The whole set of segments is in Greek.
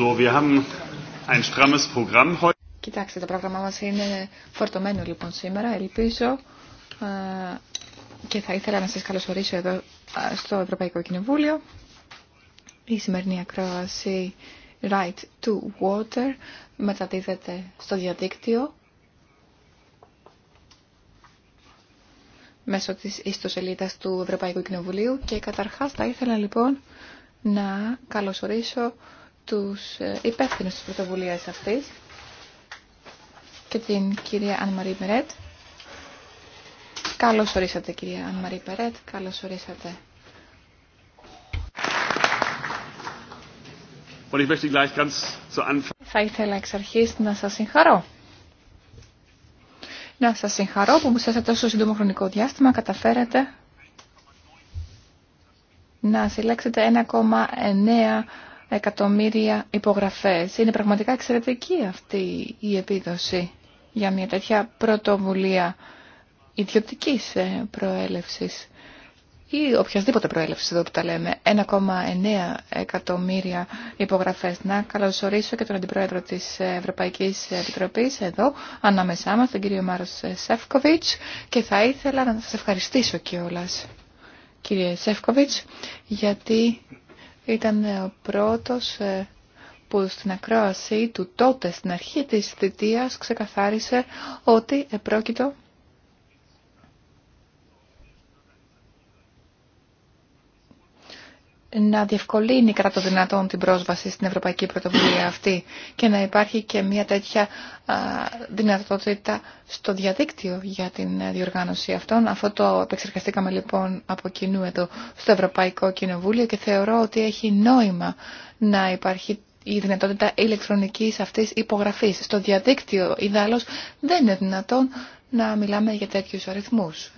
So, wir haben ein strammes Programm heute. Κοιτάξτε, το πρόγραμμά μας είναι φορτωμένο λοιπόν σήμερα, ελπίζω και θα ήθελα να σας καλωσορίσω εδώ στο Ευρωπαϊκό Κοινοβούλιο. Η σημερινή ακρόαση Right to Water μεταδίδεται στο διαδίκτυο μέσω της ιστοσελίδας του Ευρωπαϊκού Κοινοβουλίου και καταρχάς θα ήθελα λοιπόν να καλωσορίσω τους ε, υπεύθυνους της πρωτοβουλίας αυτής και την κυρία Αν-Μαρή Περέτ. Καλώς ορίσατε κυρία Αν-Μαρή Περέτ, καλώς ορίσατε. Θα ήθελα εξ αρχής να σας συγχαρώ. Να σας συγχαρώ που μου σε τόσο σύντομο χρονικό διάστημα καταφέρατε να συλλέξετε 1,9 εκατομμύρια υπογραφές. Είναι πραγματικά εξαιρετική αυτή η επίδοση για μια τέτοια πρωτοβουλία ιδιωτικής ε, προέλευσης ή οποιασδήποτε προέλευση εδώ που τα λέμε, 1,9 εκατομμύρια υπογραφές. Να καλωσορίσω και τον Αντιπρόεδρο της Ευρωπαϊκής Επιτροπής εδώ, ανάμεσά μας, τον κύριο Μάρος Σεφκοβιτς και θα ήθελα να σας ευχαριστήσω κιόλα. Κύριε Σεφκοβιτς, γιατί ήταν ο πρώτος ε, που στην ακρόασή του τότε στην αρχή της θητείας ξεκαθάρισε ότι επρόκειτο να διευκολύνει κατά το δυνατόν την πρόσβαση στην Ευρωπαϊκή Πρωτοβουλία αυτή και να υπάρχει και μια τέτοια δυνατότητα στο διαδίκτυο για την ε, διοργάνωση αυτών. Αυτό το επεξεργαστήκαμε λοιπόν από κοινού εδώ στο Ευρωπαϊκό Κοινοβούλιο και θεωρώ ότι έχει νόημα να υπάρχει η δυνατότητα ηλεκτρονικής αυτής υπογραφής. Στο διαδίκτυο, ιδάλλως, δεν είναι δυνατόν να μιλάμε για τέτοιους αριθμούς.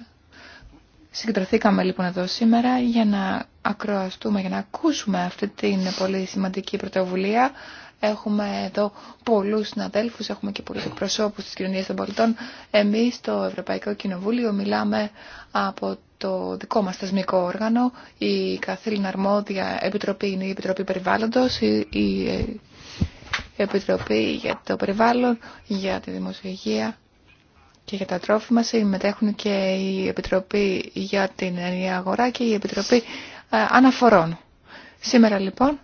Συγκεντρωθήκαμε λοιπόν εδώ σήμερα για να ακροαστούμε, για να ακούσουμε αυτή την πολύ σημαντική πρωτοβουλία. Έχουμε εδώ πολλούς συναδέλφους, έχουμε και πολλούς εκπροσώπους της κοινωνίας των πολιτών. Εμείς στο Ευρωπαϊκό Κοινοβούλιο μιλάμε από το δικό μας θεσμικό όργανο. Η καθήλυνα αρμόδια επιτροπή είναι η Επιτροπή Περιβάλλοντος, η Επιτροπή για το Περιβάλλον, για τη Δημοσιογεία και για τα τρόφιμα συμμετέχουν και η Επιτροπή για την Ενιαία Αγορά και η Επιτροπή ε, Αναφορών. Σήμερα λοιπόν,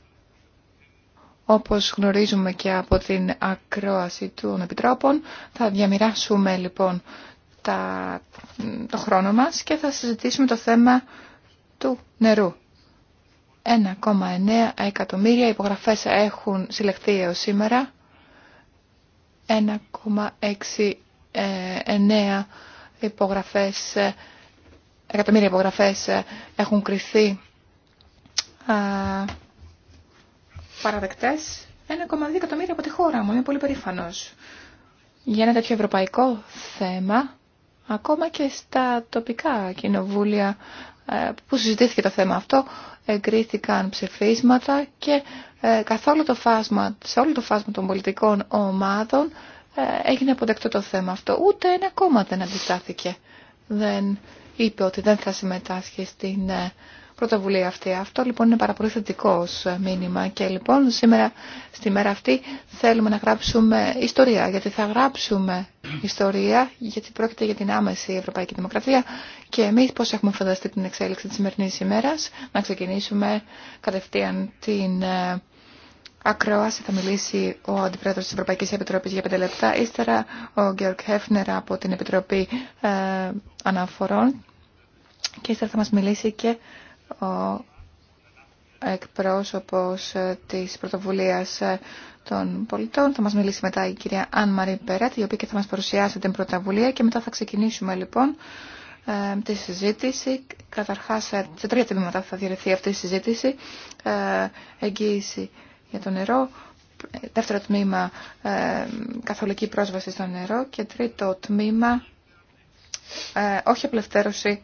όπως γνωρίζουμε και από την ακρόαση των Επιτρόπων, θα διαμοιράσουμε λοιπόν τα, το χρόνο μας και θα συζητήσουμε το θέμα του νερού. 1,9 εκατομμύρια υπογραφές έχουν συλλεχθεί έως σήμερα. 1,6 εννέα υπογραφές, ε, εκατομμύρια υπογραφές ε, έχουν κριθεί παραδεκτές. 1,2 εκατομμύρια από τη χώρα μου. Είμαι πολύ περήφανος. Για ένα τέτοιο ευρωπαϊκό θέμα, ακόμα και στα τοπικά κοινοβούλια ε, που συζητήθηκε το θέμα αυτό, εγκρίθηκαν ψηφίσματα και καθόλου το φάσμα, σε όλο το φάσμα των πολιτικών ομάδων ε, έγινε αποδεκτό το θέμα αυτό. Ούτε ένα κόμμα δεν αντιστάθηκε. Δεν είπε ότι δεν θα συμμετάσχει στην ε, πρωτοβουλία αυτή. Αυτό λοιπόν είναι πάρα πολύ θετικό μήνυμα και λοιπόν σήμερα στη μέρα αυτή θέλουμε να γράψουμε ιστορία γιατί θα γράψουμε ιστορία γιατί πρόκειται για την άμεση Ευρωπαϊκή Δημοκρατία και εμείς πώς έχουμε φανταστεί την εξέλιξη τη σημερινή ημέρα να ξεκινήσουμε κατευθείαν την ε, ακρόαση θα μιλήσει ο Αντιπρόεδρος της Ευρωπαϊκής Επιτροπής για πέντε λεπτά. Ύστερα ο Γιώργος Χέφνερ από την Επιτροπή ε, Αναφορών και ύστερα θα μας μιλήσει και ο εκπρόσωπος ε, της πρωτοβουλίας ε, των πολιτών. Θα μας μιλήσει μετά η κυρία Αν Μαρή Περέτ, η οποία και θα μας παρουσιάσει την πρωτοβουλία και μετά θα ξεκινήσουμε λοιπόν τη συζήτηση. Καταρχάς, σε τρία τμήματα θα διαιρεθεί αυτή η συζήτηση. εγγύηση για το νερό, δεύτερο τμήμα ε, καθολική πρόσβαση στο νερό και τρίτο τμήμα ε, όχι απελευθέρωση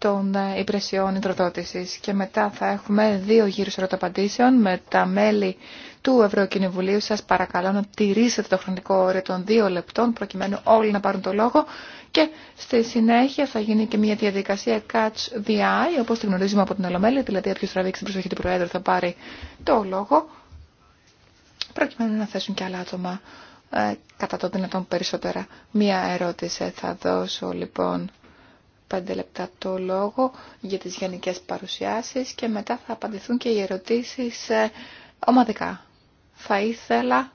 των υπηρεσιών υδροδότησης. Και μετά θα έχουμε δύο γύρους ερωταπαντήσεων με τα μέλη του Ευρωκοινοβουλίου. σα παρακαλώ να τηρήσετε το χρονικό όριο των δύο λεπτών προκειμένου όλοι να πάρουν το λόγο και στη συνέχεια θα γίνει και μια διαδικασία catch the eye όπως τη γνωρίζουμε από την Ολομέλεια, δηλαδή όποιο τραβήξει την προσοχή του Προέδρου θα πάρει το λόγο προκειμένου να θέσουν και άλλα άτομα ε, κατά το δυνατόν περισσότερα. Μία ερώτηση θα δώσω λοιπόν 5 λεπτά το λόγο για τις γενικές παρουσιάσεις και μετά θα απαντηθούν και οι ερωτήσεις ε, ομαδικά. Θα ήθελα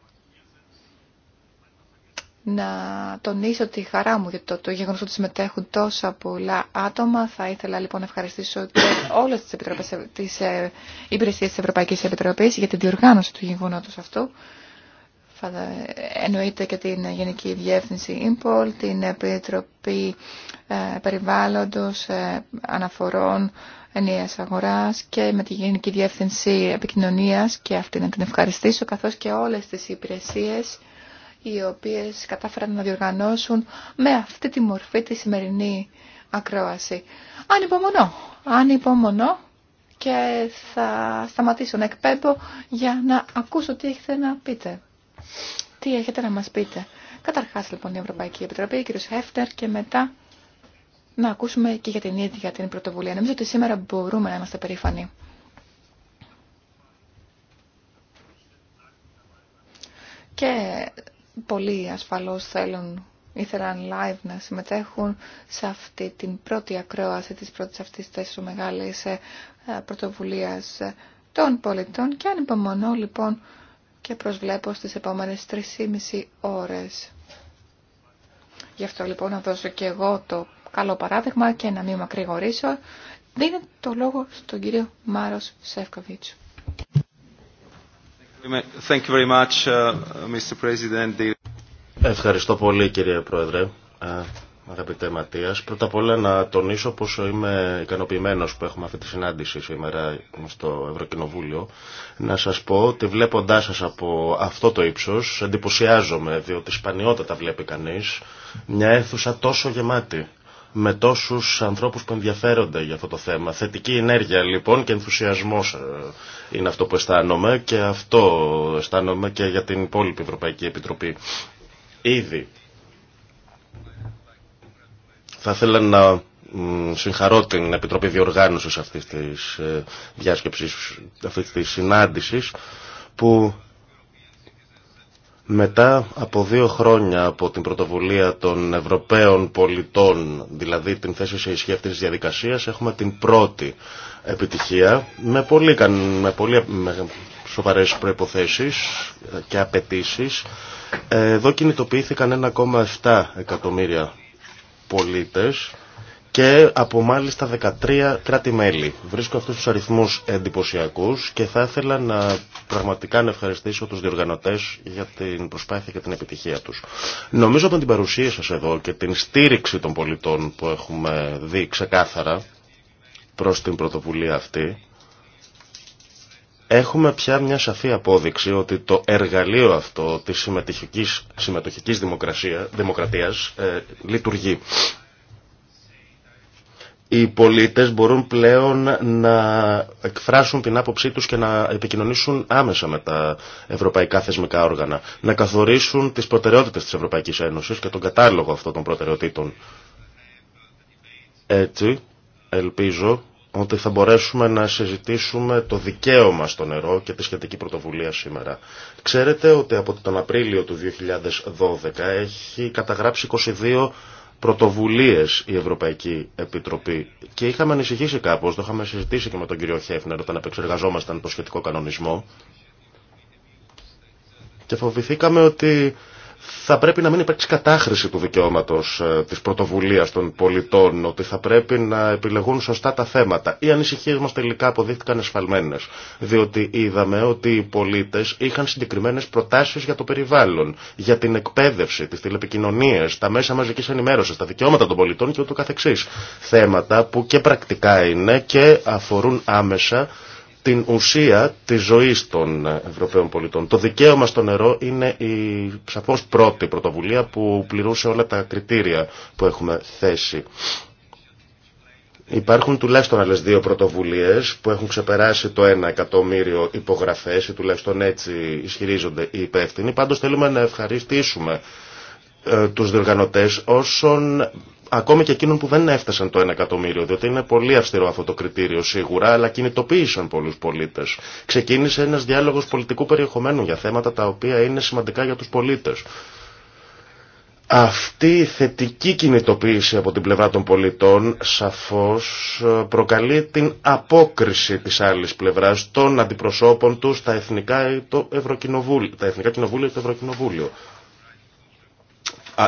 να τονίσω τη χαρά μου για το, το γεγονός ότι συμμετέχουν τόσα πολλά άτομα. Θα ήθελα λοιπόν να ευχαριστήσω και όλες τις, επιτροπές, τις ε, υπηρεσίες της Ευρωπαϊκής Επιτροπής για την διοργάνωση του γεγονότος αυτού εννοείται και την Γενική Διεύθυνση Ίμπολ, την Επιτροπή ε, Περιβάλλοντος ε, Αναφορών Ενίας Αγοράς και με τη Γενική Διεύθυνση Επικοινωνίας και αυτή να την ευχαριστήσω καθώς και όλες τις υπηρεσίες οι οποίες κατάφεραν να διοργανώσουν με αυτή τη μορφή τη σημερινή ακρόαση. Ανυπομονώ, ανυπομονώ και θα σταματήσω να εκπέμπω για να ακούσω τι έχετε να πείτε. Τι έχετε να μας πείτε. Καταρχάς λοιπόν η Ευρωπαϊκή Επιτροπή, κύριο Χέφτερ και μετά να ακούσουμε και για την ίδια την πρωτοβουλία. Νομίζω ότι σήμερα μπορούμε να είμαστε περήφανοι. Και πολύ ασφαλώς θέλουν, ήθελαν live να συμμετέχουν σε αυτή την πρώτη ακρόαση της πρώτης αυτής της μεγάλης ε, πρωτοβουλίας των πολιτών και ανυπομονώ λοιπόν και προσβλέπω στις επόμενες 3,5 ώρες. Γι' αυτό λοιπόν να δώσω και εγώ το καλό παράδειγμα και να μην μακρηγορήσω. Δίνω το λόγο στον κύριο Μάρος Σεύκοβιτς. Uh, Ευχαριστώ πολύ κύριε Πρόεδρε αγαπητέ Ματία, Πρώτα απ' όλα να τονίσω πόσο είμαι ικανοποιημένο που έχουμε αυτή τη συνάντηση σήμερα στο Ευρωκοινοβούλιο. Να σα πω ότι βλέποντα σα από αυτό το ύψο εντυπωσιάζομαι διότι σπανιότατα βλέπει κανεί, μια αίθουσα τόσο γεμάτη με τόσου ανθρώπου που ενδιαφέρονται για αυτό το θέμα. Θετική ενέργεια λοιπόν και ενθουσιασμό ε, είναι αυτό που αισθάνομαι και αυτό αισθάνομαι και για την υπόλοιπη Ευρωπαϊκή Επιτροπή. Ήδη θα ήθελα να συγχαρώ την Επιτροπή Διοργάνωσης αυτής της ε, διάσκεψης, της συνάντησης, που μετά από δύο χρόνια από την πρωτοβουλία των Ευρωπαίων πολιτών, δηλαδή την θέση σε ισχύ αυτής της διαδικασίας, έχουμε την πρώτη επιτυχία με πολύ, με πολύ σοβαρές προϋποθέσεις και απαιτήσει. Ε, εδώ κινητοποιήθηκαν 1,7 εκατομμύρια πολίτες και από μάλιστα 13 κράτη-μέλη. Βρίσκω αυτούς τους αριθμούς εντυπωσιακού και θα ήθελα να πραγματικά να ευχαριστήσω τους διοργανωτές για την προσπάθεια και την επιτυχία τους. Νομίζω από την παρουσία σας εδώ και την στήριξη των πολιτών που έχουμε δει ξεκάθαρα προς την πρωτοβουλία αυτή, Έχουμε πια μια σαφή απόδειξη ότι το εργαλείο αυτό της συμμετοχικής, συμμετοχικής δημοκρατίας ε, λειτουργεί. Οι πολίτες μπορούν πλέον να εκφράσουν την άποψή τους και να επικοινωνήσουν άμεσα με τα ευρωπαϊκά θεσμικά όργανα. Να καθορίσουν τις προτεραιότητες της Ευρωπαϊκής Ένωσης και τον κατάλογο αυτών των προτεραιοτήτων. Έτσι, ελπίζω ότι θα μπορέσουμε να συζητήσουμε το δικαίωμα στο νερό και τη σχετική πρωτοβουλία σήμερα. Ξέρετε ότι από τον Απρίλιο του 2012 έχει καταγράψει 22 πρωτοβουλίες η Ευρωπαϊκή Επιτροπή και είχαμε ανησυχήσει κάπως, το είχαμε συζητήσει και με τον κύριο Χέφνερ όταν επεξεργαζόμασταν το σχετικό κανονισμό και φοβηθήκαμε ότι θα πρέπει να μην υπάρξει κατάχρηση του δικαιώματος ε, της πρωτοβουλίας των πολιτών, ότι θα πρέπει να επιλεγούν σωστά τα θέματα. Οι ανησυχίες μας τελικά αποδείχτηκαν εσφαλμένες, διότι είδαμε ότι οι πολίτες είχαν συγκεκριμένες προτάσεις για το περιβάλλον, για την εκπαίδευση, τις τηλεπικοινωνίες, τα μέσα μαζικής ενημέρωσης, τα δικαιώματα των πολιτών και ούτω καθεξής. Θέματα που και πρακτικά είναι και αφορούν άμεσα την ουσία της ζωής των Ευρωπαίων πολιτών. Το δικαίωμα στο νερό είναι η σαφώς πρώτη πρωτοβουλία που πληρούσε όλα τα κριτήρια που έχουμε θέσει. Υπάρχουν τουλάχιστον άλλε δύο πρωτοβουλίε που έχουν ξεπεράσει το 1 εκατομμύριο υπογραφέ ή τουλάχιστον έτσι ισχυρίζονται οι υπεύθυνοι. Πάντω θέλουμε να ευχαριστήσουμε ε, τους διοργανωτές όσων ακόμη και εκείνων που δεν έφτασαν το 1 εκατομμύριο, διότι είναι πολύ αυστηρό αυτό το κριτήριο σίγουρα, αλλά κινητοποίησαν πολλού πολίτε. Ξεκίνησε ένα διάλογο πολιτικού περιεχομένου για θέματα τα οποία είναι σημαντικά για του πολίτε. Αυτή η θετική κινητοποίηση από την πλευρά των πολιτών σαφώς ε, προκαλεί την απόκριση της άλλης πλευράς των αντιπροσώπων τους στα εθνικά, το τα εθνικά κοινοβούλια και το Ευρωκοινοβούλιο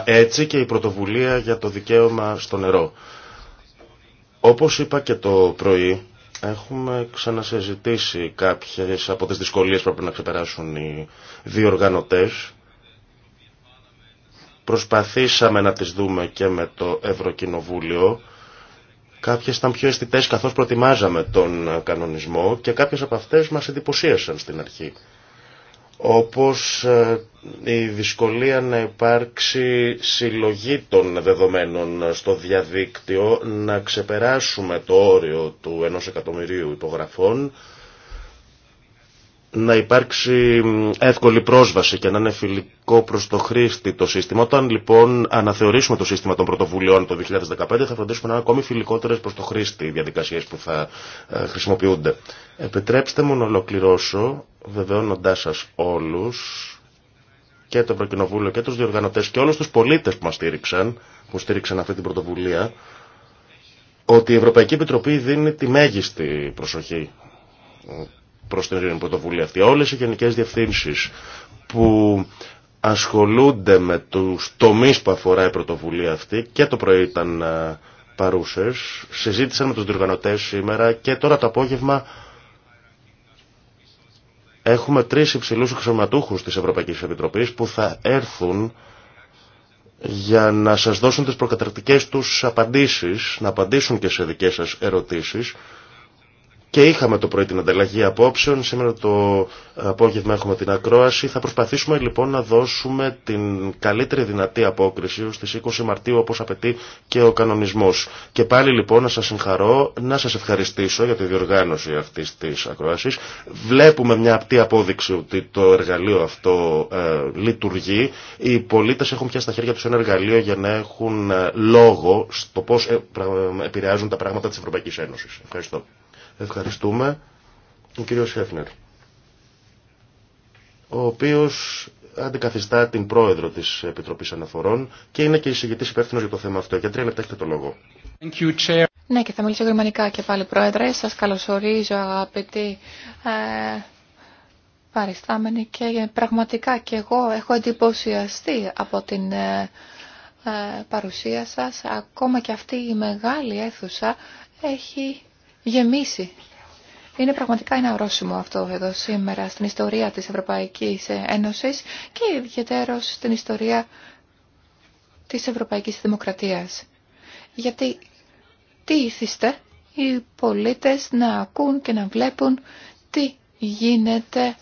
έτσι και η πρωτοβουλία για το δικαίωμα στο νερό. Όπως είπα και το πρωί, έχουμε ξανασυζητήσει κάποιες από τις δυσκολίες που πρέπει να ξεπεράσουν οι διοργανωτές. Προσπαθήσαμε να τις δούμε και με το Ευρωκοινοβούλιο. Κάποιες ήταν πιο αισθητέ καθώς προτιμάζαμε τον κανονισμό και κάποιες από αυτές μας εντυπωσίασαν στην αρχή όπως ε, η δυσκολία να υπάρξει συλλογή των δεδομένων στο διαδίκτυο, να ξεπεράσουμε το όριο του ενός εκατομμυρίου υπογραφών, να υπάρξει εύκολη πρόσβαση και να είναι φιλικό προς το χρήστη το σύστημα. Όταν λοιπόν αναθεωρήσουμε το σύστημα των πρωτοβουλειών το 2015 θα φροντίσουμε να είναι ακόμη φιλικότερες προς το χρήστη οι διαδικασίες που θα ε, χρησιμοποιούνται. Επιτρέψτε μου να ολοκληρώσω βεβαιώνοντάς σας όλους και το Ευρωκοινοβούλιο και τους διοργανωτές και όλους τους πολίτες που μας στήριξαν, που στήριξαν αυτή την πρωτοβουλία, ότι η Ευρωπαϊκή Επιτροπή δίνει τη μέγιστη προσοχή προς την πρωτοβουλία αυτή. Όλες οι γενικές διευθύνσεις που ασχολούνται με τους τομείς που αφορά η πρωτοβουλία αυτή και το πρωί ήταν ε, παρούσες, συζήτησαν με τους διοργανωτές σήμερα και τώρα το απόγευμα Έχουμε τρεις υψηλούς εξωματούχους της Ευρωπαϊκής Επιτροπής που θα έρθουν για να σας δώσουν τις προκαταρκτικές τους απαντήσεις, να απαντήσουν και σε δικές σας ερωτήσεις και είχαμε το πρωί την ανταλλαγή απόψεων, σήμερα το απόγευμα έχουμε την ακρόαση. Θα προσπαθήσουμε λοιπόν να δώσουμε την καλύτερη δυνατή απόκριση στις 20 Μαρτίου όπως απαιτεί και ο κανονισμός. Και πάλι λοιπόν να σας συγχαρώ, να σας ευχαριστήσω για τη διοργάνωση αυτής της ακρόασης. Βλέπουμε μια απτή απόδειξη ότι το εργαλείο αυτό ε, λειτουργεί. Οι πολίτες έχουν πια στα χέρια τους ένα εργαλείο για να έχουν ε, λόγο στο πώς ε, ε, επηρεάζουν τα πράγματα της Ευρωπαϊκής Ένωσης. Ευχαριστώ. Ευχαριστούμε. Ο κύριο Σέφνερ, ο οποίος αντικαθιστά την πρόεδρο της Επιτροπής Αναφορών και είναι και εισηγητής υπεύθυνος για το θέμα αυτό. Για τρία λεπτά έχετε το λόγο. you, Ναι, και θα μιλήσω γερμανικά και πάλι, Πρόεδρε. Σας καλωσορίζω, αγαπητοί ε, παριστάμενοι και πραγματικά και εγώ έχω εντυπωσιαστεί από την ε, ε παρουσία σας. Ακόμα και αυτή η μεγάλη αίθουσα έχει γεμίσει. Είναι πραγματικά ένα ορόσημο αυτό εδώ σήμερα στην ιστορία της Ευρωπαϊκής Ένωσης και ιδιαίτερο στην ιστορία της Ευρωπαϊκής Δημοκρατίας. Γιατί τι ήθιστε οι πολίτες να ακούν και να βλέπουν τι γίνεται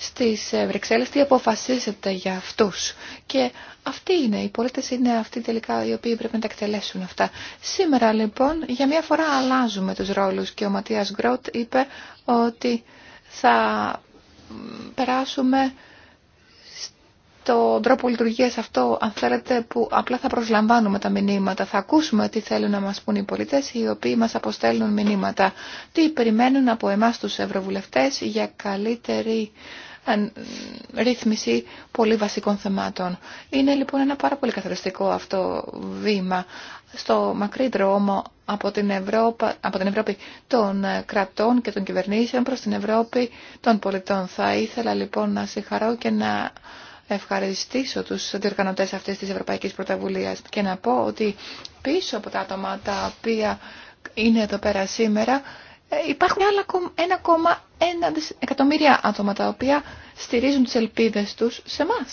στις ε, Βρυξέλλες τι αποφασίζεται για αυτούς. Και αυτοί είναι, οι πολίτες είναι αυτοί τελικά οι οποίοι πρέπει να τα εκτελέσουν αυτά. Σήμερα λοιπόν για μια φορά αλλάζουμε τους ρόλους και ο Ματίας Γκρότ είπε ότι θα περάσουμε στον τρόπο λειτουργίας αυτό, αν θέλετε, που απλά θα προσλαμβάνουμε τα μηνύματα, θα ακούσουμε τι θέλουν να μας πούν οι πολίτες, οι οποίοι μας αποστέλνουν μηνύματα, τι περιμένουν από εμάς τους ευρωβουλευτές για καλύτερη ρύθμιση πολύ βασικών θεμάτων. Είναι λοιπόν ένα πάρα πολύ καθοριστικό αυτό βήμα στο μακρύ δρόμο από την, Ευρώπη, από την Ευρώπη των κρατών και των κυβερνήσεων προς την Ευρώπη των πολιτών. Θα ήθελα λοιπόν να συγχαρώ και να ευχαριστήσω τους διοργανωτές αυτής της Ευρωπαϊκής Πρωταβουλίας και να πω ότι πίσω από τα άτομα τα οποία είναι εδώ πέρα σήμερα ε, υπάρχουν άλλα 1,1 εκατομμύρια άτομα τα οποία στηρίζουν τις ελπίδες τους σε εμά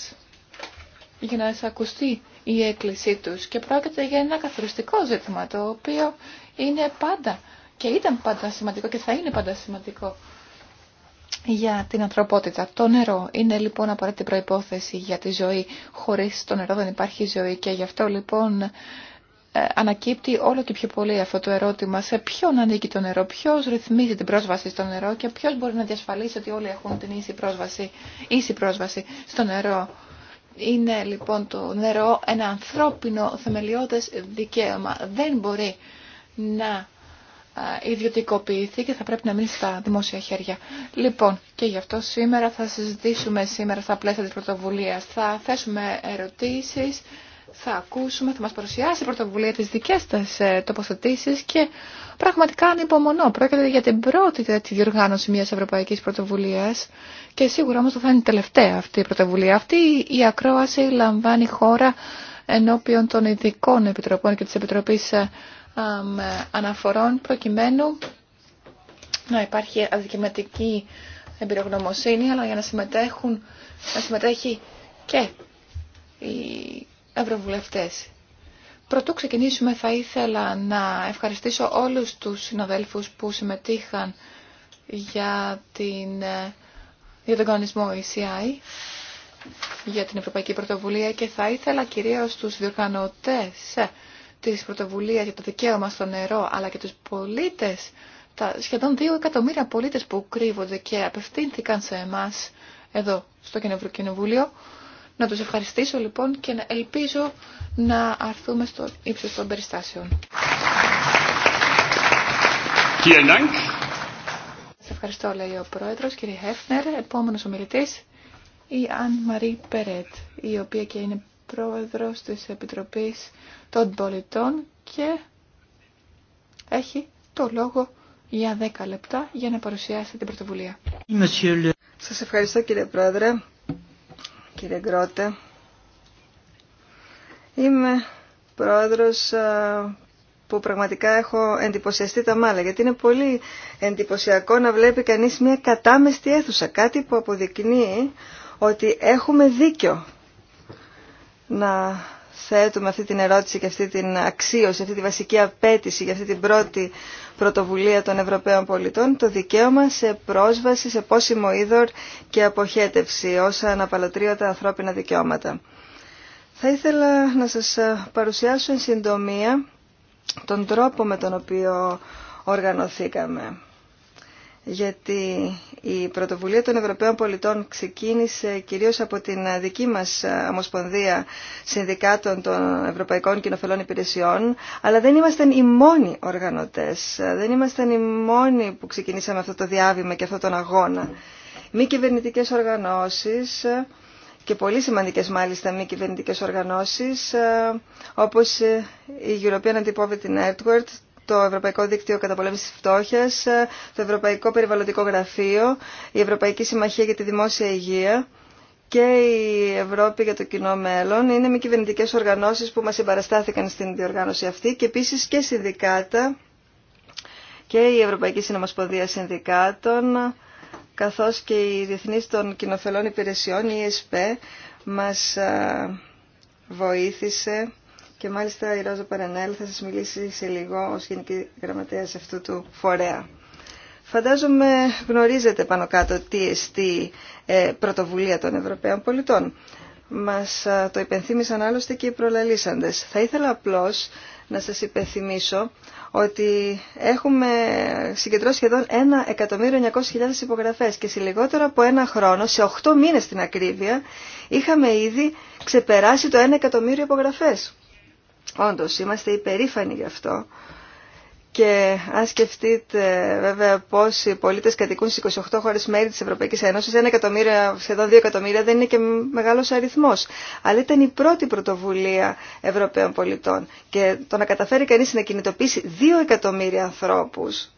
για να εισακουστεί η έκκλησή τους και πρόκειται για ένα καθοριστικό ζήτημα το οποίο είναι πάντα και ήταν πάντα σημαντικό και θα είναι πάντα σημαντικό για την ανθρωπότητα. Το νερό είναι λοιπόν απαραίτητη προϋπόθεση για τη ζωή. Χωρίς το νερό δεν υπάρχει ζωή και γι' αυτό λοιπόν ε, ανακύπτει όλο και πιο πολύ αυτό το ερώτημα σε ποιον ανήκει το νερό, ποιος ρυθμίζει την πρόσβαση στο νερό και ποιος μπορεί να διασφαλίσει ότι όλοι έχουν την ίση πρόσβαση, ίση πρόσβαση στο νερό. Είναι λοιπόν το νερό ένα ανθρώπινο θεμελιώδες δικαίωμα. Δεν μπορεί να ιδιωτικοποιηθεί και θα πρέπει να μείνει στα δημόσια χέρια. Λοιπόν, και γι' αυτό σήμερα θα συζητήσουμε σήμερα στα πλαίσια της πρωτοβουλίας. Θα θέσουμε ερωτήσεις θα ακούσουμε, θα μας παρουσιάσει πρωτοβουλία τις δικές σας ε, τοποθετήσεις και πραγματικά ανυπομονώ. Πρόκειται για την πρώτη τέτοια διοργάνωση μιας ευρωπαϊκής πρωτοβουλίας και σίγουρα όμως θα είναι η τελευταία αυτή η πρωτοβουλία. Αυτή η ακρόαση λαμβάνει χώρα ενώπιον των ειδικών επιτροπών και της Επιτροπής ε, Αναφορών προκειμένου να υπάρχει αδικηματική εμπειρογνωμοσύνη αλλά για να συμμετέχουν να συμμετέχει και η ευρωβουλευτές. Πρωτού ξεκινήσουμε θα ήθελα να ευχαριστήσω όλους τους συναδέλφους που συμμετείχαν για, την, για τον κανονισμό ECI, για την Ευρωπαϊκή Πρωτοβουλία και θα ήθελα κυρίως τους διοργανωτές ε, της πρωτοβουλίας για το δικαίωμα στο νερό αλλά και τους πολίτες, τα σχεδόν δύο εκατομμύρια πολίτες που κρύβονται και απευθύνθηκαν σε εμάς εδώ στο Κοινοβουλίο, να τους ευχαριστήσω λοιπόν και να ελπίζω να αρθούμε στο ύψος των περιστάσεων. Σας ευχαριστώ λέει ο Πρόεδρος, κύριε Χέφνερ. Επόμενος ομιλητής, η Αν Μαρή Περέτ, η οποία και είναι Πρόεδρος της Επιτροπής των Πολιτών και έχει το λόγο για 10 λεπτά για να παρουσιάσει την πρωτοβουλία. Σας ευχαριστώ κύριε Πρόεδρε κύριε Γκρότε. Είμαι πρόεδρος ε, που πραγματικά έχω εντυπωσιαστεί τα μάλα, γιατί είναι πολύ εντυπωσιακό να βλέπει κανείς μια κατάμεστη αίθουσα, κάτι που αποδεικνύει ότι έχουμε δίκιο να θέτουμε αυτή την ερώτηση και αυτή την αξίωση, αυτή τη βασική απέτηση για αυτή την πρώτη πρωτοβουλία των Ευρωπαίων πολιτών, το δικαίωμα σε πρόσβαση, σε πόσιμο είδωρ και αποχέτευση ως αναπαλωτρίωτα ανθρώπινα δικαιώματα. Θα ήθελα να σας παρουσιάσω εν συντομία τον τρόπο με τον οποίο οργανωθήκαμε γιατί η πρωτοβουλία των Ευρωπαίων πολιτών ξεκίνησε κυρίως από την δική μας Ομοσπονδία Συνδικάτων των Ευρωπαϊκών Κοινοφελών Υπηρεσιών, αλλά δεν ήμασταν οι μόνοι οργανωτές, δεν ήμασταν οι μόνοι που ξεκινήσαμε αυτό το διάβημα και αυτόν τον αγώνα. Μη κυβερνητικέ οργανώσεις και πολύ σημαντικές μάλιστα μη κυβερνητικέ οργανώσεις ε, όπως η European Antipoverty Network, το Ευρωπαϊκό Δίκτυο Καταπολέμησης Φτώχειας, το Ευρωπαϊκό Περιβαλλοντικό Γραφείο, η Ευρωπαϊκή Συμμαχία για τη Δημόσια Υγεία και η Ευρώπη για το Κοινό Μέλλον. Είναι μη κυβερνητικές οργανώσεις που μας συμπαραστάθηκαν στην διοργάνωση αυτή και επίσης και συνδικάτα και η Ευρωπαϊκή Συνομοσποδία Συνδικάτων καθώς και η Διεθνής των Κοινοφελών Υπηρεσιών, η ΕΣΠΕ, μας βοήθησε και μάλιστα η Ρόζα Παρανέλ θα σας μιλήσει σε λίγο ως Γενική Γραμματέας αυτού του φορέα. Φαντάζομαι γνωρίζετε πάνω κάτω τι εστί ε, πρωτοβουλία των Ευρωπαίων πολιτών. Μας ε, το υπενθύμησαν άλλωστε και οι προλαλήσαντες. Θα ήθελα απλώς να σας υπενθυμίσω ότι έχουμε συγκεντρώσει σχεδόν 1.900.000 υπογραφές και σε λιγότερο από ένα χρόνο, σε 8 μήνες στην ακρίβεια, είχαμε ήδη ξεπεράσει το 1.000.000 εκατομμύριο υπογραφές. Όντως, είμαστε υπερήφανοι γι' αυτό. Και αν σκεφτείτε βέβαια πώς οι πολίτες κατοικούν στις 28 χώρες μέλη της Ευρωπαϊκής Ένωσης, ένα εκατομμύριο, σχεδόν δύο εκατομμύρια δεν είναι και μεγάλος αριθμός. Αλλά ήταν η πρώτη πρωτοβουλία Ευρωπαίων πολιτών. Και το να καταφέρει κανείς να κινητοποιήσει 2 εκατομμύρια ανθρώπους,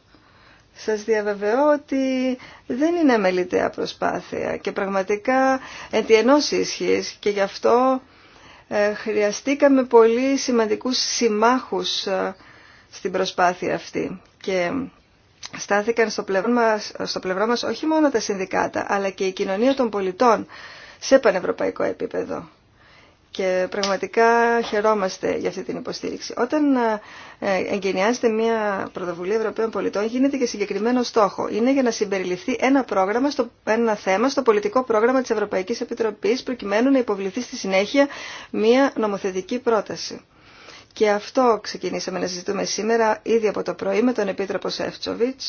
σας διαβεβαιώ ότι δεν είναι αμεληταία προσπάθεια και πραγματικά εν τη ισχύς και γι' αυτό ε, χρειαστήκαμε πολύ σημαντικούς συμμάχους ε, στην προσπάθεια αυτή και στάθηκαν στο πλευρό, μας, στο πλευρό μας όχι μόνο τα συνδικάτα αλλά και η κοινωνία των πολιτών σε πανευρωπαϊκό επίπεδο και πραγματικά χαιρόμαστε για αυτή την υποστήριξη. Όταν ε, εγκαινιάζεται μια πρωτοβουλία Ευρωπαίων πολιτών γίνεται και συγκεκριμένο στόχο. Είναι για να συμπεριληφθεί ένα, πρόγραμμα στο, ένα θέμα στο πολιτικό πρόγραμμα της Ευρωπαϊκής Επιτροπής προκειμένου να υποβληθεί στη συνέχεια μια νομοθετική πρόταση. Και αυτό ξεκινήσαμε να συζητούμε σήμερα ήδη από το πρωί με τον Επίτροπο Σεύτσοβιτ,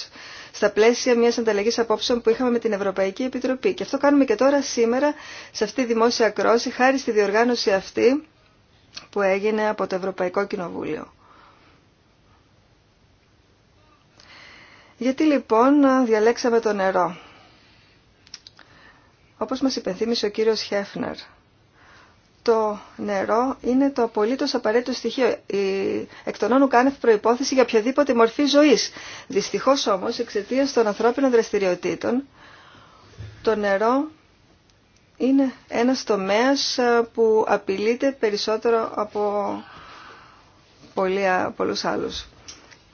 στα πλαίσια μιας ανταλλαγή απόψεων που είχαμε με την Ευρωπαϊκή Επιτροπή. Και αυτό κάνουμε και τώρα σήμερα σε αυτή τη δημόσια ακρόση χάρη στη διοργάνωση αυτή που έγινε από το Ευρωπαϊκό Κοινοβούλιο. Γιατί λοιπόν διαλέξαμε το νερό. Όπως μας υπενθύμισε ο κύριος Χέφνερ, το νερό είναι το απολύτως απαραίτητο στοιχείο, η εκ των όνων προϋπόθεση για οποιαδήποτε μορφή ζωής. Δυστυχώς όμως, εξαιτία των ανθρώπινων δραστηριοτήτων, το νερό είναι ένας τομέας ε, που απειλείται περισσότερο από ε, πολλούς άλλους.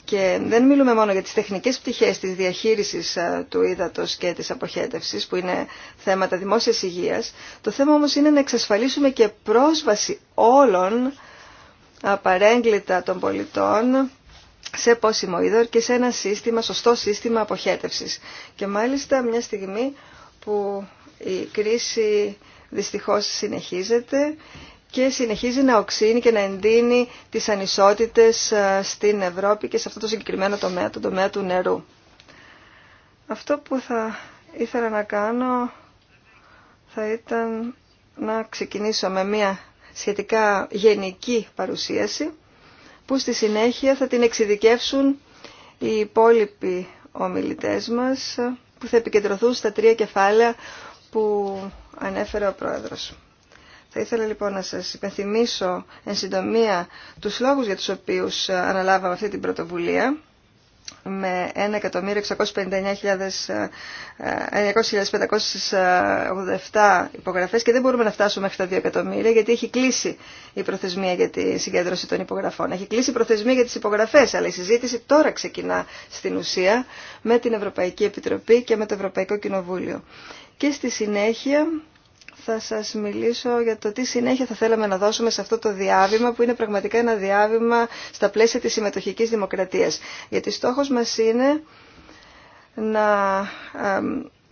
Και δεν μιλούμε μόνο για τις τεχνικές πτυχές της διαχείρισης του ύδατος και της αποχέτευσης, που είναι θέματα δημόσιας υγείας. Το θέμα όμως είναι να εξασφαλίσουμε και πρόσβαση όλων απαρέγκλητα των πολιτών σε πόσιμο είδωρ και σε ένα σύστημα, σωστό σύστημα αποχέτευσης. Και μάλιστα μια στιγμή που η κρίση δυστυχώς συνεχίζεται και συνεχίζει να οξύνει και να εντείνει τις ανισότητες ε, στην Ευρώπη και σε αυτό το συγκεκριμένο τομέα, το τομέα του νερού. Αυτό που θα ήθελα να κάνω θα ήταν να ξεκινήσω με μια σχετικά γενική παρουσίαση που στη συνέχεια θα την εξειδικεύσουν οι υπόλοιποι ομιλητές μας που θα επικεντρωθούν στα τρία κεφάλαια που ανέφερε ο Πρόεδρος. Θα ήθελα λοιπόν να σας υπενθυμίσω εν συντομία τους λόγους για τους οποίους ε, αναλάβαμε αυτή την πρωτοβουλία με 1.659.587 ε, υπογραφές και δεν μπορούμε να φτάσουμε μέχρι τα 2 εκατομμύρια γιατί έχει κλείσει η προθεσμία για τη συγκέντρωση των υπογραφών. Έχει κλείσει η προθεσμία για τις υπογραφές, αλλά η συζήτηση τώρα ξεκινά στην ουσία με την Ευρωπαϊκή Επιτροπή και με το Ευρωπαϊκό Κοινοβούλιο. Και στη συνέχεια θα σας μιλήσω για το τι συνέχεια θα θέλαμε να δώσουμε σε αυτό το διάβημα που είναι πραγματικά ένα διάβημα στα πλαίσια της συμμετοχικής δημοκρατίας. Γιατί στόχος μας είναι να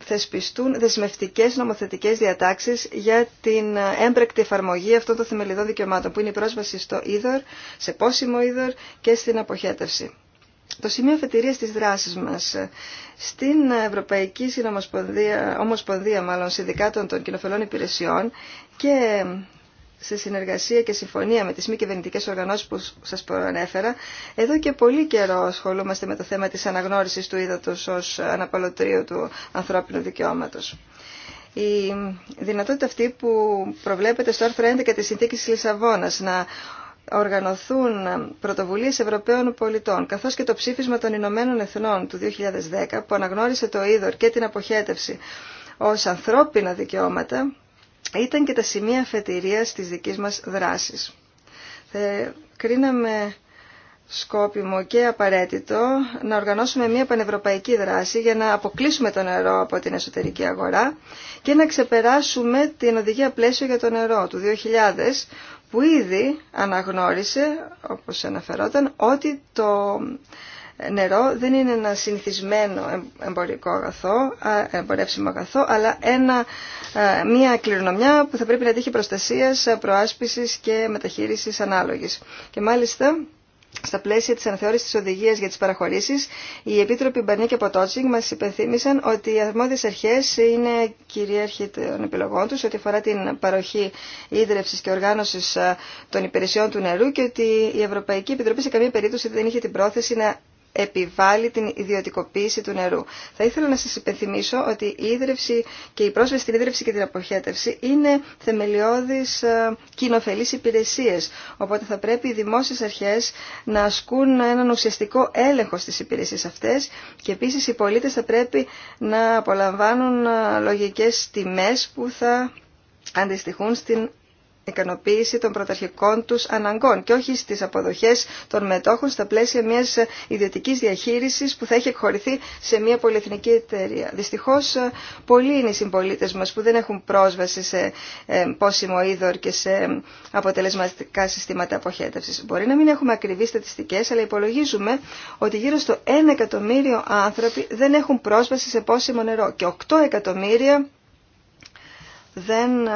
θεσπιστούν δεσμευτικές νομοθετικές διατάξεις για την έμπρεκτη εφαρμογή αυτών των θεμελιδών δικαιωμάτων που είναι η πρόσβαση στο είδωρ, σε πόσιμο είδωρ και στην αποχέτευση το σημείο αφετηρίας της δράσης μας. Στην Ευρωπαϊκή Συνομοσπονδία, Ομοσπονδία μάλλον, Συνδικάτων των Κοινοφελών Υπηρεσιών και σε συνεργασία και συμφωνία με τις μη κυβερνητικέ οργανώσεις που σας προανέφερα, εδώ και πολύ καιρό ασχολούμαστε με το θέμα της αναγνώρισης του ύδατος ως αναπαλωτρίο του ανθρώπινου δικαιώματος. Η δυνατότητα αυτή που προβλέπεται στο άρθρο 11 της Συνθήκης Λισαβόνας να οργανωθούν πρωτοβουλίες Ευρωπαίων πολιτών, καθώς και το ψήφισμα των Ηνωμένων Εθνών του 2010 που αναγνώρισε το είδωρ και την αποχέτευση ως ανθρώπινα δικαιώματα, ήταν και τα σημεία αφετηρίας της δικής μας δράσης. κρίναμε σκόπιμο και απαραίτητο να οργανώσουμε μια πανευρωπαϊκή δράση για να αποκλείσουμε το νερό από την εσωτερική αγορά και να ξεπεράσουμε την οδηγία πλαίσιο για το νερό του 2000 που ήδη αναγνώρισε, όπως αναφερόταν, ότι το νερό δεν είναι ένα συνηθισμένο εμπορικό αγαθό, εμπορεύσιμο αγαθό, αλλά ένα, μια κληρονομιά που θα πρέπει να τύχει προστασίας, προάσπισης και μεταχείρισης ανάλογης. Και μάλιστα στα πλαίσια τη αναθεώρηση τη οδηγία για τι παραχωρήσει, οι επίτροποι Μπαρνί και Ποτότσιγκ μα υπενθύμησαν ότι οι αρμόδιε αρχέ είναι κυρίαρχοι των επιλογών του ό,τι αφορά την παροχή ίδρυυση και οργάνωση ε, των υπηρεσιών του νερού και ότι η Ευρωπαϊκή Επιτροπή σε καμία περίπτωση δεν είχε την πρόθεση να επιβάλλει την ιδιωτικοποίηση του νερού. Θα ήθελα να σας υπενθυμίσω ότι η ίδρυυση και η πρόσβαση στην ίδρυυση και την αποχέτευση είναι θεμελιώδεις ε, κοινοφελείς υπηρεσίες. Οπότε θα πρέπει οι δημόσιες αρχές να ασκούν έναν ουσιαστικό έλεγχο στις υπηρεσίες αυτές και επίσης οι πολίτες θα πρέπει να απολαμβάνουν ε, λογικές τιμές που θα αντιστοιχούν στην ικανοποίηση των πρωταρχικών τους αναγκών και όχι στις αποδοχές των μετόχων στα πλαίσια μιας ιδιωτικής διαχείρισης που θα έχει εκχωρηθεί σε μια πολυεθνική εταιρεία. Δυστυχώς ε, πολλοί είναι οι συμπολίτε μας που δεν έχουν πρόσβαση σε ε, πόσιμο είδωρ και σε αποτελεσματικά συστήματα αποχέτευσης. Μπορεί να μην έχουμε ακριβείς στατιστικές, αλλά υπολογίζουμε ότι γύρω στο 1 εκατομμύριο άνθρωποι δεν έχουν πρόσβαση σε πόσιμο νερό και 8 εκατομμύρια δεν ε,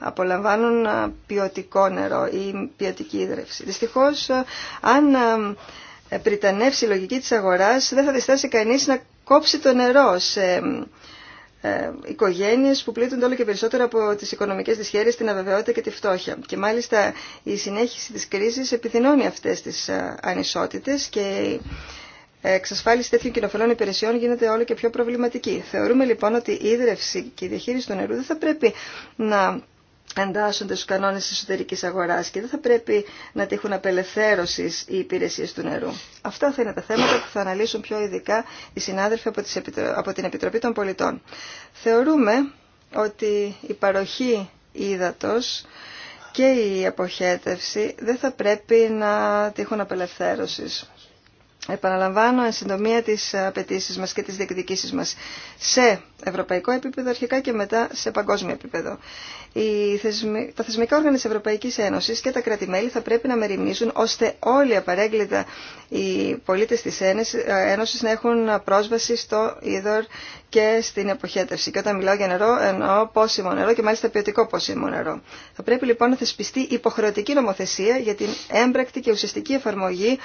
απολαμβάνουν ε, ποιοτικό νερό ή ποιοτική ίδρυυση. Δυστυχώς, ε, αν πριτανεύσει η λογική της αγοράς, δεν θα διστάσει κανείς να κόψει το νερό σε οικογένειες που πλήττονται όλο και περισσότερο από τις οικονομικές δυσχέρειες, την αβεβαιότητα και τη φτώχεια. Και μάλιστα η συνέχιση της κρίσης επιδεινώνει αυτές τις ανισότητες και εξασφάλιση τέτοιων κοινοφελών υπηρεσιών γίνεται όλο και πιο προβληματική. Θεωρούμε λοιπόν ότι η ίδρυυση και η διαχείριση του νερού δεν θα πρέπει να εντάσσονται στους κανόνες της εσωτερικής αγοράς και δεν θα πρέπει να τύχουν απελευθέρωση οι υπηρεσίες του νερού. Αυτά θα είναι τα θέματα που θα αναλύσουν πιο ειδικά οι συνάδελφοι από την Επιτροπή των Πολιτών. Θεωρούμε ότι η παροχή ύδατος και η αποχέτευση δεν θα πρέπει να τύχουν απελευθέρωση. Επαναλαμβάνω εν συντομία τις απαιτήσει μας και τις διεκδικήσεις μας σε ευρωπαϊκό επίπεδο αρχικά και μετά σε παγκόσμιο επίπεδο. θεσμι... Τα θεσμικά όργανα της Ευρωπαϊκής Ένωσης και τα κράτη-μέλη θα πρέπει να μεριμνήσουν ώστε όλοι απαρέγκλητα οι πολίτες της ε, Ένωσης να έχουν πρόσβαση στο είδωρ και στην αποχέτευση. Και όταν μιλάω για νερό εννοώ πόσιμο νερό και μάλιστα ποιοτικό πόσιμο νερό. Θα πρέπει λοιπόν να θεσπιστεί υποχρεωτική νομοθεσία για την έμπρακτη και ουσιαστική εφαρμογή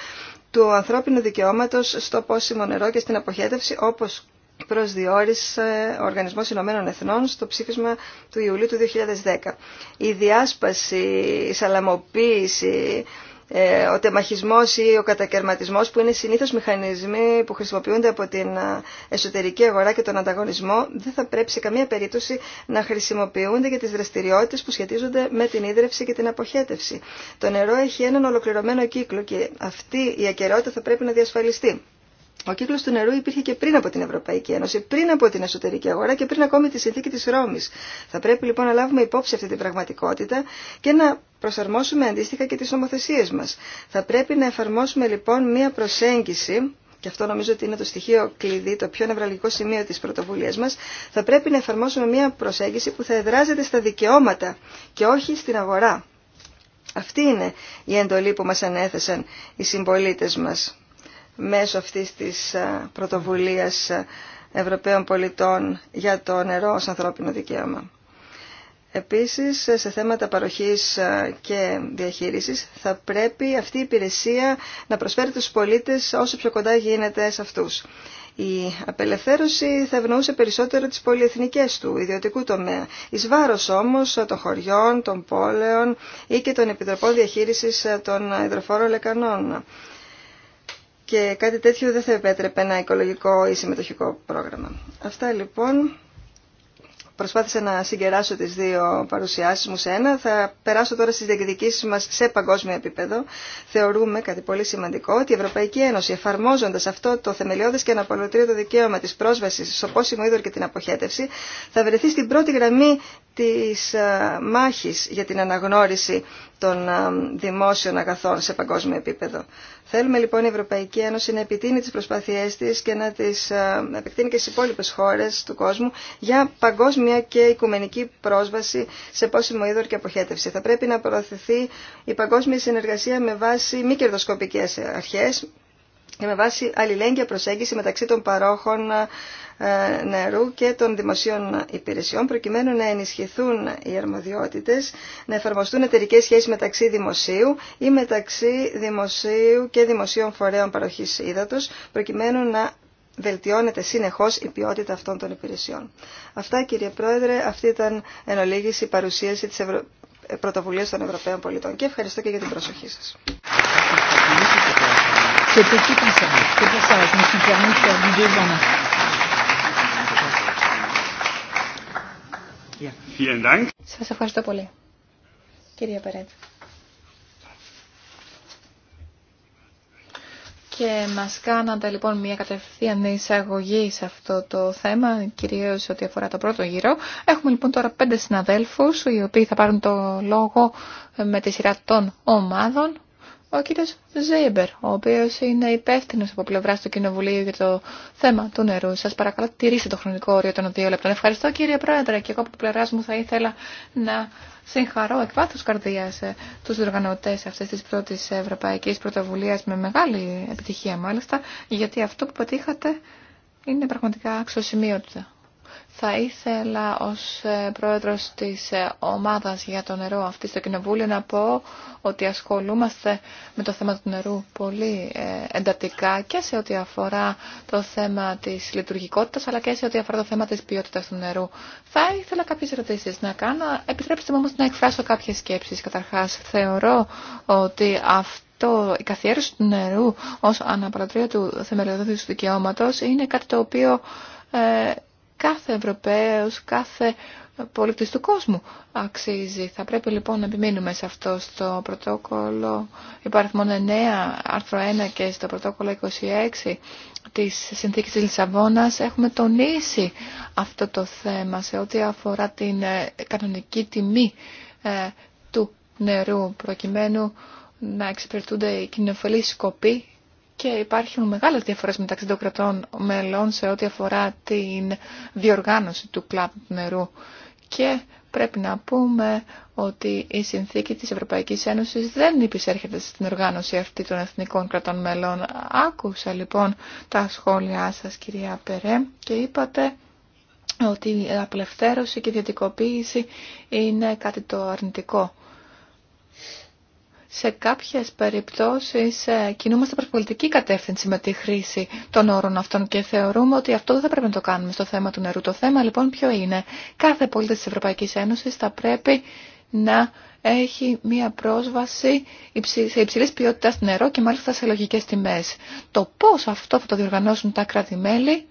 του ανθρώπινου δικαιώματος στο πόσιμο νερό και στην αποχέτευση, όπως προσδιορίσε ο Οργανισμός Ηνωμένων Εθνών στο ψήφισμα του Ιουλίου του 2010. Η διάσπαση, η σαλαμοποίηση, ε, ο τεμαχισμός ή ο κατακαιρματισμός που είναι συνήθως μηχανισμοί που χρησιμοποιούνται από την ε, εσωτερική αγορά και τον ανταγωνισμό δεν θα πρέπει σε καμία περίπτωση να χρησιμοποιούνται για τις δραστηριότητες που σχετίζονται με την ίδρυυση και την αποχέτευση. Το νερό έχει έναν ολοκληρωμένο κύκλο και αυτή η ακαιρεότητα θα πρέπει να διασφαλιστεί. Ο κύκλος του νερού υπήρχε και πριν από την Ευρωπαϊκή Ένωση, πριν από την εσωτερική αγορά και πριν ακόμη τη συνθήκη της Ρώμης. Θα πρέπει λοιπόν να λάβουμε υπόψη αυτή την πραγματικότητα και να προσαρμόσουμε αντίστοιχα και τις νομοθεσίες μας. Θα πρέπει να εφαρμόσουμε λοιπόν μία προσέγγιση και αυτό νομίζω ότι είναι το στοιχείο κλειδί, το πιο νευραλγικό σημείο της πρωτοβουλίας μας, θα πρέπει να εφαρμόσουμε μια προσέγγιση που θα εδράζεται στα δικαιώματα και όχι στην αγορά. Αυτή είναι η εντολή που μας ανέθεσαν οι συμπολίτες μας μέσω αυτής της ε, πρωτοβουλίας ε, Ευρωπαίων πολιτών για το νερό ως ανθρώπινο δικαίωμα. Επίσης, ε, σε θέματα παροχής και διαχείρισης θα πρέπει αυτή η υπηρεσία να προσφέρει τους πολίτες όσο πιο κοντά γίνεται σε αυτούς. Η απελευθέρωση θα ευνοούσε περισσότερο τις πολυεθνικές του ιδιωτικού τομέα, εις βάρος όμως των χωριών, των πόλεων ή και των επιτροπών διαχείρισης των υδροφόρων λεκανών και κάτι τέτοιο δεν θα επέτρεπε ένα οικολογικό ή συμμετοχικό πρόγραμμα. Αυτά λοιπόν. Προσπάθησα να συγκεράσω τις δύο παρουσιάσεις μου σε ένα. Θα περάσω τώρα στις διεκδικήσεις μας σε παγκόσμιο επίπεδο. Θεωρούμε κάτι πολύ σημαντικό ότι η Ευρωπαϊκή Ένωση εφαρμόζοντας αυτό το θεμελιώδες και αναπολωτρίωτο το δικαίωμα της πρόσβασης στο πόσιμο είδωρ και την αποχέτευση θα βρεθεί στην πρώτη γραμμή της μάχης για την αναγνώριση των δημόσιων αγαθών σε παγκόσμιο επίπεδο. Θέλουμε λοιπόν η Ευρωπαϊκή Ένωση να επιτείνει τις προσπάθειές της και να τις ε, επεκτείνει και στις υπόλοιπες χώρες του κόσμου για παγκόσμια και οικουμενική πρόσβαση σε πόσιμο είδωρ και αποχέτευση. Θα πρέπει να προωθηθεί η παγκόσμια συνεργασία με βάση μη κερδοσκοπικές αρχές και με βάση αλληλέγγυα προσέγγιση μεταξύ των παρόχων ε, νερού και των δημοσίων υπηρεσιών προκειμένου να ενισχυθούν οι αρμοδιότητες, να εφαρμοστούν εταιρικές σχέσεις μεταξύ δημοσίου ή μεταξύ δημοσίου και δημοσίων φορέων παροχής ύδατος προκειμένου να βελτιώνεται συνεχώς η ποιότητα αυτών των υπηρεσιών. Αυτά κύριε Πρόεδρε, αυτή ήταν εν ολίγης η παρουσίαση της πρωτοβουλια πρωτοβουλίας των Ευρωπαίων πολιτών και ευχαριστώ και για την προσοχή σας. Σας ευχαριστώ πολύ. Κυρία Περέτ. Και μας κάνατε λοιπόν μια κατευθείαν εισαγωγή σε αυτό το θέμα, κυρίως ό,τι αφορά το πρώτο γύρο. Έχουμε λοιπόν τώρα πέντε συναδέλφους, οι οποίοι θα πάρουν το λόγο με τη σειρά των ομάδων ο κύριος Ζέιμπερ, ο οποίος είναι υπεύθυνος από πλευρά του Κοινοβουλίου για το θέμα του νερού. Σας παρακαλώ τηρήστε το χρονικό όριο των δύο λεπτών. Ευχαριστώ κύριε Πρόεδρε και εγώ από πλευρά μου θα ήθελα να συγχαρώ εκ βάθους καρδίας ε, τους οργανωτές αυτής της πρώτης ευρωπαϊκής πρωτοβουλίας με μεγάλη επιτυχία μάλιστα, γιατί αυτό που πετύχατε είναι πραγματικά αξιοσημείωτο. Θα ήθελα ως ε, πρόεδρος της ε, ομάδας για το νερό αυτή στο Κοινοβούλιο να πω ότι ασχολούμαστε με το θέμα του νερού πολύ ε, εντατικά και σε ό,τι αφορά το θέμα της λειτουργικότητας αλλά και σε ό,τι αφορά το θέμα της ποιότητας του νερού. Θα ήθελα κάποιες ερωτήσεις να κάνω. Επιτρέψτε μου όμως να εκφράσω κάποιες σκέψεις. Καταρχάς, θεωρώ ότι αυτό η καθιέρωση του νερού ως αναπαρατρία του θεμελιωδούς δικαιώματος είναι κάτι το οποίο κάθε Ευρωπαίος, κάθε πολίτης του κόσμου αξίζει. Θα πρέπει λοιπόν να επιμείνουμε σε αυτό στο πρωτόκολλο υπαριθμών 9, άρθρο 1 και στο πρωτόκολλο 26 της Συνθήκης της Λισαβόνας. Έχουμε τονίσει αυτό το θέμα σε ό,τι αφορά την ε, κανονική τιμή ε, του νερού προκειμένου να εξυπηρετούνται οι κοινοφελείς σκοποί και υπάρχουν μεγάλες διαφορές μεταξύ των κρατών μελών σε ό,τι αφορά την διοργάνωση του κλαμπ νερού. Και πρέπει να πούμε ότι η συνθήκη της Ευρωπαϊκής Ένωσης δεν υπησέρχεται στην οργάνωση αυτή των εθνικών κρατών μελών. Άκουσα λοιπόν τα σχόλιά σας κυρία Περέ και είπατε ότι η απελευθέρωση και η ιδιωτικοποίηση είναι κάτι το αρνητικό σε κάποιες περιπτώσεις ε, κινούμαστε προς πολιτική κατεύθυνση με τη χρήση των όρων αυτών και θεωρούμε ότι αυτό δεν θα πρέπει να το κάνουμε στο θέμα του νερού. Το θέμα λοιπόν ποιο είναι. Κάθε πολίτη της Ευρωπαϊκής Ένωσης θα πρέπει να έχει μία πρόσβαση σε υψηλής ποιότητας νερό και μάλιστα σε λογικές τιμές. Το πώς αυτό θα το διοργανώσουν τα κράτη-μέλη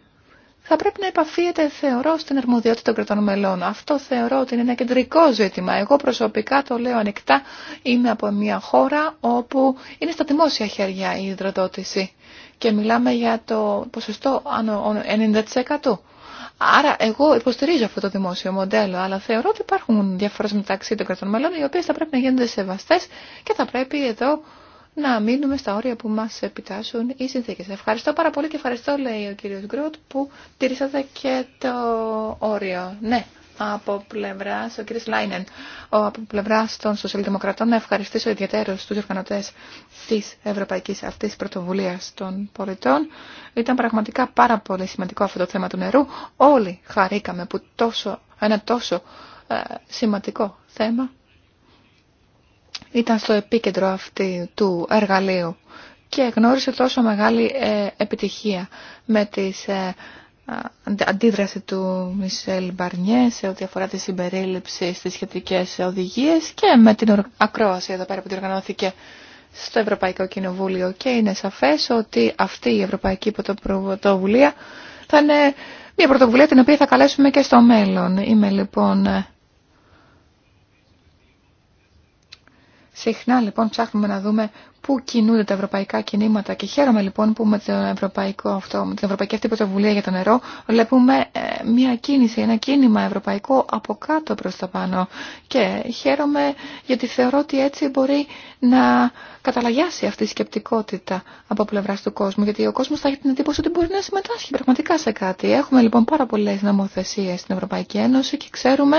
θα πρέπει να επαφίεται, θεωρώ, στην αρμοδιότητα των κρατών μελών. Αυτό θεωρώ ότι είναι ένα κεντρικό ζήτημα. Εγώ προσωπικά το λέω ανοιχτά. Είμαι από μια χώρα όπου είναι στα δημόσια χέρια η υδροδότηση. Και μιλάμε για το ποσοστό 90%. Άρα εγώ υποστηρίζω αυτό το δημόσιο μοντέλο, αλλά θεωρώ ότι υπάρχουν διαφορές μεταξύ των κρατών μελών, οι οποίες θα πρέπει να γίνονται σεβαστές και θα πρέπει εδώ να μείνουμε στα όρια που μας επιτάσσουν οι συνθήκες. Ευχαριστώ πάρα πολύ και ευχαριστώ, λέει ο κύριος Γκρούτ, που τηρήσατε και το όριο. Ναι, από πλευρά, ο κύριος Λάινεν, ο, από πλευρά των σοσιαλδημοκρατών, να ευχαριστήσω ιδιαίτερω τους οργανωτές της Ευρωπαϊκής αυτής πρωτοβουλίας των πολιτών. Ήταν πραγματικά πάρα πολύ σημαντικό αυτό το θέμα του νερού. Όλοι χαρήκαμε που τόσο, ένα τόσο ε, σημαντικό θέμα ήταν στο επίκεντρο αυτή του εργαλείου και γνώρισε τόσο μεγάλη ε, επιτυχία με την ε, αντίδραση του Μισελ Μπαρνιέ σε ό,τι αφορά τη συμπερίληψη στις σχετικές οδηγίες και με την ακρόαση εδώ πέρα που διοργανώθηκε στο Ευρωπαϊκό Κοινοβούλιο και είναι σαφές ότι αυτή η Ευρωπαϊκή Πρωτοβουλία θα είναι μια πρωτοβουλία την οποία θα καλέσουμε και στο μέλλον. Είμαι λοιπόν ε, Συχνά λοιπόν ψάχνουμε να δούμε που κινούνται τα ευρωπαϊκά κινήματα και χαίρομαι λοιπόν που με, ευρωπαϊκό αυτό, με την Ευρωπαϊκή αυτή πρωτοβουλία για το νερό βλέπουμε ε, μια κίνηση, ένα κίνημα ευρωπαϊκό από κάτω προς τα πάνω και χαίρομαι γιατί θεωρώ ότι έτσι μπορεί να καταλαγιάσει αυτή η σκεπτικότητα από πλευρά του κόσμου γιατί ο κόσμος θα έχει την εντύπωση ότι μπορεί να συμμετάσχει πραγματικά σε κάτι. Έχουμε λοιπόν πάρα πολλές νομοθεσίες στην Ευρωπαϊκή Ένωση και ξέρουμε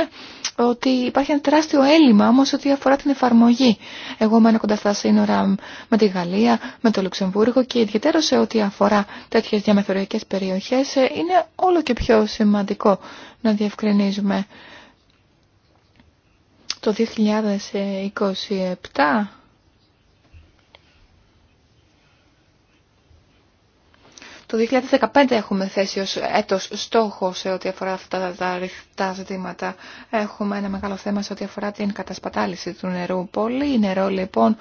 ότι υπάρχει ένα τεράστιο έλλειμμα όμως ότι αφορά την εφαρμογή. Εγώ μένω κοντά στα σύνορα με τη Γαλλία, με το Λουξεμβούργο και ιδιαίτερο σε ό,τι αφορά τέτοιες διαμεθοριακές περιοχές ε, είναι όλο και πιο σημαντικό να διευκρινίζουμε. Το 2027 Το 2015 έχουμε θέσει ως έτος στόχο σε ό,τι αφορά αυτά τα ρηχτά ζητήματα. Έχουμε ένα μεγάλο θέμα σε ό,τι αφορά την κατασπατάληση του νερού. Πολύ νερό λοιπόν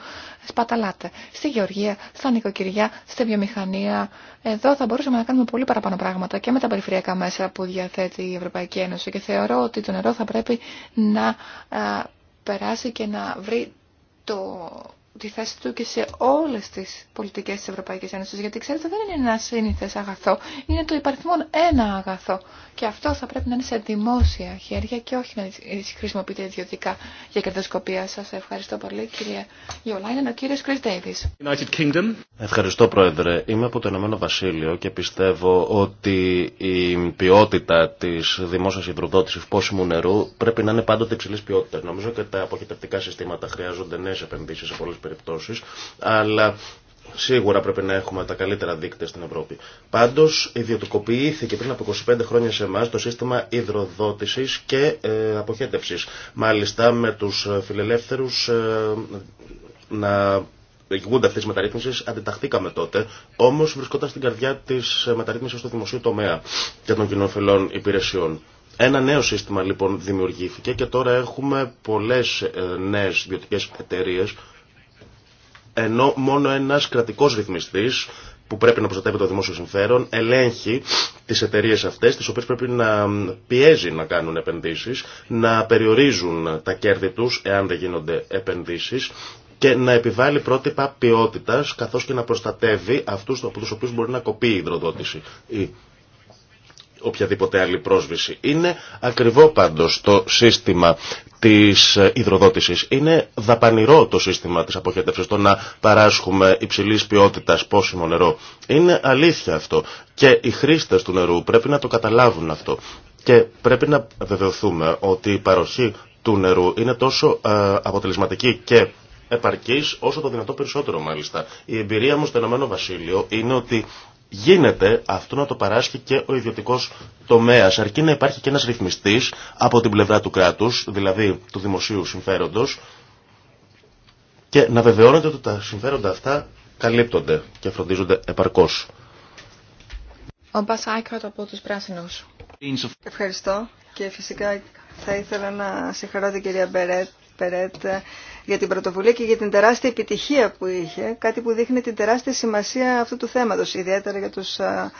σπαταλάτε στη γεωργία, στα νοικοκυριά, στη βιομηχανία. Εδώ θα μπορούσαμε να κάνουμε πολύ παραπάνω πράγματα και με τα περιφερειακά μέσα που διαθέτει η Ευρωπαϊκή Ένωση και θεωρώ ότι το νερό θα πρέπει να περάσει και να βρει το τη θέση του και σε όλε τι πολιτικέ τη Ευρωπαϊκή Ένωση, Γιατί ξέρετε δεν είναι ένα σύνηθε αγαθό, είναι το υπαριθμόν ένα αγαθό. Και αυτό θα πρέπει να είναι σε δημόσια χέρια και όχι να χρησιμοποιείται ιδιωτικά για κερδοσκοπία. Σα ευχαριστώ πολύ κυρία Γιολάινεν, ο κύριο Κρι Ντέιβι. Ευχαριστώ Πρόεδρε. Είμαι από το Ηνωμένο Βασίλειο και πιστεύω ότι η ποιότητα της δημόσιας υδροδότηση πόσιμου νερού πρέπει να είναι πάντοτε υψηλή ποιότητα. Νομίζω και τα αποχαιρετικά συστήματα χρειάζονται νέε επενδύσει σε πολλέ περιπτώσεις, αλλά Σίγουρα πρέπει να έχουμε τα καλύτερα δίκτυα στην Ευρώπη. Πάντω, ιδιωτικοποιήθηκε πριν από 25 χρόνια σε εμά το σύστημα υδροδότησης και ε, αποχέτευση. Μάλιστα, με του ε, φιλελεύθερου ε, να γιγούνται αυτή τη μεταρρύθμιση, αντιταχθήκαμε τότε, όμω βρισκόταν στην καρδιά της ε, μεταρρύθμισης στο δημοσίου τομέα και των κοινοφελών υπηρεσιών. Ένα νέο σύστημα λοιπόν δημιουργήθηκε και τώρα έχουμε πολλέ νέες ιδιωτικέ εταιρείε ενώ μόνο ένας κρατικός ρυθμιστής που πρέπει να προστατεύει το δημόσιο συμφέρον, ελέγχει τις εταιρείες αυτές, τις οποίες πρέπει να πιέζει να κάνουν επενδύσεις, να περιορίζουν τα κέρδη τους εάν δεν γίνονται επενδύσεις και να επιβάλλει πρότυπα ποιότητας καθώς και να προστατεύει αυτούς από τους οποίους μπορεί να κοπεί η υδροδότηση οποιαδήποτε άλλη πρόσβηση. Είναι ακριβό πάντως το σύστημα της υδροδότησης. Είναι δαπανηρό το σύστημα της αποχέτευσης, το να παράσχουμε υψηλής ποιότητας πόσιμο νερό. Είναι αλήθεια αυτό και οι χρήστες του νερού πρέπει να το καταλάβουν αυτό. Και πρέπει να βεβαιωθούμε ότι η παροχή του νερού είναι τόσο ε, αποτελεσματική και επαρκής όσο το δυνατό περισσότερο μάλιστα. Η εμπειρία μου στο Ηνωμένο Βασίλειο είναι ότι γίνεται αυτό να το παράσχει και ο ιδιωτικός τομέας, αρκεί να υπάρχει και ένας ρυθμιστής από την πλευρά του κράτους, δηλαδή του δημοσίου συμφέροντος, και να βεβαιώνεται ότι τα συμφέροντα αυτά καλύπτονται και φροντίζονται επαρκώς. Ο από τους Πράσινους. Ευχαριστώ και φυσικά θα ήθελα να συγχαρώ την κυρία Μπερέτ Περέτ ε, για την πρωτοβουλία και για την τεράστια επιτυχία που είχε, κάτι που δείχνει την τεράστια σημασία αυτού του θέματος, ιδιαίτερα για τους ε,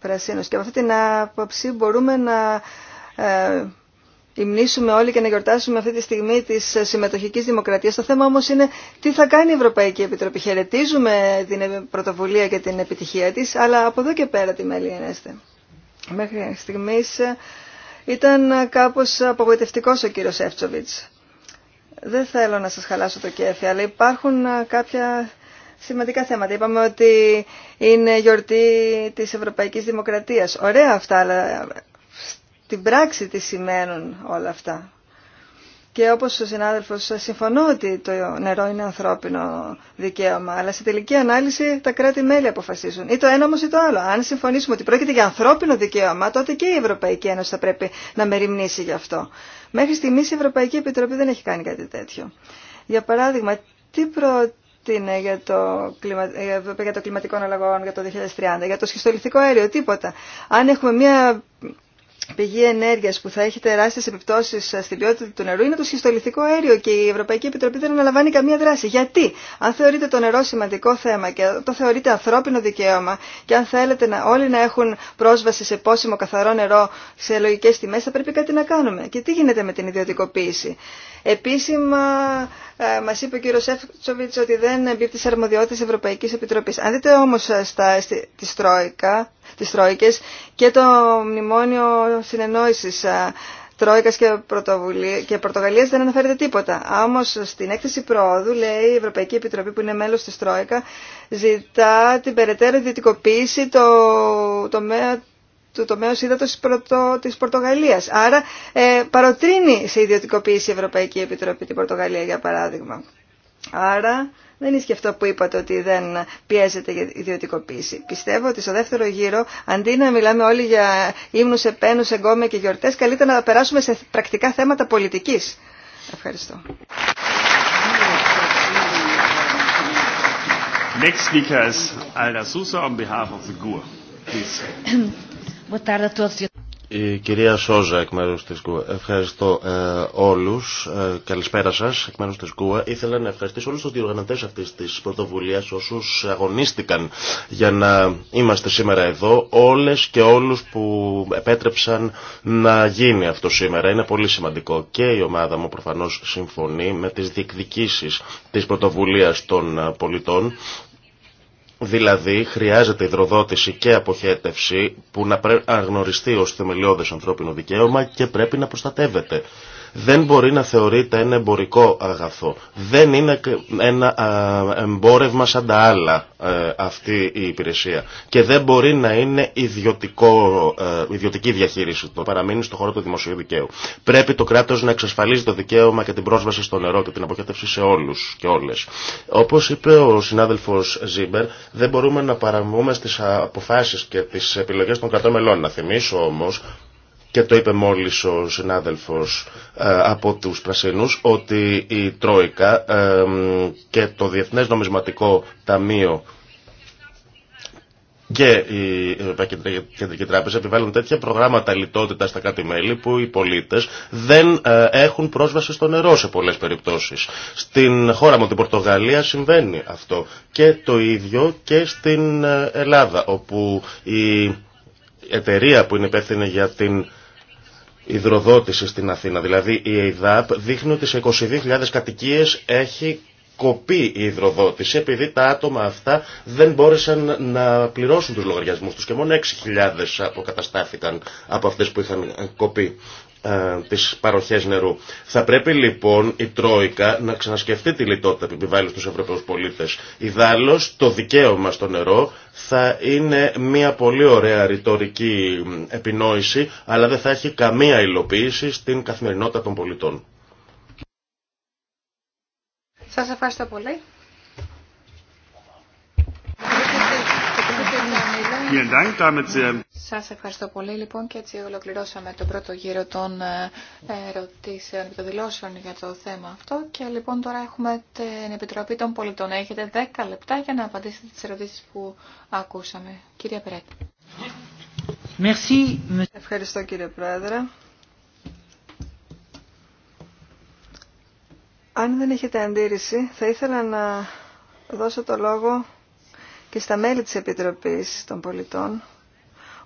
πρασίνους. Και με αυτή την άποψη μπορούμε να ε, υμνήσουμε όλοι και να γιορτάσουμε αυτή τη στιγμή της συμμετοχικής δημοκρατίας. Το θέμα όμως είναι τι θα κάνει η Ευρωπαϊκή Επιτροπή. Χαιρετίζουμε την πρωτοβουλία και την επιτυχία της, αλλά από εδώ και πέρα τι μέλη ενέστε. Μέχρι στιγμής ήταν κάπως απογοητευτικός ο κύριος Εύτσοβιτς. Δεν θέλω να σας χαλάσω το κέφι, αλλά υπάρχουν ε, κάποια σημαντικά θέματα. Είπαμε ότι είναι γιορτή της Ευρωπαϊκής Δημοκρατίας. Ωραία αυτά, αλλά στην πράξη τι σημαίνουν όλα αυτά. Και όπως ο συνάδελφος ε, συμφωνώ ότι το νερό είναι ανθρώπινο δικαίωμα, αλλά σε τελική ανάλυση τα κράτη-μέλη αποφασίζουν. Ή το ένα όμως ή το άλλο. Αν συμφωνήσουμε ότι πρόκειται για ανθρώπινο δικαίωμα, τότε και η Ευρωπαϊκή Ένωση θα πρέπει να μεριμνήσει γι' αυτό. Μέχρι στιγμής η Ευρωπαϊκή Επιτροπή δεν έχει κάνει κάτι τέτοιο. Για παράδειγμα, τι προτείνε για το, κλιμα... για το κλιματικό αναλογό για το 2030, για το σχιστολιθικό αέριο, τίποτα. Αν έχουμε μια πηγή ενέργειας που θα έχει τεράστιες επιπτώσεις στην ποιότητα του νερού είναι το σχιστολιθικό αέριο και η Ευρωπαϊκή Επιτροπή δεν αναλαμβάνει καμία δράση. Γιατί, αν θεωρείτε το νερό σημαντικό θέμα και το θεωρείτε ανθρώπινο δικαίωμα και αν θέλετε να, όλοι να έχουν πρόσβαση σε πόσιμο καθαρό νερό σε λογικές τιμές, θα πρέπει κάτι να κάνουμε. Και τι γίνεται με την ιδιωτικοποίηση. Επίσημα ε, μας είπε ο κύριο Σεφτσοβιτς ότι δεν εμπίπτει σε αρμοδιότητες Ευρωπαϊκής Επιτροπής. Αν δείτε όμως ε, στα, Τρόικε και το μνημόνιο συνεννόησης ε, Τρόικας και, και δεν αναφέρεται τίποτα. Όμως στην έκθεση προόδου λέει η Ευρωπαϊκή Επιτροπή που είναι μέλος της Τρόικα ζητά την περαιτέρω ιδιωτικοποίηση το τομέα του τομέα σύντατος της Πορτογαλίας. Άρα ε, παροτρύνει σε ιδιωτικοποίηση η Ευρωπαϊκή Επιτροπή την Πορτογαλία για παράδειγμα. Άρα δεν είναι και αυτό που είπατε ότι δεν πιέζεται για ιδιωτικοποίηση. Πιστεύω ότι στο δεύτερο γύρο, αντί να μιλάμε όλοι για ύμνους, επένους, εγκόμια και γιορτές, καλύτερα να περάσουμε σε πρακτικά θέματα πολιτικής. Ευχαριστώ. Next E η κυρία Σόζα εκ μέρου τη ΚΟΕ. Ευχαριστώ ε, όλους. Ε, καλησπέρα σα, εκ μέρου τη ΚΟΕ. Ήθελα να ευχαριστήσω όλου του διοργανωτέ αυτή τη πρωτοβουλία, όσου αγωνίστηκαν για να είμαστε σήμερα εδώ, όλε και όλου που επέτρεψαν να γίνει αυτό σήμερα. Είναι πολύ σημαντικό και η ομάδα μου προφανώ συμφωνεί με τι διεκδικήσει τη πρωτοβουλία των πολιτών Δηλαδή χρειάζεται υδροδότηση και αποχέτευση που να αγνωριστεί ως θεμελιώδες ανθρώπινο δικαίωμα και πρέπει να προστατεύεται δεν μπορεί να θεωρείται ένα εμπορικό αγαθό. Δεν είναι ένα εμπόρευμα σαν τα άλλα ε, αυτή η υπηρεσία. Και δεν μπορεί να είναι ιδιωτικό, ε, ιδιωτική διαχείριση του, παραμείνει στο χώρο του δημοσίου δικαίου. Πρέπει το κράτος να εξασφαλίζει το δικαίωμα και την πρόσβαση στο νερό και την αποχέτευση σε όλους και όλες. Όπω είπε ο συνάδελφο Ζίμπερ, δεν μπορούμε να παραμβούμε στι αποφάσει και τι επιλογέ των κρατών μελών. Να θυμίσω όμω και το είπε μόλις ο συνάδελφος ε, από τους Πρασίνους ότι η Τρόικα ε, και το Διεθνές Νομισματικό Ταμείο και η Ευρωπαϊκή Κεντρική Τράπεζα επιβάλλουν τέτοια προγράμματα λιτότητα στα κάτι μελη που οι πολίτε δεν ε, έχουν πρόσβαση στο νερό σε πολλέ περιπτώσει. Στην χώρα μου, την Πορτογαλία, συμβαίνει αυτό. Και το ίδιο και στην Ελλάδα, όπου η εταιρεία που είναι υπεύθυνη για την υδροδότηση στην Αθήνα. Δηλαδή η ΕΙΔΑΠ δείχνει ότι σε 22.000 κατοικίες έχει κοπεί η υδροδότηση επειδή τα άτομα αυτά δεν μπόρεσαν να πληρώσουν τους λογαριασμούς τους και μόνο 6.000 αποκαταστάθηκαν από αυτές που είχαν κοπεί. Ε, τις παροχές νερού. Θα πρέπει λοιπόν η Τρόικα να ξανασκεφτεί τη λιτότητα που επιβάλλει στους Ευρωπαίους πολίτες. Ιδάλλως το δικαίωμα στο νερό θα είναι μια πολύ ωραία ρητορική επινόηση αλλά δεν θα έχει καμία υλοποίηση στην καθημερινότητα των πολιτών. Σας ευχαριστώ πολύ. Σας ευχαριστώ πολύ λοιπόν και έτσι ολοκληρώσαμε τον πρώτο γύρο των ε, ερωτήσεων και των δηλώσεων για το θέμα αυτό και λοιπόν τώρα έχουμε την Επιτροπή των Πολιτών. Έχετε 10 λεπτά για να απαντήσετε τις ερωτήσεις που ακούσαμε. Κυρία Περέτη. Ευχαριστώ κύριε Πρόεδρε. Αν δεν έχετε αντίρρηση θα ήθελα να δώσω το λόγο και στα μέλη της Επιτροπής των Πολιτών,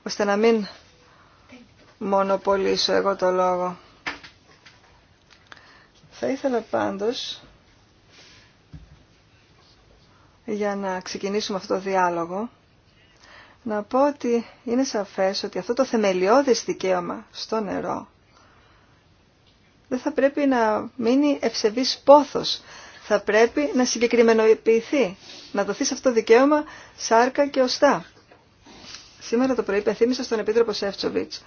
ώστε να μην μονοπολίσω εγώ το λόγο. Θα ήθελα πάντως, για να ξεκινήσουμε αυτό το διάλογο, να πω ότι είναι σαφές ότι αυτό το θεμελιώδες δικαίωμα στο νερό δεν θα πρέπει να μείνει ευσεβής πόθος θα πρέπει να συγκεκριμενοποιηθεί, να δοθεί σε αυτό το δικαίωμα σάρκα και οστά. Σήμερα το πρωί υπενθύμησα στον Επίτροπο Σεύτσοβιτς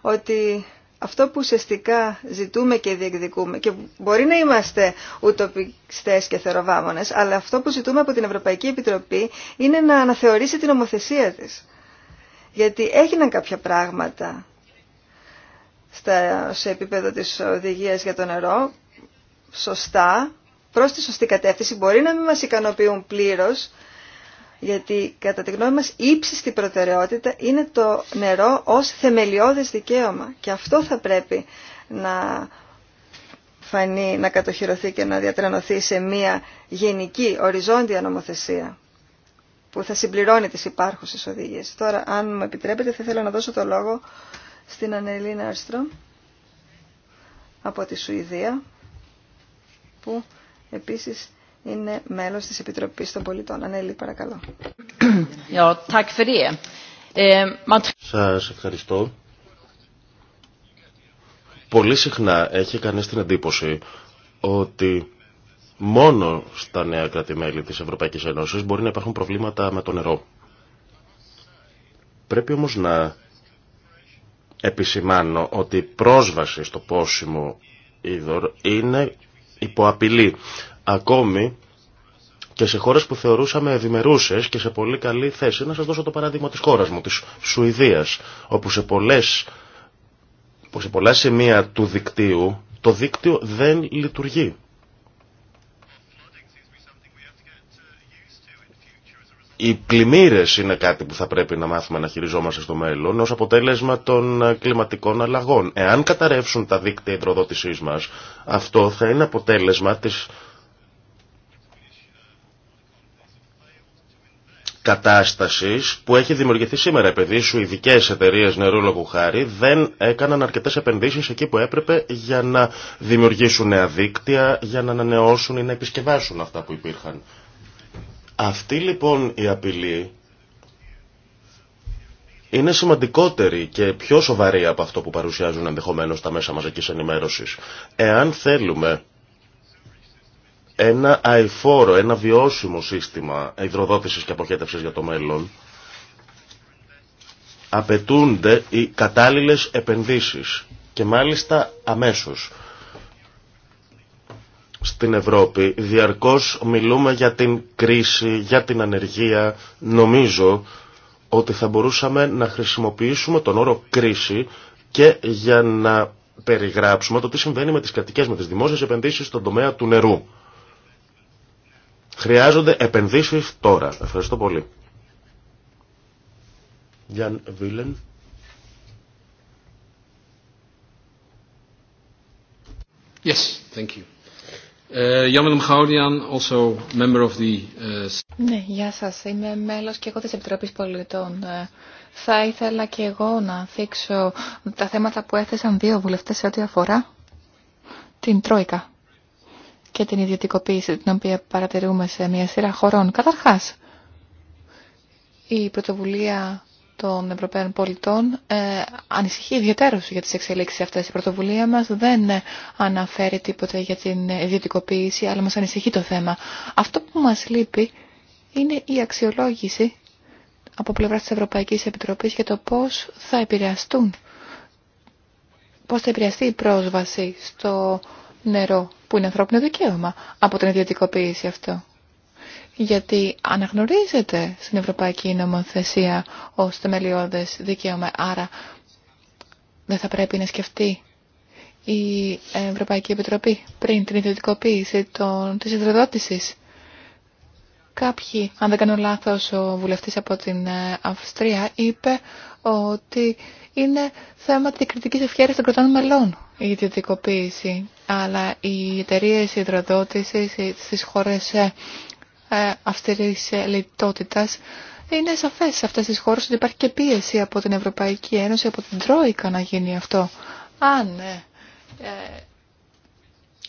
ότι αυτό που ουσιαστικά ζητούμε και διεκδικούμε και μπορεί να είμαστε ουτοπιστές και θεροβάμονες, αλλά αυτό που ζητούμε από την Ευρωπαϊκή Επιτροπή είναι να αναθεωρήσει την ομοθεσία της. Γιατί έγιναν κάποια πράγματα σε επίπεδο της οδηγίας για το νερό, σωστά, προς τη σωστή κατεύθυνση, μπορεί να μην μας ικανοποιούν πλήρως, γιατί κατά τη γνώμη μας ύψιστη προτεραιότητα είναι το νερό ως θεμελιώδες δικαίωμα και αυτό θα πρέπει να φανεί, να κατοχυρωθεί και να διατρανωθεί σε μια γενική οριζόντια νομοθεσία που θα συμπληρώνει τις υπάρχουσες οδηγίες. Τώρα, αν μου επιτρέπετε, θα ήθελα να δώσω το λόγο στην Ανελίνα Αρστρομ από τη Σουηδία, που επίσης είναι μέλος της Επιτροπής των Πολιτών. Ανέλη, παρακαλώ. Ε, Σας ευχαριστώ. Πολύ συχνά έχει κάνει την εντύπωση ότι μόνο στα νέα κράτη-μέλη της Ευρωπαϊκής Ένωσης μπορεί να υπάρχουν προβλήματα με το νερό. Πρέπει όμως να επισημάνω ότι η πρόσβαση στο πόσιμο είδωρ είναι υπό απειλή. Ακόμη και σε χώρες που θεωρούσαμε ευημερούσες και σε πολύ καλή θέση. Να σας δώσω το παράδειγμα της χώρας μου, της Σουηδίας, όπου σε, πολλές, όπου σε πολλά σημεία του δικτύου το δίκτυο δεν λειτουργεί. Οι πλημμύρε είναι κάτι που θα πρέπει να μάθουμε να χειριζόμαστε στο μέλλον ω αποτέλεσμα των ε, κλιματικών αλλαγών. Εάν καταρρεύσουν τα δίκτυα υδροδότησή μα, αυτό θα είναι αποτέλεσμα τη κατάστασης που έχει δημιουργηθεί σήμερα. Επειδή σου ειδικέ εταιρείε νερού λόγου χάρη δεν έκαναν αρκετές επενδύσει εκεί που έπρεπε για να δημιουργήσουν νέα δίκτυα, για να ανανεώσουν ή να επισκευάσουν αυτά που υπήρχαν. Αυτή λοιπόν η απειλή είναι σημαντικότερη και πιο σοβαρή από αυτό που παρουσιάζουν ενδεχομένω τα μέσα μαζικής ενημέρωσης. Εάν θέλουμε ένα αηφόρο, ένα βιώσιμο σύστημα υδροδότησης και αποχέτευσης για το μέλλον, απαιτούνται οι κατάλληλες επενδύσεις και μάλιστα αμέσως στην Ευρώπη. Διαρκώς μιλούμε για την κρίση, για την ανεργία. Νομίζω ότι θα μπορούσαμε να χρησιμοποιήσουμε τον όρο κρίση και για να περιγράψουμε το τι συμβαίνει με τις κρατικές, με τις δημόσιες επενδύσεις στον τομέα του νερού. Χρειάζονται επενδύσεις τώρα. Ευχαριστώ πολύ. Γιάν Βίλεν. Yes, thank you. Ε, ε, ναι, γεια σας. Είμαι μέλος και εγώ της Επιτροπής Πολιτών. Ε, θα ήθελα και εγώ να θίξω τα θέματα που έθεσαν δύο βουλευτές σε ό,τι αφορά την Τρόικα και την ιδιωτικοποίηση την οποία παρατηρούμε σε μια σειρά χωρών. Καταρχάς, η πρωτοβουλία των Ευρωπαίων πολιτών ε, ανησυχεί ιδιαίτερως για τις εξελίξεις αυτές. Η πρωτοβουλία μας δεν αναφέρει τίποτα για την ιδιωτικοποίηση, αλλά μας ανησυχεί το θέμα. Αυτό που μας λείπει είναι η αξιολόγηση από πλευρά της Ευρωπαϊκής Επιτροπής για το πώς θα επηρεαστούν, πώς θα επηρεαστεί η πρόσβαση στο νερό που είναι ανθρώπινο δικαίωμα από την ιδιωτικοποίηση αυτό γιατί αναγνωρίζεται στην Ευρωπαϊκή Νομοθεσία ως θεμελιώδες δικαίωμα, άρα δεν θα πρέπει να σκεφτεί η Ευρωπαϊκή Επιτροπή πριν την ιδιωτικοποίηση των, της ιδροδότησης. Κάποιοι, αν δεν κάνω λάθος, ο βουλευτής από την ε, Αυστρία είπε ότι είναι θέμα κριτικής ευχαίρειας των κρατών μελών η ιδιωτικοποίηση. Αλλά οι εταιρείε υδροδότησης ε, στις χώρες ε, ε, αυστηρής ε, λιτότητας, είναι σαφές σε αυτές τις χώρες ότι υπάρχει και πίεση από την Ευρωπαϊκή Ένωση, από την Τρόικα να γίνει αυτό. Αν ε,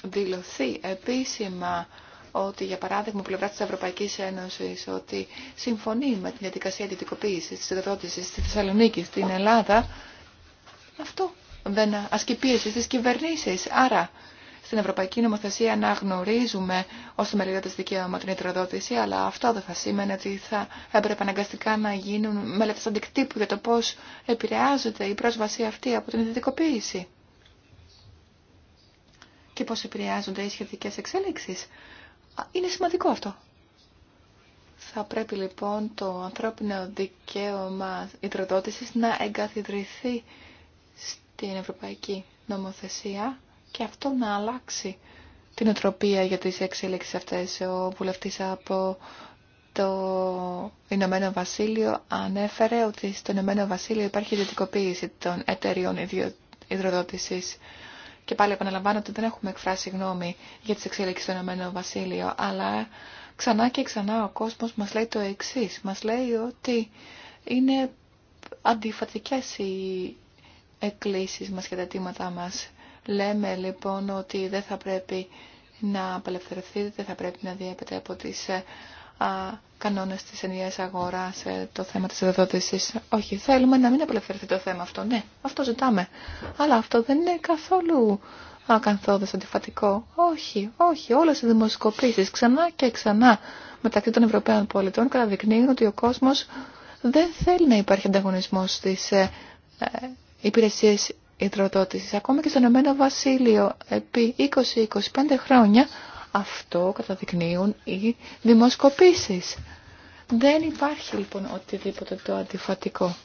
δηλωθεί επίσημα ότι για παράδειγμα πλευρά της Ευρωπαϊκής Ένωσης ότι συμφωνεί με την διαδικασία ιδιωτικοποίησης της επιδότησης στη Θεσσαλονίκη, στην Ελλάδα, αυτό δεν ασκεί πίεση στις κυβερνήσεις. Άρα στην Ευρωπαϊκή Νομοθεσία να γνωρίζουμε ω το δικαίωμα την ιδρυοδότηση, αλλά αυτό δεν θα σήμαινε ότι θα έπρεπε αναγκαστικά να γίνουν μελετέ αντικτύπου για το πώ επηρεάζεται η πρόσβαση αυτή από την ιδιωτικοποίηση και πώ επηρεάζονται οι σχετικέ εξέλιξει. Είναι σημαντικό αυτό. Θα πρέπει λοιπόν το ανθρώπινο δικαίωμα ιδρυοδότηση να εγκαθιδρυθεί στην Ευρωπαϊκή Νομοθεσία και αυτό να αλλάξει την οτροπία για τις εξέλιξεις αυτές. Ο βουλευτής από το Ηνωμένο Βασίλειο ανέφερε ότι στο Ηνωμένο Βασίλειο υπάρχει ιδιωτικοποίηση των εταιριών υδροδότησης. Και πάλι επαναλαμβάνω ότι δεν έχουμε εκφράσει γνώμη για τις εξέλιξεις στο Ηνωμένο Βασίλειο, αλλά ξανά και ξανά ο κόσμος μας λέει το εξή. Μας λέει ότι είναι αντιφατικές οι εκκλήσεις μας και τα αιτήματά μας. Λέμε λοιπόν ότι δεν θα πρέπει να απελευθερωθεί, δεν θα πρέπει να διέπεται από τις ε, κανόνες της ενιαίας αγοράς ε, το θέμα της δεδότησης. Όχι, θέλουμε να μην απελευθερωθεί το θέμα αυτό. Ναι, αυτό ζητάμε. Αλλά αυτό δεν είναι καθόλου ακαθόδες αντιφατικό. Όχι, όχι. Όλες οι δημοσκοπήσεις ξανά και ξανά μεταξύ των Ευρωπαίων πολιτών καταδεικνύουν ότι ο κόσμος δεν θέλει να υπάρχει ανταγωνισμός στις ε, ε υπηρεσίες Ακόμα και στον Ενωμένο Βασίλειο επί 20-25 χρόνια αυτό καταδεικνύουν οι δημοσκοπήσεις. Δεν υπάρχει λοιπόν οτιδήποτε το αντιφατικό.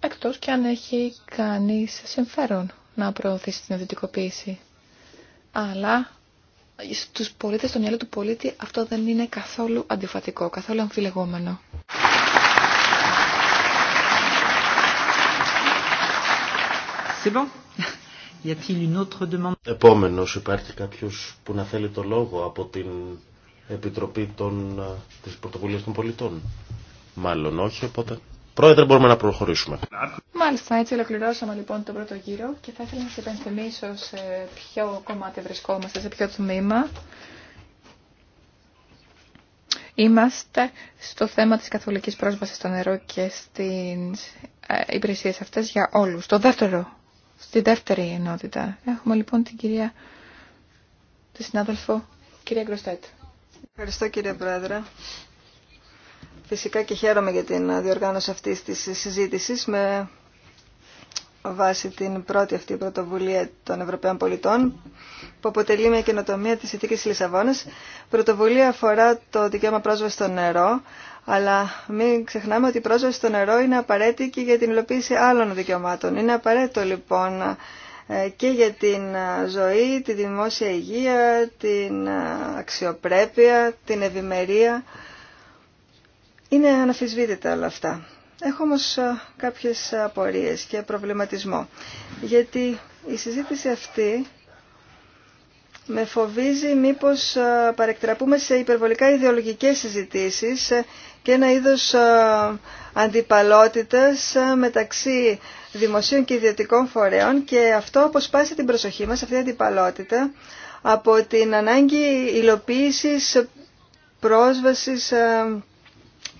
Εκτός και αν έχει κανείς συμφέρον να προωθήσει την ιδιωτικοποίηση. Αλλά στους πολίτες, στο μυαλό του πολίτη, αυτό δεν είναι καθόλου αντιφατικό, καθόλου αμφιλεγόμενο. Επόμενος υπάρχει κάποιος που να θέλει το λόγο από την Επιτροπή των, ε, της Πρωτοβουλίας των Πολιτών. Μάλλον όχι, οπότε... Πρόεδρε, μπορούμε να προχωρήσουμε. Μάλιστα, έτσι ολοκληρώσαμε λοιπόν τον πρώτο γύρο και θα ήθελα να σα υπενθυμίσω σε ποιο κομμάτι βρισκόμαστε, σε ποιο τμήμα. Είμαστε στο θέμα της καθολικής πρόσβασης στο νερό και στις ε, υπηρεσίες αυτές για όλους. Το δεύτερο στη δεύτερη ενότητα. Έχουμε λοιπόν την κυρία, τη συνάδελφο κυρία Γκροστέτ. Ευχαριστώ κύριε Πρόεδρε. Φυσικά και χαίρομαι για την διοργάνωση αυτής της συζήτησης με βάση την πρώτη αυτή πρωτοβουλία των Ευρωπαίων πολιτών που αποτελεί μια καινοτομία της Ιθήκης Λισαβόνας. Πρωτοβουλία αφορά το δικαίωμα πρόσβαση στο νερό αλλά μην ξεχνάμε ότι η πρόσβαση στο νερό είναι απαραίτητη και για την υλοποίηση άλλων δικαιωμάτων. Είναι απαραίτητο λοιπόν ε, και για την ε, ζωή, τη δημόσια υγεία, την ε, αξιοπρέπεια, την ευημερία. Είναι αναφυσβήτητα όλα αυτά. Έχω όμως κάποιες απορίες και προβληματισμό. Γιατί η συζήτηση αυτή με φοβίζει μήπως παρεκτραπούμε σε υπερβολικά ιδεολογικές συζητήσεις και ένα είδος αντιπαλότητας μεταξύ δημοσίων και ιδιωτικών φορέων και αυτό αποσπάσει την προσοχή μας, αυτή η αντιπαλότητα, από την ανάγκη υλοποίησης πρόσβασης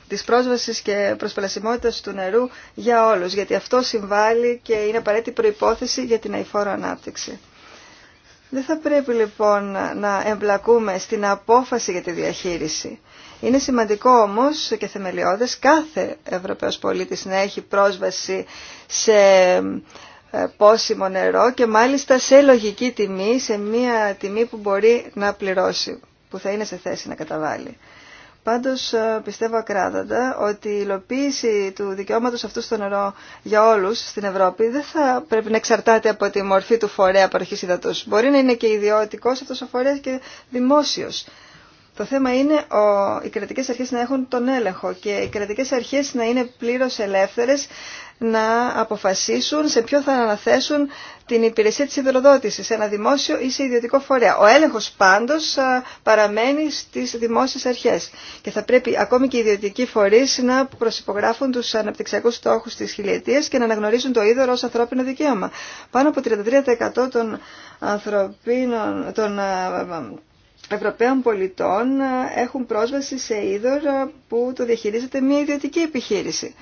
της πρόσβασης και προσπελασιμότητας του νερού για όλους, γιατί αυτό συμβάλλει και είναι απαραίτητη προϋπόθεση για την αηφόρο ανάπτυξη. Δεν θα πρέπει λοιπόν να εμπλακούμε στην απόφαση για τη διαχείριση. Είναι σημαντικό όμως και θεμελιώδες κάθε Ευρωπαίος πολίτης να έχει πρόσβαση σε ε, πόσιμο νερό και μάλιστα σε λογική τιμή, σε μια τιμή που μπορεί να πληρώσει, που θα είναι σε θέση να καταβάλει. Πάντως ε, πιστεύω ακράδαντα ότι η υλοποίηση του δικαιώματος αυτού στο νερό για όλους στην Ευρώπη δεν θα πρέπει να εξαρτάται από τη μορφή του φορέα παροχής υδατός. Μπορεί να είναι και ιδιωτικός αυτός ο φορέας και δημόσιος. Το θέμα είναι οι κρατικές αρχές να έχουν τον έλεγχο και οι κρατικές αρχές να είναι πλήρως ελεύθερες να αποφασίσουν σε ποιο θα αναθέσουν την υπηρεσία της υδροδότησης, σε ένα δημόσιο ή σε ιδιωτικό φορέα. Ο έλεγχος πάντως παραμένει στις δημόσιες αρχές και θα πρέπει ακόμη και οι ιδιωτικοί φορείς να προσυπογράφουν τους αναπτυξιακούς στόχους της χιλιετίας και να αναγνωρίζουν το είδωρο ως ανθρώπινο δικαίωμα. Πάνω από 33% των ανθρωπίνων, των Ευρωπαίων πολιτών ε, έχουν πρόσβαση σε είδωρα ε, που το διαχειρίζεται μια ιδιωτική επιχείρηση.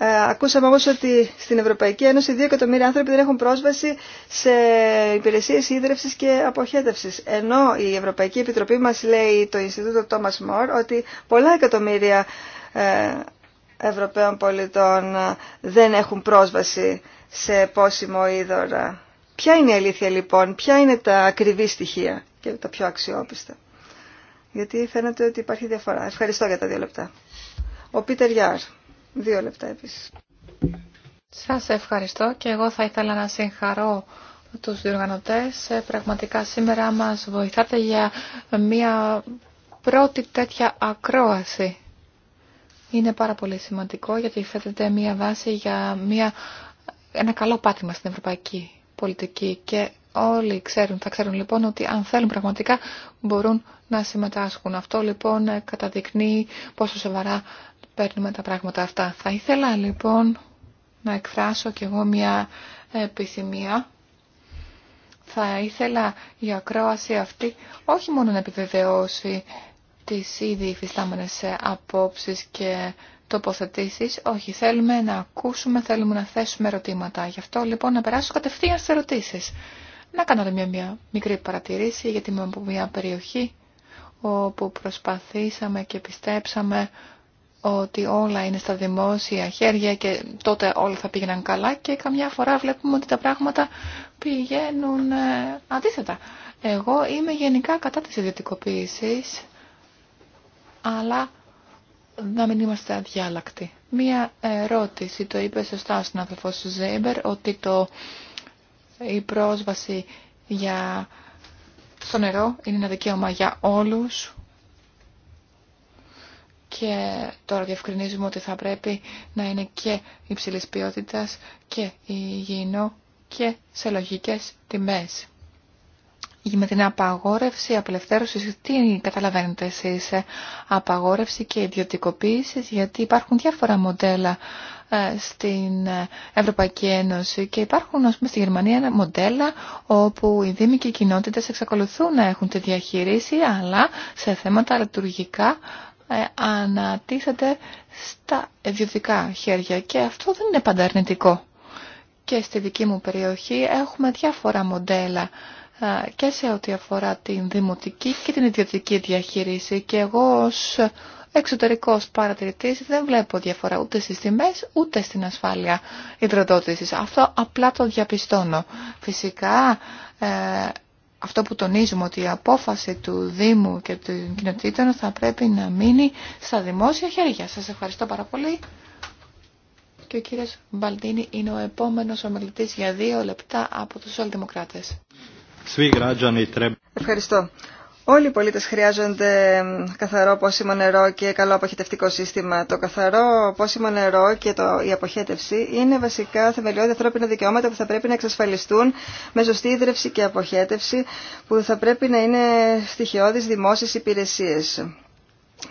Ε, ακούσαμε όμως ότι στην Ευρωπαϊκή Ένωση δύο εκατομμύρια άνθρωποι δεν έχουν πρόσβαση σε υπηρεσίες ίδρυυσης και αποχέτευσης. Ενώ η Ευρωπαϊκή Επιτροπή μας λέει το Ινστιτούτο Thomas More ότι πολλά εκατομμύρια Ευρωπαίων πολιτών δεν έχουν πρόσβαση σε πόσιμο είδωρα. Ποια είναι η αλήθεια λοιπόν, ποια είναι τα ακριβή στοιχεία και τα πιο αξιόπιστα. Γιατί φαίνεται ότι υπάρχει διαφορά. Ευχαριστώ για τα δύο λεπτά. Ο Πίτερ Γιάρ, δύο λεπτά επίσης. Σας ευχαριστώ και εγώ θα ήθελα να συγχαρώ τους διοργανωτές. Ε, πραγματικά σήμερα μας βοηθάτε για μια πρώτη τέτοια ακρόαση. Είναι πάρα πολύ σημαντικό γιατί φέρετε μια βάση για μια, ένα καλό πάτημα στην ευρωπαϊκή πολιτική και Όλοι ξέρουν, θα ξέρουν λοιπόν ότι αν θέλουν πραγματικά μπορούν να συμμετάσχουν. Αυτό λοιπόν καταδεικνύει πόσο σοβαρά παίρνουμε τα πράγματα αυτά. Θα ήθελα λοιπόν να εκφράσω κι εγώ μια επιθυμία. Θα ήθελα η ακρόαση αυτή όχι μόνο να επιβεβαιώσει τις ήδη υφιστάμενες απόψεις και τοποθετήσεις. Όχι, θέλουμε να ακούσουμε, θέλουμε να θέσουμε ερωτήματα. Γι' αυτό λοιπόν να περάσω κατευθείαν στις ερωτήσεις. Να κάνω μια, μια μικρή παρατηρήση γιατί είμαι από μια περιοχή όπου προσπαθήσαμε και πιστέψαμε ότι όλα είναι στα δημόσια χέρια και τότε όλα θα πήγαιναν καλά και καμιά φορά βλέπουμε ότι τα πράγματα πηγαίνουν ε, αντίθετα. Εγώ είμαι γενικά κατά της ιδιωτικοποίησης, αλλά να μην είμαστε αδιάλακτοι. Μία ερώτηση, το είπε σωστά ο συνάδελφος Ζέμπερ, ότι το η πρόσβαση για... στο νερό είναι ένα δικαίωμα για όλους και τώρα διευκρινίζουμε ότι θα πρέπει να είναι και υψηλής ποιότητας και υγιεινό και σε λογικές τιμές. Με την απαγόρευση απελευθέρωση, τι καταλαβαίνετε εσείς, ε? απαγόρευση και ιδιωτικοποίηση, γιατί υπάρχουν διάφορα μοντέλα ε, στην Ευρωπαϊκή Ένωση και υπάρχουν ας πούμε στη Γερμανία μοντέλα όπου οι δήμοι και οι κοινότητες εξακολουθούν να έχουν τη διαχείριση αλλά σε θέματα λειτουργικά ε, ανατίθεται στα ιδιωτικά χέρια και αυτό δεν είναι πάντα Και στη δική μου περιοχή έχουμε διάφορα μοντέλα ε, και σε ό,τι αφορά την δημοτική και την ιδιωτική διαχείριση και εγώ ως εξωτερικός παρατηρητής δεν βλέπω διαφορά ούτε στις τιμές ούτε στην ασφάλεια υδροδότησης. Αυτό απλά το διαπιστώνω. Φυσικά ε, αυτό που τονίζουμε ότι η απόφαση του Δήμου και των κοινοτήτων θα πρέπει να μείνει στα δημόσια χέρια. Σας ευχαριστώ πάρα πολύ. Και ο κύριος Μπαλτίνη είναι ο επόμενος ομιλητής για δύο λεπτά από τους Σολδημοκράτε. Ευχαριστώ. Όλοι οι πολίτες χρειάζονται καθαρό πόσιμο νερό και καλό αποχετευτικό σύστημα. Το καθαρό πόσιμο νερό και το, η αποχέτευση είναι βασικά θεμελιώδη ανθρώπινα δικαιώματα που θα πρέπει να εξασφαλιστούν με ζωστή ίδρυυση και αποχέτευση που θα πρέπει να είναι στοιχειώδεις δημόσιες υπηρεσίες.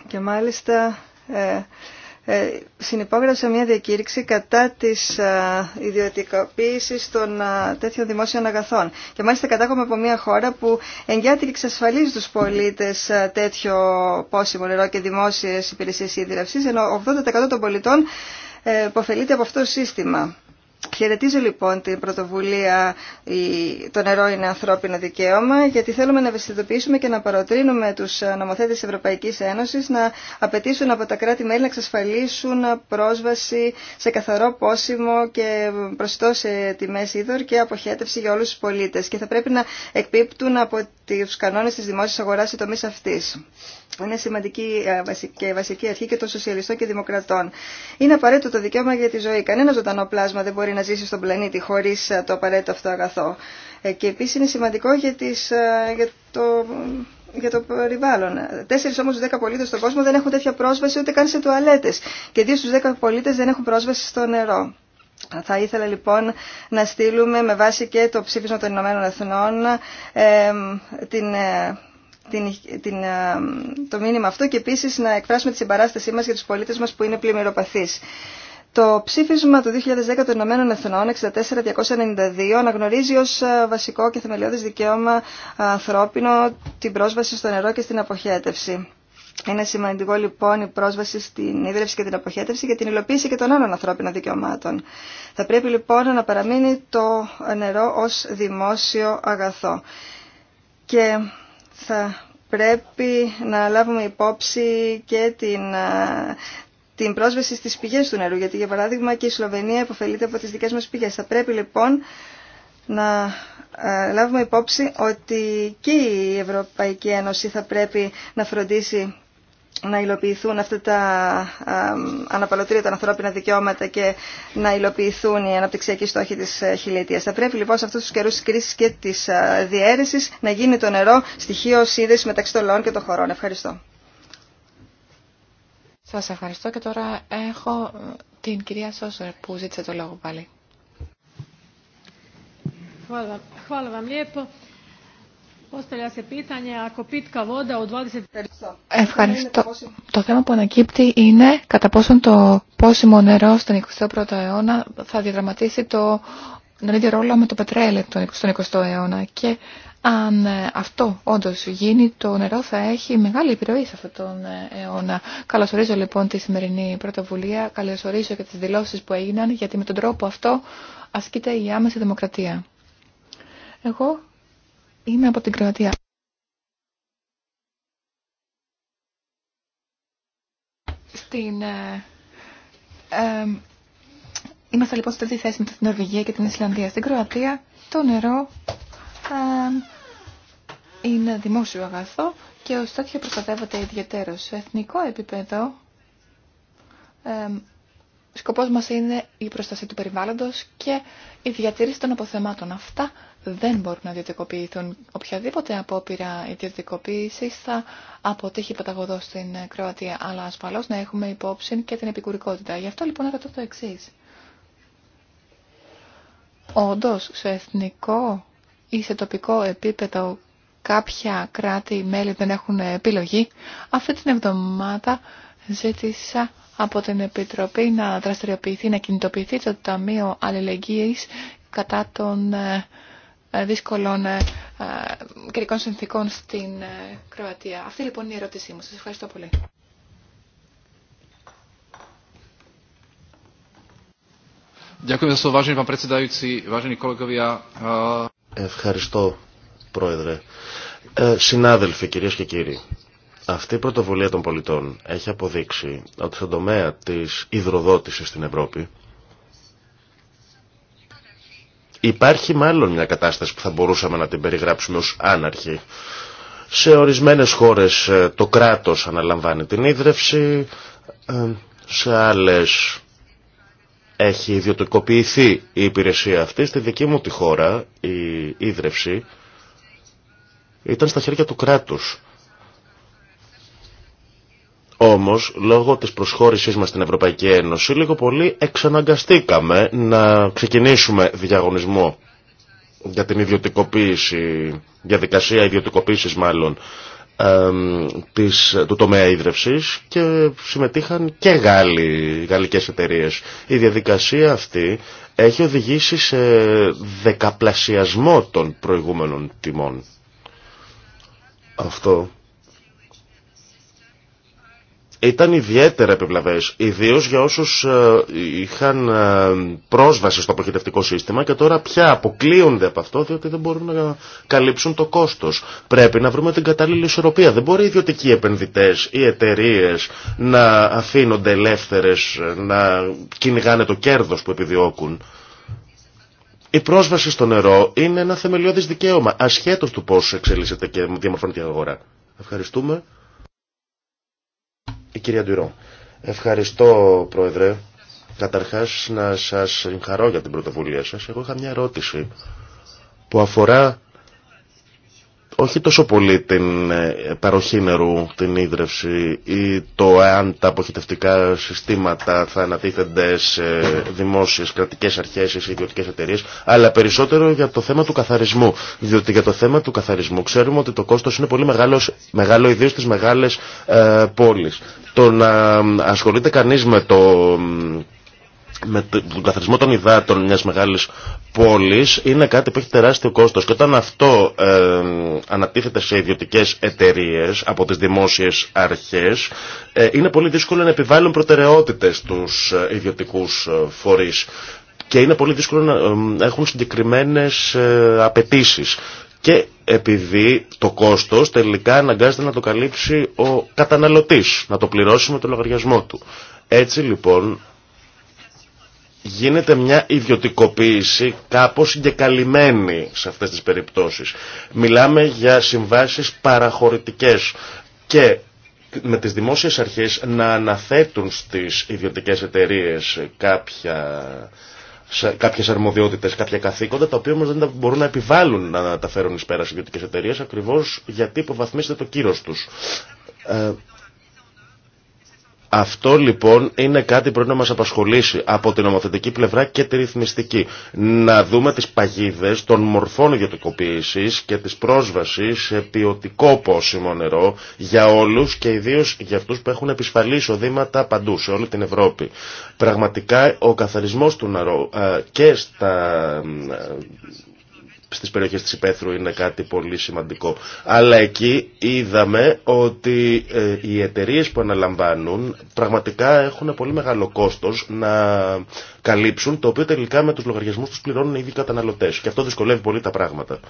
Και μάλιστα... Ε, ε, συνυπόγραψα μια διακήρυξη κατά της ε, ιδιωτικοποίησης των ε, τέτοιων δημόσιων αγαθών. Και μάλιστα κατάγομαι από μια χώρα που εγγυάται και εξασφαλίζει τους πολίτες τέτοιο πόσιμο νερό και δημόσιες υπηρεσίες ίδρυυσης, ενώ 80% των πολιτών υποφελείται από αυτό το σύστημα. Χαιρετίζω λοιπόν την πρωτοβουλία «Το νερό είναι ανθρώπινο δικαίωμα» γιατί θέλουμε να ευαισθητοποιήσουμε και να παροτρύνουμε τους νομοθέτες της Ευρωπαϊκής Ένωσης να απαιτήσουν από τα κράτη-μέλη να εξασφαλίσουν πρόσβαση σε καθαρό πόσιμο και προστό σε τιμές είδωρ και αποχέτευση για όλους τους πολίτες και θα πρέπει να εκπίπτουν από του κανόνε τη δημόσια αγορά σε τομείς αυτής. Είναι σημαντική ε, και βασική αρχή και των σοσιαλιστών και δημοκρατών. Είναι απαραίτητο το δικαίωμα για τη ζωή. Κανένα ζωντανό πλάσμα δεν μπορεί να ζήσει στον πλανήτη χωρί ε, το απαραίτητο αυτό αγαθό. Ε, και επίση είναι σημαντικό για, τις, για το για το περιβάλλον. Τέσσερι όμω στου δέκα πολίτε στον κόσμο δεν έχουν τέτοια πρόσβαση ούτε καν σε τουαλέτε. Και δύο στου δέκα πολίτε δεν έχουν πρόσβαση στο νερό. Θα ήθελα λοιπόν να στείλουμε με βάση και το ψήφισμα των Ηνωμένων Εθνών ε, την, την, την, ε, το μήνυμα αυτό και επίσης να εκφράσουμε τη συμπαράστασή μας για τους πολίτες μας που είναι πλημμυροπαθείς. Το ψήφισμα του 2010 των Ηνωμένων Εθνών 64-292 αναγνωρίζει ως ε, βασικό και θεμελιώδης δικαίωμα ανθρώπινο την πρόσβαση στο νερό και στην αποχέτευση. Είναι σημαντικό λοιπόν η πρόσβαση στην ίδρυυση και την αποχέτευση για την υλοποίηση και των άλλων ανθρώπινων δικαιωμάτων. Θα πρέπει λοιπόν να παραμείνει το νερό ως δημόσιο αγαθό. Και θα πρέπει να λάβουμε υπόψη και την, την πρόσβαση στις πηγές του νερού, γιατί για παράδειγμα και η Σλοβενία υποφελείται από τις δικές μας πηγές. Θα πρέπει λοιπόν να λάβουμε υπόψη ότι και η Ευρωπαϊκή Ένωση θα πρέπει να φροντίσει να υλοποιηθούν αυτά τα αναπαλωτήρια των ανθρώπινα δικαιώματα και να υλοποιηθούν οι αναπτυξιακοί στόχοι της ε, χιλιετίας. Θα πρέπει λοιπόν σε αυτούς τους καιρούς της κρίσης και της ε, διαίρεσης να γίνει το νερό στοιχείο σύνδεση μεταξύ των λαών και των χωρών. Ευχαριστώ. Σας ευχαριστώ και τώρα έχω ε, την κυρία Σόσορ που ζήτησε το λόγο πάλι. Ευχαριστώ. Το θέμα που ανακύπτει είναι κατά πόσον το πόσιμο νερό στον 21ο αιώνα θα διαδραματίσει το, τον ίδιο ρόλο με το πετρέλαιο στον 20ο αιώνα. Και αν ε, αυτό όντω γίνει, το νερό θα έχει μεγάλη επιρροή σε αυτόν τον ε, αιώνα. Καλωσορίζω λοιπόν τη σημερινή πρωτοβουλία, καλωσορίζω και τι δηλώσει που έγιναν, γιατί με τον τρόπο αυτό ασκείται η άμεση δημοκρατία. Εγώ Είμαι από την Κροατία. Στην, ε, ε, είμαστε λοιπόν σε τέτοια θέση με την Νορβηγία και την Ισλανδία. Στην Κροατία το νερό ε, είναι δημόσιο αγαθό και ως τέτοιο προστατεύεται ιδιαίτερο. Σε εθνικό επίπεδο ε, σκοπός μας είναι η προστασία του περιβάλλοντος και η διατήρηση των αποθεμάτων. Αυτά δεν μπορούν να ιδιωτικοποιηθούν. Οποιαδήποτε απόπειρα ιδιωτικοποίηση θα αποτύχει παταγωδό στην Κροατία, αλλά ασφαλώ να έχουμε υπόψη και την επικουρικότητα. Γι' αυτό λοιπόν ρωτώ το εξή. Όντω, σε εθνικό ή σε τοπικό επίπεδο κάποια κράτη-μέλη δεν έχουν επιλογή. Αυτή την εβδομάδα ζήτησα από την Επιτροπή να δραστηριοποιηθεί, να κινητοποιηθεί το Ταμείο Αλληλεγγύης κατά των ε, ε, δύσκολων ε, ε, καιρικών συνθήκων στην Κροατία. Αυτή λοιπόν είναι η ερώτησή μου. Σας ευχαριστώ πολύ. Ευχαριστώ, Πρόεδρε. συνάδελφοι, κυρίες και κύριοι, αυτή η πρωτοβουλία των πολιτών έχει αποδείξει ότι στον τομέα της υδροδότησης στην Ευρώπη Υπάρχει μάλλον μια κατάσταση που θα μπορούσαμε να την περιγράψουμε ως άναρχη. Σε ορισμένες χώρες ε, το κράτος αναλαμβάνει την ίδρυυση, ε, σε άλλες έχει ιδιωτικοποιηθεί η υπηρεσία αυτή. Στη δική μου τη χώρα η ίδρυυση ήταν στα χέρια του κράτους. Όμως, λόγω της προσχώρησής μας στην Ευρωπαϊκή Ένωση, λίγο πολύ εξαναγκαστήκαμε να ξεκινήσουμε διαγωνισμό για την ιδιωτικοποίηση, διαδικασία ιδιωτικοποίησης μάλλον, της, του τομέα ίδρυυσης και συμμετείχαν και Γάλλοι, γαλλικές εταιρείες. Η διαδικασία αυτή έχει οδηγήσει σε δεκαπλασιασμό των προηγούμενων τιμών. Αυτό ήταν ιδιαίτερα επιβλαβές, ιδίως για όσους ε, είχαν ε, πρόσβαση στο αποχαιρετικό σύστημα και τώρα πια αποκλείονται από αυτό διότι δεν μπορούν να καλύψουν το κόστος. Πρέπει να βρούμε την κατάλληλη ισορροπία. Δεν μπορεί οι ιδιωτικοί επενδυτές ή εταιρείε να αφήνονται ελεύθερες, να κυνηγάνε το κέρδος που επιδιώκουν. Η πρόσβαση στο νερό είναι ένα θεμελιώδης δικαίωμα, ασχέτως του πώς εξελίσσεται και διαμορφώνεται η αγορά. Ευχαριστούμε. Η κυρία Ντουιρό. Ευχαριστώ, Πρόεδρε. Καταρχάς, να σας συγχαρώ για την πρωτοβουλία σας. Εγώ είχα μια ερώτηση που αφορά όχι τόσο πολύ την ε, παροχή νερού, την ίδρυυση ή το αν τα αποχητευτικά συστήματα θα ανατίθενται σε δημόσιες κρατικές αρχές ή σε ιδιωτικές εταιρείες, αλλά περισσότερο για το θέμα του καθαρισμού. Διότι για το θέμα του καθαρισμού ξέρουμε ότι το κόστος είναι πολύ μεγάλο, μεγάλο ιδίως στις μεγάλες ε, το να ασχολείται κανείς με το με τον καθαρισμό των υδάτων μιας μεγάλης πόλης είναι κάτι που έχει τεράστιο κόστος και όταν αυτό ε, ανατίθεται σε ιδιωτικές εταιρείες από τις δημόσιες αρχές ε, είναι πολύ δύσκολο να επιβάλλουν προτεραιότητες στους ε, ιδιωτικούς φορείς και είναι πολύ δύσκολο να έχουν συγκεκριμένες απαιτήσει και επειδή το κόστος τελικά αναγκάζεται να το καλύψει ο καταναλωτής, να το πληρώσει με το λογαριασμό του. Έτσι λοιπόν γίνεται μια ιδιωτικοποίηση κάπως συγκεκαλυμμένη σε αυτές τις περιπτώσεις. Μιλάμε για συμβάσεις παραχωρητικές και με τις δημόσιες αρχές να αναθέτουν στις ιδιωτικές εταιρείες κάποια κάποιε αρμοδιότητε, κάποια καθήκοντα, τα οποία όμω δεν μπορούν να επιβάλλουν να τα φέρουν ει πέρα ιδιωτικέ εταιρείε, ακριβώ γιατί υποβαθμίστε το κύρο του. Ε, αυτό λοιπόν είναι κάτι που πρέπει να μας απασχολήσει από την νομοθετική πλευρά και τη ρυθμιστική. Να δούμε τις παγίδες των μορφών ιδιωτικοποίησης και της πρόσβασης σε ποιοτικό πόσιμο νερό για όλους και ιδίως για αυτούς που έχουν επισφαλή εισοδήματα παντού σε όλη την Ευρώπη. Πραγματικά ο καθαρισμός του νερού ε, και στα ε, στις περιοχές της Υπέθρου είναι κάτι πολύ σημαντικό. Αλλά εκεί είδαμε ότι ε, οι εταιρείε που αναλαμβάνουν πραγματικά έχουν πολύ μεγάλο κόστος να καλύψουν το οποίο τελικά με τους λογαριασμούς τους πληρώνουν οι καταναλωτές. Και αυτό δυσκολεύει πολύ τα πράγματα.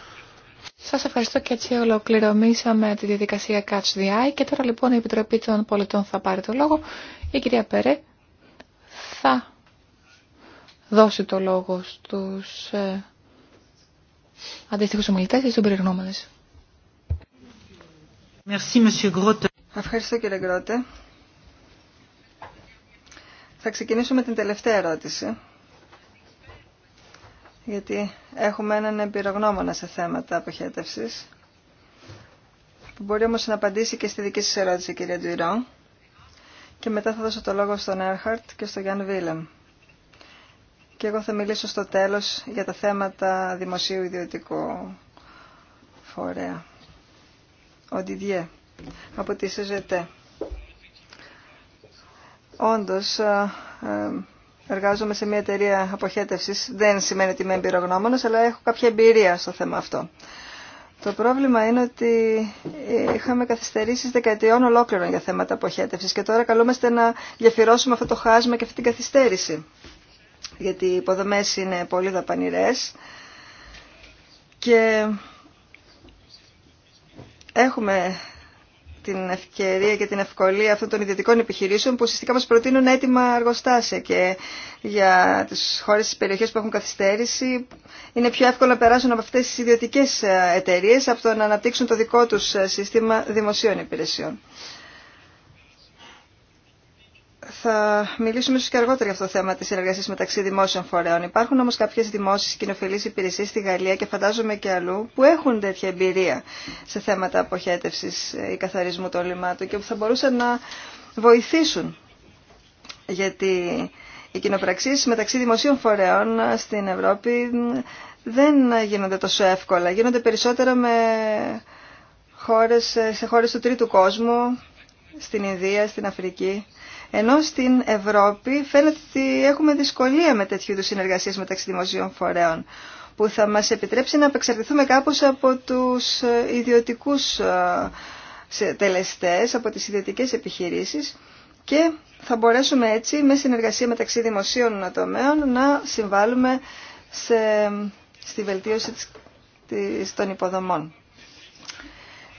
Σας ευχαριστώ και έτσι ολοκληρωμήσαμε τη διαδικασία Catch the Eye και τώρα λοιπόν η Επιτροπή των Πολιτών θα πάρει το λόγο. Η κυρία Πέρε θα δώσει το λόγο στους ε, αντίστοιχου ομιλητέ ή στον περιγνώμονες. Ευχαριστώ κύριε Γκρότε. Θα ξεκινήσουμε την τελευταία ερώτηση. Γιατί έχουμε έναν εμπειρογνώμονα σε θέματα αποχέτευσης. Που μπορεί όμως να απαντήσει και στη δική σας ερώτηση κυρία Τζουιρόν. Και μετά θα δώσω το λόγο στον Έρχαρτ και στον Γιάνν Βίλεμ και εγώ θα μιλήσω στο τέλος για τα θέματα δημοσίου ιδιωτικού φορέα. Ο Didier, από τη ΣΕΖΕΤΕ. Όντως, ε, ε, εργάζομαι σε μια εταιρεία αποχέτευσης. Δεν σημαίνει ότι είμαι εμπειρογνώμονος, αλλά έχω κάποια εμπειρία στο θέμα αυτό. Το πρόβλημα είναι ότι είχαμε καθυστερήσεις δεκαετιών ολόκληρων για θέματα αποχέτευσης και τώρα καλούμαστε να γεφυρώσουμε αυτό το χάσμα και αυτή την καθυστέρηση γιατί οι υποδομές είναι πολύ δαπανηρές και έχουμε την ευκαιρία και την ευκολία αυτών των ιδιωτικών επιχειρήσεων που ουσιαστικά μας προτείνουν έτοιμα αργοστάσια και για τις χώρες της περιοχής που έχουν καθυστέρηση είναι πιο εύκολο να περάσουν από αυτές τις ιδιωτικές ε, εταιρείες από το να αναπτύξουν το δικό τους ε, σύστημα δημοσίων υπηρεσιών. Θα μιλήσουμε ίσω και αργότερα για αυτό το θέμα τη συνεργασία μεταξύ δημόσιων φορέων. Υπάρχουν όμω κάποιε δημόσιε κοινοφιλεί υπηρεσίε στη Γαλλία και φαντάζομαι και αλλού που έχουν τέτοια εμπειρία σε θέματα αποχέτευση ή καθαρισμού των λιμάτων και που θα μπορούσαν να βοηθήσουν. Γιατί οι κοινοπραξίε μεταξύ δημοσίων φορέων στην Ευρώπη δεν γίνονται τόσο εύκολα. Γίνονται περισσότερο με χώρες, σε χώρες του τρίτου κόσμου, στην Ινδία, στην Αφρική. Ενώ στην Ευρώπη φαίνεται ότι έχουμε δυσκολία με τέτοιου είδου συνεργασίε μεταξύ δημοσίων φορέων που θα μας επιτρέψει να απεξαρτηθούμε κάπως από τους ε, ιδιωτικούς ε, τελεστές, από τις ιδιωτικές επιχειρήσεις και θα μπορέσουμε έτσι με συνεργασία μεταξύ δημοσίων τομέων να συμβάλλουμε σε, στη βελτίωση της, των υποδομών.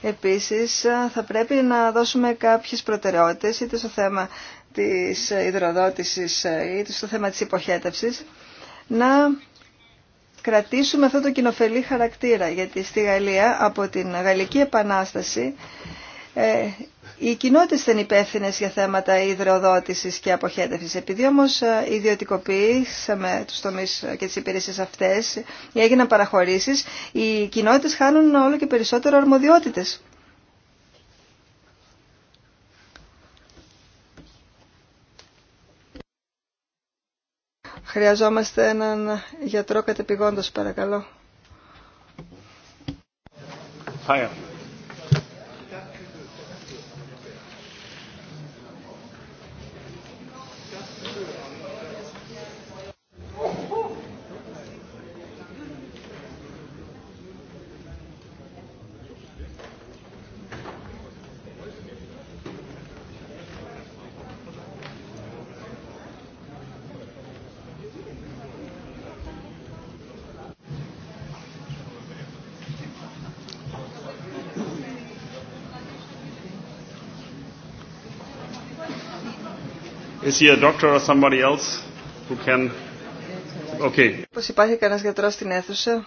Επίσης ε, θα πρέπει να δώσουμε κάποιες προτεραιότητες είτε στο θέμα της υδροδότησης ε, ή στο θέμα της υποχέτευσης, να κρατήσουμε αυτό το κοινοφελή χαρακτήρα. Γιατί στη Γαλλία, από την Γαλλική Επανάσταση, ε, οι κοινότητε ήταν υπεύθυνε για θέματα υδροδότηση και αποχέτευση, Επειδή όμως ε, ιδιωτικοποιήσαμε του τομεί και τις υπηρεσίες αυτές ή έγιναν παραχωρήσει οι κοινότητε χάνουν όλο και περισσότερο αρμοδιότητες. Χρειαζόμαστε έναν γιατρό κατεπηγόντος, παρακαλώ. Is he a doctor or somebody else who can... Okay. Πώς υπάρχει κανένας γιατρός στην αίθουσα.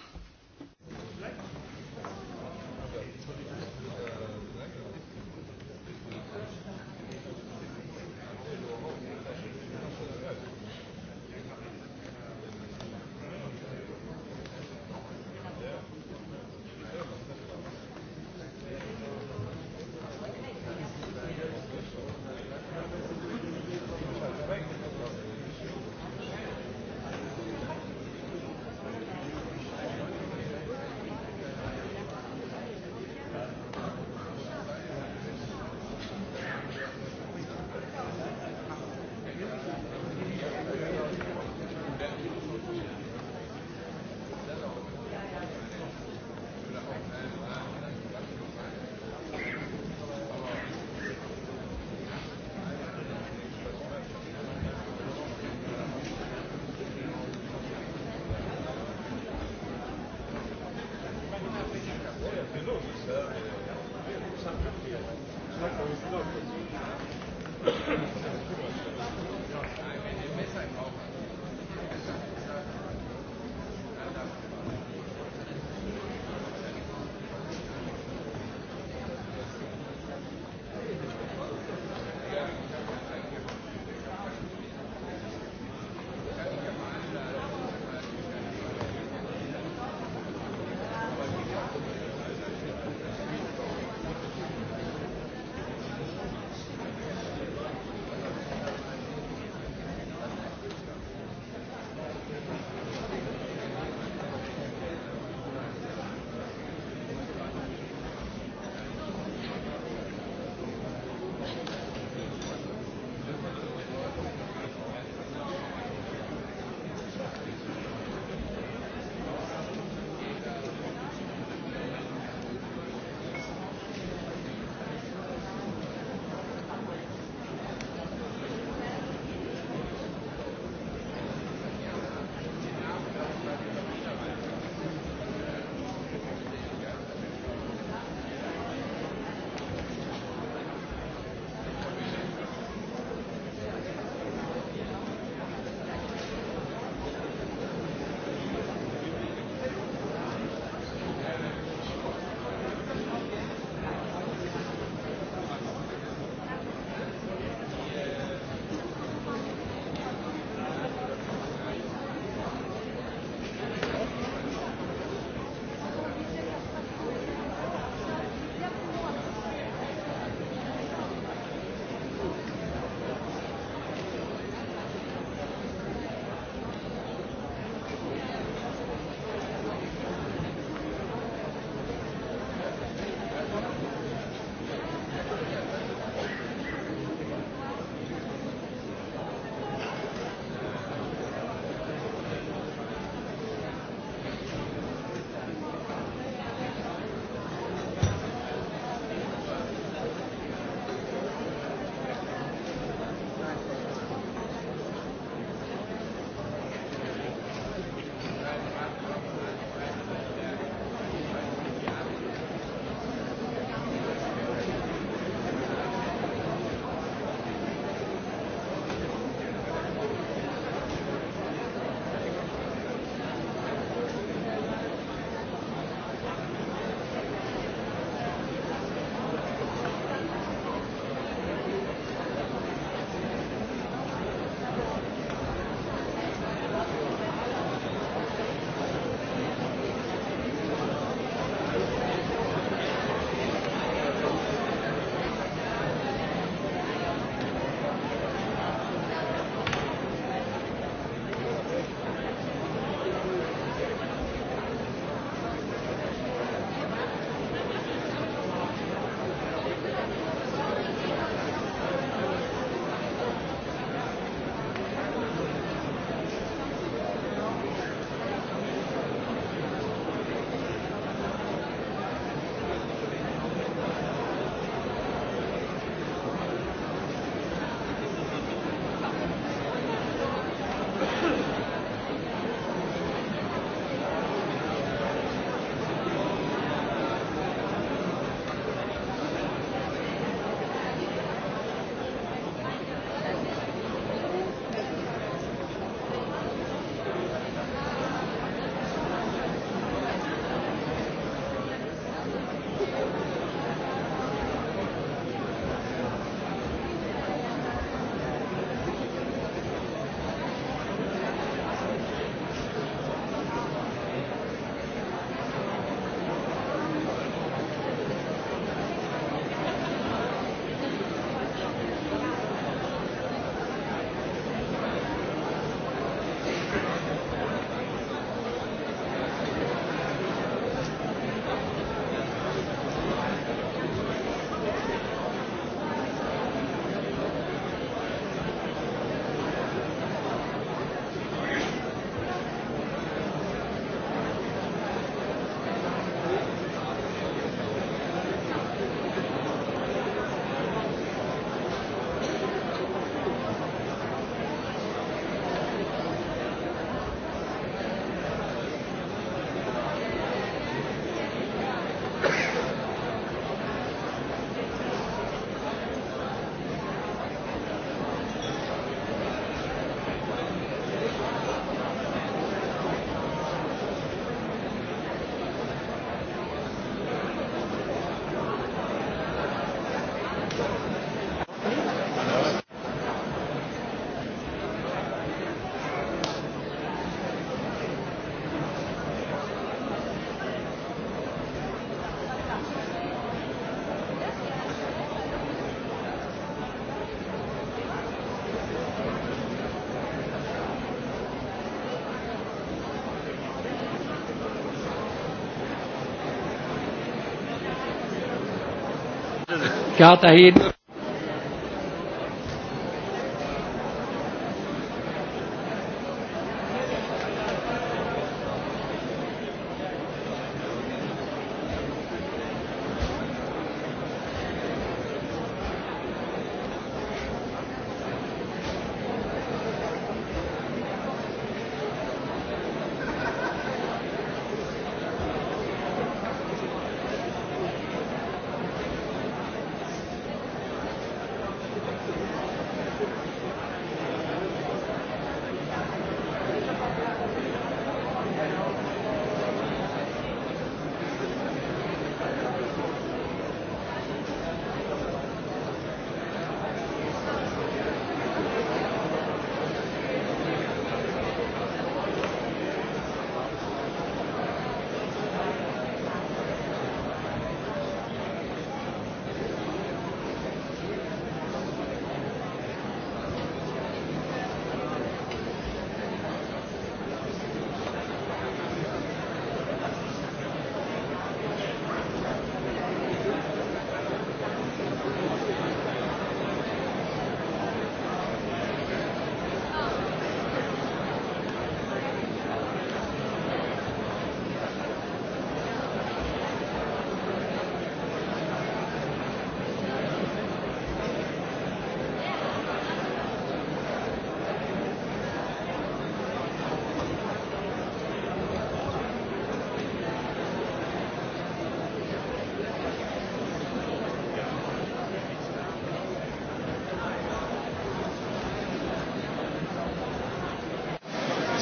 Garda hin.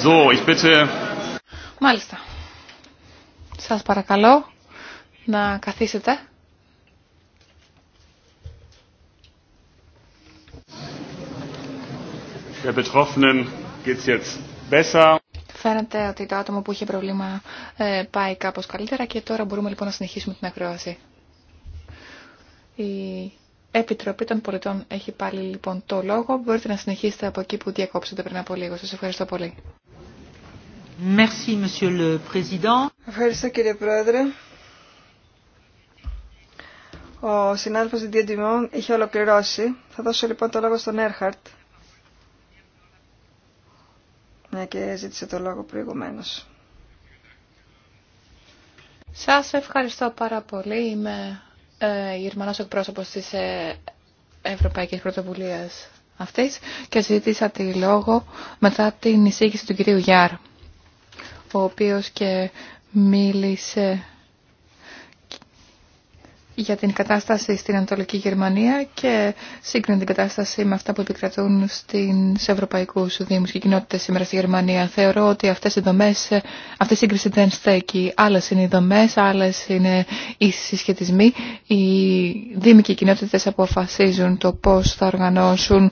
So, Μάλιστα. Σας παρακαλώ να καθίσετε. Der Betroffenen geht's jetzt Φαίνεται ότι το άτομο που είχε προβλήμα ε, πάει κάπως καλύτερα και τώρα μπορούμε λοιπόν να συνεχίσουμε την ακρόαση. Η Επιτροπή των Πολιτών έχει πάλι λοιπόν το λόγο. Μπορείτε να συνεχίσετε από εκεί που διακόψετε πριν από λίγο. Σας ευχαριστώ πολύ. Ευχαριστώ κύριε Πρόεδρε. Ο συνάδελφος Διντία Ντιμόν είχε ολοκληρώσει. Θα δώσω λοιπόν το λόγο στον Έρχαρτ. Ναι και ζήτησε το λόγο προηγουμένω. Σας ευχαριστώ πάρα πολύ. Είμαι ε, Γερμανός εκπρόσωπος της ε, Ευρωπαϊκής Πρωτοβουλίας αυτής και ζήτησα τη λόγο μετά την εισήγηση του κυρίου Γιάρ ο οποίος και μίλησε για την κατάσταση στην Ανατολική Γερμανία και σύγκρινε την κατάσταση με αυτά που επικρατούν στις Ευρωπαϊκού Δήμου και κοινότητε σήμερα στη Γερμανία. Θεωρώ ότι αυτές οι δομέ αυτή η σύγκριση δεν στέκει. Άλλε είναι οι δομέ, άλλε είναι οι συσχετισμοί. Οι δήμοι και οι κοινότητε αποφασίζουν το πώ θα οργανώσουν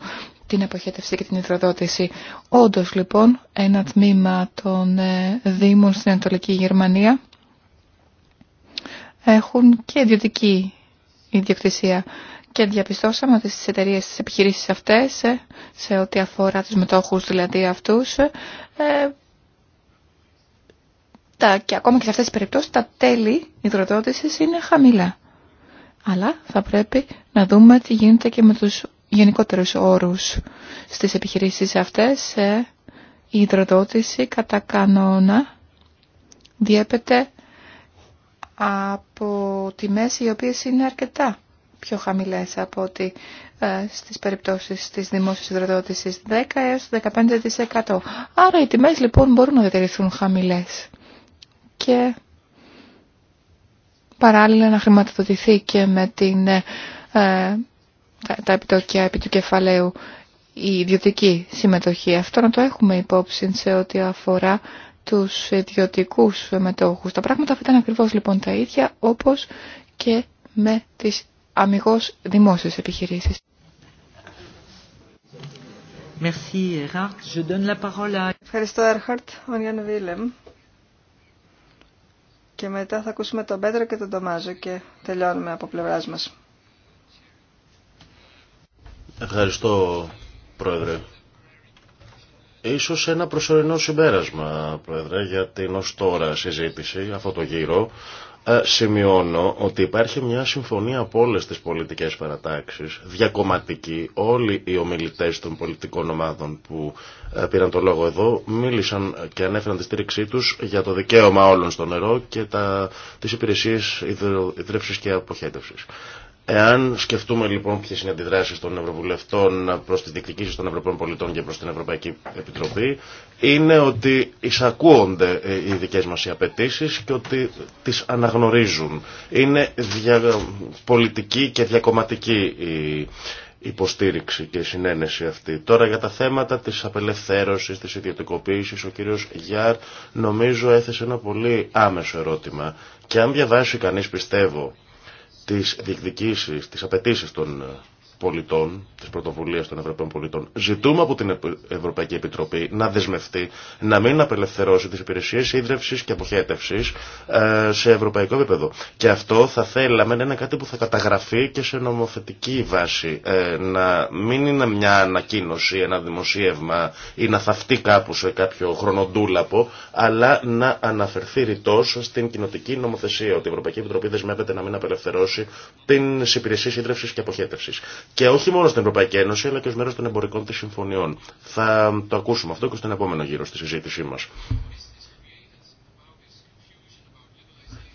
την αποχέτευση και την υδροδότηση. Όντως λοιπόν ένα τμήμα των ε, Δήμων στην Ανατολική Γερμανία έχουν και ιδιωτική ιδιοκτησία και διαπιστώσαμε ότι στις εταιρείες, στις επιχειρήσεις αυτές, ε, σε, ό,τι αφορά τους μετόχους δηλαδή αυτούς, ε, τα, και ακόμα και σε αυτές τις περιπτώσεις τα τέλη υδροδότησης είναι χαμηλά. Αλλά θα πρέπει να δούμε τι γίνεται και με τους γενικότερους όρους στις επιχειρήσεις αυτές, ε, η υδροδότηση κατά κανόνα διέπεται από τιμές οι οποίες είναι αρκετά πιο χαμηλές από ότι ε, στις περιπτώσεις της δημόσιας υδροδότησης 10 έως 15%. Άρα οι τιμές λοιπόν μπορούν να διατηρηθούν χαμηλές και παράλληλα να χρηματοδοτηθεί και με την ε, τα επιτόκια επί του κεφαλαίου, η ιδιωτική συμμετοχή. Αυτό να το έχουμε υπόψη σε ό,τι αφορά τους ιδιωτικούς μετόχους. Τα πράγματα αυτά ήταν ακριβώς λοιπόν τα ίδια όπως και με τις αμυγός δημόσιες επιχειρήσεις. Ευχαριστώ, Έρχαρτ. Ο Βίλεμ. Και μετά θα ακούσουμε τον Πέτρο και τον Τομάζο και τελειώνουμε από πλευράς μας. Ευχαριστώ, Πρόεδρε. Ίσως ένα προσωρινό συμπέρασμα, Πρόεδρε, για την ως τώρα συζήτηση, αυτό το γύρο, ε, σημειώνω ότι υπάρχει μια συμφωνία από όλες τις πολιτικές παρατάξεις, διακομματική, όλοι οι ομιλητές των πολιτικών ομάδων που ε, πήραν το λόγο εδώ μίλησαν και ανέφεραν τη στήριξή τους για το δικαίωμα όλων στο νερό και τα, τις υπηρεσίες και αποχέτευσης. Εάν σκεφτούμε λοιπόν ποιε είναι οι αντιδράσει των Ευρωβουλευτών προ τι διεκδικήσει των Ευρωπαίων πολιτών και προ την Ευρωπαϊκή Επιτροπή, είναι ότι εισακούονται ε, οι δικέ μα οι απαιτήσει και ότι τι αναγνωρίζουν. Είναι δια... πολιτική και διακομματική η υποστήριξη και συνένεση αυτή. Τώρα για τα θέματα της απελευθέρωσης, της ιδιωτικοποίησης, ο κύριος Γιάρ νομίζω έθεσε ένα πολύ άμεσο ερώτημα. Και αν διαβάσει κανείς πιστεύω τις διεκδικήσεις, τις απαιτήσεις των ε, πολιτών, της πρωτοβουλίας των Ευρωπαίων πολιτών. Ζητούμε από την Ευρωπαϊκή Επιτροπή να δεσμευτεί, να μην απελευθερώσει τι υπηρεσίε ίδρυυση και αποχέτευση ε, σε ευρωπαϊκό επίπεδο. Και αυτό θα θέλαμε να είναι κάτι που θα καταγραφεί και σε νομοθετική βάση. Ε, να μην είναι μια ανακοίνωση, ένα δημοσίευμα ή να θαυτεί κάπου σε κάποιο χρονοτούλαπο, αλλά να αναφερθεί ρητός στην κοινοτική νομοθεσία ότι η Ευρωπαϊκή αλλα να αναφερθει ρητο στην κοινοτικη δεσμεύεται να μην απελευθερώσει την υπηρεσίε ίδρυυση και αποχέτευση. Και όχι μόνο στην Ευρωπαϊκή Ένωση, αλλά και ω μέρο των εμπορικών τη συμφωνιών. Θα το ακούσουμε αυτό και στον επόμενο γύρο στη συζήτησή μα.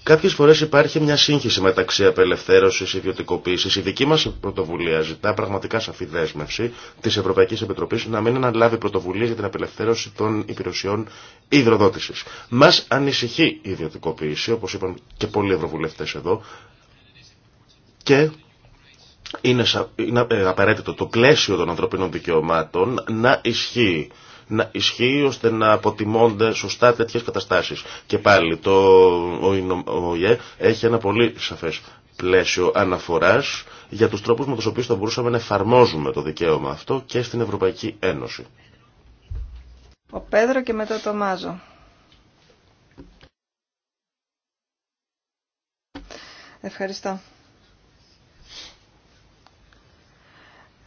Κάποιε φορέ υπάρχει μια σύγχυση μεταξύ απελευθέρωση, ιδιωτικοποίηση. Η δική μα πρωτοβουλία ζητά πραγματικά σαφή δέσμευση τη Ευρωπαϊκή Επιτροπή να μην αναλάβει πρωτοβουλίε για την απελευθέρωση των υπηρεσιών υδροδότηση. Μα ανησυχεί η ιδιωτικοποίηση, όπω είπαν και πολλοί ευρωβουλευτέ εδώ, και είναι, απαραίτητο το πλαίσιο των ανθρωπίνων δικαιωμάτων να ισχύει να ισχύει ώστε να αποτιμώνται σωστά τέτοιε καταστάσει. Και πάλι το ΟΗΕ έχει ένα πολύ σαφέ πλαίσιο αναφορά για του τρόπου με τους οποίους θα μπορούσαμε να εφαρμόζουμε το δικαίωμα αυτό και στην Ευρωπαϊκή Ένωση. Ο Πέδρο και μετά το Μάζο. Ευχαριστώ.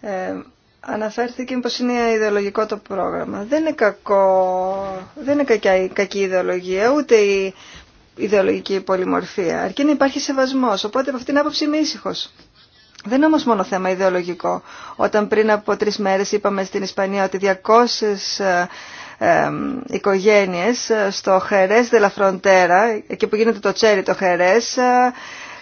Ε, αναφέρθηκε πως είναι ιδεολογικό το πρόγραμμα. Δεν είναι, κακό, δεν είναι κακιά, κακή ιδεολογία, ούτε η ιδεολογική πολυμορφία, αρκεί να υπάρχει σεβασμός. Οπότε από αυτήν την άποψη είμαι ήσυχο. Δεν είναι όμως μόνο θέμα ιδεολογικό. Όταν πριν από τρεις μέρες είπαμε στην Ισπανία ότι 200 ε, ε, οικογένειες ε, στο Χερές de la Frontera, εκεί που γίνεται το τσέρι το Χερές,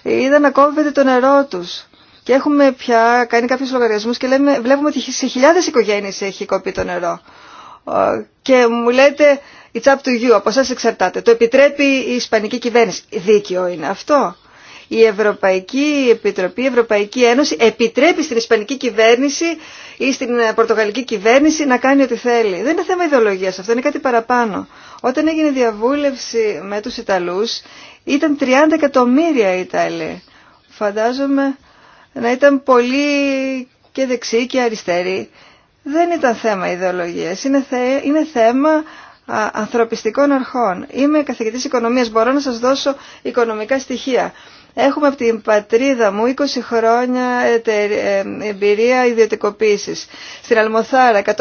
είδαν να κόβεται το νερό τους. Και έχουμε πια κάνει κάποιους λογαριασμούς και λέμε, βλέπουμε ότι σε χιλιάδες οικογένειες έχει κοπεί το νερό. Ε, και μου λέτε, it's up to you, από εσάς εξαρτάται. Το επιτρέπει η Ισπανική κυβέρνηση. Δίκαιο είναι αυτό. Η Ευρωπαϊκή Επιτροπή, η Ευρωπαϊκή Ένωση επιτρέπει στην Ισπανική κυβέρνηση ή στην Πορτογαλική κυβέρνηση να κάνει ό,τι θέλει. Δεν είναι θέμα ιδεολογία αυτό, είναι κάτι παραπάνω. Όταν έγινε διαβούλευση με τους Ιταλούς, ήταν 30 εκατομμύρια Ιταλοί. Φαντάζομαι να ήταν πολύ και δεξιοί και αριστεροί. Δεν ήταν θέμα ιδεολογίας, είναι, θέμα ανθρωπιστικών αρχών. Είμαι καθηγητής οικονομίας, μπορώ να σας δώσω οικονομικά στοιχεία. Έχουμε από την πατρίδα μου 20 χρόνια ε, εμπειρία ιδιωτικοποίησης. Στην Αλμοθάρα 100.000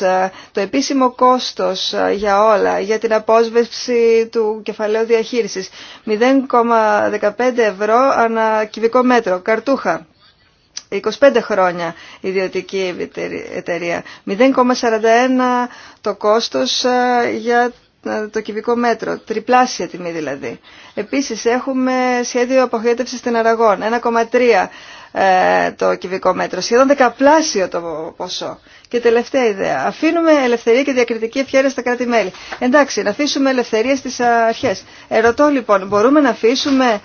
ε, το επίσημο κόστος ε, για όλα, για την απόσβεση του κεφαλαίου διαχείρισης 0,15 ευρώ ανά κυβικό μέτρο, καρτούχα. 25 χρόνια ιδιωτική εταιρεία. 0,41 το κόστος για το κυβικό μέτρο, τριπλάσια τιμή δηλαδή. Επίσης έχουμε σχέδιο αποχέτευσης στην αραγών, 1,3 ε, το κυβικό μέτρο, σχεδόν δεκαπλάσιο το ποσό. Και τελευταία ιδέα, αφήνουμε ελευθερία και διακριτική ευχαίρεια στα κράτη-μέλη. Εντάξει, να αφήσουμε ελευθερία στις ε, αρχές. Ερωτώ λοιπόν, μπορούμε να αφήσουμε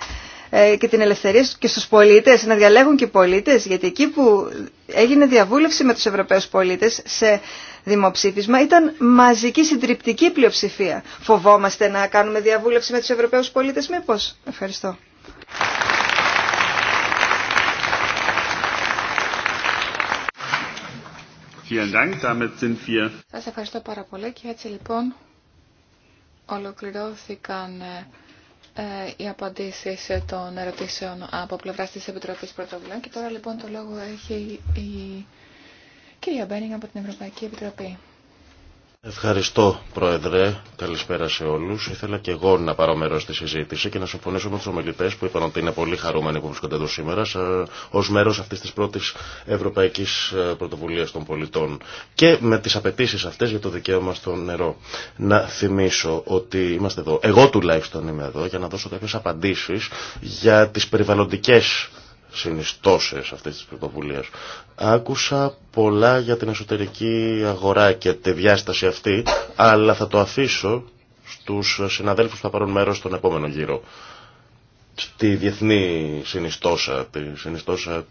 ε, και την ελευθερία και στους πολίτες, να διαλέγουν και οι πολίτες, γιατί εκεί που έγινε διαβούλευση με τους Ευρωπαίους πολίτες, σε δημοψήφισμα ήταν μαζική συντριπτική πλειοψηφία. Φοβόμαστε να κάνουμε διαβούλευση με τους Ευρωπαίους πολίτες μήπως. Ευχαριστώ. Σα ευχαριστώ πάρα πολύ και έτσι λοιπόν ολοκληρώθηκαν ε, ε, οι απαντήσεις των ερωτήσεων από πλευράς της Επιτροπής Πρωτοβουλίων και τώρα λοιπόν το λόγο έχει η Κυρία Μπένιγκ από την Ευρωπαϊκή Επιτροπή. Ευχαριστώ, Πρόεδρε. Καλησπέρα σε όλου. Ήθελα και εγώ να πάρω μέρο στη συζήτηση και να συμφωνήσω με του ομιλητέ που είπαν ότι είναι πολύ χαρούμενοι που βρίσκονται εδώ σήμερα ω μέρο αυτή τη πρώτη Ευρωπαϊκή ε, Πρωτοβουλία των Πολιτών και με τι απαιτήσει αυτέ για το δικαίωμα στο νερό. Να θυμίσω ότι είμαστε εδώ, εγώ τουλάχιστον είμαι εδώ, για να δώσω κάποιε απαντήσει για τι περιβαλλοντικέ συνιστώσεις αυτής της πρωτοβουλία. Άκουσα πολλά για την εσωτερική αγορά και τη διάσταση αυτή, αλλά θα το αφήσω στους συναδέλφους που θα πάρουν μέρος στον επόμενο γύρο. Στη διεθνή συνιστόσα, τη συνιστόσα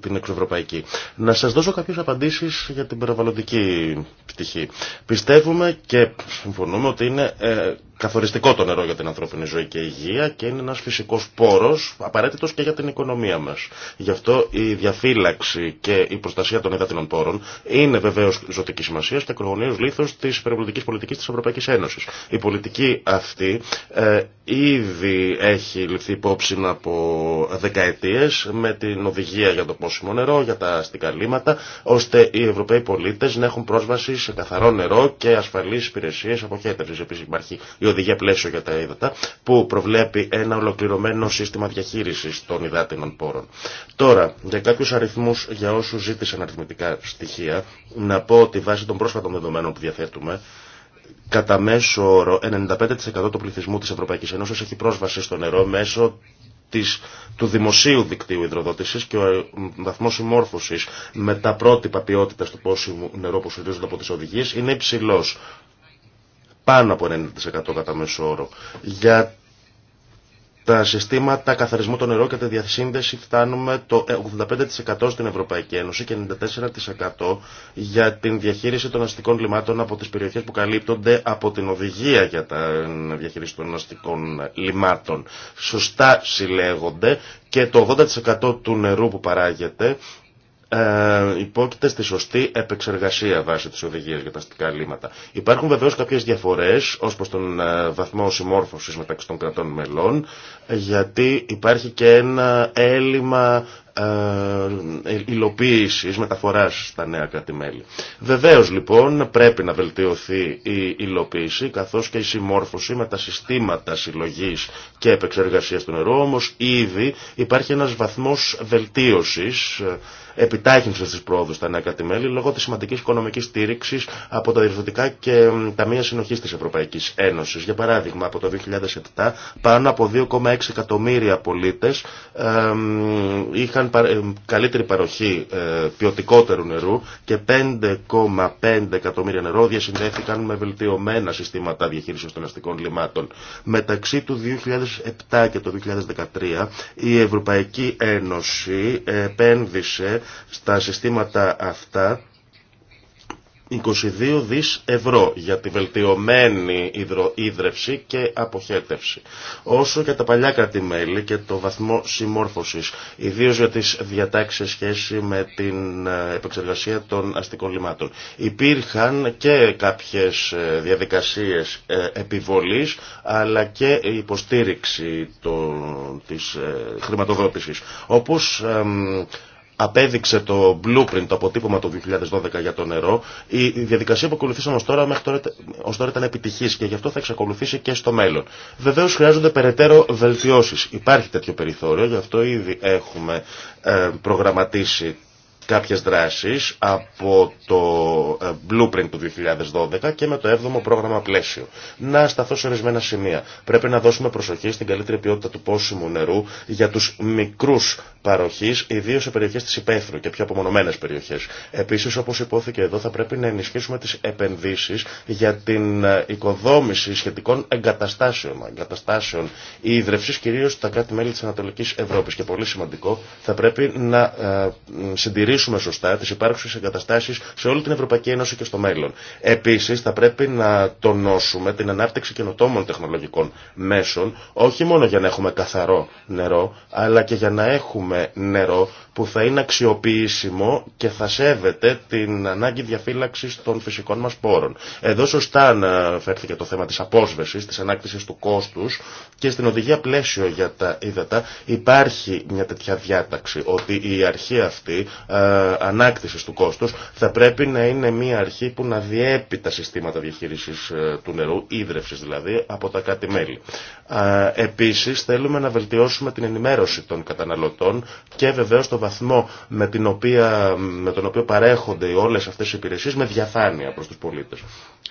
την εξωευρωπαϊκή. Να σας δώσω κάποιες απαντήσεις για την περιβαλλοντική πτυχή. Πιστεύουμε και συμφωνούμε ότι είναι ε, καθοριστικό το νερό για την ανθρώπινη ζωή και υγεία και είναι ένας φυσικός πόρος απαραίτητος και για την οικονομία μας. Γι' αυτό η διαφύλαξη και η προστασία των υδάτινων πόρων είναι βεβαίως ζωτική σημασία και ακρογωνίως λήθος της περιβαλλοντικής πολιτικής της Ευρωπαϊκής Ένωσης. Η πολιτική αυτή ε, ήδη έχει ληφθεί υπόψη από δεκαετίες με την οδηγία για το πόσιμο νερό, για τα αστικά λίματα ώστε οι Ευρωπαίοι πολίτες να έχουν πρόσβαση σε καθαρό νερό και ασφαλείς υπηρεσίες αποχέτευσης. Επίσης υπάρχει η οδηγία πλαίσιο για τα ύδατα, που προβλέπει ένα ολοκληρωμένο σύστημα διαχείριση των υδάτινων πόρων. Τώρα, για κάποιου αριθμού για όσου ζήτησαν αριθμητικά στοιχεία, να πω ότι βάσει των πρόσφατων δεδομένων που διαθέτουμε, κατά μέσο όρο 95% του πληθυσμού τη Ευρωπαϊκής Ένωσης έχει πρόσβαση στο νερό μέσω της, του δημοσίου δικτύου υδροδότησης και ο βαθμό συμμόρφωση με τα πρότυπα ποιότητας του πόσιμου νερό που συζητούνται από τι οδηγίε είναι υψηλό πάνω από 90% κατά μέσο όρο. Για τα συστήματα καθαρισμού των νερών και τη διασύνδεση φτάνουμε το 85% στην Ευρωπαϊκή Ένωση και 94% για την διαχείριση των αστικών λιμάτων από τις περιοχές που καλύπτονται από την οδηγία για τα διαχείριση των αστικών λιμάτων. Σωστά συλλέγονται και το 80% του νερού που παράγεται ε, υπόκειται στη σωστή επεξεργασία βάσει τη οδηγία για τα αστικά λύματα. Υπάρχουν βεβαίω κάποιε διαφορέ ω προ τον ε, βαθμό συμμόρφωση μεταξύ των κρατών μελών, γιατί υπάρχει και ένα έλλειμμα ε, υλοποίηση, μεταφορά στα νέα κράτη-μέλη. Βεβαίω λοιπόν πρέπει να βελτιωθεί η υλοποίηση καθώ και η συμμόρφωση με τα συστήματα συλλογή και επεξεργασία του νερού, όμω ήδη υπάρχει ένα βαθμό βελτίωση ε, επιτάχυνσης της πρόοδου στα νέα κατημέλη λόγω της σημαντικής οικονομικής στήριξης από τα διευθυντικά και ταμεία συνοχής της Ευρωπαϊκής Ένωσης. Για παράδειγμα, από το 2007 πάνω από 2,6 εκατομμύρια πολίτες ε, είχαν ε, καλύτερη παροχή ε, ποιοτικότερου νερού και 5,5 εκατομμύρια νερό διασυνδέθηκαν με βελτιωμένα συστήματα διαχείρισης των αστικών λιμάτων. Μεταξύ του 2007 και το 2013 η Ευρωπαϊκή Ένωση επένδυσε στα συστήματα αυτά 22 δις ευρώ για τη βελτιωμένη υδροίδρευση και αποχέτευση. Όσο και τα παλιά κρατημέλη και το βαθμό συμμόρφωσης, ιδίως για τις διατάξεις σχέση με την ε, επεξεργασία των αστικών λιμάτων. Υπήρχαν και κάποιες ε, διαδικασίες ε, επιβολής, αλλά και υποστήριξη το, της χρηματοδότησης. Όπως απέδειξε το blueprint, το αποτύπωμα του 2012 για το νερό. Η διαδικασία που ακολουθήσαμε ως τώρα, μέχρι τώρα, ως τώρα ήταν επιτυχής και γι' αυτό θα εξακολουθήσει και στο μέλλον. Βεβαίως χρειάζονται περαιτέρω βελτιώσεις. Υπάρχει τέτοιο περιθώριο, γι' αυτό ήδη έχουμε ε, προγραμματίσει κάποιες δράσεις από το ε, blueprint του 2012 και με το 7ο πρόγραμμα πλαίσιο. Να σταθώ σε ορισμένα σημεία. Πρέπει να δώσουμε προσοχή στην καλύτερη ποιότητα του πόσιμου νερού για τους μικρούς παροχής, ιδίως σε περιοχές της υπαίθρου και πιο απομονωμένες περιοχές. Επίσης, όπως υπόθηκε εδώ, θα πρέπει να ενισχύσουμε τις επενδύσεις για την ε, οικοδόμηση σχετικών εγκαταστάσεων, εγκαταστάσεων ίδρευσης, κυρίως στα κράτη-μέλη της Ανατολικής Ευρώπης. Και πολύ σημαντικό, θα πρέπει να ε, συντηρήσουμε διαχειρίσουμε σωστά τις υπάρχουσες εγκαταστάσεις σε όλη την Ευρωπαϊκή Ένωση και στο μέλλον. Επίσης θα πρέπει να τονώσουμε την ανάπτυξη καινοτόμων τεχνολογικών μέσων όχι μόνο για να έχουμε καθαρό νερό αλλά και για να έχουμε νερό που θα είναι αξιοποιήσιμο και θα σέβεται την ανάγκη διαφύλαξης των φυσικών μας πόρων. Εδώ σωστά αναφέρθηκε το θέμα της απόσβεσης, της ανάκτησης του κόστους και στην οδηγία πλαίσιο για τα ύδατα υπάρχει μια τέτοια διάταξη ότι η αρχή αυτή ε, ανάκτησης του κόστους θα πρέπει να είναι μια αρχή που να διέπει τα συστήματα διαχείρισης ε, του νερού, ίδρευσης δηλαδή, από τα κάτι μέλη. Ε, επίσης θέλουμε να βελτιώσουμε την ενημέρωση των καταναλωτών και βαθμό με, την οποία, με τον οποίο παρέχονται όλες αυτές οι υπηρεσίες με διαφάνεια προς τους πολίτες.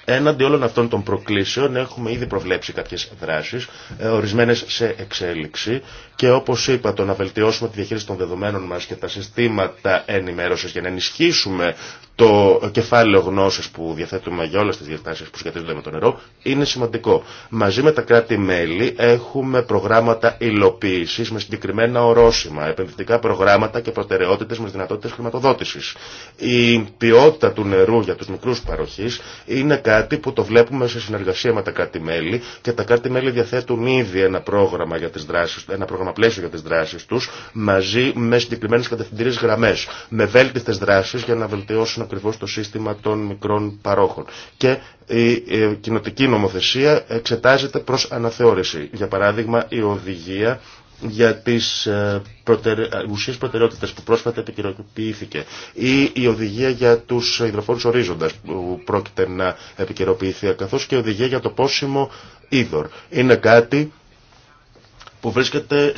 Έναντι όλων αυτών των προκλήσεων έχουμε ήδη προβλέψει κάποιες δράσεις, ε, ορισμένες σε εξέλιξη και όπως είπα το να βελτιώσουμε τη διαχείριση των δεδομένων μας και τα συστήματα ενημέρωσης για να ενισχύσουμε το κεφάλαιο γνώση που διαθέτουμε για όλε τι διαστάσει που σχετίζονται με το νερό είναι σημαντικό. Μαζί με τα κράτη-μέλη έχουμε προγράμματα υλοποίηση με συγκεκριμένα ορόσημα, επενδυτικά προγράμματα και προτεραιότητε με δυνατότητε χρηματοδότηση. Η ποιότητα του νερού για του μικρού παροχή είναι κάτι που το βλέπουμε σε συνεργασία με τα κράτη-μέλη και τα κράτη-μέλη διαθέτουν ήδη ένα πρόγραμμα, για τις δράσεις, ένα πρόγραμμα πλαίσιο για τι δράσει του, μαζί με συγκεκριμένε κατευθυντήριε γραμμέ, με βέλτιστες δράσει για να βελτιώσουν ακριβώς το σύστημα των μικρών παρόχων. Και η κοινοτική νομοθεσία εξετάζεται προς αναθεώρηση. Για παράδειγμα η οδηγία για τις ε, προτερε... ουσίες προτεραιότητες που πρόσφατα επικαιροποιήθηκε ή η οδηγία για τους υδροφόρους ορίζοντας που πρόκειται να επικαιροποιηθεί καθώς και η οδηγία για το πόσιμο είδωρ. Είναι κάτι που βρίσκεται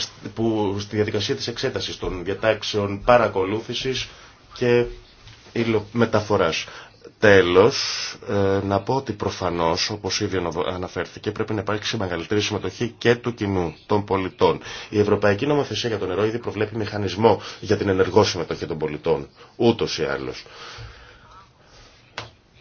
στη διαδικασία της εξέτασης των διατάξεων παρακολούθησης και μεταφοράς. Τέλος, ε, να πω ότι προφανώς, όπως ήδη αναφέρθηκε, πρέπει να υπάρξει μεγαλύτερη συμμετοχή και του κοινού, των πολιτών. Η Ευρωπαϊκή Νομοθεσία για το νερό ήδη προβλέπει μηχανισμό για την ενεργό συμμετοχή των πολιτών, ούτως ή άλλως.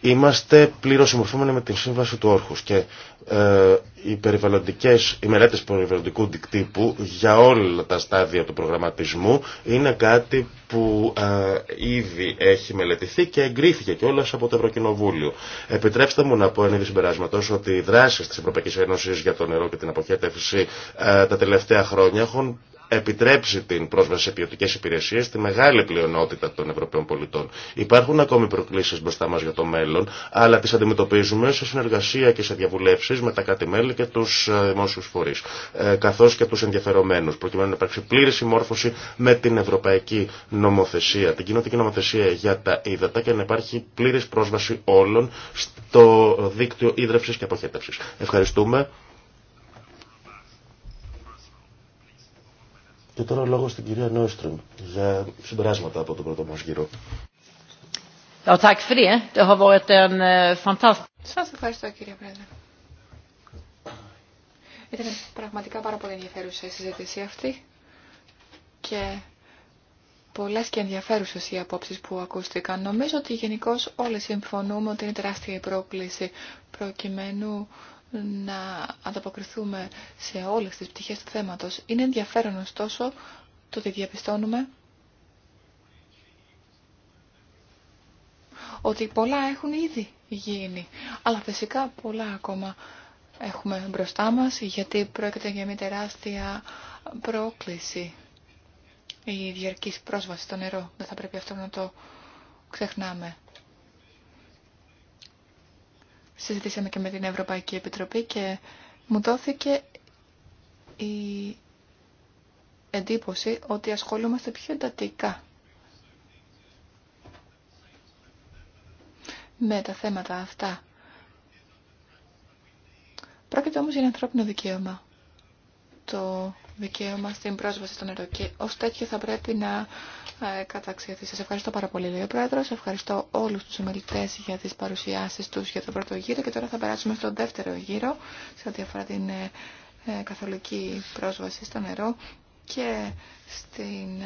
Είμαστε πλήρως συμμορφούμενοι με την σύμβαση του όρχους και ε, οι, περιβαλλοντικές, μελέτες περιβαλλοντικού δικτύπου για όλα τα στάδια του προγραμματισμού είναι κάτι που ε, ήδη έχει μελετηθεί και εγκρίθηκε κιόλα από το Ευρωκοινοβούλιο. Επιτρέψτε μου να πω εν είδη συμπεράσματο ότι οι δράσει τη Ευρωπαϊκή Ένωση για το νερό και την αποχέτευση ε, τα τελευταία χρόνια έχουν επιτρέψει την πρόσβαση σε ποιοτικέ υπηρεσίε στη μεγάλη πλειονότητα των Ευρωπαίων πολιτών. Υπάρχουν ακόμη προκλήσει μπροστά μα για το μέλλον, αλλά τι αντιμετωπίζουμε σε συνεργασία και σε διαβουλεύσει με τα κάτι μελη και του ε, δημόσιου φορεί, ε, καθώ και του ενδιαφερομένου, προκειμένου να υπάρξει πλήρη συμμόρφωση με την ευρωπαϊκή νομοθεσία, την κοινωτική νομοθεσία για τα ύδατα και να υπάρχει πλήρη πρόσβαση όλων στο δίκτυο ίδρυυση και αποχέτευση. Ευχαριστούμε. Και τώρα λόγο στην κυρία Νόστρομ για συμπεράσματα από τον πρώτο μας γύρο. Eh, Σας ευχαριστώ κύριε Πρόεδρε. Ήταν πραγματικά πάρα πολύ ενδιαφέρουσα η συζήτηση αυτή και πολλέ και ενδιαφέρουσε οι απόψει που ακούστηκαν. Νομίζω ότι γενικώ όλοι συμφωνούμε ότι είναι τεράστια η πρόκληση προκειμένου να ανταποκριθούμε σε όλες τις πτυχές του θέματος. Είναι ενδιαφέρον ωστόσο το ότι διαπιστώνουμε ότι πολλά έχουν ήδη γίνει, αλλά φυσικά πολλά ακόμα έχουμε μπροστά μας, γιατί πρόκειται για μια τεράστια πρόκληση η διαρκής πρόσβαση στο νερό. Δεν θα πρέπει αυτό να το ξεχνάμε συζητήσαμε και με την Ευρωπαϊκή Επιτροπή και μου δόθηκε η εντύπωση ότι ασχολούμαστε πιο εντατικά με τα θέματα αυτά. Πρόκειται όμως για ένα ανθρώπινο δικαίωμα. Το δικαίωμα στην πρόσβαση στο νερό και ως τέτοιο θα πρέπει να ε, καταξιωθεί. Σας ευχαριστώ πάρα πολύ, λέει ο Πρόεδρος. Ευχαριστώ όλους τους ομιλητέ για τις παρουσιάσεις τους για τον πρώτο γύρο και τώρα θα περάσουμε στον δεύτερο γύρο σε ό,τι αφορά την ε, ε, καθολική πρόσβαση στο νερό και στην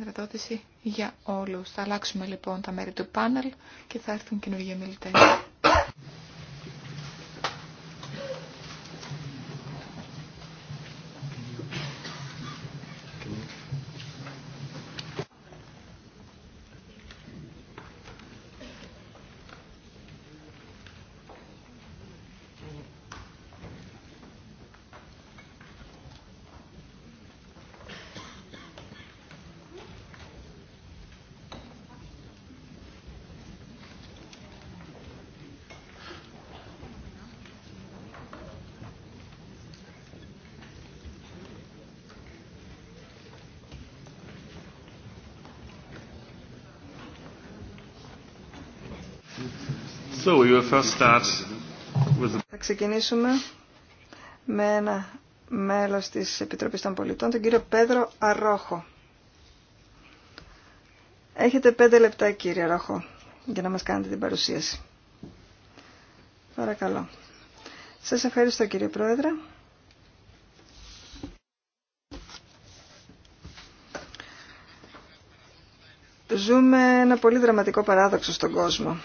υδρατότηση για όλους. Θα αλλάξουμε λοιπόν τα μέρη του πάνελ και θα έρθουν καινούργιοι ομιλητές. Θα ξεκινήσουμε με ένα μέλος της Επιτροπής των Πολιτών, τον κύριο Πέδρο Αρόχο. Έχετε πέντε λεπτά κύριε Αρόχο για να μας κάνετε την παρουσίαση. Παρακαλώ. Σας ευχαριστώ κύριε Πρόεδρε. Ζούμε ένα πολύ δραματικό παράδοξο στον κόσμο.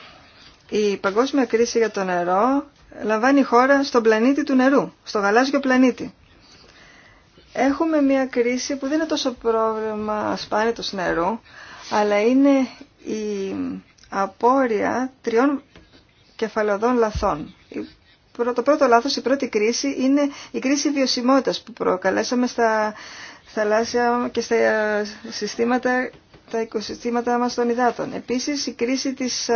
Η παγκόσμια κρίση για το νερό λαμβάνει χώρα στον πλανήτη του νερού, στο γαλάζιο πλανήτη. Έχουμε μια κρίση που δεν είναι τόσο πρόβλημα ασπάνητος νερού, αλλά είναι η απόρρια τριών κεφαλαιοδών λαθών. Το πρώτο λάθος, η πρώτη κρίση, είναι η κρίση βιωσιμότητας που προκαλέσαμε στα θαλάσσια και στα συστήματα τα οικοσυστήματα μας των υδάτων. Επίσης, η κρίση της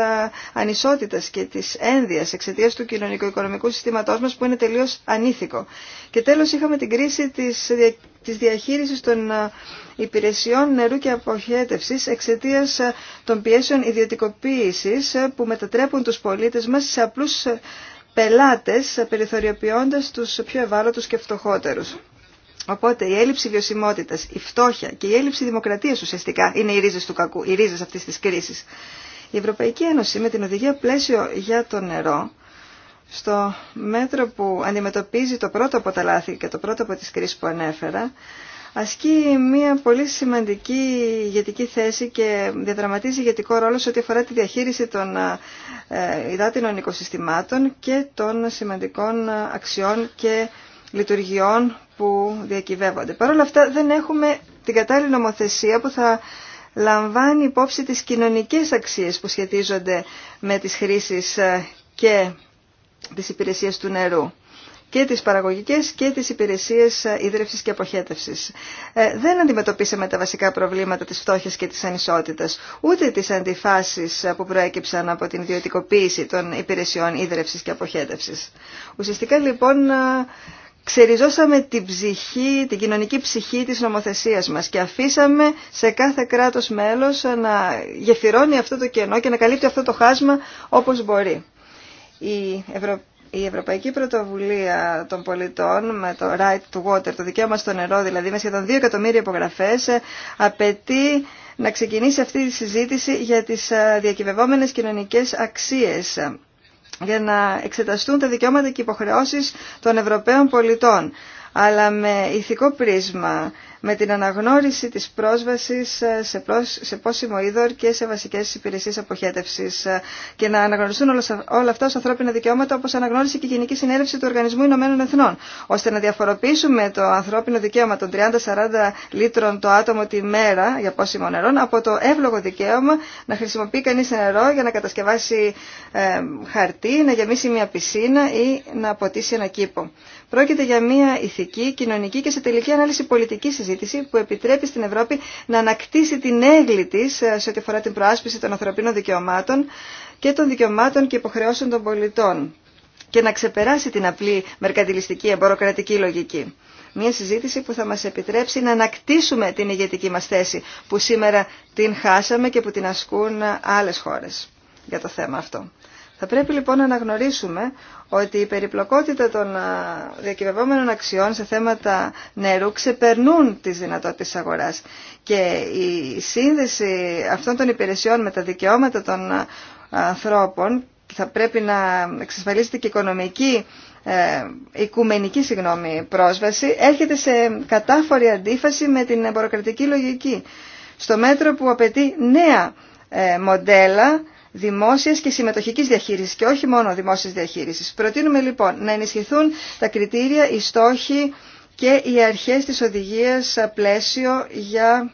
ανισότητας και της ένδυας εξαιτίας του κοινωνικο-οικονομικού συστήματός μας που είναι τελείως ανήθικο. Και τέλος, είχαμε την κρίση της, της διαχείρισης των υπηρεσιών νερού και αποχέτευσης εξαιτίας των πιέσεων ιδιωτικοποίησης που μετατρέπουν τους πολίτες μας σε απλούς πελάτες, περιθωριοποιώντας τους πιο ευάλωτους και φτωχότερους. Οπότε η έλλειψη βιωσιμότητα, η φτώχεια και η έλλειψη δημοκρατία ουσιαστικά είναι οι ρίζε του κακού, οι ρίζε αυτή τη κρίση. Η Ευρωπαϊκή Ένωση με την οδηγία πλαίσιο για το νερό, στο μέτρο που αντιμετωπίζει το πρώτο από τα λάθη και το πρώτο από τι κρίσει που ανέφερα, ασκεί μια πολύ σημαντική ηγετική θέση και διαδραματίζει ηγετικό ρόλο σε ό,τι αφορά τη διαχείριση των ε, υδάτινων οικοσυστημάτων και των σημαντικών αξιών και λειτουργιών που διακυβεύονται. Παρ' όλα αυτά δεν έχουμε την κατάλληλη νομοθεσία που θα λαμβάνει υπόψη τις κοινωνικές αξίες που σχετίζονται με τις χρήσεις ε, και τις υπηρεσίες του νερού και τις παραγωγικές και τις υπηρεσίες ε, ίδρυυσης και αποχέτευσης. Ε, δεν αντιμετωπίσαμε τα βασικά προβλήματα της φτώχειας και της ανισότητας, ούτε τις αντιφάσεις που προέκυψαν από την ιδιωτικοποίηση των υπηρεσιών ίδρυυσης και αποχέτευσης. Ουσιαστικά λοιπόν ξεριζώσαμε την ψυχή, την κοινωνική ψυχή της νομοθεσίας μας και αφήσαμε σε κάθε κράτος μέλος να γεφυρώνει αυτό το κενό και να καλύπτει αυτό το χάσμα όπως μπορεί. Η, η Ευρωπαϊκή Πρωτοβουλία των Πολιτών με το Right to Water, το δικαίωμα στο νερό δηλαδή, με σχεδόν 2 εκατομμύρια υπογραφές, ε, απαιτεί να ξεκινήσει αυτή η συζήτηση για τις ε, διακυβευόμενες κοινωνικές αξίες για να εξεταστούν τα δικαιώματα και υποχρεώσεις των Ευρωπαίων πολιτών αλλά με ηθικό πρίσμα με την αναγνώριση της πρόσβασης ε, σε, σε πόσιμο είδωρ και σε βασικές υπηρεσίες αποχέτευσης ε, και να αναγνωριστούν όλα αυτά ως ανθρώπινα δικαιώματα όπως αναγνώρισε και η Γενική Συνέλευση του Οργανισμού Ηνωμένων Εθνών ώστε να διαφοροποιήσουμε το ανθρώπινο δικαίωμα των 30-40 λίτρων το άτομο τη μέρα για πόσιμο νερό από το εύλογο δικαίωμα να χρησιμοποιεί κανείς νερό για να κατασκευάσει ε, χαρτί, να γεμίσει μια πισίνα ή να ποτίσει ένα κήπο. Πρόκειται για μια ηθική, κοινωνική και σε τελική ανάλυση πολιτική συζήτηση που επιτρέπει στην Ευρώπη να ανακτήσει την έγκλη τη ε, σε ό,τι αφορά την προάσπιση των ανθρωπίνων δικαιωμάτων και των δικαιωμάτων και υποχρεώσεων των πολιτών και να ξεπεράσει την απλή μερκαντιλιστική εμποροκρατική λογική. Μια συζήτηση που θα μας επιτρέψει να ανακτήσουμε την ηγετική μας θέση που σήμερα την χάσαμε και που την ασκούν άλλες χώρες για το θέμα αυτό. Θα πρέπει λοιπόν να αναγνωρίσουμε ότι η περιπλοκότητα των διακυβευόμενων αξιών σε θέματα νερού ξεπερνούν τις δυνατότητες αγοράς και η σύνδεση αυτών των υπηρεσιών με τα δικαιώματα των ανθρώπων θα πρέπει να εξασφαλίσετε και οικονομική ε, οικουμενική συγγνώμη, πρόσβαση έρχεται σε κατάφορη αντίφαση με την εμποροκρατική λογική. Στο μέτρο που απαιτεί νέα ε, μοντέλα δημόσια και συμμετοχική διαχείριση και όχι μόνο δημόσια διαχείριση. Προτείνουμε λοιπόν να ενισχυθούν τα κριτήρια, οι στόχοι και οι αρχέ τη οδηγία πλαίσιο για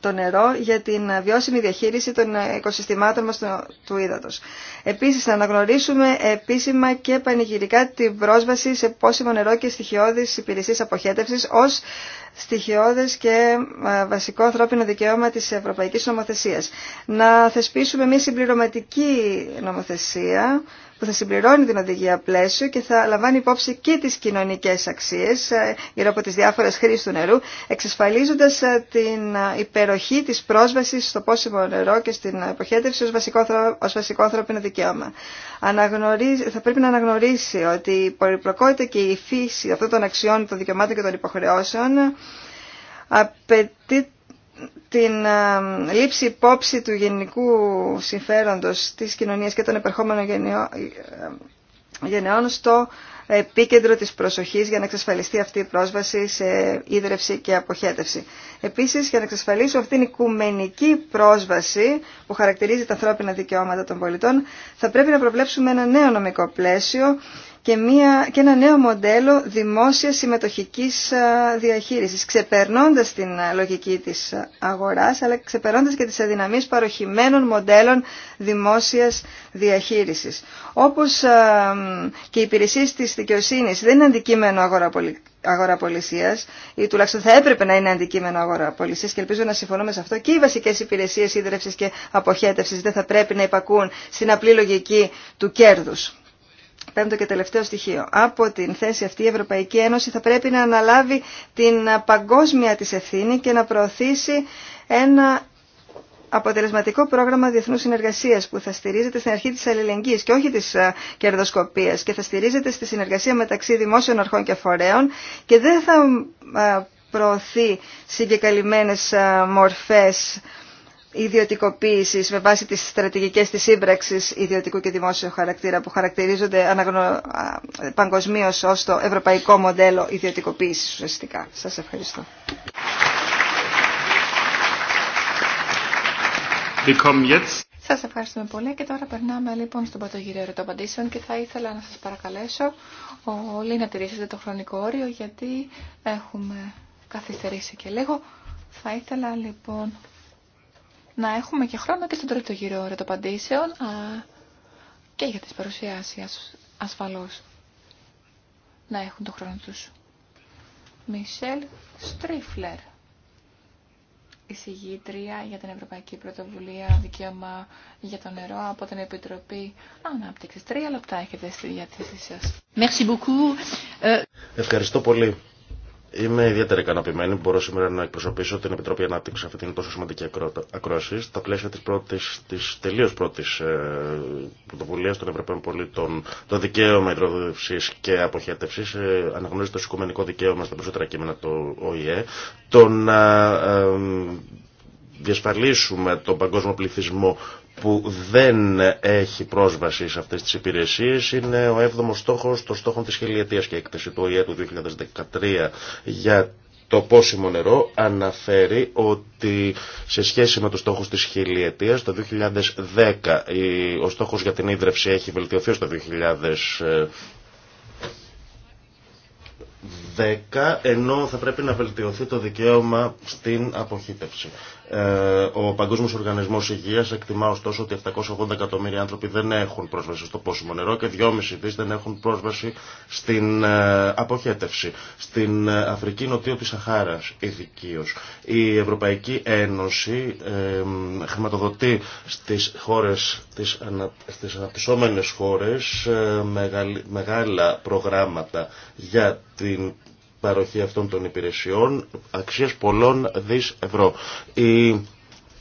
το νερό για την βιώσιμη διαχείριση των οικοσυστημάτων μας του ύδατος. Επίσης, να αναγνωρίσουμε επίσημα και πανηγυρικά την πρόσβαση σε πόσιμο νερό και στοιχειώδεις υπηρεσίες αποχέτευσης ως στοιχειώδε και ε, βασικό ανθρώπινο δικαίωμα της Ευρωπαϊκής Νομοθεσία. Να θεσπίσουμε μια συμπληρωματική νομοθεσία θα συμπληρώνει την οδηγία πλαίσιο και θα λαμβάνει υπόψη και τις κοινωνικές αξίες ε, γύρω από τις διάφορες χρήσεις του νερού, εξασφαλίζοντας ε, την ε, υπεροχή της πρόσβασης στο πόσιμο νερό και στην εποχέτευση ως βασικό, ως βασικό ανθρώπινο δικαίωμα. θα πρέπει να αναγνωρίσει ότι η πολυπλοκότητα και η φύση αυτών των αξιών, των δικαιωμάτων και των υποχρεώσεων απαιτεί την ε, λήψη υπόψη του γενικού συμφέροντος της κοινωνίας και των επερχόμενων ε, γενεών στο επίκεντρο της προσοχής για να εξασφαλιστεί αυτή η πρόσβαση σε ίδρυυση και αποχέτευση. Επίσης, για να εξασφαλίσω αυτήν την οικουμενική πρόσβαση που χαρακτηρίζει τα ανθρώπινα δικαιώματα των πολιτών, θα πρέπει να προβλέψουμε ένα νέο νομικό πλαίσιο και, μια, και ένα νέο μοντέλο δημόσιας συμμετοχικής διαχείρισης, ξεπερνώντας την λογική της αγοράς, αλλά ξεπερνώντας και τις αδυναμίες παροχημένων μοντέλων δημόσιας διαχείρισης. Όπως και οι υπηρεσίες της δικαιοσύνης δεν είναι αντικείμενο αγοραπολισίας ή τουλάχιστον θα έπρεπε να είναι αντικείμενο αγοραπολισίας και ελπίζω να συμφωνούμε σε αυτό και οι βασικές υπηρεσίες ίδρυυση και αποχέτευσης δεν θα πρέπει να υπακούν στην απλή λογική του κέρδους πέμπτο και τελευταίο στοιχείο. Από την θέση αυτή η Ευρωπαϊκή Ένωση θα πρέπει να αναλάβει την παγκόσμια της ευθύνη και να προωθήσει ένα αποτελεσματικό πρόγραμμα διεθνού συνεργασία που θα στηρίζεται στην αρχή τη αλληλεγγύη και όχι τη ε, κερδοσκοπία και θα στηρίζεται στη συνεργασία μεταξύ δημόσιων αρχών και φορέων και δεν θα ε, προωθεί συγκεκαλυμμένες ε, μορφές ιδιωτικοποίηση με βάση τις στρατηγικές της σύμπραξης ιδιωτικού και δημόσιου χαρακτήρα που χαρακτηρίζονται αναγνω... παγκοσμίω ως το ευρωπαϊκό μοντέλο ιδιωτικοποίησης ουσιαστικά. Σας ευχαριστώ. Σας ευχαριστούμε πολύ και τώρα περνάμε λοιπόν στον πατογύριο ερωτοπαντήσεων και θα ήθελα να σας παρακαλέσω όλοι να τηρήσετε το χρονικό όριο γιατί έχουμε καθυστερήσει και λίγο. Θα ήθελα λοιπόν να έχουμε και χρόνο και στον τρίτο γύρο ρετοπαντήσεων α, και για τις παρουσιάσεις ασφαλώς να έχουν το χρόνο τους. Μισελ Στρίφλερ, εισηγήτρια για την Ευρωπαϊκή Πρωτοβουλία Δικαίωμα για το Νερό από την Επιτροπή Ανάπτυξης. Τρία λεπτά έχετε στη διάθεσή σας. Ε, Ευχαριστώ πολύ. Είμαι ιδιαίτερα ικανοποιημένη που μπορώ σήμερα να εκπροσωπήσω την Επιτροπή Ανάπτυξη αυτή την τόσο σημαντική ακρόαση στα πλαίσια τη της τελείω πρώτη ε, πρωτοβουλία των Ευρωπαίων Πολίτων. Το δικαίωμα υδροδότηση και αποχέτευση ε, το ω οικουμενικό δικαίωμα στα περισσότερα κείμενα του ΟΗΕ. Το να ε, διασφαλίσουμε τον παγκόσμιο πληθυσμό που δεν έχει πρόσβαση σε αυτές τις υπηρεσίες είναι ο 7 στόχος των στόχων της χιλιετίας και η έκθεση του ΟΗΕ του 2013 για το πόσιμο νερό αναφέρει ότι σε σχέση με το στόχους της χιλιετίας το 2010 ο στόχος για την ίδρυψη έχει βελτιωθεί στο 2010 10, ενώ θα πρέπει να βελτιωθεί το δικαίωμα στην αποχύτευση. Ε, ο Παγκόσμιο Οργανισμό Υγεία εκτιμά ωστόσο ότι 780 εκατομμύρια άνθρωποι δεν έχουν πρόσβαση στο πόσιμο νερό και 2,5 δι δεν έχουν πρόσβαση στην ε, αποχέτευση. Στην ε, Αφρική Νοτίο τη Σαχάρα ειδικίω. Η Ευρωπαϊκή Ένωση χρηματοδοτεί στι χώρε, στι αναπτυσσόμενε χώρε μεγάλα προγράμματα για την παροχή αυτών των υπηρεσιών αξίας πολλών δις ευρώ. Η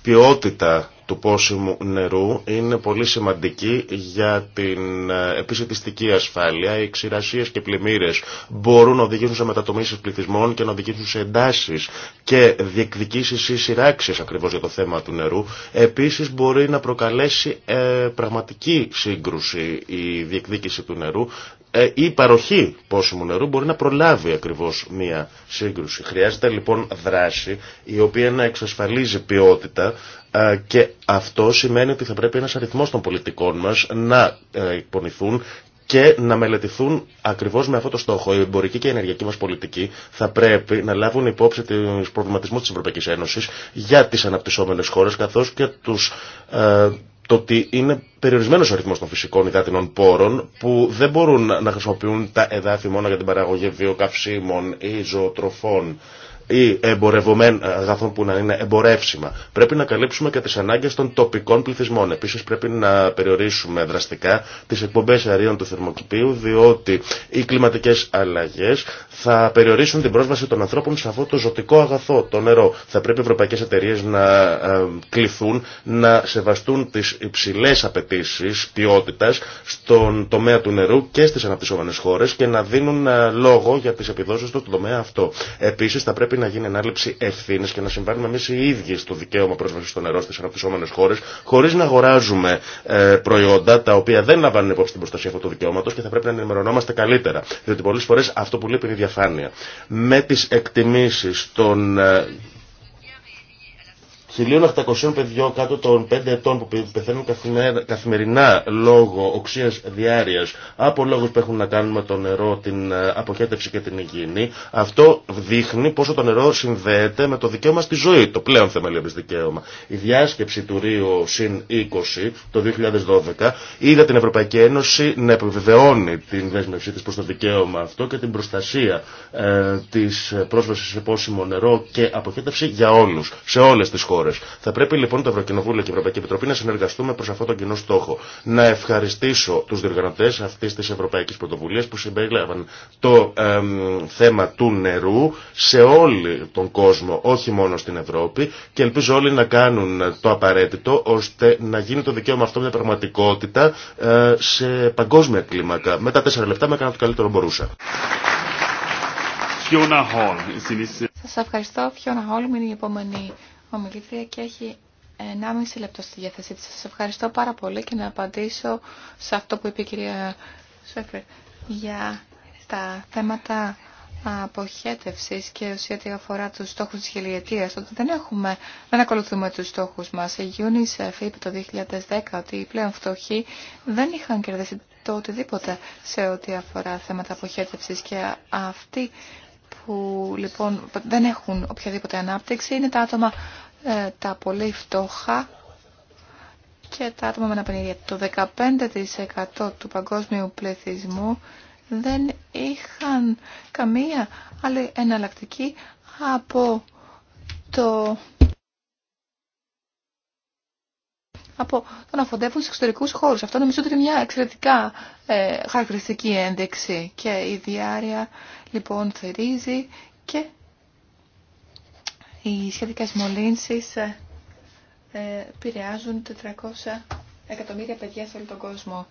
ποιότητα του πόσιμου νερού είναι πολύ σημαντική για την ε, επισητιστική ασφάλεια. Οι ξηρασίες και πλημμύρες μπορούν να οδηγήσουν σε μετατομίσεις πληθυσμών και να οδηγήσουν σε εντάσεις και διεκδικήσεις ή σειράξεις ακριβώς για το θέμα του νερού. Επίσης μπορεί να προκαλέσει ε, πραγματική σύγκρουση η διεκδίκηση του νερού ε, η παροχή πόσιμου νερού μπορεί να προλάβει ακριβώς μία σύγκρουση. Χρειάζεται λοιπόν δράση η οποία να εξασφαλίζει ποιότητα ε, και αυτό σημαίνει ότι θα πρέπει ένας αριθμός των πολιτικών μας να ε, εκπονηθούν και να μελετηθούν ακριβώ με αυτό το στόχο. Η εμπορική και η ενεργειακή μα πολιτική θα πρέπει να λάβουν υπόψη του προβληματισμού τη Ευρωπαϊκή Ένωση για τι αναπτυσσόμενε χώρε καθώ και του το ότι είναι περιορισμένος ο αριθμός των φυσικών υδάτινων πόρων που δεν μπορούν να χρησιμοποιούν τα εδάφη μόνο για την παραγωγή βιοκαυσίμων ή ζωοτροφών ή εμπορευομένων αγαθών που να είναι εμπορεύσιμα. Πρέπει να καλύψουμε και τι ανάγκε των τοπικών πληθυσμών. Επίση πρέπει να περιορίσουμε δραστικά τι εκπομπέ αερίων του θερμοκηπίου διότι οι κλιματικέ αλλαγέ θα περιορίσουν την πρόσβαση των ανθρώπων σε αυτό το ζωτικό αγαθό, το νερό. Θα πρέπει οι ευρωπαϊκέ εταιρείε να ε, κληθούν να σεβαστούν τι υψηλέ απαιτήσει ποιότητα στον τομέα του νερού και στι αναπτυσσόμενε χώρε και να δίνουν ε, λόγο για τι επιδόσει του τομέα αυτό. θα πρέπει να γίνει ανάληψη ευθύνη και να συμβάλλουμε εμεί οι ίδιοι στο δικαίωμα πρόσβαση στο νερό στι αναπτυσσόμενε χώρε, χωρί να αγοράζουμε ε, προϊόντα τα οποία δεν λαμβάνουν υπόψη την προστασία αυτού του δικαιώματο και θα πρέπει να ενημερωνόμαστε καλύτερα. Διότι πολλέ φορέ αυτό που λείπει είναι η διαφάνεια. Με τι εκτιμήσει των ε, 1.800 παιδιών κάτω των 5 ετών που πεθαίνουν καθημερινά λόγω οξίας διάρειας από λόγους που έχουν να κάνουν με το νερό, την ε, αποχέτευση και την υγιεινή, αυτό δείχνει πόσο το νερό συνδέεται με το δικαίωμα στη ζωή, το πλέον θεμελιώδης δικαίωμα. Η διάσκεψη του ΡΙΟ συν 20 το 2012 είδα την Ευρωπαϊκή Ένωση να επιβεβαιώνει την δέσμευσή της προς το δικαίωμα αυτό και την προστασία ε, της πρόσβασης σε πόσιμο νερό και αποχέτευση για όλους, σε όλες τις χώρε. Θα πρέπει λοιπόν το Ευρωκοινοβούλιο και η Ευρωπαϊκή Επιτροπή να συνεργαστούμε προ αυτόν τον κοινό στόχο. Να ευχαριστήσω του διοργανωτέ αυτή τη Ευρωπαϊκή Πρωτοβουλία που συμπεριλάβαν το θέμα του νερού σε όλη τον κόσμο, όχι μόνο στην Ευρώπη και ελπίζω όλοι να κάνουν το απαραίτητο ώστε να γίνει το δικαίωμα αυτό μια πραγματικότητα ε, σε παγκόσμια κλίμακα. Με τα τέσσερα λεπτά με έκανα το καλύτερο μπορούσα. ευχαριστώ. Φιώνα Χόλμ είναι η επόμενη ομιλήτρια και έχει 1,5 λεπτό στη διάθεσή της. Σας ευχαριστώ πάρα πολύ και να απαντήσω σε αυτό που είπε η κυρία Σέφερ για τα θέματα αποχέτευση και ουσία αφορά τους στόχους της χιλιετίας, ότι δεν έχουμε, δεν ακολουθούμε τους στόχους μας. Η UNICEF είπε το 2010 ότι οι πλέον φτωχοί δεν είχαν κερδίσει το οτιδήποτε σε ό,τι αφορά θέματα αποχέτευση και αυτοί που λοιπόν δεν έχουν οποιαδήποτε ανάπτυξη είναι τα άτομα ε, τα πολύ φτωχά και τα άτομα με αναπηρία. Το 15% του παγκόσμιου πληθυσμού δεν είχαν καμία άλλη εναλλακτική από το από το να φοντεύουν σε εξωτερικούς χώρους. Αυτό νομίζω ότι είναι μια εξαιρετικά ε, χαρακτηριστική ένδειξη και η διάρκεια λοιπόν θερίζει και οι σχετικές μολύνσεις ε, ε, επηρεάζουν 400 εκατομμύρια παιδιά σε όλο τον κόσμο.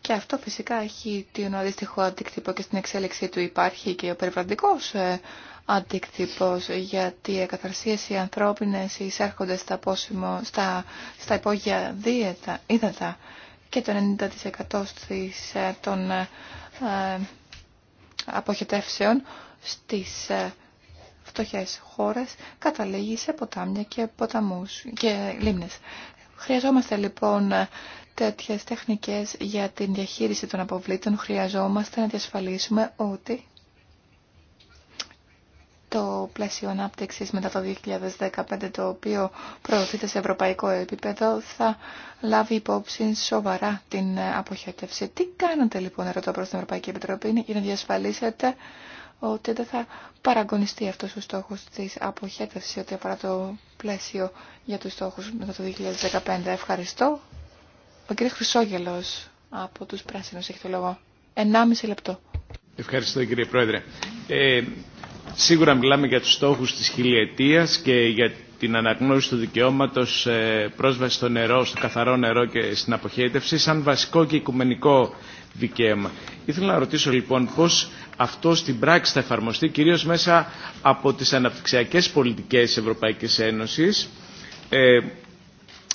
Και αυτό φυσικά έχει τον αντίστοιχο αντίκτυπο και στην εξέλιξή του υπάρχει και ο περιβαλλοντικός ε, αντίκτυπος γιατί οι εκαθαρσίες οι ανθρώπινες εισέρχονται στα, στα, στα υπόγεια δίαιτα, και το 90% των ε, αποχετεύσεων στις φτωχές χώρες καταλήγει σε ποτάμια και ποταμούς και λίμνες. Χρειαζόμαστε λοιπόν τέτοιες τεχνικές για την διαχείριση των αποβλήτων. Χρειαζόμαστε να διασφαλίσουμε ότι το πλαίσιο ανάπτυξης μετά το 2015 το οποίο προωθείται σε ευρωπαϊκό επίπεδο θα λάβει υπόψη σοβαρά την αποχέτευση. Τι κάνετε λοιπόν ερωτώ προς την Ευρωπαϊκή Επιτροπή για να διασφαλίσετε ότι δεν θα παραγωνιστεί αυτός ο στόχος της αποχέτευσης ότι αφορά το πλαίσιο για τους στόχους μετά το 2015. Ευχαριστώ. Ο κ. Χρυσόγελος από τους Πράσινους έχει το λόγο. 1,5 λεπτό. Ευχαριστώ κύριε Πρόεδρε. Ε, σίγουρα μιλάμε για τους στόχους της χιλιετίας και για την αναγνώριση του δικαιώματος ε, πρόσβαση στο νερό, στο καθαρό νερό και στην αποχέτευση σαν βασικό και οικουμενικό δικαίωμα. Ήθελα να ρωτήσω λοιπόν πώς αυτό στην πράξη θα εφαρμοστεί κυρίως μέσα από τις αναπτυξιακές πολιτικές Ευρωπαϊκής Ένωσης ε,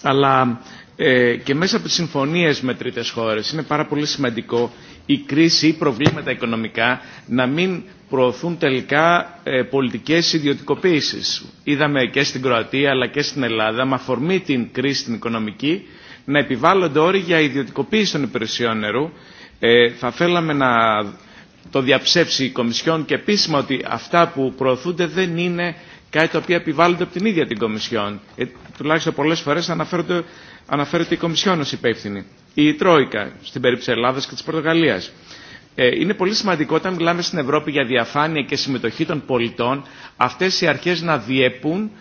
αλλά ε, και μέσα από τις συμφωνίες με τρίτες χώρες. Είναι πάρα πολύ σημαντικό η κρίση ή προβλήματα οικονομικά να μην προωθούν τελικά ε, πολιτικές ιδιωτικοποίησεις. Είδαμε και στην Κροατία αλλά και στην Ελλάδα με αφορμή την κρίση την οικονομική να επιβάλλονται όροι για ιδιωτικοποίηση των υπηρεσιών νερού ε, θα θέλαμε να το διαψεύσει η Κομισιόν και επίσημα ότι αυτά που προωθούνται δεν είναι κάτι το οποία επιβάλλονται από την ίδια την Κομισιόν. Ε, τουλάχιστον πολλέ φορέ αναφέρεται η Κομισιόν ως υπεύθυνη. Η Τρόικα στην περίπτωση Ελλάδας και της Πορτογαλίας. Ε, είναι πολύ σημαντικό όταν μιλάμε στην Ευρώπη για διαφάνεια και συμμετοχή των πολιτών αυτές οι αρχές να διέπουν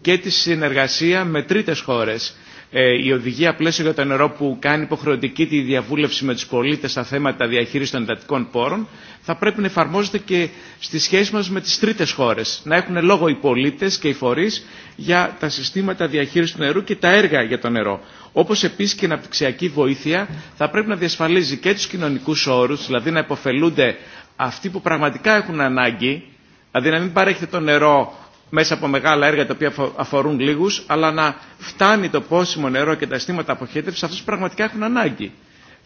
και τη συνεργασία με τρίτες χώρες. Ε, η οδηγία πλαίσιο για το νερό που κάνει υποχρεωτική τη διαβούλευση με τους πολίτες στα θέματα διαχείρισης των εντατικών πόρων θα πρέπει να εφαρμόζεται και στη σχέση μας με τις τρίτες χώρες. Να έχουν λόγο οι πολίτες και οι φορείς για τα συστήματα διαχείρισης του νερού και τα έργα για το νερό. Όπως επίσης και η αναπτυξιακή βοήθεια θα πρέπει να διασφαλίζει και τους κοινωνικούς όρους, δηλαδή να υποφελούνται αυτοί που πραγματικά έχουν ανάγκη, δηλαδή να μην παρέχεται το νερό μέσα από μεγάλα έργα τα οποία αφορούν λίγου, αλλά να φτάνει το πόσιμο νερό και τα αισθήματα αποχέτευσης αυτού που πραγματικά έχουν ανάγκη.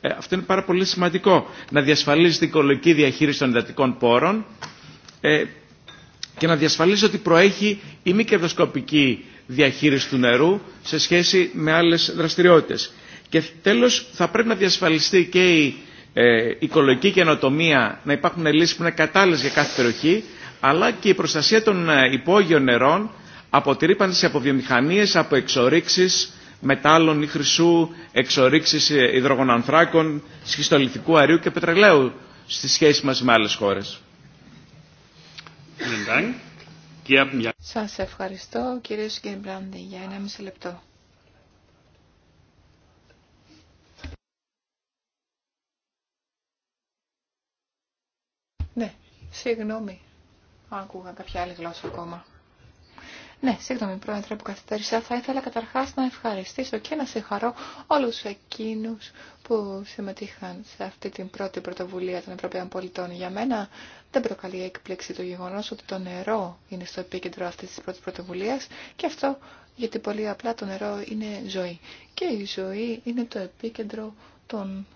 Ε, αυτό είναι πάρα πολύ σημαντικό. Να διασφαλίζει την οικολογική διαχείριση των εντατικών πόρων ε, και να διασφαλίζει ότι προέχει η μη κερδοσκοπική διαχείριση του νερού σε σχέση με άλλε δραστηριότητε. Και τέλο θα πρέπει να διασφαλιστεί και η ε, οικολογική καινοτομία, να υπάρχουν λύσει που είναι κατάλληλε για κάθε περιοχή αλλά και η προστασία των ε, υπόγειων νερών από τη από βιομηχανίες, από εξορίξεις μετάλλων ή χρυσού, εξορίξεις ε, υδρογονανθράκων, σχιστολιθικού αερίου και πετρελαίου στη σχέση μας με άλλες χώρες. Σας ευχαριστώ κύριε Σκυμπράντη για ένα μισό λεπτό. Ναι, συγγνώμη. Άκουγα κάποια άλλη γλώσσα ακόμα. Ναι, συγγνώμη πρόεδρε που καθυστέρησα. Θα ήθελα καταρχάς να ευχαριστήσω και να συγχαρώ όλους εκείνους που συμμετείχαν σε αυτή την πρώτη πρωτοβουλία των Ευρωπαίων πολιτών. Για μένα δεν προκαλεί έκπληξη το γεγονός ότι το νερό είναι στο επίκεντρο αυτής της πρώτης πρωτοβουλίας και αυτό γιατί πολύ απλά το νερό είναι ζωή. Και η ζωή είναι το επίκεντρο των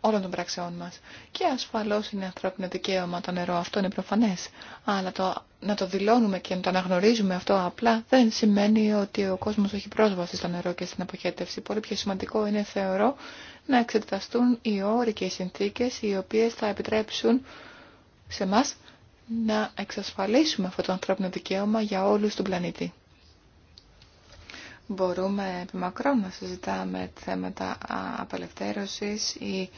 όλων των πράξεών μας. Και ασφαλώς είναι ανθρώπινο δικαίωμα το νερό, αυτό είναι προφανές. Αλλά το, να το δηλώνουμε και να το αναγνωρίζουμε αυτό απλά δεν σημαίνει ότι ο κόσμος έχει πρόσβαση στο νερό και στην αποχέτευση. Πολύ πιο σημαντικό είναι, θεωρώ, να εξεταστούν οι όροι και οι συνθήκες οι οποίες θα επιτρέψουν σε μας να εξασφαλίσουμε αυτό το ανθρώπινο δικαίωμα για όλους τον πλανήτη μπορούμε επιμακρών να συζητάμε θέματα απελευθέρωσης ή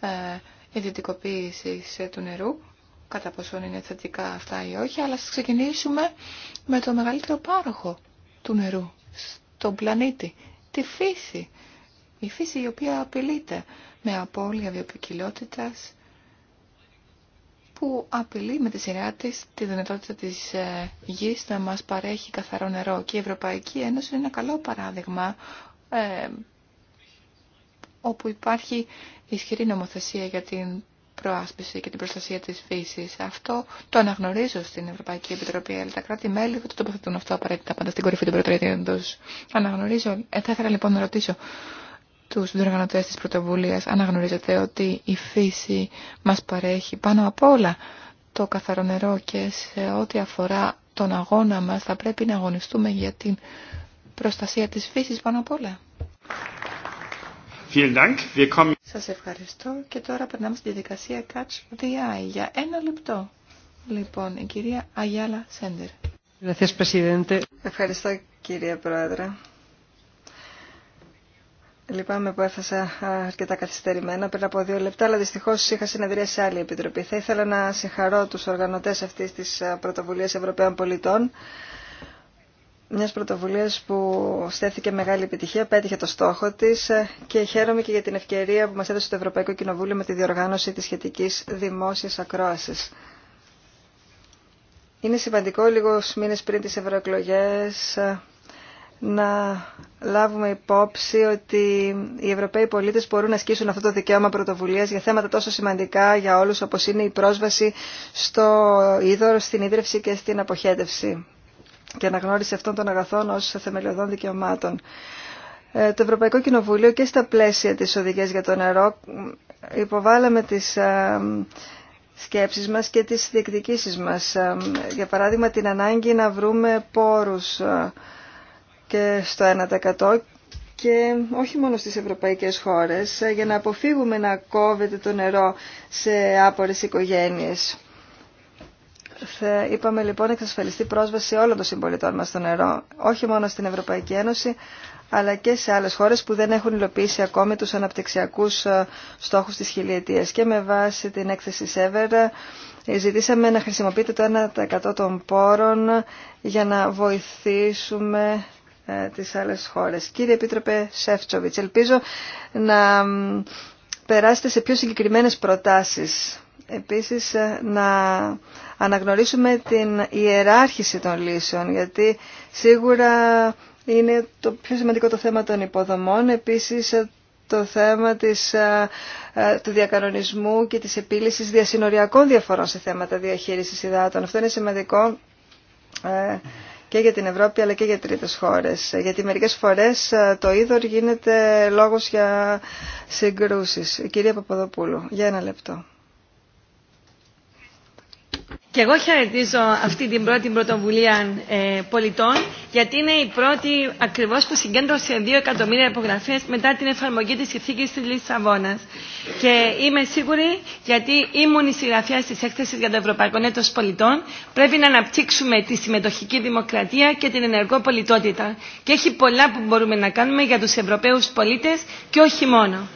ε, ιδιωτικοποίησης του νερού, κατά πόσον είναι θετικά αυτά ή όχι, αλλά θα ξεκινήσουμε με το μεγαλύτερο πάροχο του νερού στον πλανήτη, τη φύση. Η φύση η οποία απειλείται με απώλεια βιοποικιλότητας, που απειλεί με τη σειρά τη τη δυνατότητα τη ε, γη να μα παρέχει καθαρό νερό. Και η Ευρωπαϊκή Ένωση είναι ένα καλό παράδειγμα ε, όπου υπάρχει ισχυρή νομοθεσία για την προάσπιση και την προστασία της φύσης. Αυτό το αναγνωρίζω στην Ευρωπαϊκή Επιτροπή, αλλά τα κράτη-μέλη δεν το τοποθετούν αυτό απαραίτητα πάντα στην κορυφή του προτεραιότητων Αναγνωρίζω, ε, θα ήθελα λοιπόν να ρωτήσω τους διοργανωτές της πρωτοβουλίας αναγνωρίζετε ότι η φύση μας παρέχει πάνω απ' όλα το καθαρό νερό και σε ό,τι αφορά τον αγώνα μας θα πρέπει να αγωνιστούμε για την προστασία της φύσης πάνω απ' όλα. Σας ευχαριστώ και τώρα περνάμε στη διαδικασία Catch the Eye για ένα λεπτό. Λοιπόν, η κυρία Αγιάλα Σέντερ. Ευχαριστώ κυρία Πρόεδρε. Λυπάμαι που έφτασα αρκετά καθυστερημένα πριν από δύο λεπτά, αλλά δυστυχώ είχα συνεδρία σε άλλη επιτροπή. Θα ήθελα να συγχαρώ του οργανωτέ αυτή τη πρωτοβουλία Ευρωπαίων Πολιτών, μια πρωτοβουλία που στέθηκε μεγάλη επιτυχία, πέτυχε το στόχο τη ε, και χαίρομαι και για την ευκαιρία που μα έδωσε το Ευρωπαϊκό Κοινοβούλιο με τη διοργάνωση τη σχετική δημόσια ακρόαση. Είναι σημαντικό λίγου μήνε πριν τι ευρωεκλογέ ε, να λάβουμε υπόψη ότι οι Ευρωπαίοι πολίτες μπορούν να ασκήσουν αυτό το δικαίωμα πρωτοβουλίας για θέματα τόσο σημαντικά για όλους όπως είναι η πρόσβαση στο είδωρο, στην ίδρυυση και στην αποχέτευση και αναγνώριση αυτών των αγαθών ως θεμελιωδών δικαιωμάτων. Ε, το Ευρωπαϊκό Κοινοβούλιο και στα πλαίσια της οδηγίας για το νερό υποβάλαμε τις ε, σκέψεις μας και τις διεκδικήσεις μας. Ε, για παράδειγμα την ανάγκη να βρούμε πόρους και στο 1% και όχι μόνο στις ευρωπαϊκές χώρες ε, για να αποφύγουμε να κόβεται το νερό σε άπορες οικογένειες. Θα είπαμε λοιπόν να εξασφαλιστεί πρόσβαση όλων των συμπολιτών μας στο νερό, όχι μόνο στην Ευρωπαϊκή Ένωση, αλλά και σε άλλες χώρες που δεν έχουν υλοποιήσει ακόμη τους αναπτυξιακούς ε, στόχους της χιλιετίας. Και με βάση την έκθεση ΣΕΒΕΡ ε, ζητήσαμε να χρησιμοποιείτε το 1% των πόρων για να βοηθήσουμε ε, τις άλλες χώρες. Κύριε Επίτροπε Σεφτσοβιτς, ελπίζω να περάσετε σε πιο συγκεκριμένες προτάσεις. Επίσης, ε, να αναγνωρίσουμε την ιεράρχηση των λύσεων, γιατί σίγουρα είναι το πιο σημαντικό το θέμα των υποδομών. Επίσης, ε, το θέμα της, του διακανονισμού και της επίλυσης διασυνοριακών διαφορών σε θέματα διαχείρισης υδάτων. Αυτό είναι σημαντικό και για την Ευρώπη αλλά και για τρίτες χώρες. Γιατί μερικές φορές ε, το είδωρ γίνεται λόγος για συγκρούσεις. κυρία Παπαδοπούλου, για ένα λεπτό. Και εγώ χαιρετίζω αυτή την πρώτη πρωτοβουλία ε, πολιτών, γιατί είναι η πρώτη ακριβώ που συγκέντρωσε 2 εκατομμύρια υπογραφέ μετά την εφαρμογή τη ηθίκη τη Λισαβόνα. Και είμαι σίγουρη, γιατί ήμουν η συγγραφέα τη έκθεση για το Ευρωπαϊκό Έτο Πολιτών, πρέπει να αναπτύξουμε τη συμμετοχική δημοκρατία και την ενεργό πολιτότητα. Και έχει πολλά που μπορούμε να κάνουμε για του Ευρωπαίου πολίτε και όχι μόνο.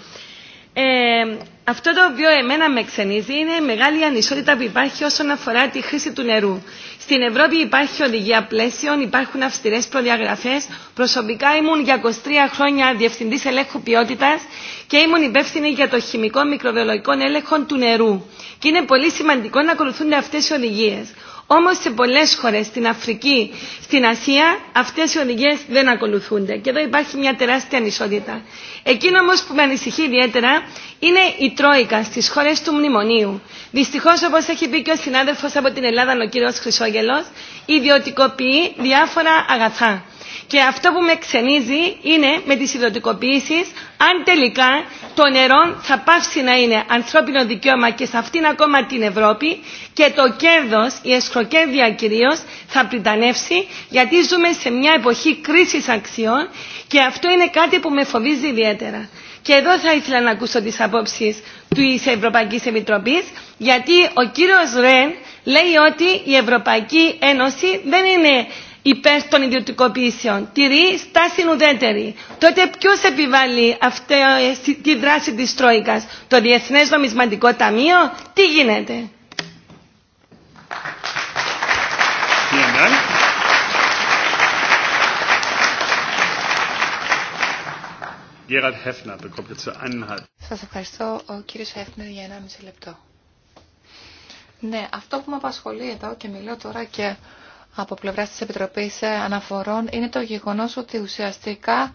Ε, αυτό το οποίο εμένα με ξενίζει είναι η μεγάλη ανισότητα που υπάρχει όσον αφορά τη χρήση του νερού. Στην Ευρώπη υπάρχει οδηγία πλαίσιων, υπάρχουν αυστηρέ προδιαγραφέ. Προσωπικά ήμουν για 23 χρόνια διευθυντή ελέγχου ποιότητα και ήμουν υπεύθυνη για το χημικό μικροβιολογικό έλεγχο του νερού. Και είναι πολύ σημαντικό να ακολουθούνται αυτέ οι οδηγίε. Όμως σε πολλές χώρες, στην Αφρική, στην Ασία, αυτές οι οδηγίες δεν ακολουθούνται. Και εδώ υπάρχει μια τεράστια ανισότητα. Εκείνο όμως που με ανησυχεί ιδιαίτερα είναι η Τρόικα στις χώρες του Μνημονίου. Δυστυχώς, όπως έχει πει και ο συνάδελφος από την Ελλάδα, ο κύριος Χρυσόγελος, ιδιωτικοποιεί διάφορα αγαθά. Και αυτό που με ξενίζει είναι με τις ιδιωτικοποιήσεις αν τελικά το νερό θα πάψει να είναι ανθρώπινο δικαίωμα και σε αυτήν ακόμα την Ευρώπη και το κέρδος, η εσχροκέρδεια κυρίω, θα πριτανεύσει γιατί ζούμε σε μια εποχή κρίσης αξιών και αυτό είναι κάτι που με φοβίζει ιδιαίτερα. Και εδώ θα ήθελα να ακούσω τις απόψεις της Ευρωπαϊκής Επιτροπή, γιατί ο κύριος Ρεν λέει ότι η Ευρωπαϊκή Ένωση δεν είναι υπέρ των ιδιωτικοποιήσεων. Τηρεί στα ουδέτερη. Τότε ποιο επιβάλλει αυτή ε, τη δράση της Τρόικας. Το Διεθνές Νομισματικό Ταμείο. Τι γίνεται. Σας ευχαριστώ ο κύριος Χέφνερ για ένα μισή λεπτό. Ναι, αυτό που με απασχολεί εδώ και μιλώ τώρα και από πλευράς της Επιτροπής Αναφορών είναι το γεγονός ότι ουσιαστικά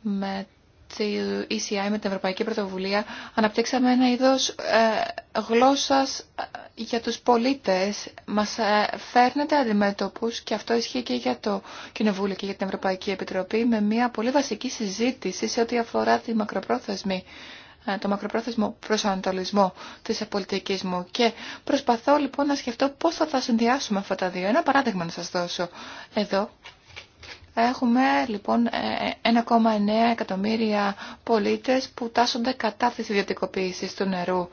με τη ECI, με την Ευρωπαϊκή Πρωτοβουλία, αναπτύξαμε ένα είδος ε, γλώσσας ε, για τους πολίτες. Μας ε, φέρνετε αντιμέτωπους και αυτό ισχύει και για το Κοινοβούλιο και για την Ευρωπαϊκή Επιτροπή με μια πολύ βασική συζήτηση σε ό,τι αφορά τη μακροπρόθεσμη ε, το μακροπρόθεσμο προσανατολισμό της πολιτικής μου και προσπαθώ λοιπόν να σκεφτώ πώς θα τα συνδυάσουμε αυτά τα δύο. Ένα παράδειγμα να σας δώσω εδώ. Έχουμε λοιπόν 1,9 ε, ε, εκατομμύρια πολίτες που τάσσονται κατά της ιδιωτικοποίησης του νερού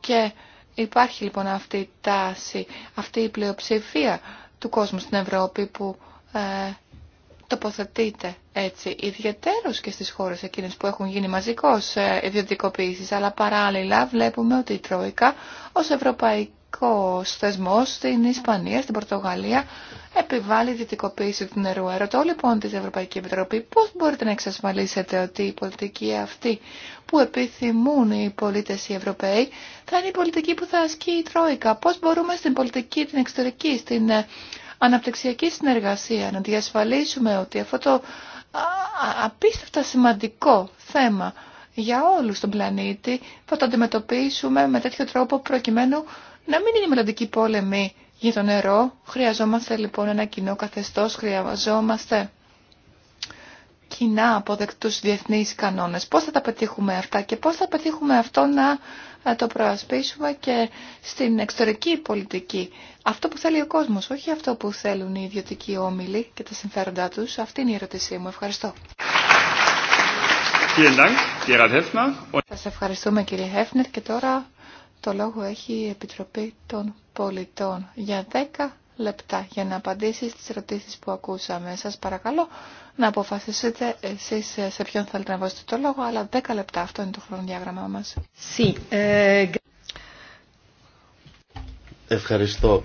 και υπάρχει λοιπόν αυτή η τάση, αυτή η πλειοψηφία του κόσμου στην Ευρώπη που τοποθετείται έτσι, ιδιαίτερως και στις χώρες εκείνες που έχουν γίνει μαζικώς ε, ιδιωτικοποίησης, αλλά παράλληλα βλέπουμε ότι η Τρόικα ως ευρωπαϊκός θεσμός στην Ισπανία, στην Πορτογαλία, επιβάλλει ιδιωτικοποίηση του νερού. Ερωτώ λοιπόν τη Ευρωπαϊκή Επιτροπή πώς μπορείτε να εξασφαλίσετε ότι η πολιτική αυτή που επιθυμούν οι πολίτες οι Ευρωπαίοι θα είναι η πολιτική που θα ασκεί η Τρόικα. Πώς μπορούμε στην πολιτική, την εξωτερική, στην ε, αναπτυξιακή συνεργασία, να διασφαλίσουμε ότι αυτό το απίστευτα σημαντικό θέμα για όλους τον πλανήτη θα το αντιμετωπίσουμε με τέτοιο τρόπο προκειμένου να μην είναι μελλοντική πόλεμη για το νερό. Χρειαζόμαστε λοιπόν ένα κοινό καθεστώς, χρειαζόμαστε κοινά αποδεκτούς διεθνείς κανόνες. Πώς θα τα πετύχουμε αυτά και πώς θα πετύχουμε αυτό να το προασπίσουμε και στην εξωτερική πολιτική. Αυτό που θέλει ο κόσμος, όχι αυτό που θέλουν οι ιδιωτικοί όμιλοι και τα συμφέροντά τους. Αυτή είναι η ερώτησή μου. Ευχαριστώ. Σα ευχαριστούμε κύριε Χέφνερ και τώρα το λόγο έχει η Επιτροπή των Πολιτών για 10 λεπτά για να απαντήσει στις ερωτήσεις που ακούσαμε. Σας παρακαλώ να αποφασίσετε εσείς σε ποιον θέλετε να βάσετε το λόγο, αλλά 10 λεπτά αυτό είναι το χρονοδιάγραμμά μας. Ε, Ευχαριστώ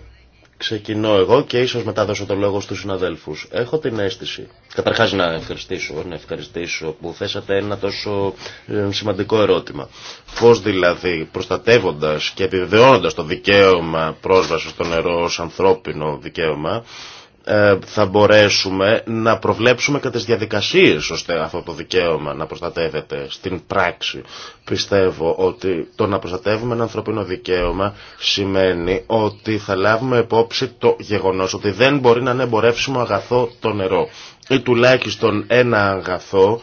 ξεκινώ εγώ και ίσως μετά δώσω το λόγο στους συναδέλφους. Έχω την αίσθηση, καταρχάς να ευχαριστήσω, να ευχαριστήσω που θέσατε ένα τόσο ε, σημαντικό ερώτημα. Πώς δηλαδή προστατεύοντας και επιβεβαιώνοντας το δικαίωμα πρόσβαση στο νερό ως ανθρώπινο δικαίωμα, ε, θα μπορέσουμε να προβλέψουμε και τις διαδικασίες ώστε αυτό το δικαίωμα να προστατεύεται στην πράξη. Πιστεύω ότι το να προστατεύουμε ένα ανθρωπίνο δικαίωμα σημαίνει ότι θα λάβουμε υπόψη το γεγονός ότι δεν μπορεί να είναι εμπορεύσιμο αγαθό το νερό ή τουλάχιστον ένα αγαθό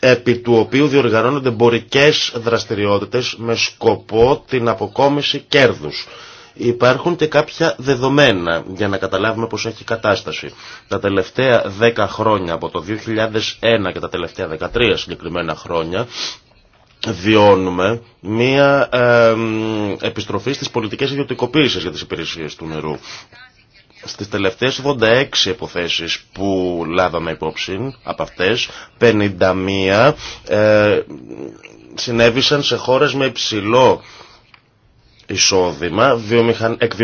επί του οποίου διοργανώνονται εμπορικές δραστηριότητες με σκοπό την αποκόμιση κέρδους. Υπάρχουν και κάποια δεδομένα για να καταλάβουμε πώς έχει κατάσταση. Τα τελευταία 10 χρόνια, από το 2001 και τα τελευταία 13 συγκεκριμένα χρόνια, βιώνουμε μία επιστροφή στις πολιτικές ιδιωτικοποίησεις για τις υπηρεσίες του νερού. Στις τελευταίες 86 υποθέσεις που λάβαμε υπόψη από αυτές, 51 ε, συνέβησαν σε χώρες με υψηλό εισόδημα εκ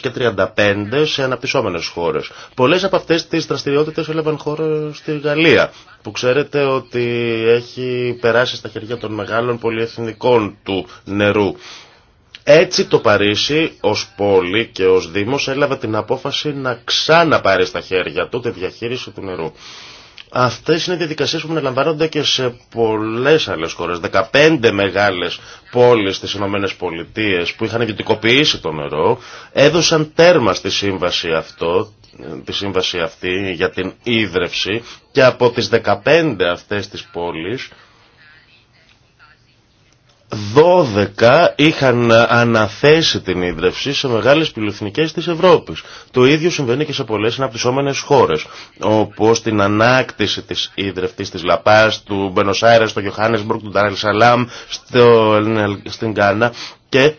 και 35 σε αναπτυσσόμενες χώρες. Πολλές από αυτές τις δραστηριότητες έλαβαν χώρο στη Γαλλία που ξέρετε ότι έχει περάσει στα χέρια των μεγάλων πολυεθνικών του νερού. Έτσι το Παρίσι ως πόλη και ως Δήμος έλαβε την απόφαση να ξαναπάρει στα χέρια του τη διαχείριση του νερού. Αυτέ είναι διαδικασίε που αναλαμβάνονται και σε πολλέ άλλε χώρε, 15 μεγάλε πόλεις στι ΗΠΑ που είχαν ιδιωτικοποιήσει το νερό έδωσαν τέρμα στη σύμβαση αυτό τη σύμβαση αυτή για την ίδρυυση και από τι 15 αυτέ τι πόλει. 12 είχαν αναθέσει την ίδρυυση σε μεγάλες πολυεθνικές της Ευρώπης. Το ίδιο συμβαίνει και σε πολλές αναπτυσσόμενες χώρες, όπως την ανάκτηση της ίδρυυτη της Λαπάς, του Μπενοσάιρας, του Γιωχάνεσμπουργκ, του Νταραλ Σαλάμ, στην Κάνα και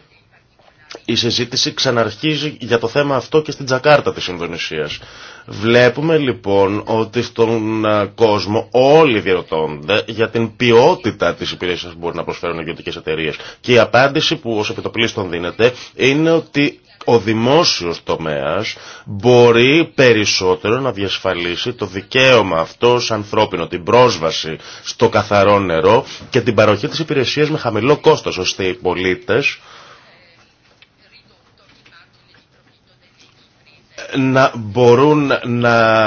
η συζήτηση ξαναρχίζει για το θέμα αυτό και στην Τζακάρτα της Ινδονησίας. Βλέπουμε λοιπόν ότι στον κόσμο όλοι διερωτώνται για την ποιότητα της υπηρεσίας που μπορεί να προσφέρουν οι ιδιωτικέ εταιρείε. Και η απάντηση που ως επιτοπλίστων δίνεται είναι ότι ο δημόσιος τομέας μπορεί περισσότερο να διασφαλίσει το δικαίωμα αυτό ανθρώπινο, την πρόσβαση στο καθαρό νερό και την παροχή της υπηρεσίας με χαμηλό κόστος, ώστε οι πολίτες να μπορούν να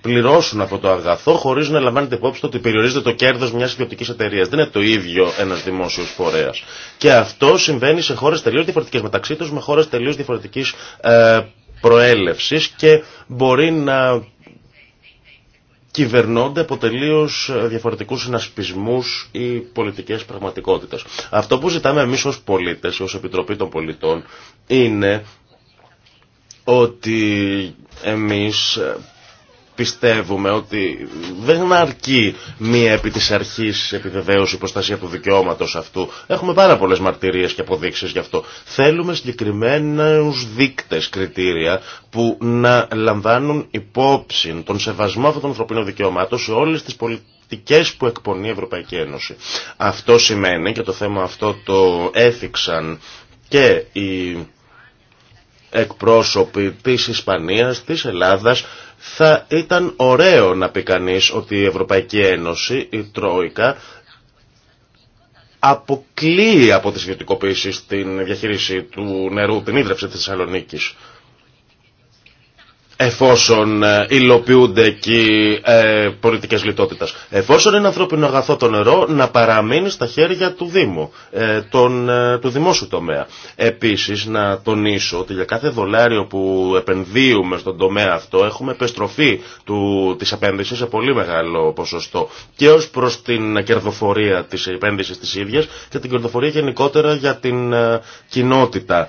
πληρώσουν αυτό το αγαθό χωρίς να λαμβάνεται υπόψη ότι περιορίζεται το κέρδος μιας ιδιωτικής εταιρείας. Δεν είναι το ίδιο ένας δημόσιος φορέας. Και αυτό συμβαίνει σε χώρες τελείως διαφορετικές μεταξύ τους με χώρες τελείως διαφορετικής ε, προέλευσης και μπορεί να κυβερνώνται από τελείω διαφορετικού συνασπισμού ή πολιτικέ πραγματικότητε. Αυτό που ζητάμε εμεί ω πολίτε, ω Επιτροπή των Πολιτών, είναι ότι εμείς πιστεύουμε ότι δεν αρκεί μία επί της αρχής επιβεβαίωση προστασία του δικαιώματος αυτού. Έχουμε πάρα πολλές μαρτυρίες και αποδείξεις γι' αυτό. Θέλουμε συγκεκριμένους δείκτες, κριτήρια που να λαμβάνουν υπόψη τον σεβασμό αυτών των ανθρωπίνων δικαιωμάτων σε όλες τις πολιτικές που εκπονεί η Ευρωπαϊκή Ένωση. Αυτό σημαίνει και το θέμα αυτό το έθιξαν και οι εκπρόσωποι της Ισπανίας, της Ελλάδας, θα ήταν ωραίο να πει κανείς ότι η Ευρωπαϊκή Ένωση, η Τρόικα, αποκλείει από τις ιδιωτικοποίησεις την διαχείριση του νερού, την ίδρυψη της Θεσσαλονίκη εφόσον ε, υλοποιούνται εκεί ε, πολιτικές λιτότητας. Εφόσον είναι ανθρώπινο αγαθό το νερό να παραμείνει στα χέρια του Δήμου, ε, ε, του δημόσιου τομέα. Επίσης να τονίσω ότι για κάθε δολάριο που επενδύουμε στον τομέα αυτό έχουμε επιστροφή του, της σε πολύ μεγάλο ποσοστό και ως προς την κερδοφορία της επένδυσης της ίδιας και την κερδοφορία γενικότερα για την ε, κοινότητα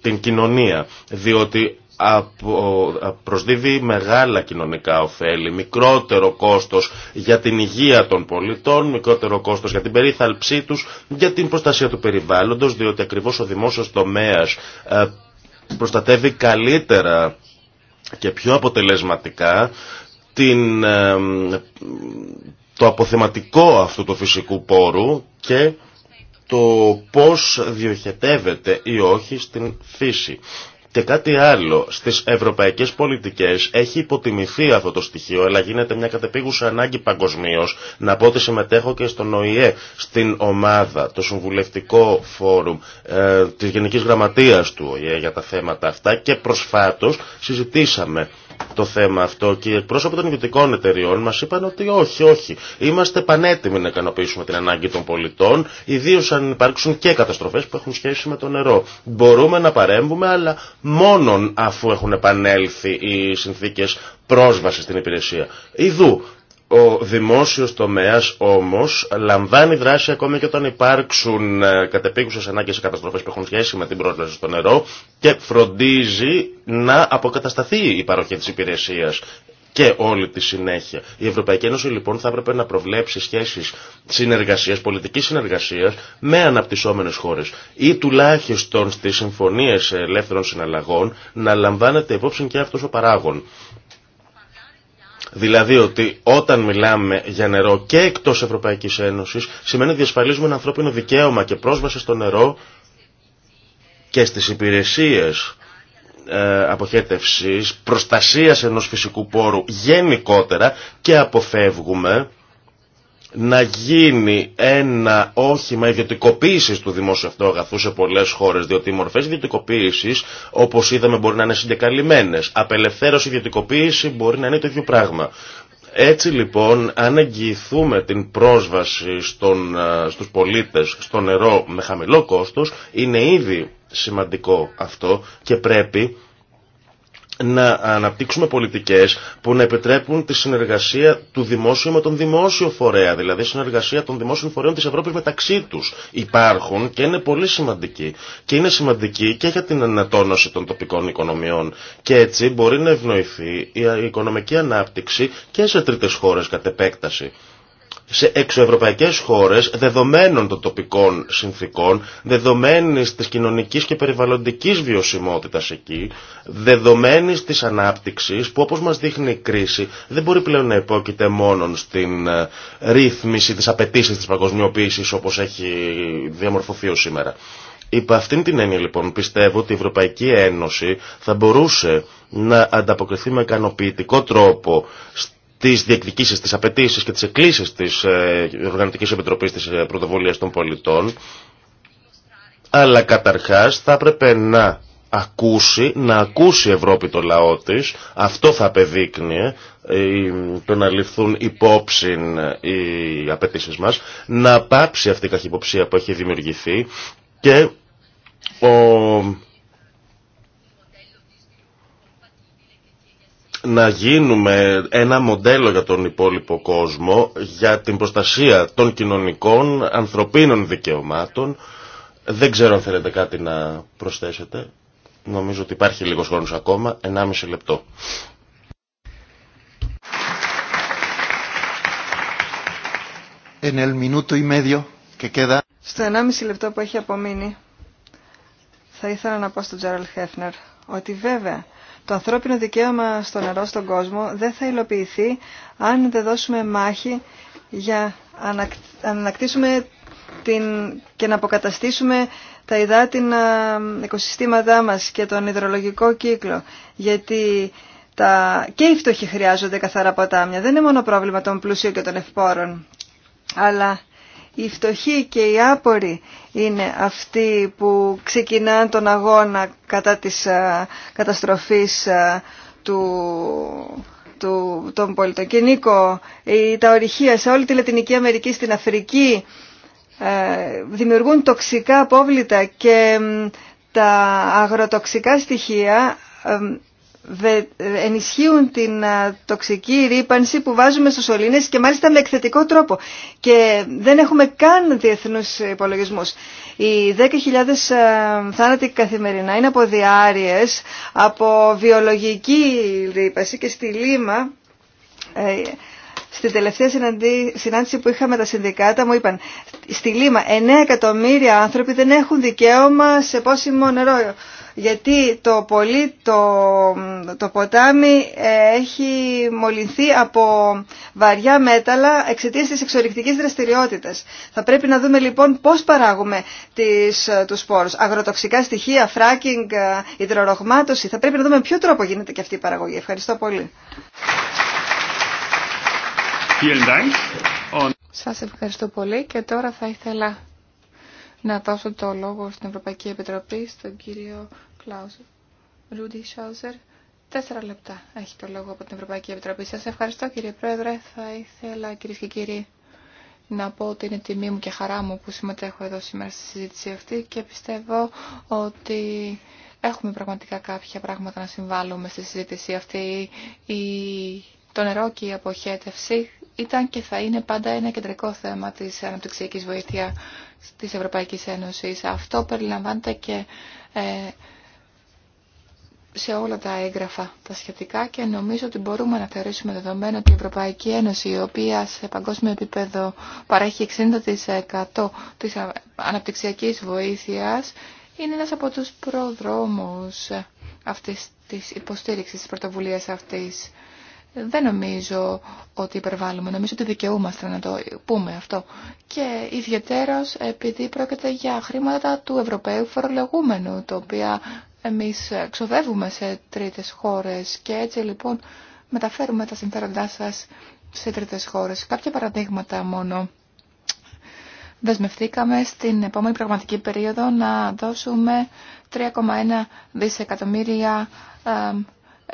την κοινωνία, διότι προσδίδει μεγάλα κοινωνικά ωφέλη, μικρότερο κόστος για την υγεία των πολιτών, μικρότερο κόστος για την περίθαλψή τους, για την προστασία του περιβάλλοντος, διότι ακριβώς ο δημόσιος τομέας ε, προστατεύει καλύτερα και πιο αποτελεσματικά την, ε, το αποθεματικό αυτού του φυσικού πόρου και το πώς διοχετεύεται ή όχι στην φύση. Και κάτι άλλο, στις ευρωπαϊκές πολιτικές έχει υποτιμηθεί αυτό το στοιχείο, αλλά γίνεται μια κατεπίγουσα ανάγκη παγκοσμίω. Να πω ότι συμμετέχω και στον ΟΗΕ, στην ομάδα, το Συμβουλευτικό Φόρουμ ε, της Γενικής Γραμματείας του ΟΗΕ για τα θέματα αυτά και προσφάτως συζητήσαμε το θέμα αυτό και οι εκπρόσωποι των ιδιωτικών εταιριών μας είπαν ότι όχι, όχι, είμαστε πανέτοιμοι να ικανοποιήσουμε την ανάγκη των πολιτών, ιδίως αν υπάρξουν και καταστροφές που έχουν σχέση με το νερό. Μπορούμε να παρέμβουμε, αλλά μόνον αφού έχουν επανέλθει οι συνθήκες πρόσβαση στην υπηρεσία. Ιδού, ο δημόσιος τομέας όμως λαμβάνει δράση ακόμη και όταν υπάρξουν ε, κατεπίγουσες ανάγκες σε καταστροφές που έχουν σχέση με την πρόσβαση στο νερό και φροντίζει να αποκατασταθεί η παροχή της υπηρεσίας και όλη τη συνέχεια. Η Ευρωπαϊκή Ένωση λοιπόν θα έπρεπε να προβλέψει σχέσεις συνεργασίας, πολιτικής συνεργασίας με αναπτυσσόμενες χώρες ή τουλάχιστον στις συμφωνίες ελεύθερων συναλλαγών να λαμβάνεται υπόψη και αυτός ο παράγων. Δηλαδή ότι όταν μιλάμε για νερό και εκτός Ευρωπαϊκής Ένωσης σημαίνει ότι διασφαλίζουμε ένα ανθρώπινο δικαίωμα και πρόσβαση στο νερό και στις υπηρεσίες ε, αποχέτευσης, προστασίας ενός φυσικού πόρου γενικότερα και αποφεύγουμε να γίνει ένα όχημα ιδιωτικοποίηση του δημόσιου αυτού αγαθού σε πολλέ χώρε, διότι οι μορφέ ιδιωτικοποίηση, όπω είδαμε, μπορεί να είναι συντεκαλυμμένε. Απελευθέρωση ιδιωτικοποίηση μπορεί να είναι το ίδιο πράγμα. Έτσι λοιπόν, αν εγγυηθούμε την πρόσβαση στον, στους πολίτες στο νερό με χαμηλό κόστος, είναι ήδη σημαντικό αυτό και πρέπει να αναπτύξουμε πολιτικές που να επιτρέπουν τη συνεργασία του δημόσιου με τον δημόσιο φορέα, δηλαδή συνεργασία των δημόσιων φορέων της Ευρώπης μεταξύ τους. Υπάρχουν και είναι πολύ σημαντική. Και είναι σημαντική και για την ανατόνωση των τοπικών οικονομιών. Και έτσι μπορεί να ευνοηθεί η οικονομική ανάπτυξη και σε τρίτες χώρες κατ' επέκταση σε εξωευρωπαϊκές χώρες, δεδομένων των τοπικών συνθήκων, δεδομένης της κοινωνικής και περιβαλλοντικής βιωσιμότητας εκεί, δεδομένης της ανάπτυξης που όπως μας δείχνει η κρίση δεν μπορεί πλέον να υπόκειται μόνο στην ε, ρύθμιση της απαιτήσει της παγκοσμιοποίησης όπως έχει διαμορφωθεί ως σήμερα. Υπό αυτήν την έννοια λοιπόν πιστεύω ότι η Ευρωπαϊκή Ένωση θα μπορούσε να ανταποκριθεί με ικανοποιητικό τρόπο τι διεκδικήσει, τι απαιτήσει και τι εκκλήσει τη ε, Οργανωτική Επιτροπή τη ε, Πρωτοβουλία των Πολιτών. Αλλά καταρχά θα έπρεπε να ακούσει, να ακούσει η Ευρώπη το λαό τη. Αυτό θα απεδείκνυε το να ληφθούν υπόψη ε, οι απαιτήσει μα, να πάψει αυτή η καχυποψία που έχει δημιουργηθεί και ο να γίνουμε ένα μοντέλο για τον υπόλοιπο κόσμο, για την προστασία των κοινωνικών, ανθρωπίνων δικαιωμάτων. Δεν ξέρω αν θέλετε κάτι να προσθέσετε. Νομίζω ότι υπάρχει λίγος χρόνος ακόμα, 1,5 λεπτό. Στο 1,5 λεπτό που έχει απομείνει, θα ήθελα να πω στον Τζάραλ Χέφνερ ότι βέβαια το ανθρώπινο δικαίωμα στο νερό στον κόσμο δεν θα υλοποιηθεί αν δεν δώσουμε μάχη για να ανακτήσουμε την... και να αποκαταστήσουμε τα υδάτινα οικοσυστήματά μας και τον υδρολογικό κύκλο. Γιατί τα... και οι φτωχοί χρειάζονται καθαρά ποτάμια. Δεν είναι μόνο πρόβλημα των πλούσιων και των ευπόρων. Αλλά οι φτωχοί και οι άποροι είναι αυτοί που ξεκινάν τον αγώνα κατά της ε, καταστροφής ε, του, του, των πολιτών. Και Νίκο, τα ορυχεία σε όλη τη Λατινική Αμερική, στην Αφρική, ε, δημιουργούν τοξικά απόβλητα και τα αγροτοξικά στοιχεία ενισχύουν την τοξική ρήπανση που βάζουμε στους σωλήνες και μάλιστα με εκθετικό τρόπο. Και δεν έχουμε καν διεθνούς υπολογισμούς. Οι 10.000 θάνατοι καθημερινά είναι από διάρειες, από βιολογική ρήπαση και στη Λίμα... Ε, στην τελευταία συνάντηση που είχα με τα συνδικάτα μου είπαν στη Λίμα 9 εκατομμύρια άνθρωποι δεν έχουν δικαίωμα σε πόσιμο νερό γιατί το πολύ το, ποτάμι ε, έχει μολυνθεί από βαριά μέταλλα εξαιτίας της εξορυκτικής δραστηριότητας. Θα πρέπει να δούμε λοιπόν πώς παράγουμε τις, ε, τους σπόρους. Αγροτοξικά στοιχεία, φράκινγκ, ε, υδρορογμάτωση. Θα πρέπει να δούμε ποιο τρόπο γίνεται και αυτή η παραγωγή. Ευχαριστώ πολύ. Σας ευχαριστώ πολύ και τώρα θα ήθελα να δώσω το λόγο στην Ευρωπαϊκή Επιτροπή, στον κύριο Κλάουζ Ρούντι Σάουζερ. Τέσσερα λεπτά έχει το λόγο από την Ευρωπαϊκή Επιτροπή. Σας ευχαριστώ κύριε Πρόεδρε. Θα ήθελα κυρίε και κύριοι να πω ότι είναι τιμή μου και χαρά μου που συμμετέχω εδώ σήμερα στη συζήτηση αυτή και πιστεύω ότι έχουμε πραγματικά κάποια πράγματα να συμβάλλουμε στη συζήτηση αυτή. Η... Το νερό και η αποχέτευση ήταν και θα είναι πάντα ένα κεντρικό θέμα της αναπτυξιακή βοήθεια της Ευρωπαϊκής Ένωσης. Αυτό περιλαμβάνεται και ε, σε όλα τα έγγραφα τα σχετικά και νομίζω ότι μπορούμε να θεωρήσουμε δεδομένο ότι η Ευρωπαϊκή Ένωση, η οποία σε παγκόσμιο επίπεδο παρέχει 60% της αναπτυξιακής βοήθειας, είναι ένας από τους προδρόμους αυτής της υποστήριξης της πρωτοβουλίας αυτής δεν νομίζω ότι υπερβάλλουμε. Νομίζω ότι δικαιούμαστε να το πούμε αυτό. Και ιδιαίτερος επειδή πρόκειται για χρήματα του Ευρωπαίου φορολογούμενου, το οποία εμείς ξοδεύουμε σε τρίτες χώρες και έτσι λοιπόν μεταφέρουμε τα συμφέροντά σας σε τρίτες χώρες. Κάποια παραδείγματα μόνο. Δεσμευτήκαμε στην επόμενη πραγματική περίοδο να δώσουμε 3,1 δισεκατομμύρια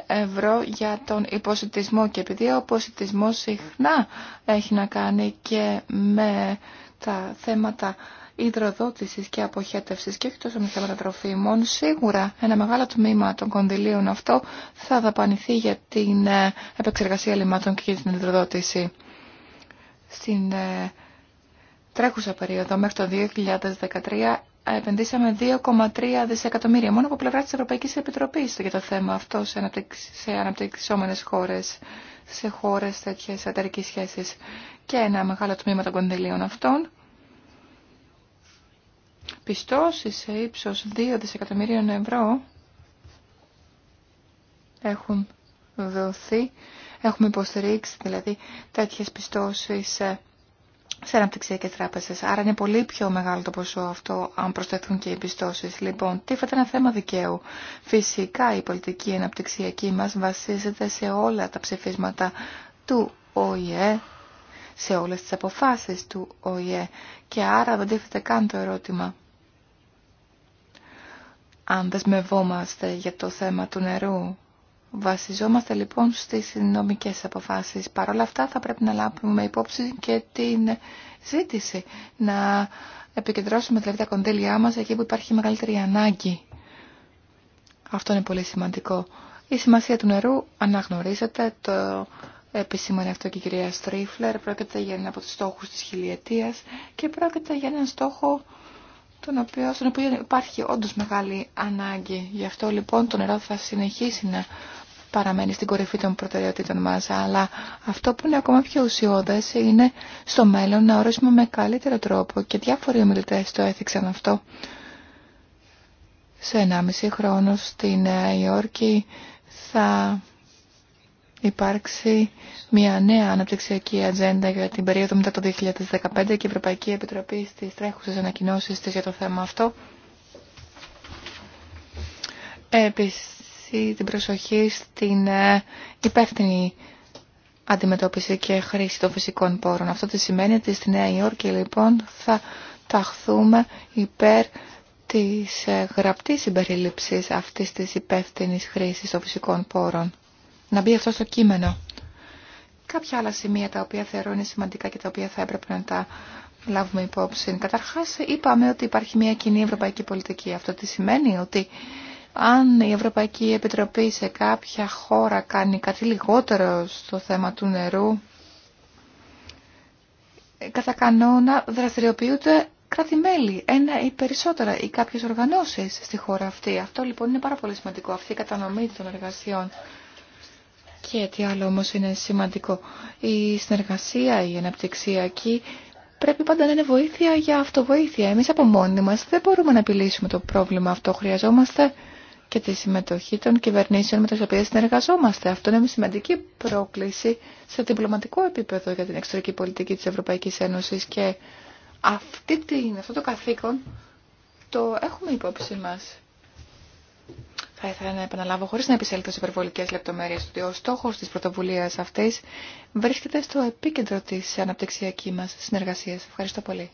ευρώ για τον υποσυτισμό και επειδή ο υποσυτισμός συχνά έχει να κάνει και με τα θέματα υδροδότησης και αποχέτευσης και όχι τόσο με θέματα τροφίμων, σίγουρα ένα μεγάλο τμήμα των κονδυλίων αυτό θα δαπανηθεί για την ε, επεξεργασία λιμάτων και για την υδροδότηση. Στην ε, τρέχουσα περίοδο μέχρι το 2013 επενδύσαμε 2,3 δισεκατομμύρια μόνο από πλευρά της Ευρωπαϊκής Επιτροπής για το θέμα αυτό σε, σε αναπτυξόμενες χώρες, σε χώρες τέτοιες εταιρικής σχέσεις και ένα μεγάλο τμήμα των κονδυλίων αυτών. Πιστώσεις σε ύψος 2 δισεκατομμυρίων ευρώ έχουν δοθεί, έχουμε υποστηρίξει δηλαδή τέτοιες πιστώσεις σε αναπτυξιακές τράπεζες. Άρα είναι πολύ πιο μεγάλο το ποσό αυτό αν προσθεθούν και οι πιστώσεις. Λοιπόν, τίθεται ένα θέμα δικαίου. Φυσικά η πολιτική αναπτυξιακή μας βασίζεται σε όλα τα ψηφίσματα του ΟΗΕ, σε όλες τις αποφάσεις του ΟΗΕ και άρα δεν τίθεται καν το ερώτημα. Αν δεσμευόμαστε για το θέμα του νερού, Βασιζόμαστε λοιπόν στις νομικές αποφάσεις. Παρ' όλα αυτά θα πρέπει να λάβουμε υπόψη και την ζήτηση. Να επικεντρώσουμε δηλαδή τα κονδύλια μας εκεί που υπάρχει μεγαλύτερη ανάγκη. Αυτό είναι πολύ σημαντικό. Η σημασία του νερού αναγνωρίζεται, το επισήμανε αυτό και η κυρία Στρίφλερ, πρόκειται για ένα από τους στόχους της χιλιετίας και πρόκειται για έναν στόχο τον οποίο, στον οποίο υπάρχει όντως μεγάλη ανάγκη. Γι' αυτό λοιπόν το νερό θα συνεχίσει να παραμένει στην κορυφή των προτεραιοτήτων μας, αλλά αυτό που είναι ακόμα πιο ουσιώδες είναι στο μέλλον να ορίσουμε με καλύτερο τρόπο και διάφοροι ομιλητέ το έθιξαν αυτό. Σε 1,5 χρόνο στη Νέα Υόρκη θα υπάρξει μια νέα αναπτυξιακή ατζέντα για την περίοδο μετά το 2015 και η Ευρωπαϊκή Επιτροπή στις τρέχουσες ανακοινώσεις της για το θέμα αυτό ή την προσοχή στην ε, υπεύθυνη αντιμετώπιση και χρήση των φυσικών πόρων. Αυτό τι σημαίνει ότι στη Νέα Υόρκη λοιπόν θα ταχθούμε υπέρ της ε, γραπτής συμπερίληψης αυτής της υπεύθυνης χρήσης των φυσικών πόρων. Να μπει αυτό στο κείμενο. Κάποια άλλα σημεία τα οποία θεωρώ είναι σημαντικά και τα οποία θα έπρεπε να τα λάβουμε υπόψη. Καταρχάς είπαμε ότι υπάρχει μια κοινή ευρωπαϊκή πολιτική. Αυτό τι σημαίνει ότι αν η Ευρωπαϊκή Επιτροπή σε κάποια χώρα κάνει κάτι λιγότερο στο θέμα του νερού, κατά κανόνα δραστηριοποιούνται κράτη-μέλη, ένα ή περισσότερα ή κάποιες οργανώσεις στη χώρα αυτή. Αυτό λοιπόν είναι πάρα πολύ σημαντικό, αυτή η κατανομή των εργασιών. Και τι άλλο όμως είναι σημαντικό, η συνεργασία, η αναπτυξιακή πρέπει πάντα να είναι βοήθεια για αυτοβοήθεια. Εμείς από μόνοι μας δεν μπορούμε να επιλύσουμε το πρόβλημα αυτό. Χρειαζόμαστε και τη συμμετοχή των κυβερνήσεων με τις οποίες συνεργαζόμαστε. Αυτό είναι μια σημαντική πρόκληση σε διπλωματικό επίπεδο για την εξωτερική πολιτική της Ευρωπαϊκής Ένωσης και αυτή την, αυτό το καθήκον το έχουμε υπόψη μας θα ήθελα να επαναλάβω χωρίς να επισέλθω σε υπερβολικές λεπτομέρειες ότι ο στόχο τη πρωτοβουλία αυτή βρίσκεται στο επίκεντρο της αναπτυξιακή μα συνεργασία. Ευχαριστώ πολύ.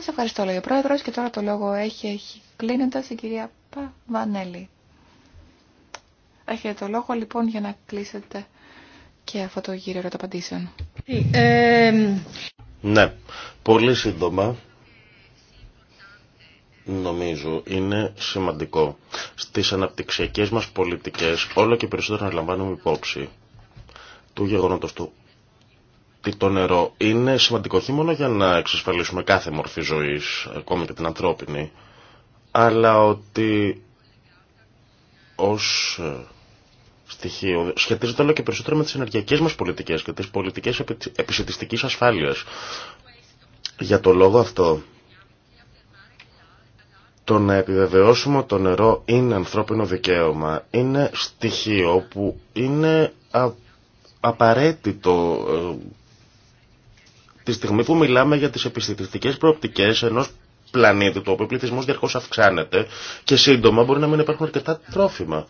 Σα ευχαριστώ λέει ο πρόεδρο και τώρα το λόγο έχει, έχει κλείνοντας η κυρία Παβανέλη. Έχετε το λόγο λοιπόν για να κλείσετε και αυτό το γύρο ερωταπαντήσεων. Ε, ε, ναι, πολύ σύντομα νομίζω είναι σημαντικό στις αναπτυξιακές μας πολιτικές όλο και περισσότερο να λαμβάνουμε υπόψη του γεγονότος του ότι το νερό είναι σημαντικό όχι μόνο για να εξασφαλίσουμε κάθε μορφή ζωής, ακόμη και την ανθρώπινη, αλλά ότι ως ε, στοιχείο σχετίζεται όλο και περισσότερο με τις ενεργειακές μας πολιτικές και τις πολιτικές επισητιστικής ασφάλειας. Για το λόγο αυτό το να επιβεβαιώσουμε ότι το νερό είναι ανθρώπινο δικαίωμα είναι στοιχείο που είναι απαραίτητο ε, τη στιγμή που μιλάμε για τις επιστημιστικές προοπτικές ενός πλανήτη του οποίο ο πληθυσμό αυξάνεται και σύντομα μπορεί να μην υπάρχουν αρκετά τρόφιμα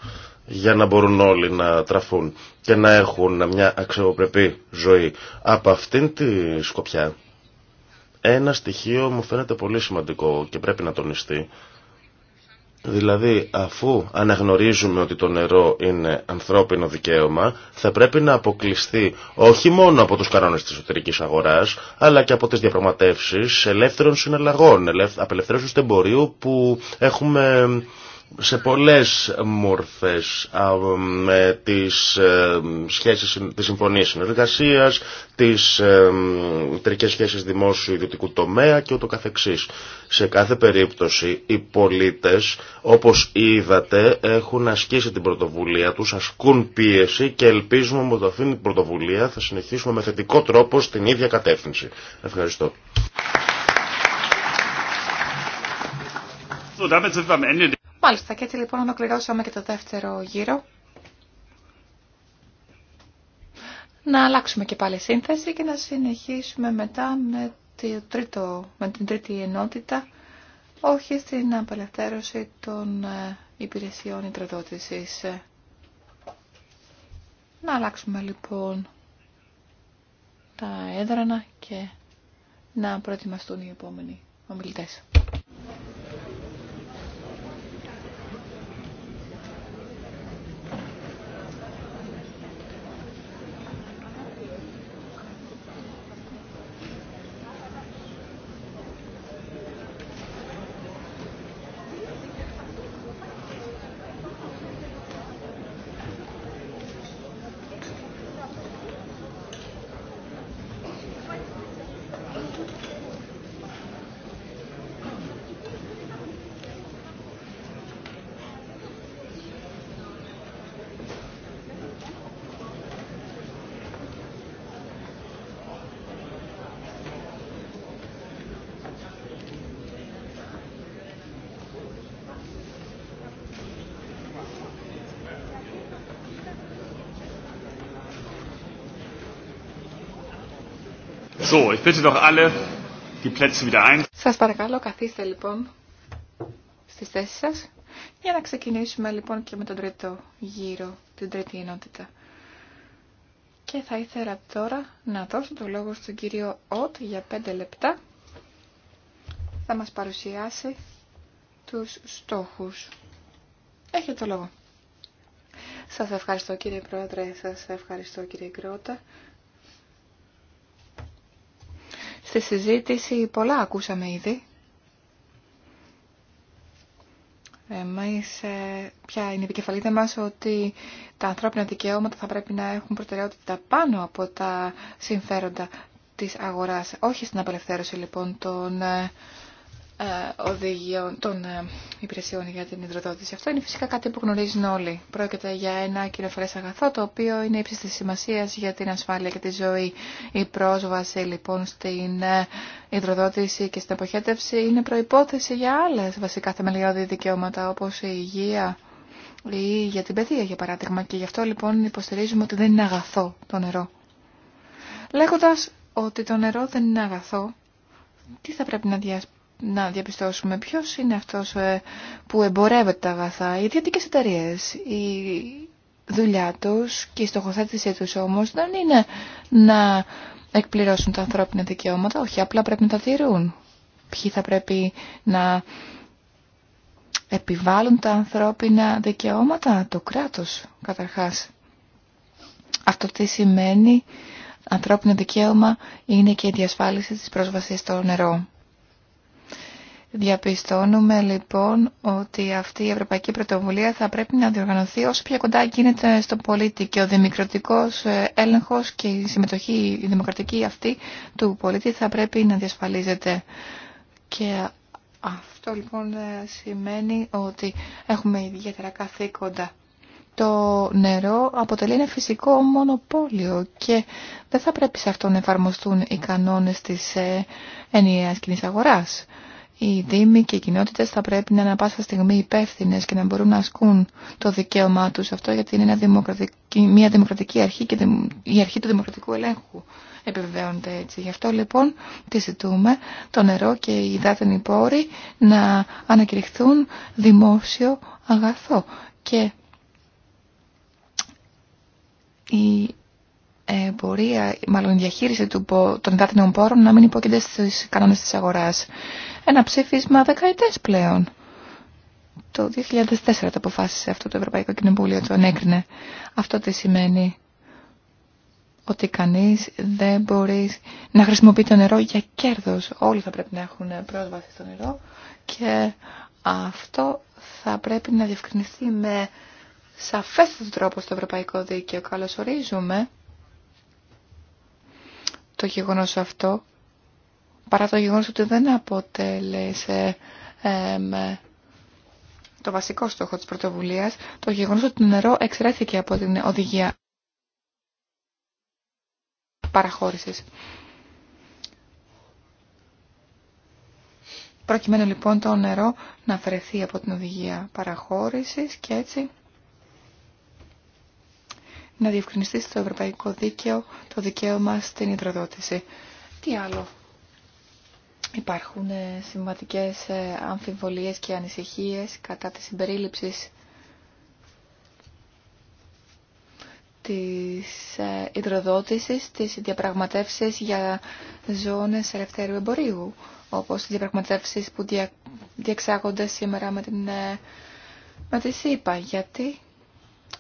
για να μπορούν όλοι να τραφούν και να έχουν μια αξιοπρεπή ζωή. Από αυτήν τη σκοπιά ένα στοιχείο μου φαίνεται πολύ σημαντικό και πρέπει να τονιστεί. Δηλαδή, αφού αναγνωρίζουμε ότι το νερό είναι ανθρώπινο δικαίωμα, θα πρέπει να αποκλειστεί όχι μόνο από τους κανόνες της εσωτερικής αγοράς, αλλά και από τις διαπραγματεύσεις ελεύθερων συναλλαγών, απελευθέρωσης του εμπορίου που έχουμε σε πολλές μορφές με τις ε, σχέσεις, τις συμφωνίες συνεργασίας, τις ε, τρικες σχέσεις δημόσιου ιδιωτικού τομέα και ούτω καθεξής. Σε κάθε περίπτωση οι πολίτες όπως είδατε έχουν ασκήσει την πρωτοβουλία τους, ασκούν πίεση και ελπίζουμε ότι το την πρωτοβουλία θα συνεχίσουμε με θετικό τρόπο στην ίδια κατεύθυνση. Ευχαριστώ. Μάλιστα, και έτσι λοιπόν ολοκληρώσαμε και το δεύτερο γύρο. Να αλλάξουμε και πάλι σύνθεση και να συνεχίσουμε μετά με, τρίτο, με την τρίτη ενότητα, όχι στην απελευθέρωση των ε, υπηρεσιών υδροδότησης. Να αλλάξουμε λοιπόν τα έδρανα και να προετοιμαστούν οι επόμενοι ομιλητές. So, ich bitte doch alle, die Plätze wieder ein. Σας παρακαλώ καθίστε λοιπόν στις θέσεις σας για να ξεκινήσουμε λοιπόν και με τον τρίτο γύρο, την τρίτη ενότητα. Και θα ήθελα τώρα να δώσω το λόγο στον κύριο Ότ για πέντε λεπτά. Θα μας παρουσιάσει τους στόχους. Έχετε το λόγο. Σας ευχαριστώ κύριε Πρόεδρε, σας ευχαριστώ κύριε Γκρότα. Στη συζήτηση πολλά ακούσαμε ήδη. Εμείς, ε, ποια είναι η επικεφαλή μας, ότι τα ανθρώπινα δικαιώματα θα πρέπει να έχουν προτεραιότητα πάνω από τα συμφέροντα της αγοράς. Όχι στην απελευθέρωση λοιπόν των ε, ε, οδηγιών των ε, υπηρεσιών για την υδροδότηση. Αυτό είναι φυσικά κάτι που γνωρίζουν όλοι. Πρόκειται για ένα κοινοφερέ αγαθό το οποίο είναι ύψη τη σημασία για την ασφάλεια και τη ζωή. Η πρόσβαση λοιπόν στην ε, υδροδότηση και στην αποχέτευση είναι προπόθεση για άλλε βασικά θεμελιώδη δικαιώματα όπω η υγεία ή για την παιδεία για παράδειγμα. Και γι' αυτό λοιπόν υποστηρίζουμε ότι δεν είναι αγαθό το νερό. Λέγοντα ότι το νερό δεν είναι αγαθό, τι θα πρέπει να διασπαθεί να διαπιστώσουμε ποιος είναι αυτός ε, που εμπορεύεται τα αγαθά. Οι ιδιωτικές εταιρείε. η δουλειά τους και η στοχοθέτησή τους όμως δεν είναι να εκπληρώσουν τα ανθρώπινα δικαιώματα, όχι απλά πρέπει να τα τηρούν. Ποιοι θα πρέπει να επιβάλλουν τα ανθρώπινα δικαιώματα, το κράτος καταρχάς. Αυτό τι σημαίνει ανθρώπινο δικαίωμα είναι και η διασφάλιση της πρόσβασης στο νερό. Διαπιστώνουμε λοιπόν ότι αυτή η Ευρωπαϊκή Πρωτοβουλία θα πρέπει να διοργανωθεί όσο πιο κοντά γίνεται στον πολίτη και ο δημοκρατικός ε, έλεγχος και η συμμετοχή η δημοκρατική αυτή του πολίτη θα πρέπει να διασφαλίζεται. Και αυτό λοιπόν ε, σημαίνει ότι έχουμε ιδιαίτερα καθήκοντα. Το νερό αποτελεί ένα φυσικό μονοπόλιο και δεν θα πρέπει σε αυτό να εφαρμοστούν οι κανόνες της ε, ενιαίας κοινής αγοράς οι δήμοι και οι κοινότητες θα πρέπει να είναι πάσα στιγμή υπεύθυνε και να μπορούν να ασκούν το δικαίωμά τους αυτό γιατί είναι μια δημοκρατική, μια δημοκρατική αρχή και η αρχή του δημοκρατικού ελέγχου επιβεβαιώνεται έτσι. Γι' αυτό λοιπόν τη ζητούμε το νερό και οι υδάτινοι πόροι να ανακηρυχθούν δημόσιο αγαθό και η εμπορία, μάλλον η διαχείριση του, των υδάτινων πόρων να μην υπόκειται στους κανόνες της αγοράς. Ένα ψήφισμα δεκαετές πλέον. Το 2004 το αποφάσισε αυτό το Ευρωπαϊκό Κοινοβούλιο, το ανέκρινε. Αυτό τι σημαίνει ότι κανείς δεν μπορεί να χρησιμοποιεί το νερό για κέρδος. Όλοι θα πρέπει να έχουν πρόσβαση στο νερό και αυτό θα πρέπει να διευκρινιστεί με σαφέστατο τρόπο στο ευρωπαϊκό δίκαιο. Καλωσορίζουμε το γεγονός αυτό, παρά το γεγονός ότι δεν αποτέλεσε το βασικό στόχο της πρωτοβουλίας, το γεγονός ότι το νερό εξαιρέθηκε από την οδηγία παραχώρησης. Προκειμένου λοιπόν το νερό να αφαιρεθεί από την οδηγία παραχώρησης και έτσι να διευκρινιστεί στο ευρωπαϊκό δίκαιο το δικαίωμα στην υδροδότηση. Τι άλλο. Υπάρχουν ε, σημαντικές ε, αμφιβολίες και ανησυχίες κατά της συμπερίληψης της ε, υδροδότησης, της διαπραγματεύσεις για ζώνες ελευθέρου εμπορίου, όπως τις διαπραγματεύσεις που διεξάγονται σήμερα με, την, με τη ΣΥΠΑ. Γιατί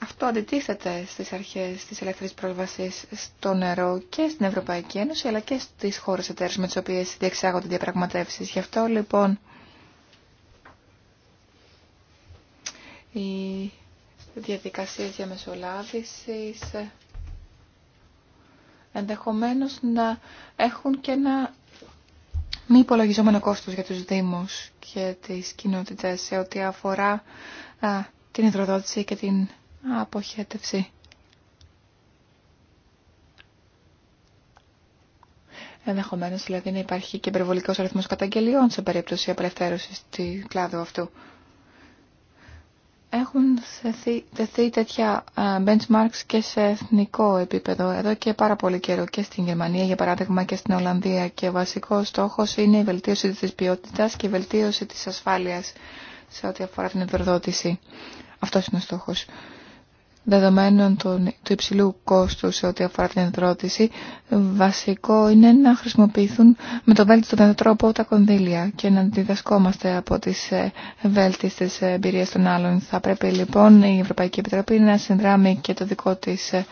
αυτό αντιτίθεται στις αρχές της ελεύθερης πρόσβασης στο νερό και στην Ευρωπαϊκή Ένωση αλλά και στις χώρες εταίρους με τις οποίες διεξάγονται διαπραγματεύσεις. Γι' αυτό λοιπόν οι διαδικασίες διαμεσολάβησης ενδεχομένως να έχουν και ένα μη υπολογιζόμενο κόστος για τους Δήμους και τις κοινότητες σε ό,τι αφορά α, την υδροδότηση και την Αποχέτευση. Ενδεχομένω δηλαδή να υπάρχει και υπερβολικό αριθμό καταγγελιών σε περίπτωση απελευθέρωση του κλάδου αυτού. Έχουν θεθεί, τέτοια ε, benchmarks και σε εθνικό επίπεδο εδώ και πάρα πολύ καιρό και στην Γερμανία για παράδειγμα και στην Ολλανδία και ο βασικός στόχος είναι η βελτίωση της ποιότητας και η βελτίωση της ασφάλειας σε ό,τι αφορά την ευρωδότηση. Αυτός είναι ο στόχος δεδομένων του, του υψηλού κόστου σε ό,τι αφορά την ενδρότηση, βασικό είναι να χρησιμοποιηθούν με το βέλτιστο τρόπο τα κονδύλια και να διδασκόμαστε από τις ε, βέλτιστε εμπειρίε των άλλων. Θα πρέπει λοιπόν η Ευρωπαϊκή Επιτροπή να συνδράμει και το δικό τη ε,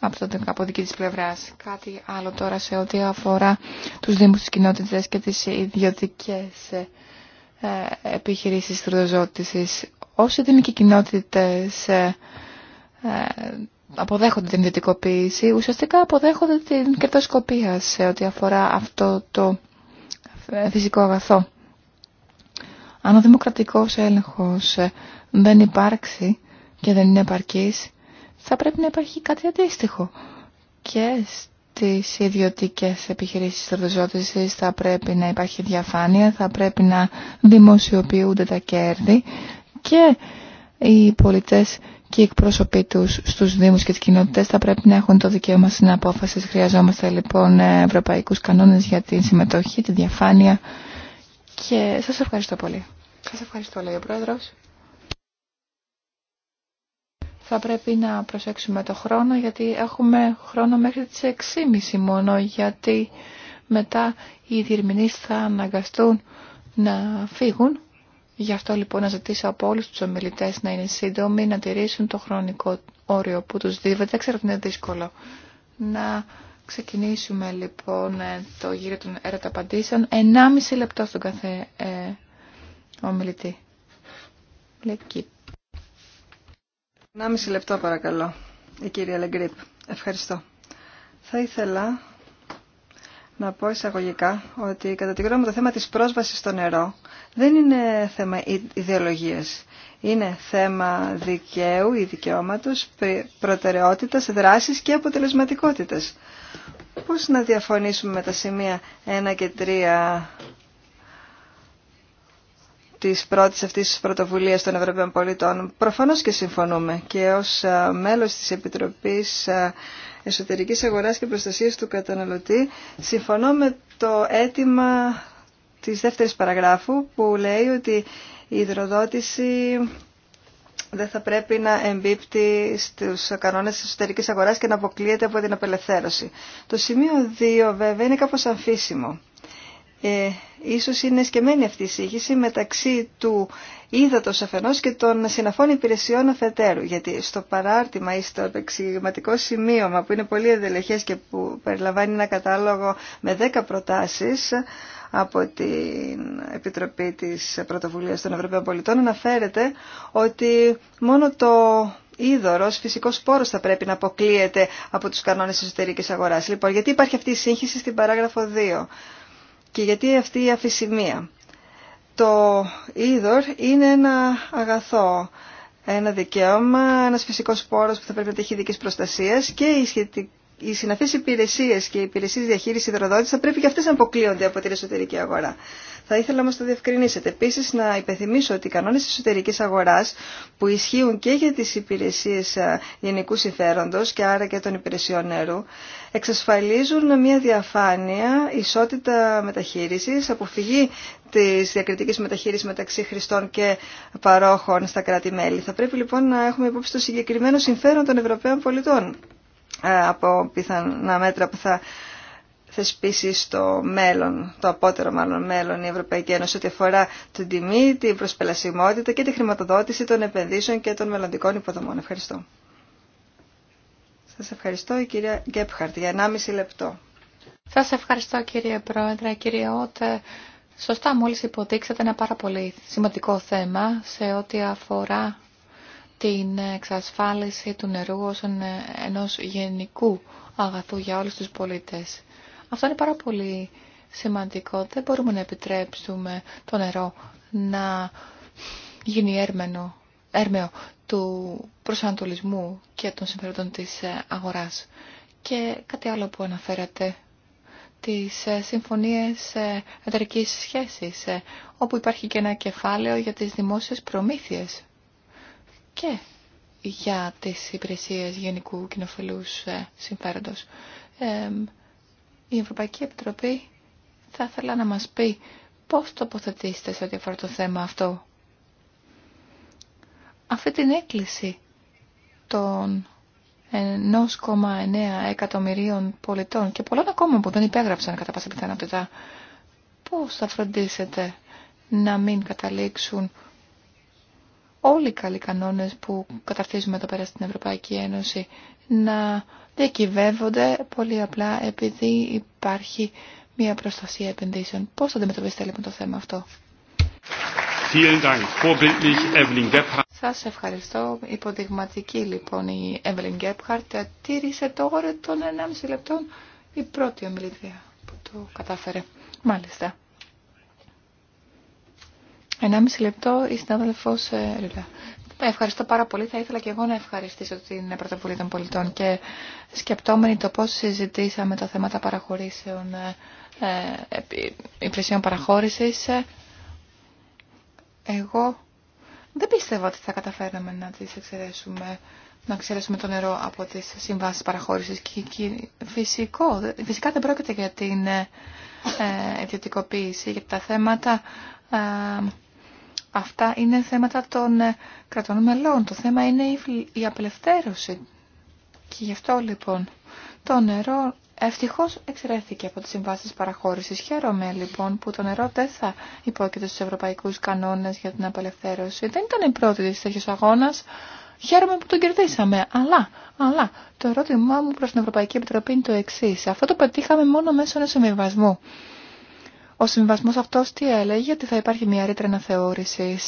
από, το, από δική της πλευράς. Κάτι άλλο τώρα σε ό,τι αφορά τους Δήμους της Κοινότητας και τις ιδιωτικές ε, επιχειρήσεις τροδοζώτησης. Όσοι δήμοι και κοινότητες ε, αποδέχονται την ιδιωτικοποίηση, ουσιαστικά αποδέχονται την κερδοσκοπία σε ό,τι αφορά αυτό το φυσικό αγαθό. Αν ο δημοκρατικός έλεγχος ε, δεν υπάρξει και δεν είναι επαρκής, θα πρέπει να υπάρχει κάτι αντίστοιχο. Και στις ιδιωτικές επιχειρήσεις τροφοζώτησης θα πρέπει να υπάρχει διαφάνεια, θα πρέπει να δημοσιοποιούνται τα κέρδη και οι πολιτές και οι εκπρόσωποι του στου Δήμου και τι κοινότητε θα πρέπει να έχουν το δικαίωμα στην απόφαση. Χρειαζόμαστε λοιπόν ευρωπαϊκού κανόνε για τη συμμετοχή, τη διαφάνεια. Και σα ευχαριστώ πολύ. Σα ευχαριστώ, λέει ο Πρόεδρο. Θα πρέπει να προσέξουμε το χρόνο γιατί έχουμε χρόνο μέχρι τις 6.30 μόνο γιατί μετά οι διερμηνεί θα αναγκαστούν να φύγουν. Γι' αυτό λοιπόν να ζητήσω από όλους τους ομιλητές να είναι σύντομοι, να τηρήσουν το χρονικό όριο που τους δίδεται. Ξέρω ότι είναι δύσκολο. Να ξεκινήσουμε λοιπόν ε, το γύρο των ερωταπαντήσεων. 1,5 λεπτό στον κάθε ε, ομιλητή. Λεκή. 1,5 λεπτό παρακαλώ, η κυρία Λεγκρίπ. Ευχαριστώ. Θα ήθελα να πω εισαγωγικά ότι κατά τη γνώμη μου το θέμα της πρόσβασης στο νερό δεν είναι θέμα ιδεολογίας. Είναι θέμα δικαίου ή δικαιώματος, προτεραιότητας, δράσης και αποτελεσματικότητας. Πώς να διαφωνήσουμε με τα σημεία 1 και 3 της πρώτης αυτής της πρωτοβουλίας των Ευρωπαίων Πολιτών. Προφανώς και συμφωνούμε και ως μέλος της Επιτροπής Εσωτερικής Αγοράς και Προστασίας του Καταναλωτή συμφωνώ με το αίτημα της δεύτερης παραγράφου που λέει ότι η υδροδότηση δεν θα πρέπει να εμπίπτει στους κανόνες της εσωτερικής αγοράς και να αποκλείεται από την απελευθέρωση. Το σημείο 2 βέβαια είναι κάπως αμφίσιμο ε, ίσως είναι σκεμμένη αυτή η σύγχυση μεταξύ του ύδατος αφενός και των συναφών υπηρεσιών αφετέρου. Γιατί στο παράρτημα ή στο επεξηγηματικό σημείωμα που είναι πολύ εντελεχές και που περιλαμβάνει ένα κατάλογο με 10 προτάσεις από την Επιτροπή της Πρωτοβουλίας των Ευρωπαίων Πολιτών αναφέρεται ότι μόνο το είδωρος, φυσικός πόρος θα πρέπει να αποκλείεται από τους κανόνες εσωτερική εσωτερικής αγοράς. Λοιπόν, γιατί υπάρχει αυτή η σύγχυση στην παράγραφο 2 και γιατί αυτή η αφησιμία. Το είδωρ είναι ένα αγαθό, ένα δικαίωμα, ένας φυσικός πόρος που θα πρέπει να τύχει δικής προστασίας και η σχετική οι συναφεί υπηρεσίε και οι υπηρεσίες διαχείρισης υδροδότησης θα πρέπει και αυτέ να αποκλείονται από την εσωτερική αγορά. Θα ήθελα όμω να διευκρινίσετε. Επίση, να υπενθυμίσω ότι οι τη εσωτερική αγορά που ισχύουν και για τι υπηρεσίε ε, γενικού συμφέροντο και άρα και των υπηρεσιών νερού εξασφαλίζουν μια διαφάνεια, ισότητα μεταχείρισης, αποφυγή τη διακριτική μεταχείρισης μεταξύ χρηστών και παρόχων στα κράτη-μέλη. Θα πρέπει λοιπόν να έχουμε υπόψη το συγκεκριμένο συμφέρον των Ευρωπαίων πολιτών. Ε, από πιθανά μέτρα που θα θεσπίσει στο μέλλον, το απότερο μάλλον μέλλον η Ευρωπαϊκή Ένωση ό,τι αφορά την τιμή, την προσπελασιμότητα και τη χρηματοδότηση των επενδύσεων και των μελλοντικών υποδομών. Ευχαριστώ. Σας ευχαριστώ η κυρία Γκέπχαρτ για 1,5 λεπτό. Σας ευχαριστώ κύριε Πρόεδρε, κύριε Ότε. Σωστά μόλις υποδείξατε ένα πάρα πολύ σημαντικό θέμα σε ό,τι αφορά την εξασφάλιση του νερού ως ενός γενικού αγαθού για όλους τους πολίτες. Αυτό είναι πάρα πολύ σημαντικό. Δεν μπορούμε να επιτρέψουμε το νερό να γίνει έρμενο, έρμεο του προσανατολισμού και των συμφερόντων της ε, αγοράς. Και κάτι άλλο που αναφέρατε, τις ε, συμφωνίες ε, εταιρικής σχέσης, όπου υπάρχει και ένα κεφάλαιο για τις δημόσιες προμήθειες και για τις υπηρεσίες γενικού κοινοφιλούς ε, συμφέροντος. η Ευρωπαϊκή Επιτροπή θα ήθελα να μας πει πώς τοποθετήσετε σε ό,τι αφορά το θέμα αυτό. Αυτή την έκκληση των 1,9 εκατομμυρίων πολιτών και πολλών ακόμα που δεν υπέγραψαν κατά πάσα πιθανότητα, πώς θα φροντίσετε να μην καταλήξουν όλοι οι καλοί κανόνες που καταρτίζουμε εδώ πέρα στην Ευρωπαϊκή Ένωση να διακυβεύονται πολύ απλά επειδή υπάρχει μια προστασία επενδύσεων. Πώς θα αντιμετωπίσετε λοιπόν το θέμα αυτό. Σας ευχαριστώ. Υποδειγματική λοιπόν η Εύελιν Γκέπχαρτ τήρησε το των 1,5 λεπτών η πρώτη ομιλητρία που το κατάφερε. Μάλιστα. 1,5 λεπτό η συνάδελφο ε, Ευχαριστώ πάρα πολύ. Θα ήθελα και εγώ να ευχαριστήσω την Πρωτοβουλία των Πολιτών και σκεπτόμενοι το πώς συζητήσαμε τα θέματα παραχωρήσεων ε, ε, υπηρεσιών παραχώρησης. Εγώ δεν πιστεύω ότι θα καταφέραμε να τις εξαιρέσουμε να το νερό από τις συμβάσεις παραχώρησης και, φυσικό, φυσικά δεν πρόκειται για την ε, ιδιωτικοποίηση, για τα θέματα Αυτά είναι θέματα των ε, κρατών μελών. Το θέμα είναι η απελευθέρωση. Και γι' αυτό λοιπόν το νερό ευτυχώς εξαιρέθηκε από τις συμβάσεις παραχώρησης. Χαίρομαι λοιπόν που το νερό δεν θα υπόκειται στους ευρωπαϊκούς κανόνες για την απελευθέρωση. Δεν ήταν η πρώτη της τέτοιος αγώνας. Χαίρομαι που τον κερδίσαμε. Αλλά, αλλά το ερώτημά μου προς την Ευρωπαϊκή Επιτροπή είναι το εξής. Αυτό το πετύχαμε μόνο μέσω ενός συμβιβασμού. Ο συμβασμός αυτός τι έλεγε, ότι θα υπάρχει μια ρήτρα αναθεώρηση.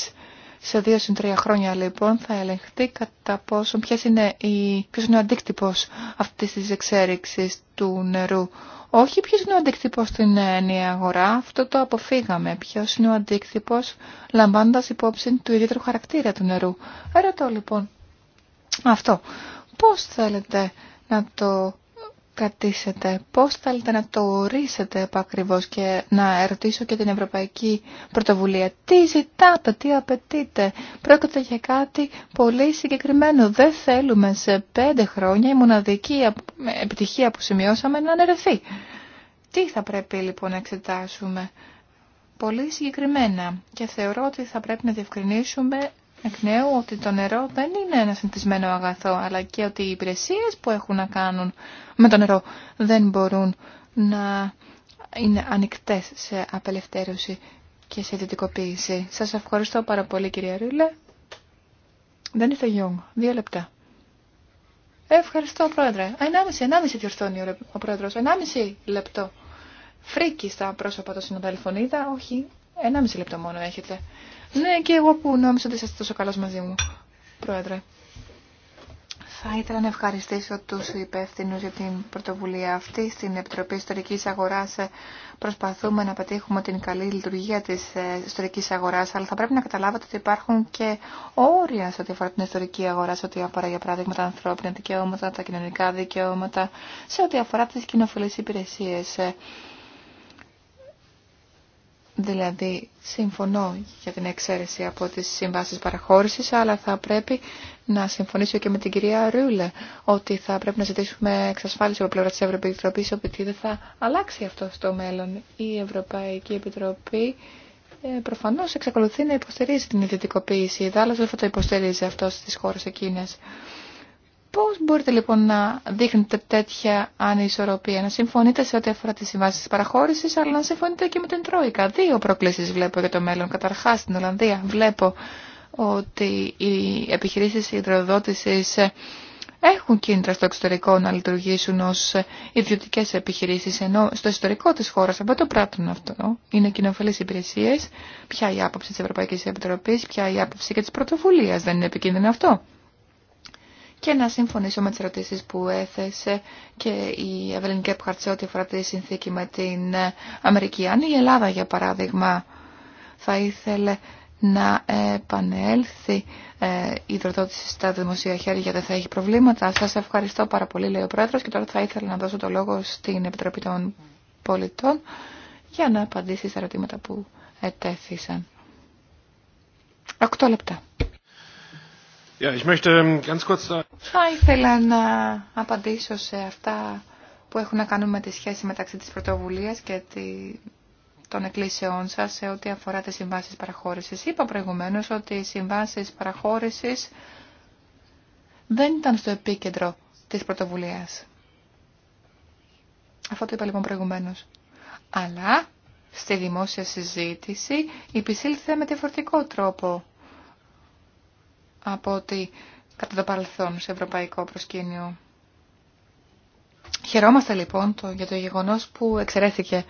Σε δύο συν τρία χρόνια λοιπόν θα ελεγχθεί κατά πόσο, ποιος είναι, είναι ο αντίκτυπος αυτής της εξέριξης του νερού. Όχι ποιος είναι ο αντίκτυπος στην ενιαία αγορά, αυτό το αποφύγαμε. Ποιος είναι ο αντίκτυπος λαμβάνοντας υπόψη του ιδιαίτερου χαρακτήρα του νερού. Ρωτώ λοιπόν αυτό. Πώς θέλετε να το κατήσετε, πώς θέλετε να το ορίσετε επακριβώς και να ερωτήσω και την Ευρωπαϊκή Πρωτοβουλία. Τι ζητάτε, τι απαιτείτε. Πρόκειται για κάτι πολύ συγκεκριμένο. Δεν θέλουμε σε πέντε χρόνια η μοναδική επιτυχία που σημειώσαμε να αναιρεθεί. Τι θα πρέπει λοιπόν να εξετάσουμε. Πολύ συγκεκριμένα και θεωρώ ότι θα πρέπει να διευκρινίσουμε εκ νέου ότι το νερό δεν είναι ένα συνηθισμένο αγαθό, αλλά και ότι οι υπηρεσίε που έχουν να κάνουν με το νερό δεν μπορούν να είναι ανοιχτέ σε απελευθέρωση και σε δυτικοποίηση. Σα ευχαριστώ πάρα πολύ κυρία Ρούλε. Δεν είστε γιόγκ. Δύο λεπτά. Ευχαριστώ πρόεδρε. Ενάμιση, ενάμιση διορθώνει ο πρόεδρο, Ενάμιση λεπτό. Φρίκι στα πρόσωπα των συναδέλφων είδα. Όχι, ενάμιση λεπτό μόνο έχετε. Ναι, και εγώ που νόμιζα ότι είσαστε τόσο καλο μαζί μου, Πρόεδρε. Θα ήθελα να ευχαριστήσω του υπεύθυνου για την πρωτοβουλία αυτή. Στην Επιτροπή Ιστορικής αγορά. Ε, προσπαθούμε να πετύχουμε την καλή λειτουργία τη ε, ιστορικής αγορά, αλλά θα πρέπει να καταλάβετε ότι υπάρχουν και όρια σε ό,τι αφορά την ιστορική αγορά, σε ό,τι αφορά για παράδειγμα τα ανθρώπινα δικαιώματα, τα κοινωνικά δικαιώματα, σε ό,τι αφορά τι κοινοφιλεί υπηρεσίε. Ε, Δηλαδή, συμφωνώ για την εξαίρεση από τις συμβάσεις παραχώρησης, αλλά θα πρέπει να συμφωνήσω και με την κυρία Ρούλε ότι θα πρέπει να ζητήσουμε εξασφάλιση από πλευρά της Ευρωπαϊκής Επιτροπής ότι δεν θα αλλάξει αυτό στο μέλλον. Η Ευρωπαϊκή Επιτροπή ε, προφανώς εξακολουθεί να υποστηρίζει την ιδιωτικοποίηση. Δάλλας δεν θα το υποστηρίζει αυτό στις χώρες εκείνες. Πώς μπορείτε λοιπόν να δείχνετε τέτοια ανισορροπία, να συμφωνείτε σε ό,τι αφορά τις συμβάσεις της παραχώρησης, αλλά να συμφωνείτε και με την Τρόικα. Δύο προκλήσεις βλέπω για το μέλλον. Καταρχάς στην Ολλανδία βλέπω ότι οι επιχειρήσεις υδροδότησης έχουν κίνητρα στο εξωτερικό να λειτουργήσουν ως ιδιωτικές επιχειρήσεις, ενώ στο ιστορικό της χώρας από το πράττουν αυτό. Είναι κοινοφελείς υπηρεσίες, ποια η άποψη της Ευρωπαϊκής Επιτροπής, ποια η άποψη και της πρωτοβουλίας, δεν είναι επικίνδυνο αυτό και να συμφωνήσω με τις ερωτήσεις που έθεσε και η Ευελίνη Κέπχαρτ σε ό,τι αφορά τη συνθήκη με την Αμερική. Αν η Ελλάδα, για παράδειγμα, θα ήθελε να επανέλθει ε, η υδροδότηση στα δημοσία χέρια, δεν θα έχει προβλήματα. Σας ευχαριστώ πάρα πολύ, λέει ο Πρόεδρος, και τώρα θα ήθελα να δώσω το λόγο στην Επιτροπή των Πολιτών για να απαντήσει στα ερωτήματα που ετέθησαν. Οκτώ λεπτά. Ähm, Θα ήθελα να απαντήσω σε αυτά που έχουν να κάνουν με τη σχέση μεταξύ της πρωτοβουλίας και τη... των εκκλήσεών σας σε ό,τι αφορά τις συμβάσεις παραχώρησης. Είπα προηγουμένως ότι οι συμβάσεις παραχώρησης δεν ήταν στο επίκεντρο της πρωτοβουλίας. Αυτό το είπα λοιπόν προηγουμένως. Αλλά στη δημόσια συζήτηση υπησύλθε με διαφορετικό τρόπο από ότι κατά το παρελθόν σε ευρωπαϊκό προσκήνιο. Χαιρόμαστε λοιπόν το, για το γεγονός που εξαιρέθηκε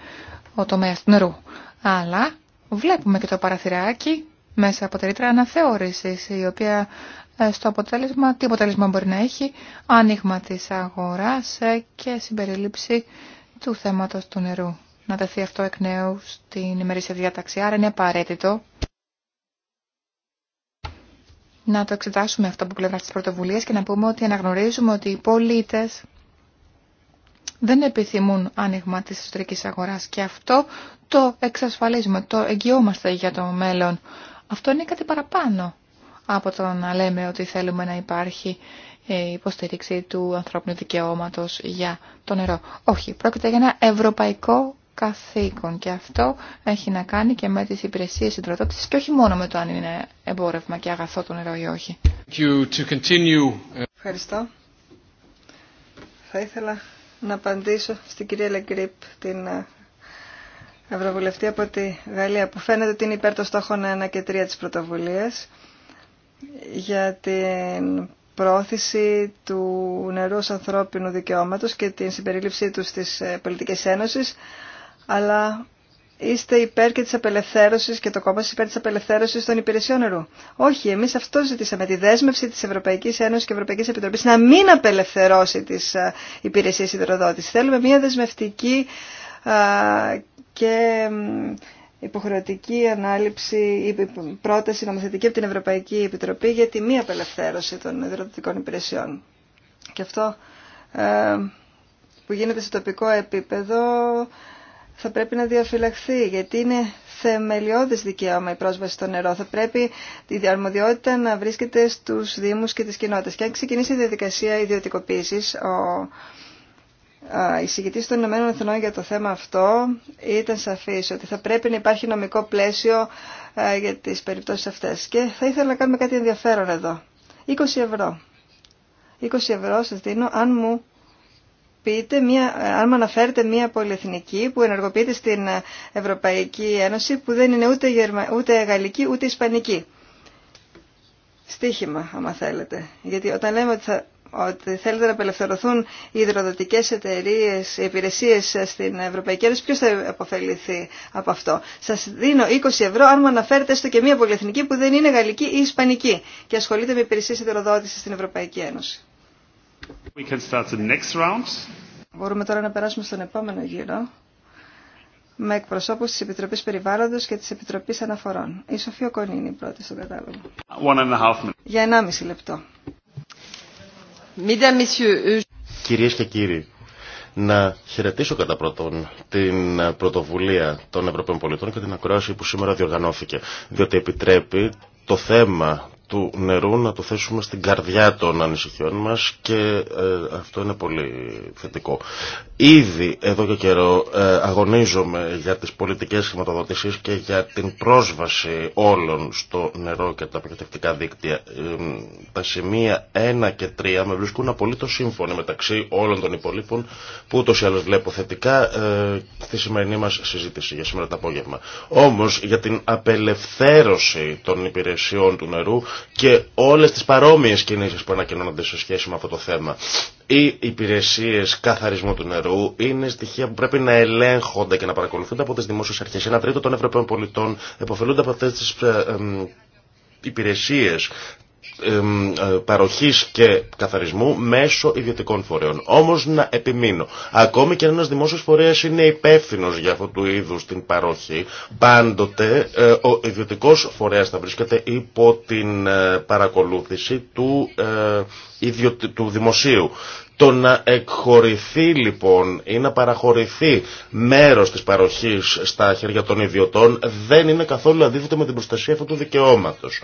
ο τομέας του νερού. Αλλά βλέπουμε και το παραθυράκι μέσα από τα ρήτρα αναθεώρησης, η οποία ε, στο αποτέλεσμα, τι αποτέλεσμα μπορεί να έχει, άνοιγμα της αγοράς ε, και συμπερίληψη του θέματος του νερού. Να τεθεί αυτό εκ νέου στην ημερήσια διάταξη. Άρα είναι απαραίτητο να το εξετάσουμε αυτό από πλευρά τη πρωτοβουλία και να πούμε ότι αναγνωρίζουμε ότι οι πολίτες δεν επιθυμούν άνοιγμα τη ιστορική αγορά. και αυτό το εξασφαλίζουμε, το εγγυόμαστε για το μέλλον. Αυτό είναι κάτι παραπάνω από το να λέμε ότι θέλουμε να υπάρχει ε, υποστήριξη του ανθρώπινου δικαιώματος για το νερό. Όχι, πρόκειται για ένα ευρωπαϊκό καθήκον και αυτό έχει να κάνει και με τις υπηρεσίες συντροτότητας και όχι μόνο με το αν είναι εμπόρευμα και αγαθό το νερό ή όχι. Ευχαριστώ. Θα ήθελα να απαντήσω στην κυρία Λεγκρίπ, την ε, Ευρωβουλευτή από τη Γαλλία, που φαίνεται ότι είναι υπέρ των στόχων 1 και 3 της πρωτοβουλίας για την πρόθεση του νερού ως ανθρώπινου δικαιώματος και την συμπερίληψή του στις ε, πολιτικές ένωσης, αλλά είστε υπέρ και της απελευθέρωσης και το κόμμα σας υπέρ της απελευθέρωσης των υπηρεσιών νερού. Όχι, εμείς αυτό ζητήσαμε, τη δέσμευση της Ευρωπαϊκής Ένωσης και Ευρωπαϊκής Επιτροπής να μην απελευθερώσει τις υπηρεσίες υδροδότησης. Θέλουμε μια δεσμευτική και υποχρεωτική ανάληψη, ή πρόταση νομοθετική από την Ευρωπαϊκή Επιτροπή για τη μη απελευθέρωση των υδροδοτικών υπηρεσιών. Και αυτό ε, που γίνεται σε τοπικό επίπεδο θα πρέπει να διαφυλαχθεί, γιατί είναι θεμελιώδης δικαίωμα η πρόσβαση στο νερό. Θα πρέπει τη διαρμοδιότητα να βρίσκεται στους Δήμους και τις κοινότητες. Και αν ξεκινήσει η διαδικασία ιδιωτικοποίησης, ο εισηγητής των Ηνωμένων Εθνών για το θέμα αυτό ήταν σαφής ότι θα πρέπει να υπάρχει νομικό πλαίσιο για τις περιπτώσεις αυτές. Και θα ήθελα να κάνουμε κάτι ενδιαφέρον εδώ. 20 ευρώ. 20 ευρώ σας δίνω αν μου πείτε, μια, αν μου αναφέρετε μια πολυεθνική που ενεργοποιείται στην Ευρωπαϊκή Ένωση που δεν είναι ούτε, γερμα, ούτε γαλλική ούτε ισπανική. Στίχημα, άμα θέλετε. Γιατί όταν λέμε ότι, θα, θέλετε να απελευθερωθούν οι υδροδοτικέ εταιρείε, οι υπηρεσίε στην Ευρωπαϊκή Ένωση, ποιο θα αποφεληθεί από αυτό. Σα δίνω 20 ευρώ αν μου αναφέρετε έστω και μια πολυεθνική που δεν είναι γαλλική ή ισπανική και ασχολείται με υπηρεσίε υδροδότηση στην Ευρωπαϊκή Ένωση. Μπορούμε τώρα να περάσουμε στον επόμενο γύρο με εκπροσώπους της Επιτροπής Περιβάλλοντος και της Επιτροπής Αναφορών. Η Σοφία Κονίνη πρώτη στον κατάλογο. Για 1,5 λεπτό. Euh, Κυρίες και κύριοι, να χαιρετήσω κατά πρώτον την πρωτοβουλία των Ευρωπαίων Πολιτών και την ακρόαση που σήμερα διοργανώθηκε, διότι επιτρέπει το θέμα του νερού να το θέσουμε στην καρδιά των ανησυχιών μας και ε, αυτό είναι πολύ θετικό. Ήδη εδώ και καιρό ε, αγωνίζομαι για τις πολιτικές χρηματοδοτήσεις και για την πρόσβαση όλων στο νερό και τα προκριτικά δίκτυα. τα σημεία 1 και 3 με βρίσκουν απολύτως σύμφωνοι μεταξύ όλων των υπολείπων που ούτως ή άλλως βλέπω θετικά ε, στη σημερινή μας συζήτηση για σήμερα το απόγευμα. Όμως για την απελευθέρωση των υπηρεσιών του νερού και όλες τις παρόμοιες κινήσεις που ανακοινώνονται σε σχέση με αυτό το θέμα. Οι υπηρεσίες καθαρισμού του νερού είναι στοιχεία που πρέπει να ελέγχονται και να παρακολουθούνται από τις δημόσιες αρχές. Ένα τρίτο των Ευρωπαίων πολιτών επωφελούνται από αυτές τις ε, ε, υπηρεσίες ε, παροχής και καθαρισμού μέσω ιδιωτικών φορέων. Όμως να επιμείνω. Ακόμη και ένας δημόσιος φορέας είναι υπεύθυνο για αυτού του είδους την παροχή. Πάντοτε ε, ο ιδιωτικός φορέας θα βρίσκεται υπό την ε, παρακολούθηση του, του δημοσίου. Το να εκχωρηθεί λοιπόν ή να παραχωρηθεί μέρος της παροχής στα χέρια των ιδιωτών δεν είναι καθόλου αντίθετο με την προστασία αυτού του δικαιώματος.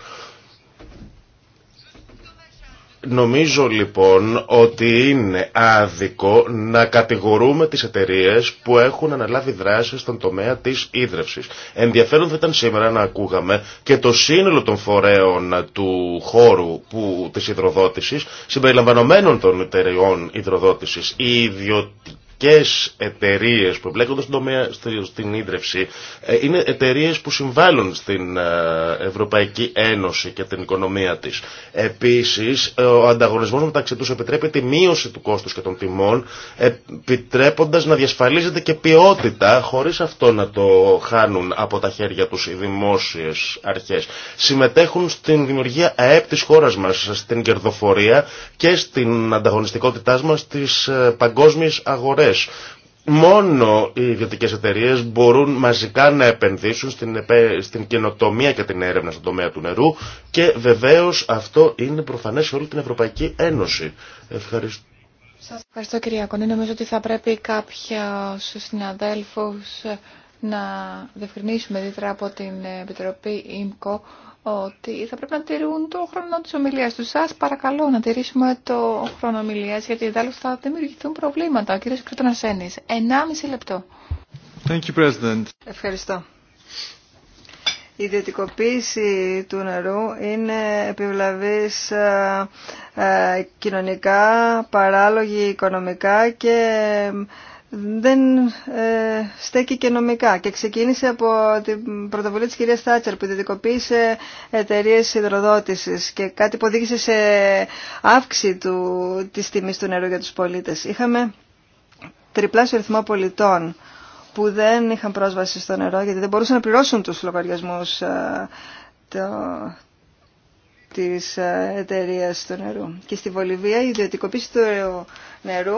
Νομίζω λοιπόν ότι είναι άδικο να κατηγορούμε τις εταιρείες που έχουν αναλάβει δράσεις στον τομέα της ίδρευσης. Ενδιαφέρον θα ήταν σήμερα να ακούγαμε και το σύνολο των φορέων του χώρου που, της υδροδότησης συμπεριλαμβανομένων των εταιρεών υδροδότησης βασικές εταιρείες που εμπλέκονται στην, τομέα, στην ίδρυυση ε, είναι εταιρείες που συμβάλλουν στην ε, Ευρωπαϊκή Ένωση και την οικονομία της. Επίσης, ε, ο ανταγωνισμός μεταξύ τους επιτρέπει τη μείωση του κόστους και των τιμών επιτρέποντας να διασφαλίζεται και ποιότητα χωρίς αυτό να το χάνουν από τα χέρια του οι δημόσιες αρχές. Συμμετέχουν στην δημιουργία ΑΕΠ της χώρας μας, στην κερδοφορία και στην ανταγωνιστικότητά μας στις παγκόσμιες αγορέ. Μόνο οι ιδιωτικέ εταιρείε μπορούν μαζικά να επενδύσουν στην, στην καινοτομία και την έρευνα στον τομέα του νερού και βεβαίω αυτό είναι προφανέ σε όλη την Ευρωπαϊκή Ένωση. Ευχαριστώ. ευχαριστώ κυρία Κονή. Νομίζω ότι θα πρέπει κάποιο συναδέλφους να διευκρινίσουμε δίτρα από την Επιτροπή ΙΜΚΟ ότι θα πρέπει να τηρούν το χρόνο της ομιλίας του. Σας παρακαλώ να τηρήσουμε το χρόνο ομιλίας γιατί δάλλως θα δημιουργηθούν προβλήματα. Ο κ. Κρετονασένης, 1,5 λεπτό. Thank you, President. Ευχαριστώ. Η ιδιωτικοποίηση του νερού είναι επιβλαβής ε, ε, κοινωνικά, παράλογη οικονομικά και δεν ε, στέκει και νομικά και ξεκίνησε από την πρωτοβουλία της κυρίας Θάτσερ που ιδιωτικοποίησε εταιρείε υδροδότησης και κάτι που οδήγησε σε αύξηση του, της τιμής του νερού για τους πολίτες. Είχαμε τριπλάσιο ρυθμό πολιτών που δεν είχαν πρόσβαση στο νερό γιατί δεν μπορούσαν να πληρώσουν τους λογαριασμούς ε, το, της ε, εταιρείας του νερού. Και στη Βολιβία η ιδιωτικοποίηση του νερού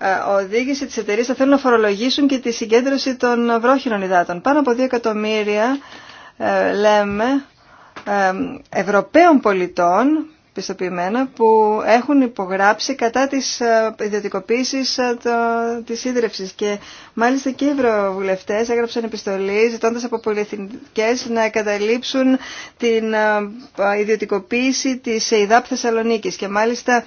ε, οδήγησε της εταιρείε θα θέλουν να φορολογήσουν και τη συγκέντρωση των βρόχινων υδάτων. Πάνω από 2 εκατομμύρια, ε, λέμε, ε, Ευρωπαίων πολιτών πιστοποιημένα που έχουν υπογράψει κατά της ιδιωτικοποίησης της ίδρυυσης και μάλιστα και οι ευρωβουλευτές έγραψαν επιστολή ζητώντας από πολυεθνικές να καταλήψουν την ιδιωτικοποίηση της ΕΙΔΑΠ Θεσσαλονίκης και μάλιστα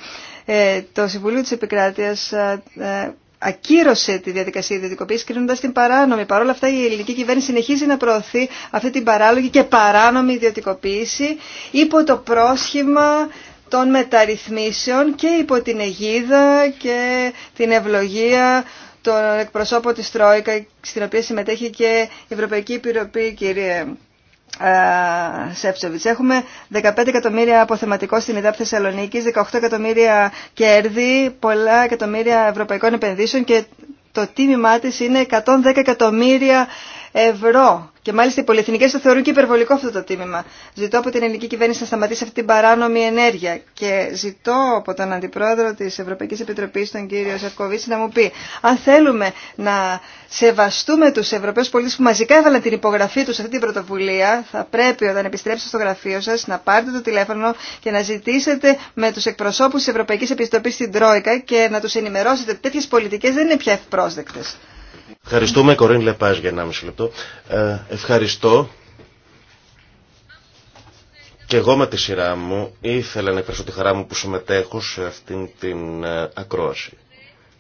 ε, το Συμβουλίο της Επικράτειας ε, ε, ακύρωσε τη διαδικασία ιδιωτικοποίηση κρίνοντας την παράνομη. Παρ' όλα αυτά, η ελληνική κυβέρνηση συνεχίζει να προωθεί αυτή την παράλογη και παράνομη ιδιωτικοποίηση υπό το πρόσχημα των μεταρρυθμίσεων και υπό την αιγίδα και την ευλογία των εκπροσώπων της Τρόικα, στην οποία συμμετέχει και η Ευρωπαϊκή Επιτροπή, κύριε Σεύτσοβιτς. Έχουμε 15 εκατομμύρια αποθεματικό στην ΕΔΑΠ Θεσσαλονίκη, 18 εκατομμύρια κέρδη, πολλά εκατομμύρια ευρωπαϊκών επενδύσεων και το τίμημά της είναι 110 εκατομμύρια ευρώ. Και μάλιστα οι πολυεθνικέ το θεωρούν και υπερβολικό αυτό το τίμημα. Ζητώ από την ελληνική κυβέρνηση να σταματήσει αυτή την παράνομη ενέργεια και ζητώ από τον Αντιπρόεδρο τη Ευρωπαϊκή Επιτροπή, τον κύριο Σευκοβίτση, να μου πει αν θέλουμε να σεβαστούμε του Ευρωπαίου πολίτε που μαζικά έβαλαν την υπογραφή του σε αυτή την πρωτοβουλία, θα πρέπει όταν επιστρέψετε στο γραφείο σα να πάρετε το τηλέφωνο και να ζητήσετε με του εκπροσώπου τη Ευρωπαϊκή Επιτροπής στην Τρόικα και να του ενημερώσετε τέτοιε πολιτικέ δεν είναι πια ευπρόσδεκτε. Ευχαριστούμε, Κορίν Λεπάζ, για 1,5 λεπτό. Ε, ευχαριστώ. Και εγώ με τη σειρά μου ήθελα να εκφράσω τη χαρά μου που συμμετέχω σε αυτήν την ε, ακρόαση.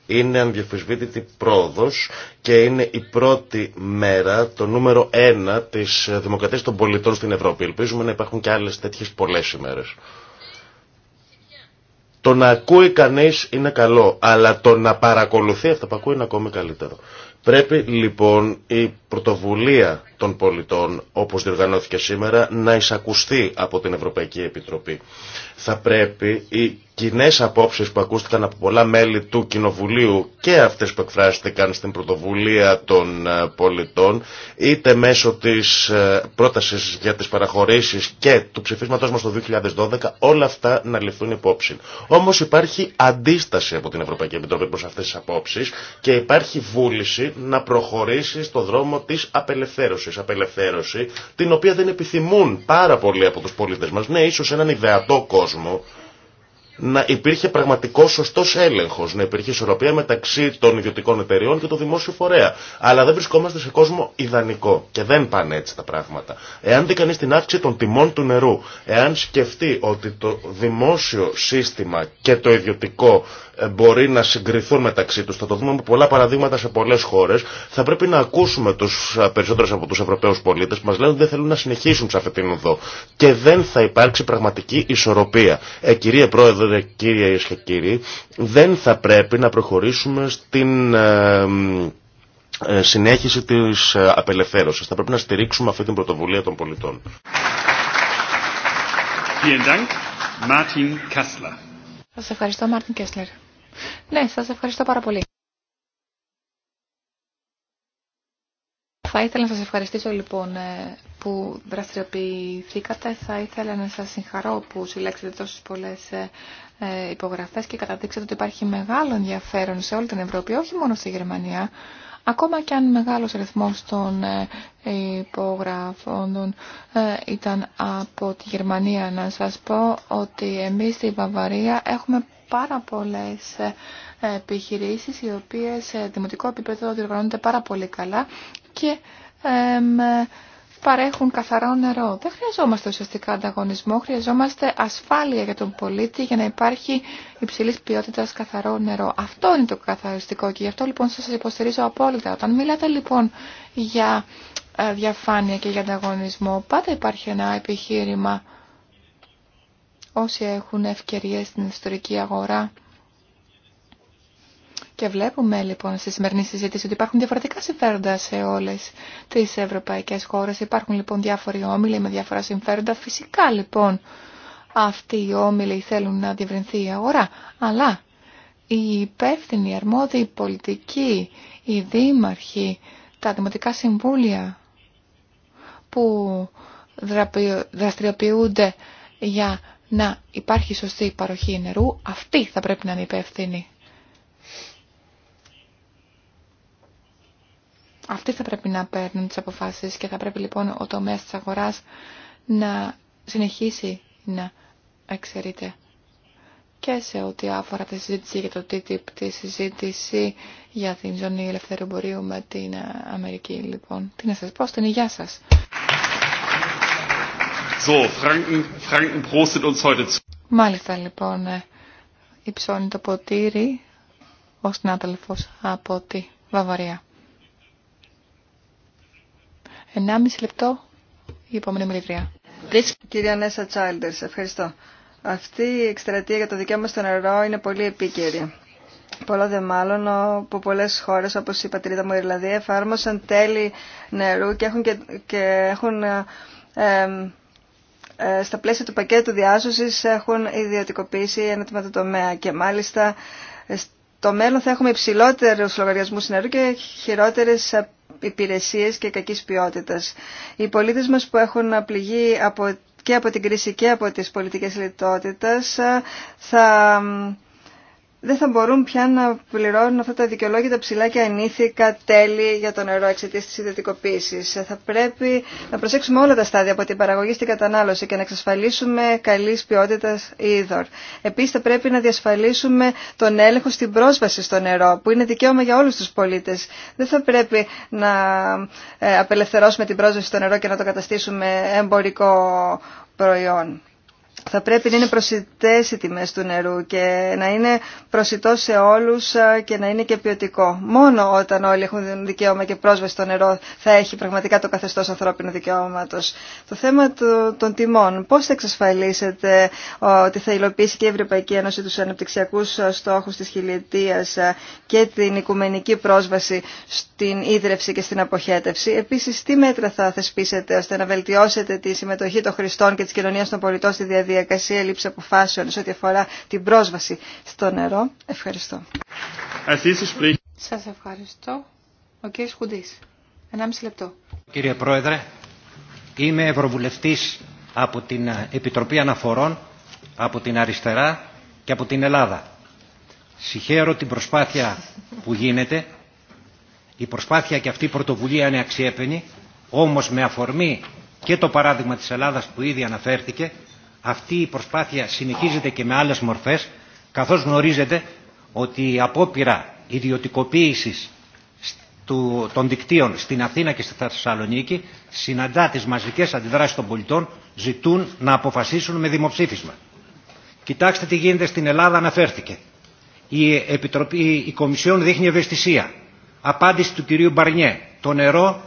Είναι ανδιαφυσβήτητη πρόοδος και είναι η πρώτη μέρα, το νούμερο ένα της δημοκρατίας των πολιτών στην Ευρώπη. Ελπίζουμε να υπάρχουν και άλλες τέτοιες πολλές ημέρες. Το να ακούει κανείς είναι καλό, αλλά το να παρακολουθεί αυτό που ακούει είναι ακόμη καλύτερο. Πρέπει λοιπόν η πρωτοβουλία των πολιτών, όπως διοργανώθηκε σήμερα, να εισακουστεί από την Ευρωπαϊκή Επιτροπή θα πρέπει οι κοινέ απόψεις που ακούστηκαν από πολλά μέλη του Κοινοβουλίου και αυτές που εκφράστηκαν στην πρωτοβουλία των ε, πολιτών είτε μέσω της ε, πρότασης για τις παραχωρήσεις και του ψηφίσματός μας το 2012 όλα αυτά να ληφθούν υπόψη. Όμως υπάρχει αντίσταση από την Ευρωπαϊκή Επιτροπή προς αυτές τις απόψεις και υπάρχει βούληση να προχωρήσει στο δρόμο της απελευθέρωσης. Απελευθέρωση την οποία δεν επιθυμούν πάρα πολλοί από του πολιτέ μα. Ναι, ίσως έναν ιδεατό κόσμο κόσμο να υπήρχε πραγματικό σωστό έλεγχο, να υπήρχε ισορροπία μεταξύ των ιδιωτικών εταιριών και του δημόσιου φορέα. Αλλά δεν βρισκόμαστε σε κόσμο ιδανικό και δεν πάνε έτσι τα πράγματα. Εάν δει κανεί την αύξηση των τιμών του νερού, εάν σκεφτεί ότι το δημόσιο σύστημα και το ιδιωτικό ε, μπορεί να συγκριθούν μεταξύ του, θα το δούμε με πολλά παραδείγματα σε πολλέ χώρε, θα πρέπει να ακούσουμε του ε, περισσότερου από του Ευρωπαίου πολίτε που μα λένε ότι δεν θέλουν να συνεχίσουν σε αυτή την Και δεν θα υπάρξει πραγματική ισορροπία. Ε, κυρία Πρόεδρε, Κυρία κύρια και κύριοι, δεν θα πρέπει να προχωρήσουμε στην ε, ε, συνέχιση της ε, απελευθέρωσης. Θα πρέπει να στηρίξουμε αυτή την πρωτοβουλία των πολιτών. Σας ευχαριστώ, Μάρτιν Κέσλερ. Ναι, σας ευχαριστώ πάρα πολύ. Θα ήθελα να σας ευχαριστήσω λοιπόν ε, που δραστηριοποιηθήκατε. Θα ήθελα να σας συγχαρώ που συλλέξετε τόσες πολλές ε, ε, υπογραφές και καταδείξατε ότι υπάρχει μεγάλο ενδιαφέρον σε όλη την Ευρώπη, όχι μόνο στη Γερμανία. Ακόμα και αν μεγάλος αριθμό των υπογραφών ήταν από τη Γερμανία, να σας πω ότι εμείς στη Βαυαρία έχουμε πάρα πολλές επιχειρήσεις οι οποίες σε δημοτικό επίπεδο διοργανώνονται πάρα πολύ καλά και παρέχουν καθαρό νερό. Δεν χρειαζόμαστε ουσιαστικά ανταγωνισμό, χρειαζόμαστε ασφάλεια για τον πολίτη για να υπάρχει υψηλής ποιότητας καθαρό νερό. Αυτό είναι το καθαριστικό και γι' αυτό λοιπόν σας υποστηρίζω απόλυτα. Όταν μιλάτε λοιπόν για ε, διαφάνεια και για ανταγωνισμό, πάντα υπάρχει ένα επιχείρημα όσοι έχουν ευκαιρίες στην ιστορική αγορά και βλέπουμε λοιπόν στη σημερινή συζήτηση ότι υπάρχουν διαφορετικά συμφέροντα σε όλε τι ευρωπαϊκέ χώρε. Υπάρχουν λοιπόν διάφοροι όμιλοι με διάφορα συμφέροντα. Φυσικά λοιπόν αυτοί οι όμιλοι θέλουν να διευρυνθεί η αγορά. Αλλά οι υπεύθυνοι, οι αρμόδιοι, οι πολιτικοί, οι δήμαρχοι, τα δημοτικά συμβούλια που δραστηριοποιούνται για να υπάρχει σωστή παροχή νερού, αυτοί θα πρέπει να είναι υπεύθυνοι. Αυτοί θα πρέπει να παίρνουν τις αποφάσεις και θα πρέπει λοιπόν ο τομέας της αγοράς να συνεχίσει να εξαιρείται και σε ό,τι αφορά τη συζήτηση για το TTIP, τη συζήτηση για την ζωνή ελευθερού με την Αμερική. Λοιπόν, τι να σας πω, στην υγειά σας. uns heute. Μάλιστα λοιπόν, ε, υψώνει το ποτήρι ο συνάδελφος από τη Βαβαρία. 1,5 λεπτό η επόμενη μιλήτρια. Κυρία Νέσα Τσάιλντερς, ευχαριστώ. Αυτή η εκστρατεία για το δικαίωμα στο νερό είναι πολύ επίκαιρη. Πολλά δε μάλλον που πολλέ χώρε όπω η πατρίδα μου η Ιρλανδία εφάρμοσαν τέλη νερού και έχουν, και, και έχουν ε, ε, στα πλαίσια του πακέτου διάσωση έχουν ιδιωτικοποιήσει ένα τμήμα του τομέα. Και μάλιστα στο μέλλον θα έχουμε υψηλότερου λογαριασμού νερού και χειρότερε Υπηρεσίε και κακής ποιότητας. Οι πολίτες μας που έχουν πληγεί από, και από την κρίση και από τις πολιτικές λιτότητας ε, θα δεν θα μπορούν πια να πληρώνουν αυτά τα δικαιολόγητα ψηλά και ανήθικα τέλη για το νερό εξαιτία τη ιδιωτικοποίηση. Θα πρέπει να προσέξουμε όλα τα στάδια από την παραγωγή στην κατανάλωση και να εξασφαλίσουμε καλή ποιότητα είδωρ. Επίση, θα πρέπει να διασφαλίσουμε τον έλεγχο στην πρόσβαση στο νερό, που είναι δικαίωμα για όλου του πολίτε. Δεν θα πρέπει να ε, απελευθερώσουμε την πρόσβαση στο νερό και να το καταστήσουμε εμπορικό προϊόν θα πρέπει να είναι προσιτές οι τιμές του νερού και να είναι προσιτό σε όλους και να είναι και ποιοτικό. Μόνο όταν όλοι έχουν δικαίωμα και πρόσβαση στο νερό θα έχει πραγματικά το καθεστώς ανθρώπινου δικαιώματος. Το θέμα των τιμών, πώς θα εξασφαλίσετε ότι θα υλοποιήσει και η Ευρωπαϊκή Ένωση τους αναπτυξιακούς στόχους της χιλιετίας και την οικουμενική πρόσβαση στην ίδρυυση και στην αποχέτευση. Επίσης, τι μέτρα θα θεσπίσετε ώστε να βελτιώσετε τη συμμετοχή των χρηστών και της κοινωνίας των πολιτών στη διαδικασία διαδικασία λήψη αποφάσεων σε ό,τι αφορά την πρόσβαση στο νερό. Ευχαριστώ. Σας ευχαριστώ. Ο κύριος Χουντής. 1,5 λεπτό. Κύριε Πρόεδρε, είμαι Ευρωβουλευτής από την Επιτροπή Αναφορών, από την Αριστερά και από την Ελλάδα. Συγχαίρω την προσπάθεια που γίνεται. Η προσπάθεια και αυτή η πρωτοβουλία είναι αξιέπαινη, όμως με αφορμή και το παράδειγμα της Ελλάδας που ήδη αναφέρθηκε αυτή η προσπάθεια συνεχίζεται και με άλλες μορφές, καθώς γνωρίζετε ότι η απόπειρα ιδιωτικοποίησης των δικτύων στην Αθήνα και στη Θεσσαλονίκη συναντά τις μαζικές αντιδράσεις των πολιτών, ζητούν να αποφασίσουν με δημοψήφισμα. Κοιτάξτε τι γίνεται στην Ελλάδα, αναφέρθηκε. Η, Επιτροπή, η Κομισιόν δείχνει ευαισθησία. Απάντηση του κυρίου Μπαρνιέ. Το νερό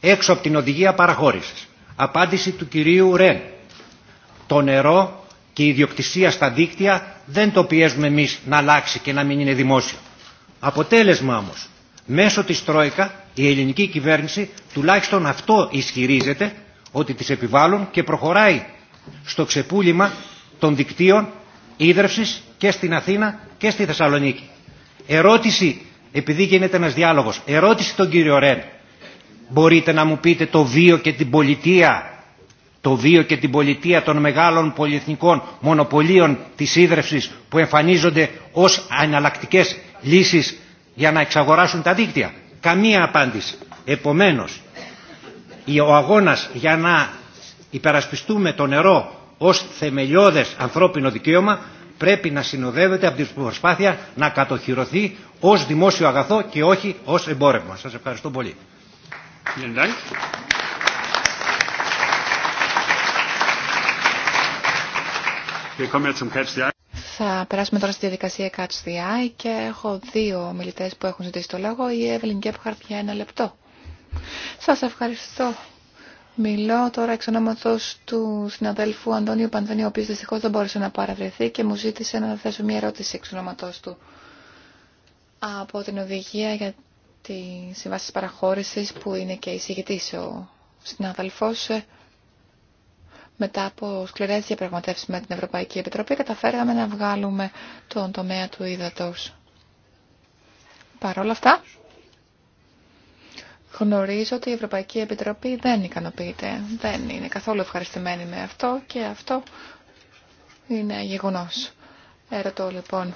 έξω από την οδηγία παραχώρησης. Απάντηση του κυρίου Ρεν το νερό και η ιδιοκτησία στα δίκτυα δεν το πιέζουμε εμείς να αλλάξει και να μην είναι δημόσιο. Αποτέλεσμα όμως, μέσω της Τρόικα η ελληνική κυβέρνηση τουλάχιστον αυτό ισχυρίζεται ότι τις επιβάλλουν και προχωράει στο ξεπούλημα των δικτύων ίδρυυσης και στην Αθήνα και στη Θεσσαλονίκη. Ερώτηση, επειδή γίνεται ένας διάλογος, ερώτηση τον κύριο Ρεν. Μπορείτε να μου πείτε το βίο και την πολιτεία το βίο και την πολιτεία των μεγάλων πολυεθνικών μονοπωλίων της ίδρευσης που εμφανίζονται ως αναλλακτικέ λύσεις για να εξαγοράσουν τα δίκτυα. Καμία απάντηση. Επομένως, ο αγώνας για να υπερασπιστούμε το νερό ως θεμελιώδες ανθρώπινο δικαίωμα πρέπει να συνοδεύεται από την προσπάθεια να κατοχυρωθεί ως δημόσιο αγαθό και όχι ως εμπόρευμα. Σας ευχαριστώ πολύ. Θα περάσουμε τώρα στη διαδικασία Catch the Eye και έχω δύο μιλητές που έχουν ζητήσει το λόγο, η Evelyn Γκέπχαρτ για ένα λεπτό. Σας ευχαριστώ. Μιλώ τώρα εξ ονόματος του συναδέλφου Αντώνιου Πανθενή, ο οποίος δυστυχώς δεν μπόρεσε να παραβρεθεί και μου ζήτησε να θέσω μια ερώτηση εξ ονόματος του από την οδηγία για τη συμβάση παραχώρησης που είναι και εισηγητής ο συναδελφός μετά από σκληρές διαπραγματεύσεις με την Ευρωπαϊκή Επιτροπή καταφέραμε να βγάλουμε τον τομέα του ύδατος. Παρ' όλα αυτά, γνωρίζω ότι η Ευρωπαϊκή Επιτροπή δεν ικανοποιείται, δεν είναι καθόλου ευχαριστημένη με αυτό και αυτό είναι γεγονός. Ερωτώ λοιπόν,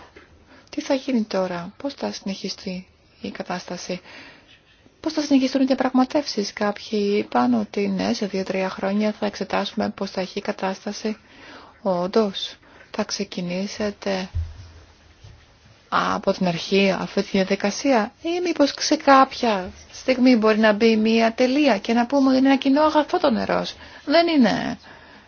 τι θα γίνει τώρα, πώς θα συνεχιστεί η κατάσταση. Πώ θα συνεχιστούν οι διαπραγματεύσει. Κάποιοι είπαν ότι ναι, σε δύο-τρία χρόνια θα εξετάσουμε πώ θα έχει η κατάσταση. Όντω, θα ξεκινήσετε από την αρχή αυτή τη διαδικασία ή μήπω σε κάποια στιγμή μπορεί να μπει μία τελεία και να πούμε ότι είναι ένα κοινό αγαθό το νερό. Δεν είναι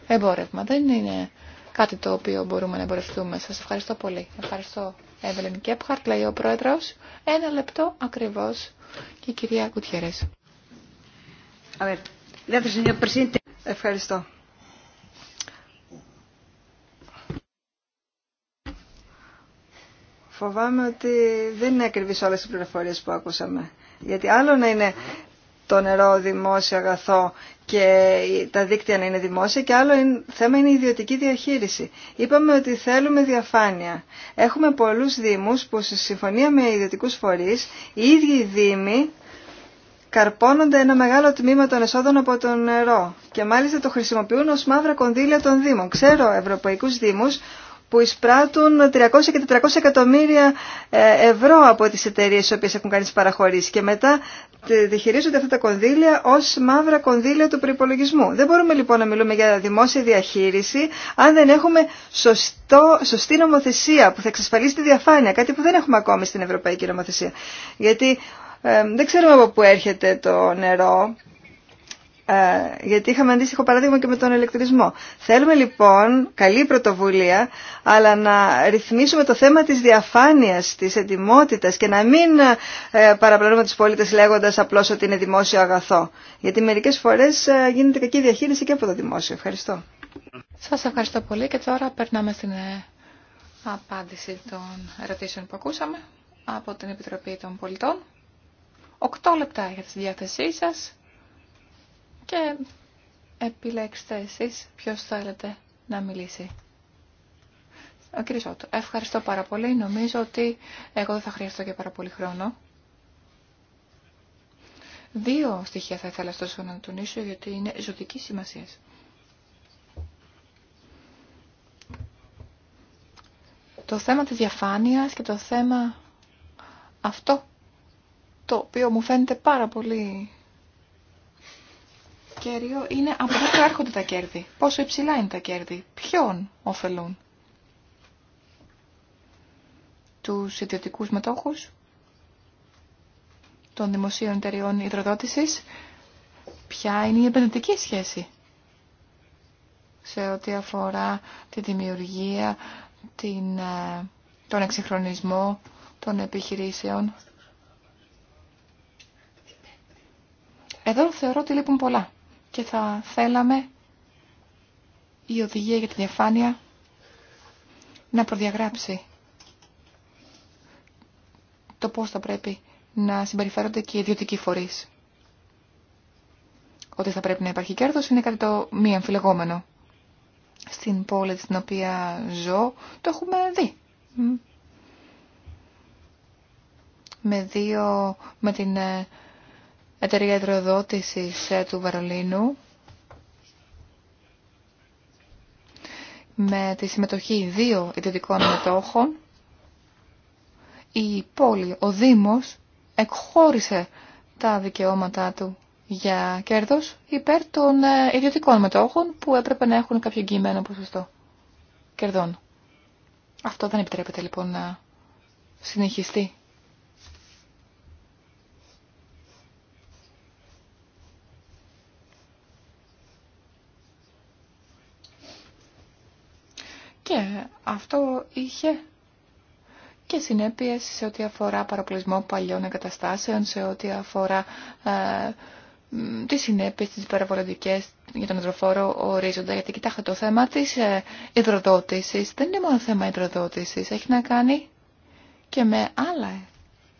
εμπόρευμα, δεν είναι κάτι το οποίο μπορούμε να εμπορευτούμε. Σας ευχαριστώ πολύ. Ευχαριστώ. Εύελεν Κέπχαρτ, λέει ο πρόεδρο, Ένα λεπτό ακριβώ Και η κυρία Κουτιέρε. Ευχαριστώ. Φοβάμαι ότι δεν είναι ακριβείς όλες οι πληροφορίες που ακούσαμε. Γιατί άλλο να είναι το νερό δημόσιο αγαθό και τα δίκτυα να είναι δημόσια και άλλο θέμα είναι η ιδιωτική διαχείριση. Είπαμε ότι θέλουμε διαφάνεια. Έχουμε πολλούς δήμους που σε συμφωνία με ιδιωτικούς φορείς οι ίδιοι οι δήμοι καρπώνονται ένα μεγάλο τμήμα των εσόδων από το νερό και μάλιστα το χρησιμοποιούν ως μαύρα κονδύλια των δήμων. Ξέρω ευρωπαϊκούς δήμους που εισπράττουν 300 και 400 εκατομμύρια ε, ευρώ από τις εταιρείες οι οποίες έχουν κάνει τις παραχωρήσεις και μετά διαχειρίζονται αυτά τα κονδύλια ως μαύρα κονδύλια του προϋπολογισμού. Δεν μπορούμε λοιπόν να μιλούμε για δημόσια διαχείριση αν δεν έχουμε σωστή νομοθεσία που θα εξασφαλίσει τη διαφάνεια, κάτι που δεν έχουμε ακόμη στην Ευρωπαϊκή Νομοθεσία. Γιατί ε, δεν ξέρουμε από πού έρχεται το νερό, ε, γιατί είχαμε αντίστοιχο παράδειγμα και με τον ηλεκτρισμό. Θέλουμε λοιπόν καλή πρωτοβουλία, αλλά να ρυθμίσουμε το θέμα της διαφάνειας, της ετοιμότητας και να μην ε, παραπλανούμε τους πολίτες λέγοντας απλώς ότι είναι δημόσιο αγαθό. Γιατί μερικές φορές ε, γίνεται κακή διαχείριση και από το δημόσιο. Ευχαριστώ. Σας ευχαριστώ πολύ και τώρα περνάμε στην απάντηση των ερωτήσεων που ακούσαμε από την Επιτροπή των Πολιτών. Οκτώ λεπτά για τη διάθεσή σας και επιλέξτε εσείς ποιος θέλετε να μιλήσει. Ο κ. ευχαριστώ πάρα πολύ. Νομίζω ότι εγώ δεν θα χρειαστώ και πάρα πολύ χρόνο. Δύο στοιχεία θα ήθελα στο να τονίσω γιατί είναι ζωτική σημασία. Το θέμα της διαφάνειας και το θέμα αυτό το οποίο μου φαίνεται πάρα πολύ κέριο είναι από πού προέρχονται τα κέρδη, πόσο υψηλά είναι τα κέρδη, ποιον ωφελούν. Του ιδιωτικούς μετόχους, των δημοσίων εταιριών υδροδότηση, ποια είναι η επενδυτική σχέση σε ό,τι αφορά τη δημιουργία, την, ε, τον εξυγχρονισμό των επιχειρήσεων. Εδώ θεωρώ ότι λείπουν πολλά και θα θέλαμε η οδηγία για τη διαφάνεια να προδιαγράψει το πώς θα πρέπει να συμπεριφέρονται και οι ιδιωτικοί φορείς. Ότι θα πρέπει να υπάρχει κέρδος είναι κάτι το μη αμφιλεγόμενο. Στην πόλη στην οποία ζω το έχουμε δει. Με δύο, με την ε, εταιρεία υδροδότησης ε, του Βαρολίνου, με τη συμμετοχή δύο ιδιωτικών μετόχων η πόλη, ο Δήμος εκχώρησε τα δικαιώματά του για κέρδος υπέρ των ε, ιδιωτικών μετόχων που έπρεπε να έχουν κάποιο εγγυημένο ποσοστό κερδών. Αυτό δεν επιτρέπεται λοιπόν να συνεχιστεί. Και αυτό είχε και συνέπειες σε ό,τι αφορά παροπλισμό παλιών εγκαταστάσεων, σε ό,τι αφορά ε, τις συνέπειες, τις περιβαλλοντικές για τον υδροφόρο ορίζοντα. Γιατί κοιτάξτε το θέμα της ε, υδροδότησης δεν είναι μόνο θέμα υδροδότησης, έχει να κάνει και με άλλα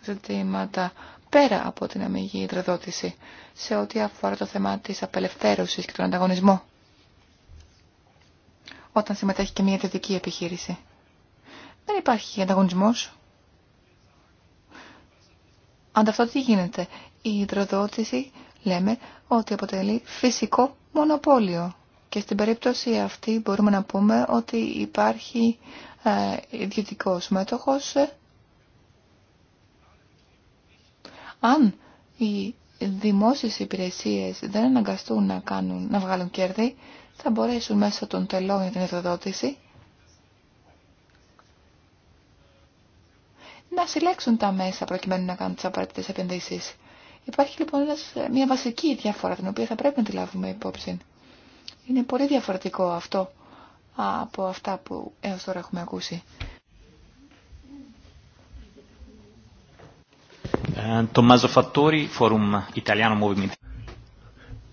ζητήματα πέρα από την αμυγή υδροδότηση σε ό,τι αφορά το θέμα της απελευθέρωσης και τον ανταγωνισμό όταν συμμετέχει και μια ιδιωτική επιχείρηση. Δεν υπάρχει ανταγωνισμός. Ανταυτό τι γίνεται. Η υδροδότηση λέμε ότι αποτελεί φυσικό μονοπόλιο. Και στην περίπτωση αυτή μπορούμε να πούμε ότι υπάρχει ε, ιδιωτικός Αν οι δημόσιες υπηρεσίες δεν αναγκαστούν να, κάνουν, να βγάλουν κέρδη, θα μπορέσουν μέσω των τελών για την εθοδότηση να συλλέξουν τα μέσα προκειμένου να κάνουν τις απαραίτητες επενδύσεις. Υπάρχει λοιπόν ένας, μια βασική διαφορά την οποία θα πρέπει να τη λάβουμε υπόψη. Είναι πολύ διαφορετικό αυτό από αυτά που έως τώρα έχουμε ακούσει. Ε, Tommaso Fattori, Forum Italiano Movimento.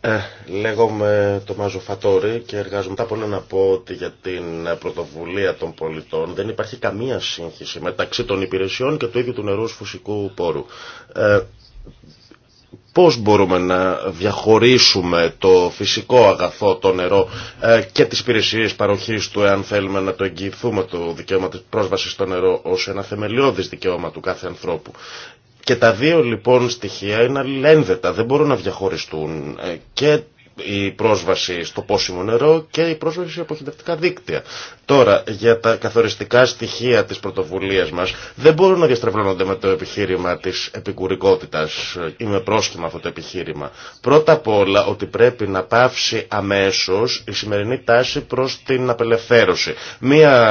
Ε, λέγομαι το Μάζο Φατόρη και εργάζομαι. Τα πολλά να πω ότι για την πρωτοβουλία των πολιτών δεν υπάρχει καμία σύγχυση μεταξύ των υπηρεσιών και του ίδιου του νερού φυσικού πόρου. Ε, πώς μπορούμε να διαχωρίσουμε το φυσικό αγαθό, το νερό ε, και τις υπηρεσίε παροχής του εάν θέλουμε να το εγγυηθούμε το δικαίωμα της πρόσβασης στο νερό ως ένα θεμελιώδης δικαίωμα του κάθε ανθρώπου και τα δύο λοιπόν στοιχεία είναι αλληλένδετα, δεν μπορούν να διαχωριστούν ε, και η πρόσβαση στο πόσιμο νερό και η πρόσβαση σε αποχετευτικά δίκτυα. Τώρα, για τα καθοριστικά στοιχεία της πρωτοβουλίας μας, δεν μπορούν να διαστρεβλώνονται με το επιχείρημα της επικουρικότητας ή με πρόσχημα αυτό το επιχείρημα. Πρώτα απ' όλα ότι πρέπει να πάυσει αμέσως η σημερινή τάση προς την απελευθέρωση. Μία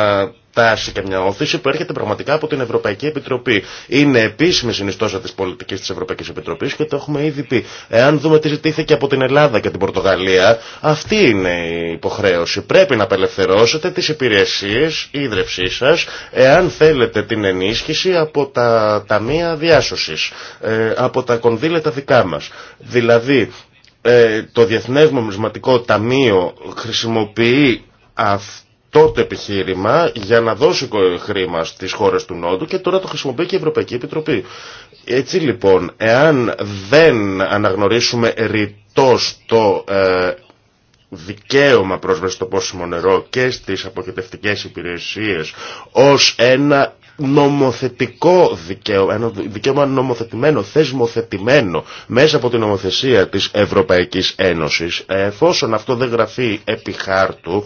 τάση και μια όθηση που έρχεται πραγματικά από την Ευρωπαϊκή Επιτροπή. Είναι επίσημη συνιστόσα τη πολιτική τη Ευρωπαϊκή Επιτροπή και το έχουμε ήδη πει. Εάν δούμε τι ζητήθηκε από την Ελλάδα και την Πορτογαλία, αυτή είναι η υποχρέωση. Πρέπει να απελευθερώσετε τι υπηρεσίε ίδρυψή σα, εάν θέλετε την ενίσχυση από τα ταμεία διάσωση, ε, από τα κονδύλια τα δικά μα. Δηλαδή, ε, το Διεθνές Νομισματικό Ταμείο χρησιμοποιεί αυτό τότε επιχείρημα για να δώσει χρήμα στις χώρες του Νότου και τώρα το χρησιμοποιεί και η Ευρωπαϊκή Επιτροπή. Έτσι λοιπόν, εάν δεν αναγνωρίσουμε ρητός το ε, δικαίωμα πρόσβαση στο πόσιμο νερό και στις αποκαιτευτικέ υπηρεσίες ως ένα νομοθετικό δικαίωμα, ένα δικαίωμα νομοθετημένο, θεσμοθετημένο μέσα από την νομοθεσία της Ευρωπαϊκής Ένωσης. Εφόσον αυτό δεν γραφεί επί χάρτου,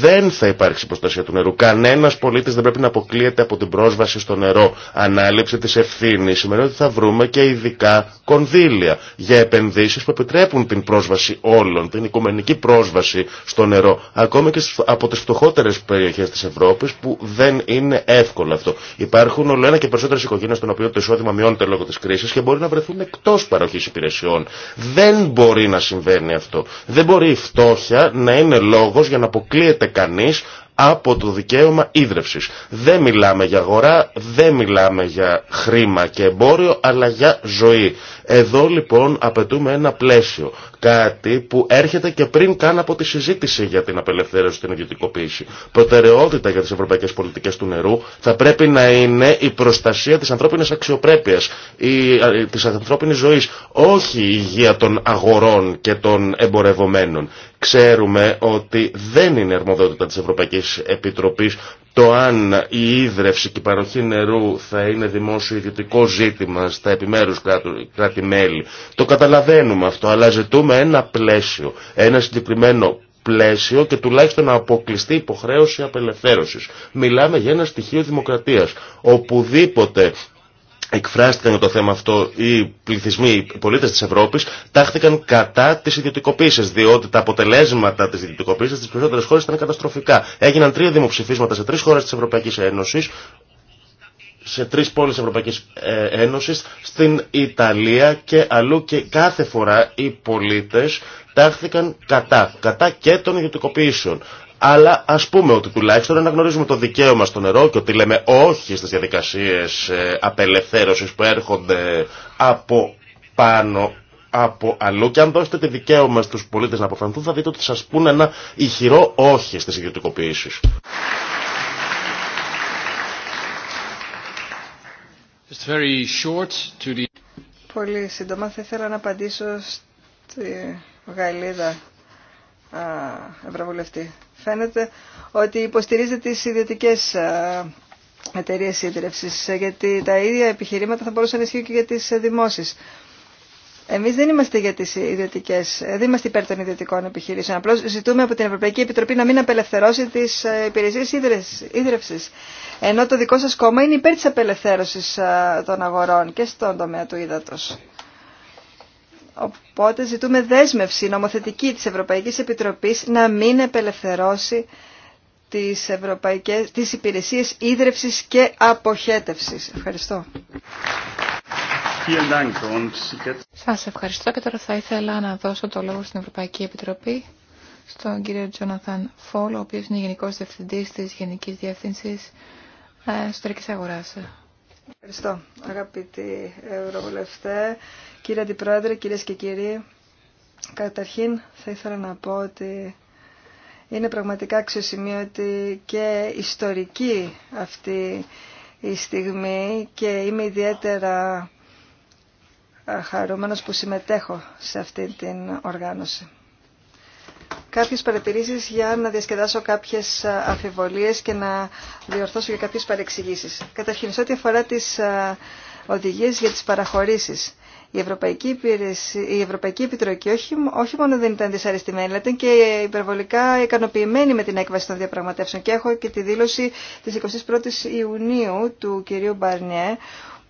δεν θα υπάρξει προστασία του νερού. Κανένα πολίτη δεν πρέπει να αποκλείεται από την πρόσβαση στο νερό. Ανάληψη τη ευθύνη σημαίνει ότι θα βρούμε και ειδικά κονδύλια για επενδύσει που επιτρέπουν την πρόσβαση όλων, την οικουμενική πρόσβαση στο νερό. Ακόμα και από τι φτωχότερε περιοχέ τη Ευρώπη που δεν είναι εύκολο αυτό. Υπάρχουν όλο ένα και περισσότερε οικογένειε των οποίων το εισόδημα μειώνεται λόγω τη κρίση και μπορεί να βρεθούν εκτό παροχή υπηρεσιών. Δεν μπορεί να συμβαίνει αυτό. Δεν μπορεί η φτώχεια να είναι λόγο για να αποκλείεται αποκλείεται κανείς από το δικαίωμα ίδρυυσης. Δεν μιλάμε για αγορά, δεν μιλάμε για χρήμα και εμπόριο, αλλά για ζωή. Εδώ λοιπόν απαιτούμε ένα πλαίσιο. Κάτι που έρχεται και πριν καν από τη συζήτηση για την απελευθέρωση και την ιδιωτικοποίηση. Προτεραιότητα για τι ευρωπαϊκέ πολιτικέ του νερού θα πρέπει να είναι η προστασία τη ανθρώπινη αξιοπρέπεια, τη ανθρώπινη ζωή, όχι η υγεία των αγορών και των εμπορευομένων. Ξέρουμε ότι δεν είναι αρμοδιότητα τη Ευρωπαϊκή Επιτροπή. Το αν η ίδρευση και η παροχή νερού θα είναι δημόσιο ιδιωτικό ζήτημα στα επιμέρους κράτη-μέλη, το καταλαβαίνουμε αυτό, αλλά ζητούμε ένα πλαίσιο, ένα συγκεκριμένο πλαίσιο και τουλάχιστον να αποκλειστεί υποχρέωση απελευθέρωσης. Μιλάμε για ένα στοιχείο δημοκρατίας. Οπουδήποτε εκφράστηκαν για το θέμα αυτό οι πληθυσμοί, οι πολίτε τη Ευρώπη τάχθηκαν κατά τη ιδιωτικοποίηση. διότι τα αποτελέσματα τη ιδιωτικοποίηση, στις περισσότερε χώρε ήταν καταστροφικά. Έγιναν τρία δημοψηφίσματα σε τρει χώρε τη Ευρωπαϊκή Ένωση, σε τρεις πόλεις Ευρωπαϊκή ε, Ένωση στην Ιταλία και αλλού και κάθε φορά οι πολίτε τάχθηκαν κατά, κατά και των ιδιωτικοποιήσεων. Αλλά α πούμε ότι τουλάχιστον γνωρίζουμε το δικαίωμα στο νερό και ότι λέμε όχι στι διαδικασίε απελευθέρωση που έρχονται από πάνω από αλλού και αν δώσετε το δικαίωμα στους πολίτες να αποφανθούν θα δείτε ότι σας πούνε ένα ηχηρό όχι στις ιδιωτικοποιήσεις. Πολύ σύντομα θα ήθελα να απαντήσω στη Γαλλίδα Ευρωβουλευτή φαίνεται ότι υποστηρίζετε τις ιδιωτικές ε, εταιρείε ίδρυυση, ε, γιατί τα ίδια επιχειρήματα θα μπορούσαν να ισχύουν και για τι ε, δημόσιε. Εμεί δεν είμαστε για τι ιδιωτικέ, δεν είμαστε υπέρ των ιδιωτικών επιχειρήσεων. Απλώ ζητούμε από την Ευρωπαϊκή Επιτροπή να μην απελευθερώσει τι υπηρεσίε ίδρυυση. Ενώ το δικό σα κόμμα είναι υπέρ τη απελευθέρωση των αγορών και στον τομέα του ύδατο. Οπότε ζητούμε δέσμευση νομοθετική της Ευρωπαϊκής Επιτροπής να μην απελευθερώσει τις, ευρωπαϊκές, τις υπηρεσίες ίδρυυσης και αποχέτευσης. Ευχαριστώ. Σας ευχαριστώ και τώρα θα ήθελα να δώσω το λόγο στην Ευρωπαϊκή Επιτροπή στον κύριο Τζόναθαν Φόλ, ο οποίος είναι Γενικός Διευθυντής της Γενικής Διεύθυνσης ε, Εσωτερικής Αγοράς. Ευχαριστώ αγαπητοί Ευρωβουλευτές. Κύριε Αντιπρόεδρε, κυρίες και κύριοι, καταρχήν θα ήθελα να πω ότι είναι πραγματικά αξιοσημείωτη και ιστορική αυτή η στιγμή και είμαι ιδιαίτερα χαρούμενος που συμμετέχω σε αυτή την οργάνωση. Κάποιες παρατηρήσει για να διασκεδάσω κάποιες αφιβολίες και να διορθώσω για κάποιες παρεξηγήσεις. Καταρχήν, σε ό,τι αφορά τις οδηγίες για τις παραχωρήσεις η Ευρωπαϊκή, Υπηρεσία, η Ευρωπαϊκή Επιτροπή όχι, όχι μόνο δεν ήταν δυσαρεστημένη, αλλά ήταν και υπερβολικά ικανοποιημένη με την έκβαση των διαπραγματεύσεων. Και έχω και τη δήλωση της 21ης Ιουνίου του κυρίου Μπαρνιέ,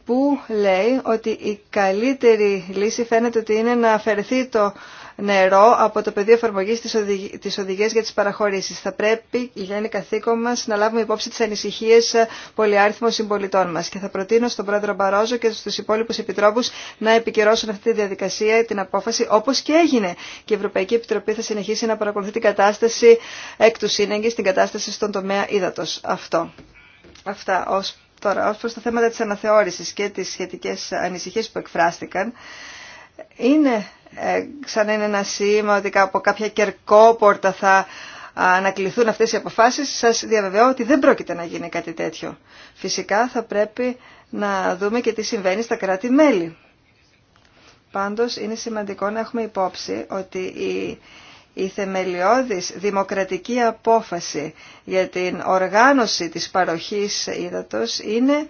που λέει ότι η καλύτερη λύση φαίνεται ότι είναι να αφαιρεθεί το νερό από το πεδίο εφαρμογή τη οδηγία για τι παραχωρήσει. Θα πρέπει, για καθήκον μα, να λάβουμε υπόψη τι ανησυχίε ε, πολυάριθμων συμπολιτών μα. Και θα προτείνω στον πρόεδρο Μπαρόζο και στου υπόλοιπου επιτρόπου να επικυρώσουν αυτή τη διαδικασία, την απόφαση, όπω και έγινε. Και η Ευρωπαϊκή Επιτροπή θα συνεχίσει να παρακολουθεί την κατάσταση εκ του σύνεγγυ, την κατάσταση στον τομέα ύδατο. Αυτό. Αυτά ως τώρα, τα θέματα τη αναθεώρησης και τις σχετικέ ανησυχίες που εκφράστηκαν, είναι σαν ε, είναι ένα σήμα ότι από κάποια κερκόπορτα θα ανακληθούν αυτές οι αποφάσεις, σας διαβεβαιώ ότι δεν πρόκειται να γίνει κάτι τέτοιο. Φυσικά θα πρέπει να δούμε και τι συμβαίνει στα κράτη-μέλη. Πάντως είναι σημαντικό να έχουμε υπόψη ότι η, η θεμελιώδης δημοκρατική απόφαση για την οργάνωση της παροχής ύδατος είναι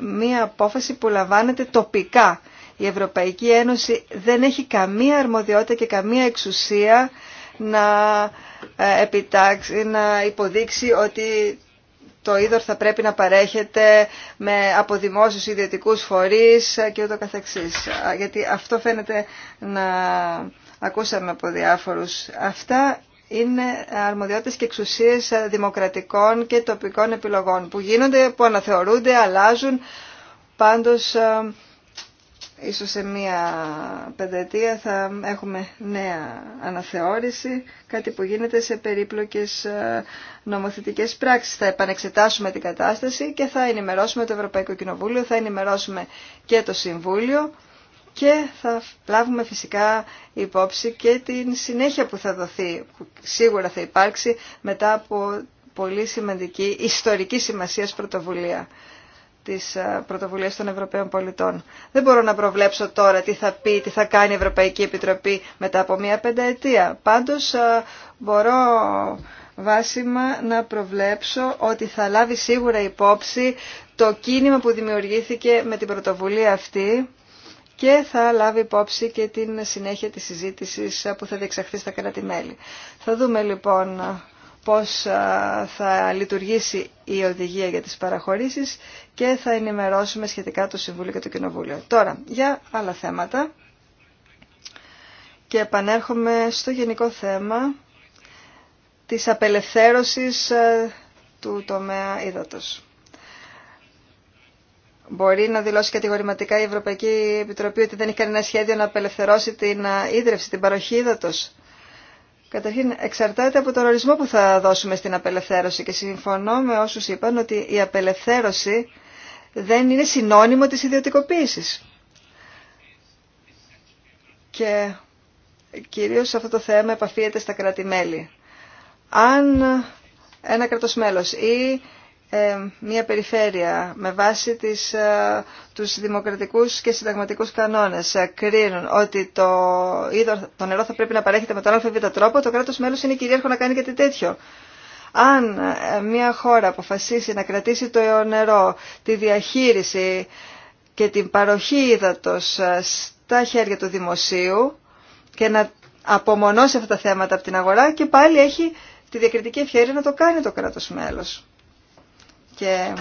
μια απόφαση που λαμβάνεται τοπικά η Ευρωπαϊκή Ένωση δεν έχει καμία αρμοδιότητα και καμία εξουσία να ε, επιτάξει, να υποδείξει ότι το είδωρ θα πρέπει να παρέχεται με, από δημόσιους ιδιωτικούς φορείς και ούτω καθεξής. Γιατί αυτό φαίνεται να ακούσαμε από διάφορους. Αυτά είναι αρμοδιότητες και εξουσίες δημοκρατικών και τοπικών επιλογών που γίνονται, που αναθεωρούνται, αλλάζουν. Πάντως ε, Ίσως σε μία πενταετία θα έχουμε νέα αναθεώρηση, κάτι που γίνεται σε περίπλοκες ε, νομοθετικές πράξεις. Θα επανεξετάσουμε την κατάσταση και θα ενημερώσουμε το Ευρωπαϊκό Κοινοβούλιο, θα ενημερώσουμε και το Συμβούλιο και θα λάβουμε φυσικά υπόψη και την συνέχεια που θα δοθεί, που σίγουρα θα υπάρξει μετά από πολύ σημαντική ιστορική σημασίας πρωτοβουλία της ε, πρωτοβουλίας των Ευρωπαίων πολιτών. Δεν μπορώ να προβλέψω τώρα τι θα πει, τι θα κάνει η Ευρωπαϊκή Επιτροπή μετά από μία πενταετία. Πάντως ε, μπορώ βάσιμα να προβλέψω ότι θα λάβει σίγουρα υπόψη το κίνημα που δημιουργήθηκε με την πρωτοβουλία αυτή και θα λάβει υπόψη και την συνέχεια της συζήτησης που θα διεξαχθεί στα κράτη-μέλη. Θα δούμε λοιπόν πώς θα λειτουργήσει η οδηγία για τις παραχωρήσεις και θα ενημερώσουμε σχετικά το Συμβούλιο και το Κοινοβούλιο. Τώρα, για άλλα θέματα και επανέρχομαι στο γενικό θέμα της απελευθέρωσης του τομέα ύδατος. Μπορεί να δηλώσει κατηγορηματικά η Ευρωπαϊκή Επιτροπή ότι δεν έχει κανένα σχέδιο να απελευθερώσει την ίδρυυση, την παροχή ύδατος. Καταρχήν εξαρτάται από τον ορισμό που θα δώσουμε στην απελευθέρωση και συμφωνώ με όσους είπαν ότι η απελευθέρωση δεν είναι συνώνυμο της ιδιωτικοποίησης. Και κυρίως αυτό το θέμα επαφίεται στα κράτη-μέλη. Αν ένα κρατος μέλος ή ε, μια περιφέρεια με βάση τις, ε, τους δημοκρατικούς και συνταγματικούς κανόνες ε, κρίνουν ότι το, νερό θα πρέπει να παρέχεται με τον ΑΒ τρόπο, το κράτος μέλος είναι κυρίαρχο να κάνει κάτι τέτοιο. Αν μια χώρα αποφασίσει να κρατήσει το νερό, τη διαχείριση και την παροχή ύδατος στα χέρια του δημοσίου και να απομονώσει αυτά τα θέματα από την αγορά και πάλι έχει τη διακριτική ευχαίρεια να το κάνει το κράτος μέλος και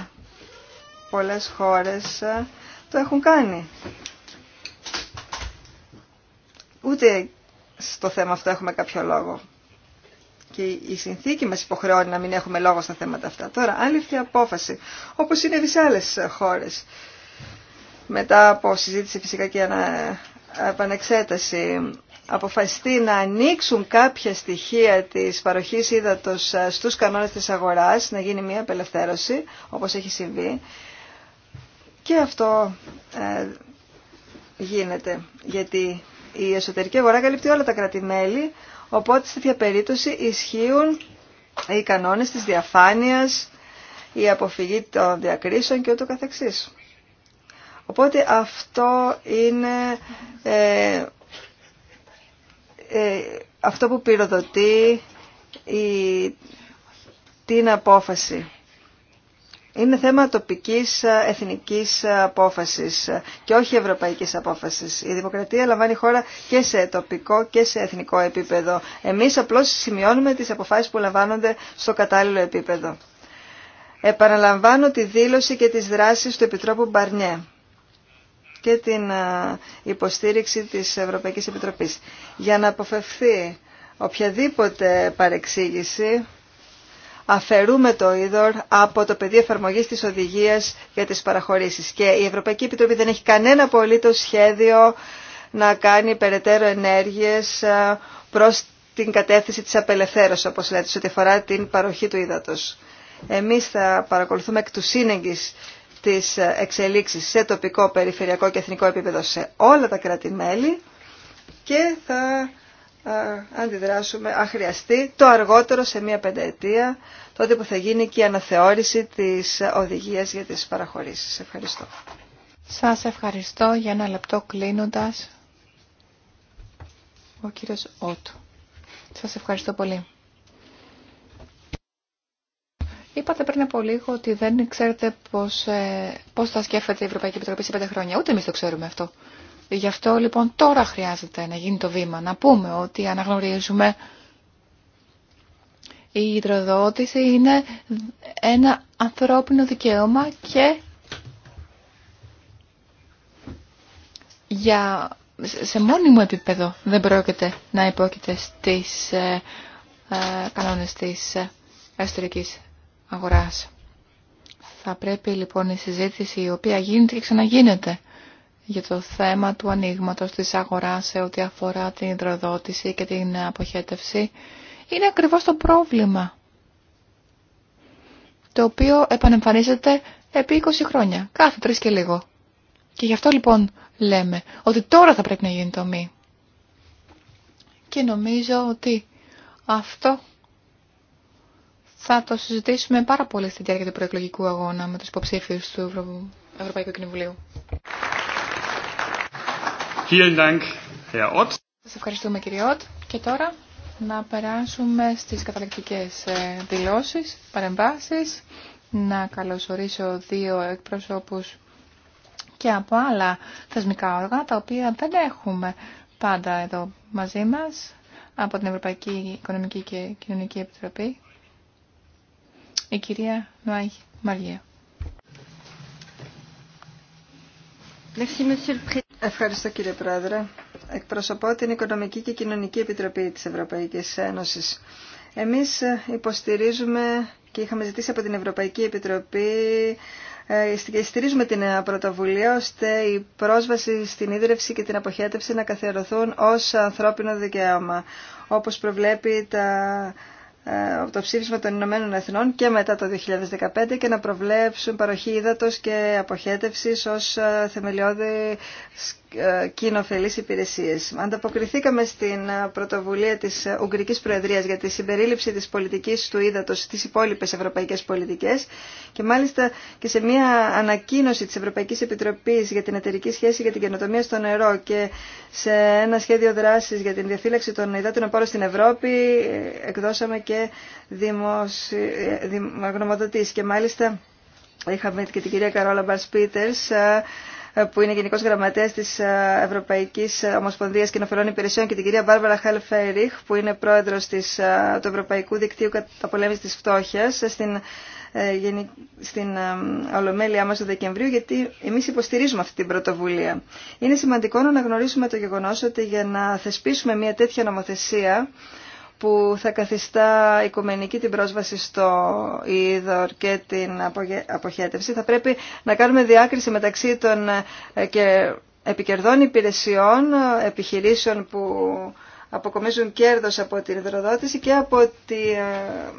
πολλές χώρες ε, το έχουν κάνει. Ούτε στο θέμα αυτό έχουμε κάποιο λόγο. Και η συνθήκη μας υποχρεώνει να μην έχουμε λόγο στα θέματα αυτά. Τώρα, άλλη απόφαση, όπως είναι σε άλλες χώρες, μετά από συζήτηση φυσικά και επανεξέταση αποφασιστεί να ανοίξουν κάποια στοιχεία της παροχής ύδατος ε, στους κανόνες της αγοράς, να γίνει μια απελευθέρωση, όπως έχει συμβεί. Και αυτό ε, γίνεται, γιατί η εσωτερική αγορά καλύπτει όλα τα κρατημέλη, οπότε σε τέτοια περίπτωση ισχύουν οι κανόνες της διαφάνειας, η αποφυγή των διακρίσεων και ούτω καθεξής. Οπότε αυτό είναι ε, ε, αυτό που πυροδοτεί η, την απόφαση. Είναι θέμα τοπικής εθνικής απόφασης και όχι ευρωπαϊκής απόφασης. Η δημοκρατία λαμβάνει χώρα και σε τοπικό και σε εθνικό επίπεδο. Εμείς απλώς σημειώνουμε τις αποφάσεις που λαμβάνονται στο κατάλληλο επίπεδο. Επαναλαμβάνω τη δήλωση και τις δράσεις του Επιτρόπου Μπαρνιέ και την ε, υποστήριξη της Ευρωπαϊκής Επιτροπής. Για να αποφευθεί οποιαδήποτε παρεξήγηση, αφαιρούμε το είδωρ από το πεδίο εφαρμογή της οδηγίας για τις παραχωρήσεις. Και η Ευρωπαϊκή Επιτροπή δεν έχει κανένα απολύτως σχέδιο να κάνει περαιτέρω ενέργειες ε, προς την κατεύθυνση της απελευθέρωσης, όπως λέτε, σε ό,τι αφορά την παροχή του ύδατος. Εμείς θα παρακολουθούμε εκ του σύνεγγυς τις εξελίξεις σε τοπικό, περιφερειακό και εθνικό επίπεδο σε όλα τα κράτη-μέλη και θα αντιδράσουμε αν το αργότερο σε μία πενταετία τότε που θα γίνει και η αναθεώρηση της οδηγίας για τις παραχωρήσεις. Ευχαριστώ. Σας ευχαριστώ για ένα λεπτό κλείνοντας ο κύριος Ότου. Σας ευχαριστώ πολύ. Είπατε πριν από λίγο ότι δεν ξέρετε πώς, ε, πώς θα σκέφτεται η Ευρωπαϊκή Επιτροπή σε πέντε χρόνια. Ούτε εμείς το ξέρουμε αυτό. Γι' αυτό λοιπόν τώρα χρειάζεται να γίνει το βήμα. Να πούμε ότι αναγνωρίζουμε η υδροδότηση είναι ένα ανθρώπινο δικαίωμα και για, σε μόνιμο επίπεδο δεν πρόκειται να υπόκειται στις ε, ε, κανόνες της ε, αγοράς. Θα πρέπει λοιπόν η συζήτηση η οποία γίνεται και ξαναγίνεται για το θέμα του ανοίγματο της αγοράς σε ό,τι αφορά την υδροδότηση και την αποχέτευση είναι ακριβώς το πρόβλημα το οποίο επανεμφανίζεται επί 20 χρόνια, κάθε τρεις και λίγο. Και γι' αυτό λοιπόν λέμε ότι τώρα θα πρέπει να γίνει το μη. Και νομίζω ότι αυτό θα το συζητήσουμε πάρα πολύ στη διάρκεια του προεκλογικού αγώνα με τους υποψήφιου του Ευρωπαϊκού Κοινοβουλίου. Σας ευχαριστούμε κύριε Ότ. Και τώρα να περάσουμε στις καταληκτικές ε, δηλώσεις, παρεμβάσεις. Να καλωσορίσω δύο εκπροσώπους και από άλλα θεσμικά όργανα, τα οποία δεν έχουμε πάντα εδώ μαζί μας, από την Ευρωπαϊκή Οικονομική και Κοινωνική Επιτροπή. Η κυρία Νουάι Μαριέ. Ευχαριστώ κύριε Πρόεδρε. Εκπροσωπώ την Οικονομική και Κοινωνική Επιτροπή της Ευρωπαϊκής Ένωσης. Εμείς ε, υποστηρίζουμε και είχαμε ζητήσει από την Ευρωπαϊκή Επιτροπή ε, και στηρίζουμε την πρωτοβουλία ώστε η πρόσβαση στην ίδρυυση και την αποχέτευση να καθιερωθούν ως ανθρώπινο δικαίωμα, όπως προβλέπει τα ε, από το ψήφισμα των Ηνωμένων Εθνών και μετά το 2015 και να προβλέψουν παροχή ύδατος και αποχέτευσης ως ε, θεμελιώδη ε, κοινοφελής υπηρεσίες. Ανταποκριθήκαμε στην πρωτοβουλία της Ουγγρικής Προεδρίας για τη συμπερίληψη της πολιτικής του ύδατος στις υπόλοιπες ευρωπαϊκές πολιτικές και μάλιστα και σε μια ανακοίνωση της Ευρωπαϊκής Επιτροπής για την εταιρική σχέση για την καινοτομία στο νερό και σε ένα σχέδιο δράσης για την διαφύλαξη των υδάτων πόρων στην Ευρώπη εκδώσαμε και και δημοσι... Ε, και μάλιστα είχαμε και την κυρία Καρόλα Μπαρς ε, ε, που είναι Γενικός Γραμματέας της Ευρωπαϊκής Ομοσπονδίας Κοινοφελών Υπηρεσιών και την κυρία Χαλ Φέριχ, που είναι πρόεδρος της, του Ευρωπαϊκού Δικτύου Καταπολέμησης της Φτώχειας στην, στην Ολομέλειά μας του Δεκεμβρίου γιατί εμείς υποστηρίζουμε αυτή την πρωτοβουλία. Είναι σημαντικό να αναγνωρίσουμε το γεγονός ότι για να θεσπίσουμε μια τέτοια νομοθεσία που θα καθιστά οικουμενική την πρόσβαση στο είδωρ και την αποχέτευση. Θα πρέπει να κάνουμε διάκριση μεταξύ των ε, και επικερδών υπηρεσιών, επιχειρήσεων που αποκομίζουν κέρδος από την υδροδότηση και από τη, ε,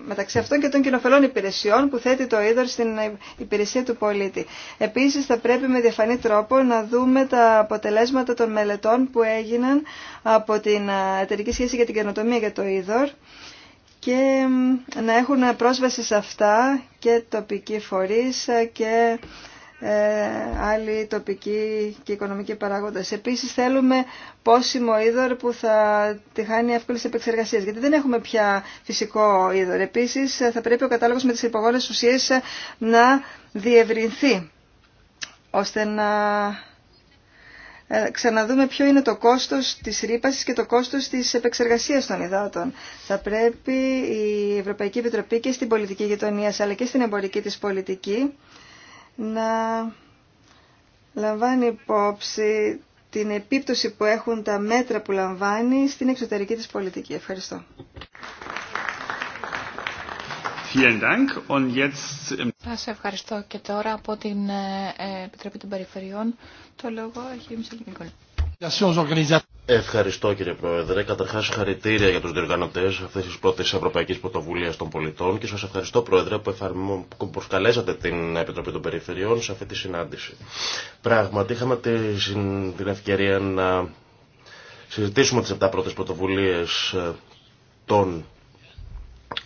μεταξύ αυτών και των κοινοφελών υπηρεσιών που θέτει το είδωρ στην υπηρεσία του πολίτη. Επίσης θα πρέπει με διαφανή τρόπο να δούμε τα αποτελέσματα των μελετών που έγιναν από την ε, εταιρική σχέση για την καινοτομία για το είδωρ και να έχουν πρόσβαση σε αυτά και τοπικοί φορείς ε, και ε, άλλοι τοπικοί και οικονομικοί παράγοντες. Επίσης θέλουμε πόσιμο είδωρ που θα τη χάνει εύκολη επεξεργασία, γιατί δεν έχουμε πια φυσικό είδωρ. Επίσης θα πρέπει ο κατάλογος με τις υπογόνες ουσίες να διευρυνθεί, ώστε να ε, ξαναδούμε ποιο είναι το κόστος της ρήπασης και το κόστος της επεξεργασίας των υδάτων. Θα πρέπει η Ευρωπαϊκή Επιτροπή και στην πολιτική γειτονία αλλά και στην εμπορική της πολιτική να λαμβάνει υπόψη την επίπτωση που έχουν τα μέτρα που λαμβάνει στην εξωτερική της πολιτική. Ευχαριστώ. σε ευχαριστώ και τώρα από την ε, Επιτροπή των Περιφερειών το λόγο έχει η Ευχαριστώ κύριε Πρόεδρε. Καταρχά, χαρητήρια για του διοργανωτέ αυτή τη πρώτη Ευρωπαϊκή Πρωτοβουλία των Πολιτών και σα ευχαριστώ Πρόεδρε που, εφαρμο... που προσκαλέσατε την Επιτροπή των Περιφερειών σε αυτή τη συνάντηση. Πράγματι, είχαμε την ευκαιρία να συζητήσουμε τι 7 πρώτε πρωτοβουλίε ε, των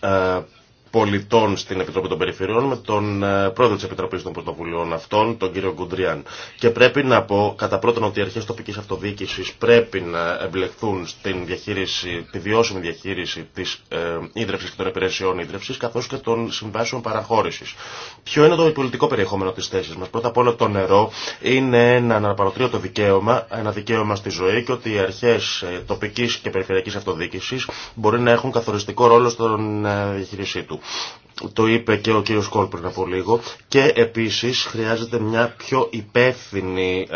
ε, πολιτών στην Επιτροπή των Περιφερειών με τον ε, πρόεδρο της Επιτροπής των Πρωτοβουλειών αυτών, τον κύριο Γκουντριάν. Και πρέπει να πω κατά πρώτον ότι οι αρχές τοπικής αυτοδιοίκησης πρέπει να εμπλεχθούν στην διαχείριση, τη βιώσιμη διαχείριση της ε, και των υπηρεσιών ίδρυψης καθώ και των συμβάσεων παραχώρησης. Ποιο είναι το πολιτικό περιεχόμενο τη θέση μας. Πρώτα απ' όλα το νερό είναι ένα αναπαροτρίωτο δικαίωμα, ένα δικαίωμα στη ζωή και ότι οι αρχέ ε, τοπική και περιφερειακή αυτοδιοίκησης μπορεί να έχουν καθοριστικό ρόλο στον ε, διαχείρισή του. Το είπε και ο κύριος Κόλ από λίγο. Και επίσης χρειάζεται μια πιο υπεύθυνη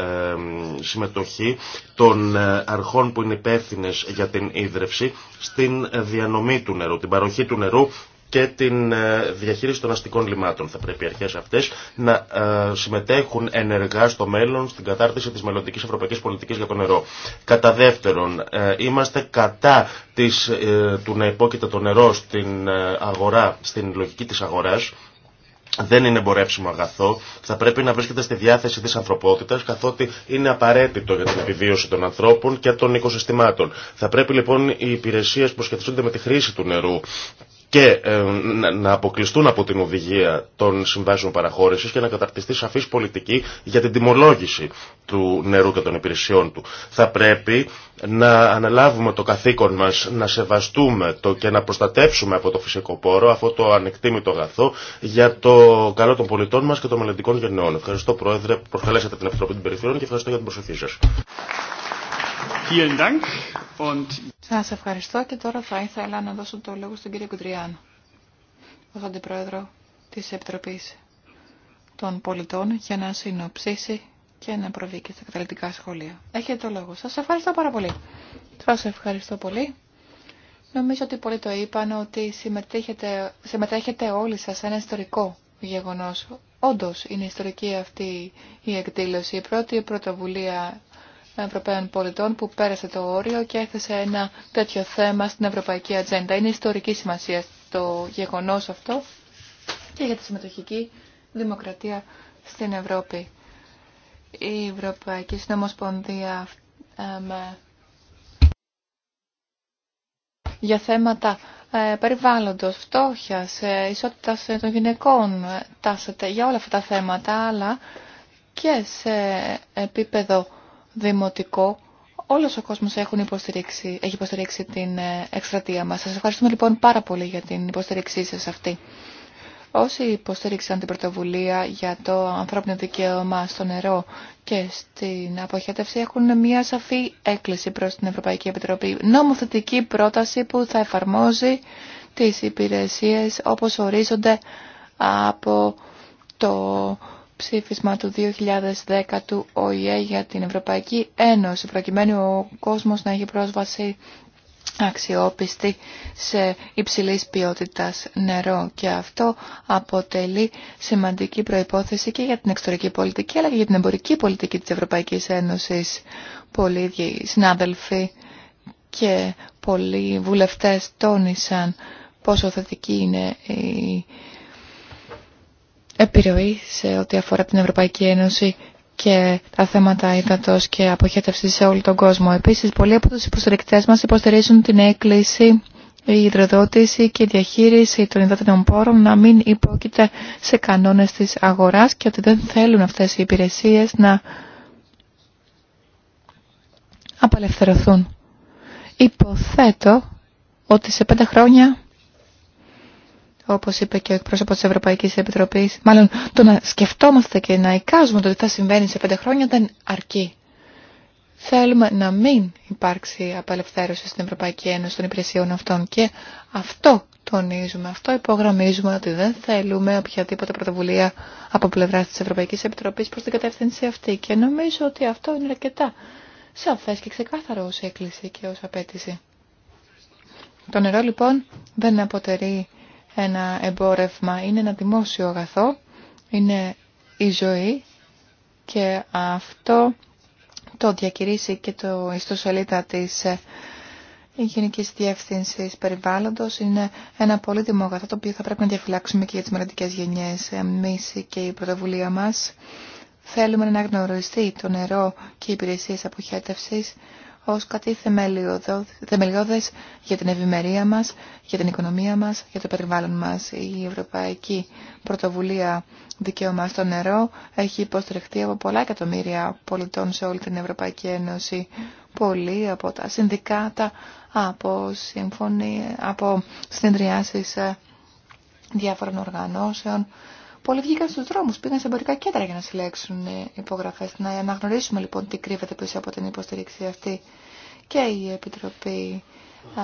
συμμετοχή των ε, αρχών που είναι υπεύθυνε για την ίδρυυση στην διανομή του νερού, την παροχή του νερού και την ε, διαχείριση των αστικών λιμάτων. Θα πρέπει οι αρχέ αυτέ να ε, συμμετέχουν ενεργά στο μέλλον στην κατάρτιση τη μελλοντική ευρωπαϊκή πολιτική για το νερό. Κατά δεύτερον, ε, είμαστε κατά της, του να υπόκειται το νερό στην αγορά, στην λογική τη αγορά δεν είναι εμπορεύσιμο αγαθό, θα πρέπει να βρίσκεται στη διάθεση της ανθρωπότητας, καθότι είναι απαραίτητο για την επιβίωση των ανθρώπων και των οικοσυστημάτων. Θα πρέπει λοιπόν οι υπηρεσίες που σχετίζονται με τη χρήση του νερού και ε, να αποκλειστούν από την οδηγία των συμβάσεων παραχώρησης και να καταρτιστεί σαφής πολιτική για την τιμολόγηση του νερού και των υπηρεσιών του. Θα πρέπει να αναλάβουμε το καθήκον μας, να σεβαστούμε το και να προστατεύσουμε από το φυσικό πόρο αυτό το ανεκτήμητο αγαθό για το καλό των πολιτών μας και των μελλοντικών γενναιών. Ευχαριστώ Πρόεδρε που προσκαλέσατε την Επιτροπή των Περιφερειών και ευχαριστώ για την προσοχή σας. Σας ευχαριστώ και τώρα θα ήθελα να δώσω το λόγο στον κύριο Κουτριάν, ως Αντιπρόεδρο της Επιτροπής των Πολιτών, για να συνοψίσει και να προβεί και στα καταλητικά σχόλια. Έχετε το λόγο. Σας ευχαριστώ πάρα πολύ. Σας ευχαριστώ πολύ. Νομίζω ότι πολλοί το είπαν ότι συμμετέχετε, συμμετέχετε όλοι σας σε ένα ιστορικό γεγονός. Όντως είναι ιστορική αυτή η εκδήλωση, η πρώτη πρωτοβουλία Ευρωπαίων πολιτών που πέρασε το όριο και έθεσε ένα τέτοιο θέμα στην Ευρωπαϊκή Ατζέντα. Είναι ιστορική σημασία το γεγονός αυτό και για τη συμμετοχική δημοκρατία στην Ευρώπη. Η Ευρωπαϊκή Συνομοσπονδία για θέματα ε, περιβάλλοντος, φτώχειας, ε, ισότητας των γυναικών ε, τάσεται για όλα αυτά τα θέματα, αλλά και σε επίπεδο δημοτικό, όλος ο κόσμος έχει υποστηρίξει την ε, εκστρατεία μα. Σας ευχαριστούμε λοιπόν πάρα πολύ για την υποστηρίξή σας αυτή. Όσοι υποστήριξαν την πρωτοβουλία για το ανθρώπινο δικαίωμα στο νερό και στην αποχέτευση έχουν μια σαφή έκκληση προς την Ευρωπαϊκή Επιτροπή. Νομοθετική πρόταση που θα εφαρμόζει τι υπηρεσίε όπω ορίζονται από το ψήφισμα του 2010 του ΟΗΕ για την Ευρωπαϊκή Ένωση, προκειμένου ο κόσμος να έχει πρόσβαση αξιόπιστη σε υψηλής ποιότητας νερό και αυτό αποτελεί σημαντική προϋπόθεση και για την εξωτερική πολιτική αλλά και για την εμπορική πολιτική της Ευρωπαϊκής Ένωσης. Πολλοί συνάδελφοι και πολλοί βουλευτές τόνισαν πόσο θετική είναι η επιρροή σε ό,τι αφορά την Ευρωπαϊκή Ένωση και τα θέματα ύδατο και αποχέτευση σε όλο τον κόσμο. Επίσης, πολλοί από του υποστηρικτέ μα υποστηρίζουν την έκκληση η υδροδότηση και η διαχείριση των υδάτινων πόρων να μην υπόκειται σε κανόνες της αγοράς και ότι δεν θέλουν αυτές οι υπηρεσίες να απελευθερωθούν. Υποθέτω ότι σε πέντε χρόνια όπως είπε και ο εκπρόσωπος της Ευρωπαϊκής Επιτροπής, μάλλον το να σκεφτόμαστε και να εικάζουμε το τι θα συμβαίνει σε πέντε χρόνια δεν αρκεί. Θέλουμε να μην υπάρξει απελευθέρωση στην Ευρωπαϊκή Ένωση των υπηρεσιών αυτών και αυτό τονίζουμε, αυτό υπογραμμίζουμε ότι δεν θέλουμε οποιαδήποτε πρωτοβουλία από πλευρά της Ευρωπαϊκής Επιτροπής προς την κατεύθυνση αυτή και νομίζω ότι αυτό είναι αρκετά σαφές και ξεκάθαρο ως έκκληση και ως απέτηση. Το νερό λοιπόν δεν αποτελεί ένα εμπόρευμα, είναι ένα δημόσιο αγαθό, είναι η ζωή και αυτό το διακηρύσει και το ιστοσελίδα της ε, γενική διεύθυνση περιβάλλοντο, Είναι ένα πολύτιμο αγαθό το οποίο θα πρέπει να διαφυλάξουμε και για τις μελλοντικέ γενιές. Εμεί και η πρωτοβουλία μας θέλουμε να γνωριστεί το νερό και οι υπηρεσίε αποχέτευση ως κάτι θεμελιώδες για την ευημερία μας, για την οικονομία μας, για το περιβάλλον μας. Η Ευρωπαϊκή Πρωτοβουλία Δικαίωμα στο Νερό έχει υποστηριχθεί από πολλά εκατομμύρια πολιτών σε όλη την Ευρωπαϊκή Ένωση. Πολλοί από τα συνδικάτα, από, σύμφωνη από συνεδριάσεις ε, διάφορων οργανώσεων Πολλοί βγήκαν στους δρόμους, πήγαν σε εμπορικά κέντρα για να συλλέξουν ε, υπογραφές. Να αναγνωρίσουμε λοιπόν τι κρύβεται πίσω από την υποστήριξη αυτή και η Επιτροπή α,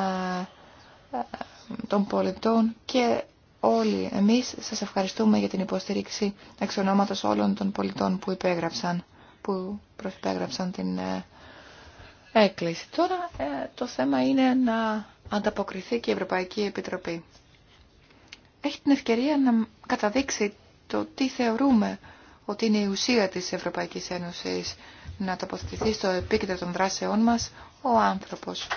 των Πολιτών και όλοι εμείς σας ευχαριστούμε για την υποστήριξη εξ ονόματος όλων των πολιτών που υπέγραψαν, που προσυπέγραψαν την ε, έκκληση. Τώρα ε, το θέμα είναι να ανταποκριθεί και η Ευρωπαϊκή Επιτροπή. Έχει την ευκαιρία να καταδείξει το τι θεωρούμε ότι είναι η ουσία της Ευρωπαϊκής Ένωσης να τοποθετηθεί στο επίκεντρο των δράσεών μας ο άνθρωπος.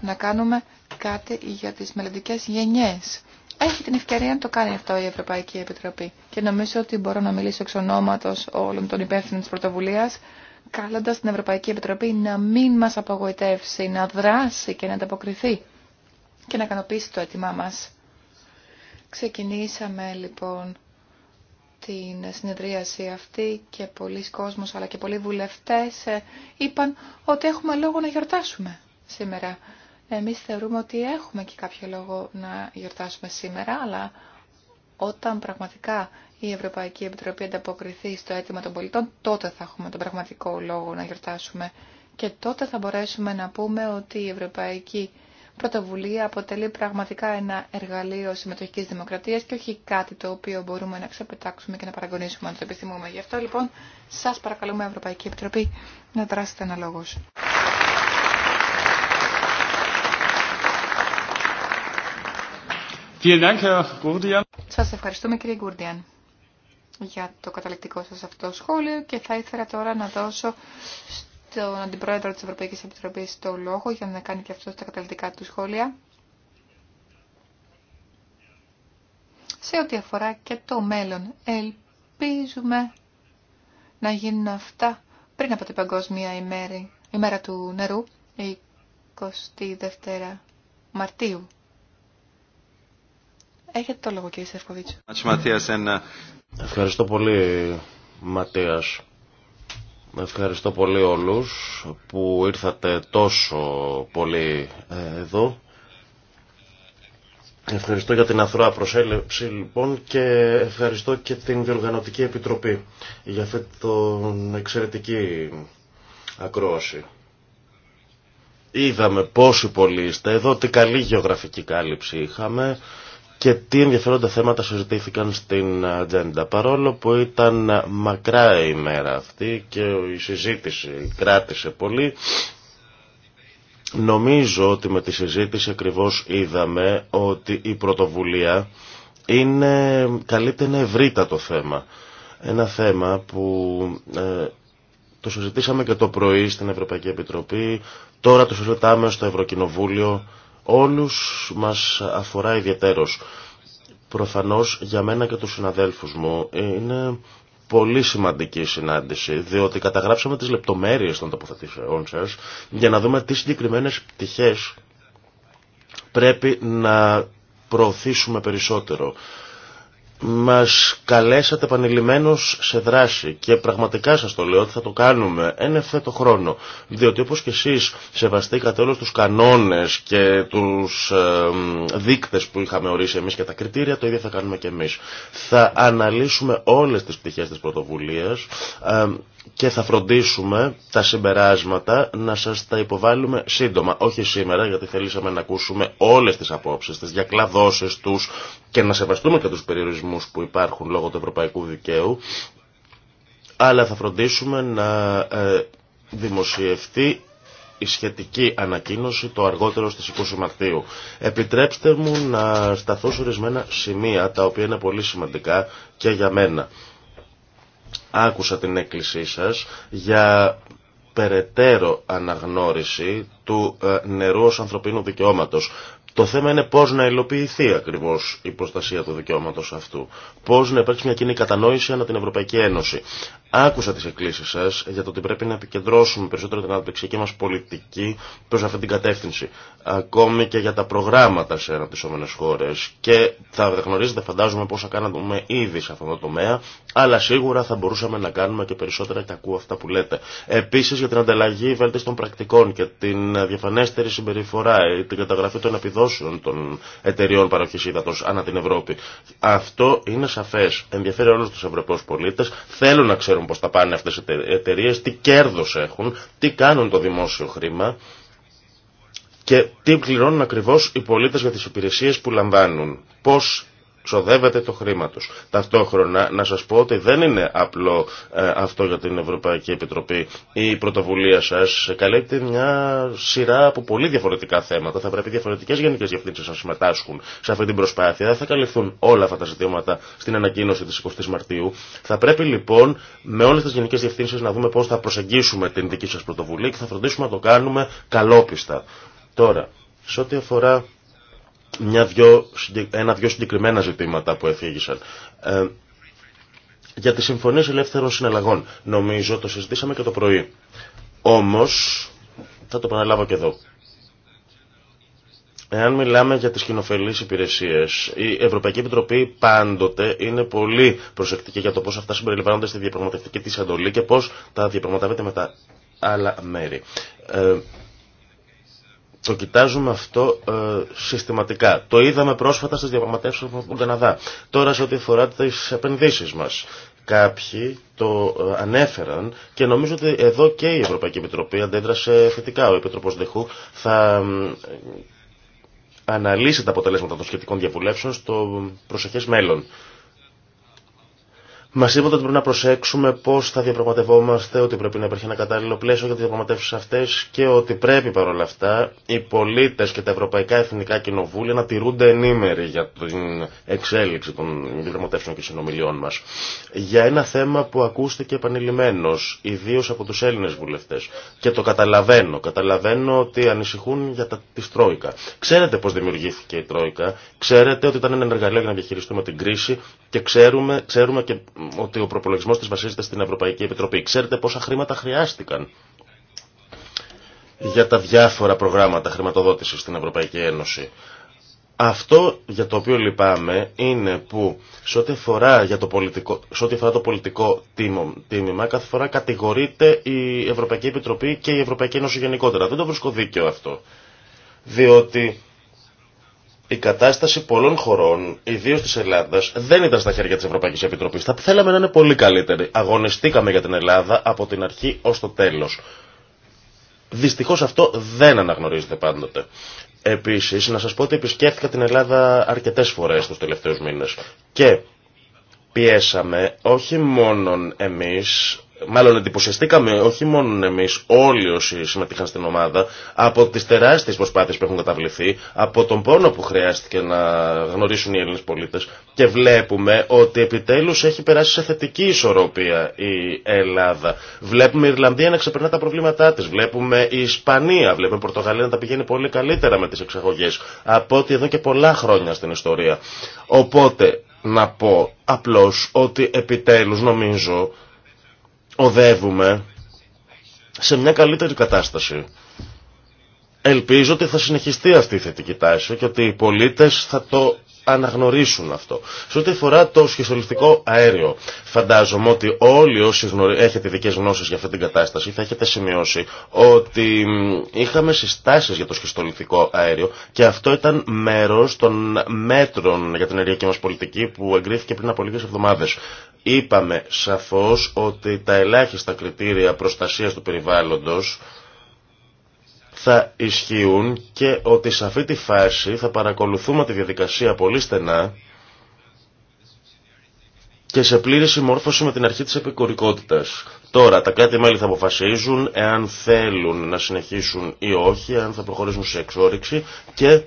Να κάνουμε κάτι για τις μελλοντικέ γενιές. Έχει την ευκαιρία να το κάνει αυτό η Ευρωπαϊκή Επιτροπή. Και νομίζω ότι μπορώ να μιλήσω εξ ονόματος όλων των υπεύθυνων της πρωτοβουλίας, κάλλοντας την Ευρωπαϊκή Επιτροπή να μην μας απογοητεύσει, να δράσει και να ανταποκριθεί και να ικανοποιήσει το αίτημά μας. Ξεκινήσαμε λοιπόν την συνεδρίαση αυτή και πολλοί κόσμος αλλά και πολλοί βουλευτές ε, είπαν ότι έχουμε λόγο να γιορτάσουμε σήμερα. Εμείς θεωρούμε ότι έχουμε και κάποιο λόγο να γιορτάσουμε σήμερα, αλλά όταν πραγματικά η Ευρωπαϊκή Επιτροπή ανταποκριθεί στο αίτημα των πολιτών, τότε θα έχουμε τον πραγματικό λόγο να γιορτάσουμε και τότε θα μπορέσουμε να πούμε ότι η Ευρωπαϊκή πρωτοβουλία αποτελεί πραγματικά ένα εργαλείο συμμετοχικής δημοκρατίας και όχι κάτι το οποίο μπορούμε να ξεπετάξουμε και να παραγωνίσουμε αν το επιθυμούμε. Γι' αυτό λοιπόν σας παρακαλούμε Ευρωπαϊκή Επιτροπή να δράσετε αναλόγως. Σας ευχαριστούμε κύριε Γκούρντιαν για το καταληκτικό σας αυτό σχόλιο και θα ήθελα τώρα να δώσω τον Αντιπρόεδρο της Ευρωπαϊκής Επιτροπής το λόγο για να κάνει και αυτό τα καταλητικά του σχόλια. Σε ό,τι αφορά και το μέλλον, ελπίζουμε να γίνουν αυτά πριν από την Παγκόσμια ημέρα, ημέρα του νερού, 22 Μαρτίου. Έχετε το λόγο κύριε Σεφκοβίτσο. Ευχαριστώ πολύ Ματέας. Ευχαριστώ πολύ όλους που ήρθατε τόσο πολύ ε, εδώ. Ευχαριστώ για την αθροά προσέλευση λοιπόν και ευχαριστώ και την Διοργανωτική Επιτροπή για αυτή την εξαιρετική ακρόαση. Είδαμε πόσοι πολλοί είστε εδώ, τι καλή γεωγραφική κάλυψη είχαμε και τι ενδιαφέροντα θέματα συζητήθηκαν στην ατζέντα. Παρόλο που ήταν μακρά η ημέρα αυτή και η συζήτηση κράτησε πολύ, νομίζω ότι με τη συζήτηση ακριβώς είδαμε ότι η πρωτοβουλία είναι, να ευρύτα το θέμα. Ένα θέμα που ε, το συζητήσαμε και το πρωί στην Ευρωπαϊκή Επιτροπή, τώρα το συζητάμε στο Ευρωκοινοβούλιο, Όλους μας αφορά ιδιαίτερος. Προφανώς για μένα και τους συναδέλφους μου είναι πολύ σημαντική συνάντηση, διότι καταγράψαμε τις λεπτομέρειες των τοποθετήσεών σας για να δούμε τι συγκεκριμένες πτυχές πρέπει να προωθήσουμε περισσότερο μας καλέσατε επανειλημμένως σε δράση και πραγματικά σας το λέω ότι θα το κάνουμε εν ευθέτω χρόνο διότι όπως και εσείς σεβαστήκατε όλους τους κανόνες και τους ε, που είχαμε ορίσει εμείς και τα κριτήρια το ίδιο θα κάνουμε και εμείς θα αναλύσουμε όλες τις πτυχές της πρωτοβουλίας και θα φροντίσουμε τα συμπεράσματα να σας τα υποβάλουμε σύντομα. Όχι σήμερα, γιατί θέλησαμε να ακούσουμε όλες τις απόψεις, τις διακλαδώσεις τους και να σεβαστούμε και τους περιορισμούς που υπάρχουν λόγω του ευρωπαϊκού δικαίου, αλλά θα φροντίσουμε να ε, δημοσιευτεί η σχετική ανακοίνωση το αργότερο στις 20 Μαρτίου. Επιτρέψτε μου να σταθώ σε ορισμένα σημεία, τα οποία είναι πολύ σημαντικά και για μένα. Άκουσα την έκκλησή σας για περαιτέρω αναγνώριση του ε, νερού ως ανθρωπίνου δικαιώματος το θέμα είναι πώς να υλοποιηθεί ακριβώς η προστασία του δικαιώματος αυτού. Πώς να υπάρξει μια κοινή κατανόηση ανά την Ευρωπαϊκή Ένωση. Άκουσα τις εκκλήσεις σας για το ότι πρέπει να επικεντρώσουμε περισσότερο την αναπτυξιακή μας πολιτική προς αυτή την κατεύθυνση. Ακόμη και για τα προγράμματα σε αναπτυσσόμενες χώρες. Και θα γνωρίζετε φαντάζομαι πόσα κάναμε ήδη σε αυτό το τομέα, αλλά σίγουρα θα μπορούσαμε να κάνουμε και περισσότερα και ακούω αυτά που λέτε. Επίσης για την ανταλλαγή βέλτιστων πρακτικών και την διαφανέστερη συμπεριφορά, την καταγραφή των επιδόσεων των εταιριών παροχή ύδατο ανά την Ευρώπη. Αυτό είναι σαφέ. Ενδιαφέρει όλου του Ευρωπαίου πολίτε. Θέλουν να ξέρουν πώ τα πάνε αυτέ οι εταιρείε, τι κέρδο έχουν, τι κάνουν το δημόσιο χρήμα και τι πληρώνουν ακριβώ οι πολίτε για τι υπηρεσίε που λαμβάνουν. Πώ ξοδεύετε το χρήμα τους. Ταυτόχρονα να σας πω ότι δεν είναι απλό ε, αυτό για την Ευρωπαϊκή Επιτροπή. Η πρωτοβουλία σας καλύπτει μια σειρά από πολύ διαφορετικά θέματα. Θα πρέπει διαφορετικές γενικές διευθύνσεις να συμμετάσχουν σε αυτή την προσπάθεια. θα καλυφθούν όλα αυτά τα ζητήματα στην ανακοίνωση της 20ης Μαρτίου. Θα πρέπει λοιπόν με όλες τις γενικές διευθύνσεις να δούμε πώς θα προσεγγίσουμε την δική σας πρωτοβουλία και θα φροντίσουμε να το κάνουμε καλόπιστα. Τώρα, σε ό,τι αφορά ένα-δυο ένα, δυο ενα ζητήματα που εφήγησαν. Ε, για τις συμφωνίες ελεύθερων συναλλαγών. Νομίζω το συζητήσαμε και το πρωί. Όμως, θα το παραλάβω και εδώ. Εάν μιλάμε για τις κοινοφελείς υπηρεσίες, η Ευρωπαϊκή Επιτροπή πάντοτε είναι πολύ προσεκτική για το πώς αυτά συμπεριλαμβάνονται στη διαπραγματευτική της αντολή και πώς τα διαπραγματεύεται με τα άλλα μέρη. Ε, το κοιτάζουμε αυτό ε, συστηματικά. Το είδαμε πρόσφατα στις διαπραγματεύσεις από τον Καναδά. Τώρα σε ό,τι αφορά τις επενδύσεις μας. Κάποιοι το ε, ανέφεραν και νομίζω ότι εδώ και η Ευρωπαϊκή Επιτροπή αντέδρασε θετικά. Ο Επίτροπος Δεχού θα αναλύσει τα αποτελέσματα των σχετικών διαβουλεύσεων στο προσεχές μέλλον. Μα είπατε ότι πρέπει να προσέξουμε πώ θα διαπραγματευόμαστε, ότι πρέπει να υπάρχει ένα κατάλληλο πλαίσιο για τι διαπραγματεύσει αυτέ και ότι πρέπει παρόλα αυτά οι πολίτε και τα ευρωπαϊκά εθνικά κοινοβούλια να τηρούνται ενήμεροι για την εξέλιξη των διαπραγματεύσεων και συνομιλιών μα. Για ένα θέμα που ακούστηκε επανειλημμένω, ιδίω από του Έλληνε βουλευτέ. Και το καταλαβαίνω. Καταλαβαίνω ότι ανησυχούν για τα τη Τρόικα. Ξέρετε πώ δημιουργήθηκε η Τρόικα, ξέρετε ότι ήταν ένα εργαλείο για να διαχειριστούμε την κρίση και ξέρουμε, ξέρουμε και ότι ο προπολογισμός της βασίζεται στην Ευρωπαϊκή Επιτροπή. Ξέρετε πόσα χρήματα χρειάστηκαν για τα διάφορα προγράμματα χρηματοδότησης στην Ευρωπαϊκή Ένωση. Αυτό για το οποίο λυπάμαι είναι που σε ό,τι αφορά, για το, πολιτικό, το πολιτικό τίμημα κάθε φορά κατηγορείται η Ευρωπαϊκή Επιτροπή και η Ευρωπαϊκή Ένωση γενικότερα. Δεν το βρίσκω δίκαιο αυτό. Διότι η κατάσταση πολλών χωρών, ιδίω τη Ελλάδα, δεν ήταν στα χέρια τη Ευρωπαϊκή Επιτροπή. Θα θέλαμε να είναι πολύ καλύτερη. Αγωνιστήκαμε για την Ελλάδα από την αρχή ω το τέλο. Δυστυχώ αυτό δεν αναγνωρίζεται πάντοτε. Επίση, να σα πω ότι επισκέφθηκα την Ελλάδα αρκετέ φορέ του τελευταίου μήνε. Και πιέσαμε όχι μόνο εμεί μάλλον εντυπωσιαστήκαμε όχι μόνο εμεί, όλοι όσοι συμμετείχαν στην ομάδα, από τι τεράστιε προσπάθειε που έχουν καταβληθεί, από τον πόνο που χρειάστηκε να γνωρίσουν οι Έλληνε πολίτε και βλέπουμε ότι επιτέλου έχει περάσει σε θετική ισορροπία η Ελλάδα. Βλέπουμε η Ιρλανδία να ξεπερνά τα προβλήματά τη, βλέπουμε η Ισπανία, βλέπουμε η Πορτογαλία να τα πηγαίνει πολύ καλύτερα με τι εξαγωγέ από ότι εδώ και πολλά χρόνια στην ιστορία. Οπότε να πω απλώς ότι επιτέλους νομίζω οδεύουμε σε μια καλύτερη κατάσταση. Ελπίζω ότι θα συνεχιστεί αυτή η θετική τάση και ότι οι πολίτες θα το αναγνωρίσουν αυτό. Σε ό,τι αφορά το σχιστολιστικό αέριο, φαντάζομαι ότι όλοι όσοι έχετε ειδικέ γνώσει για αυτή την κατάσταση θα έχετε σημειώσει ότι είχαμε συστάσει για το σχιστολιστικό αέριο και αυτό ήταν μέρο των μέτρων για την ενεργειακή μα πολιτική που εγκρίθηκε πριν από λίγε εβδομάδε. Είπαμε σαφώ ότι τα ελάχιστα κριτήρια προστασία του περιβάλλοντο θα ισχύουν και ότι σε αυτή τη φάση θα παρακολουθούμε τη διαδικασία πολύ στενά και σε πλήρη συμμόρφωση με την αρχή της επικουρικότητας. Τώρα, τα κάτι μελη θα αποφασίζουν εάν θέλουν να συνεχίσουν ή όχι, εάν θα προχωρήσουν σε εξόριξη και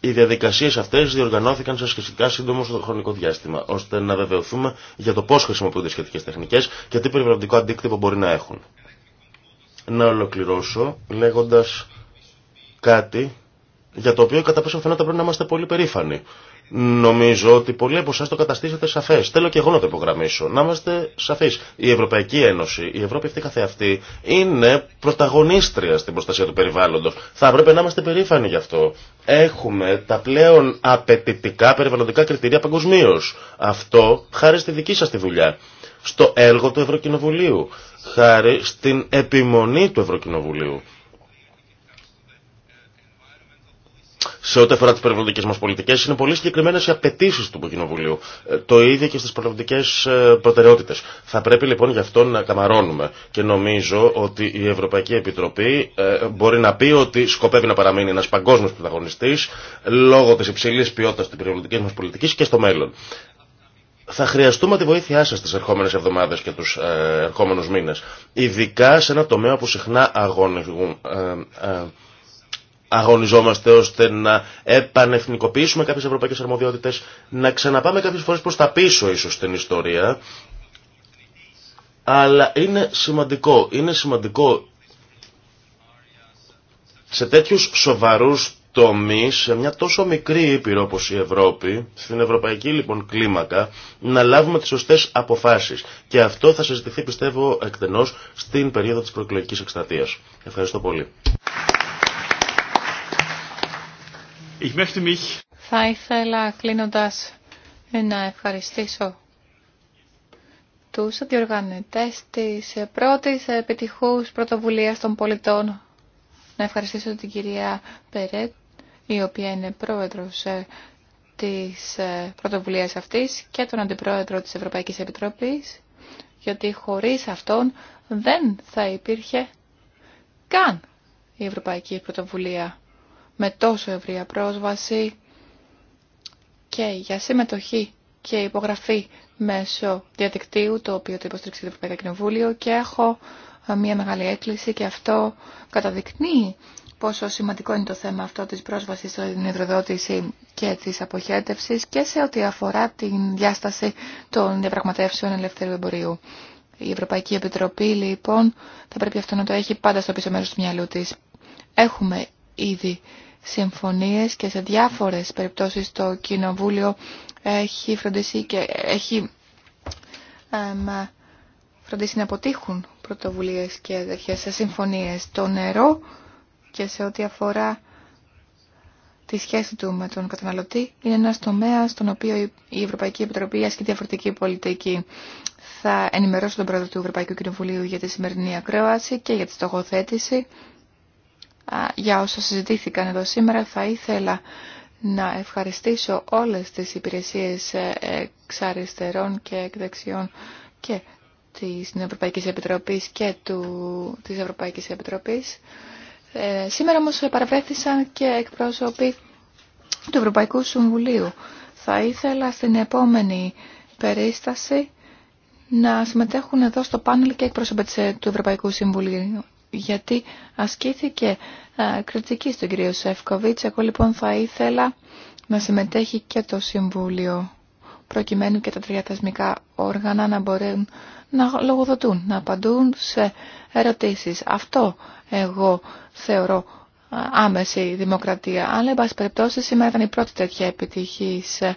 οι διαδικασίες αυτές διοργανώθηκαν σε σχετικά σύντομο στο χρονικό διάστημα, ώστε να βεβαιωθούμε για το πώς χρησιμοποιούνται σχετικές τεχνικές και τι περιβαλλοντικό αντίκτυπο μπορεί να έχουν να ολοκληρώσω λέγοντας κάτι για το οποίο κατά πόσο φαινόταν πρέπει να είμαστε πολύ περήφανοι. Νομίζω ότι πολλοί από εσά το καταστήσατε σαφέ. Θέλω και εγώ να το υπογραμμίσω. Να είμαστε σαφεί. Η Ευρωπαϊκή Ένωση, η Ευρώπη αυτή καθεαυτή, είναι πρωταγωνίστρια στην προστασία του περιβάλλοντο. Θα έπρεπε να είμαστε περήφανοι γι' αυτό. Έχουμε τα πλέον απαιτητικά περιβαλλοντικά κριτήρια παγκοσμίω. Αυτό χάρη στη δική σα τη δουλειά. Στο έργο του Ευρωκοινοβουλίου χάρη στην επιμονή του Ευρωκοινοβουλίου. Σε ό,τι αφορά τι περιβαλλοντικέ μα πολιτικέ, είναι πολύ συγκεκριμένε οι απαιτήσει του Κοινοβουλίου. Ε, το ίδιο και στι περιβαλλοντικέ ε, προτεραιότητε. Θα πρέπει λοιπόν γι' αυτό να καμαρώνουμε. Και νομίζω ότι η Ευρωπαϊκή Επιτροπή ε, μπορεί να πει ότι σκοπεύει να παραμείνει ένα παγκόσμιο πρωταγωνιστή λόγω τη υψηλή ποιότητα τη περιβαλλοντική μα πολιτική και στο μέλλον θα χρειαστούμε τη βοήθειά σας τις ερχόμενες εβδομάδες και τους ε, ερχόμενους μήνες. Ειδικά σε ένα τομέα που συχνά ε, ε, αγωνιζόμαστε ώστε να επανεθνικοποιήσουμε κάποιες ευρωπαϊκές αρμοδιότητες, να ξαναπάμε κάποιες φορές προς τα πίσω ίσως στην ιστορία. Αλλά είναι σημαντικό, είναι σημαντικό σε τέτοιους σοβαρούς Τομεί σε μια τόσο μικρή ήπειρο όπω η Ευρώπη, στην ευρωπαϊκή λοιπόν κλίμακα, να λάβουμε τις σωστές αποφάσεις. Και αυτό θα συζητηθεί πιστεύω εκτενώς στην περίοδο της προεκλογική εκστρατεία. Ευχαριστώ πολύ. Ich möchte mich... Θα ήθελα κλείνοντα να ευχαριστήσω τους διοργανωτές της πρώτης επιτυχούς πρωτοβουλίας των πολιτών. Να ευχαριστήσω την κυρία Περέτ η οποία είναι πρόεδρος ε, της ε, πρωτοβουλίας αυτής και τον αντιπρόεδρο της Ευρωπαϊκής Επιτροπής, γιατί χωρίς αυτόν δεν θα υπήρχε καν η Ευρωπαϊκή Πρωτοβουλία με τόσο ευρία πρόσβαση και για συμμετοχή και υπογραφή μέσω διαδικτύου, το οποίο το υποστήριξε το Ευρωπαϊκό Κοινοβούλιο και έχω ε, μια μεγάλη έκκληση και αυτό καταδεικνύει πόσο σημαντικό είναι το θέμα αυτό της πρόσβασης στην υδροδότηση και της αποχέτευσης και σε ό,τι αφορά την διάσταση των διαπραγματεύσεων ελευθερίου εμπορίου. Η Ευρωπαϊκή Επιτροπή, λοιπόν, θα πρέπει αυτό να το έχει πάντα στο πίσω μέρος του μυαλού της. Έχουμε ήδη συμφωνίες και σε διάφορες περιπτώσεις το Κοινοβούλιο έχει φροντίσει και έχει εμ, φροντίσει να αποτύχουν πρωτοβουλίες και τέτοιες συμφωνίες. Το νερό και σε ό,τι αφορά τη σχέση του με τον καταναλωτή είναι ένας τομέας στον οποίο η Ευρωπαϊκή Επιτροπή ασκεί διαφορετική πολιτική. Θα ενημερώσω τον πρόεδρο του Ευρωπαϊκού Κοινοβουλίου για τη σημερινή ακρόαση και για τη στοχοθέτηση. Για όσα συζητήθηκαν εδώ σήμερα θα ήθελα να ευχαριστήσω όλες τις υπηρεσίες ε, εξ αριστερών και εκ δεξιών και της Ευρωπαϊκής Επιτροπής και του, της Ευρωπαϊκής Επιτροπής ε, σήμερα όμως παραπέθησαν και εκπρόσωποι του Ευρωπαϊκού Συμβουλίου. Θα ήθελα στην επόμενη περίσταση να συμμετέχουν εδώ στο πάνελ και εκπρόσωποι ε, του Ευρωπαϊκού Συμβουλίου γιατί ασκήθηκε ε, κριτική στον κύριο Σεύκοβιτς. Εγώ λοιπόν θα ήθελα να συμμετέχει και το Συμβούλιο προκειμένου και τα τρία όργανα να μπορέσουν να λογοδοτούν, να απαντούν σε ερωτήσεις. Αυτό εγώ θεωρώ άμεση δημοκρατία. Αλλά, εν πάση περιπτώσει, σήμερα ήταν η πρώτη τέτοια επιτυχής ε,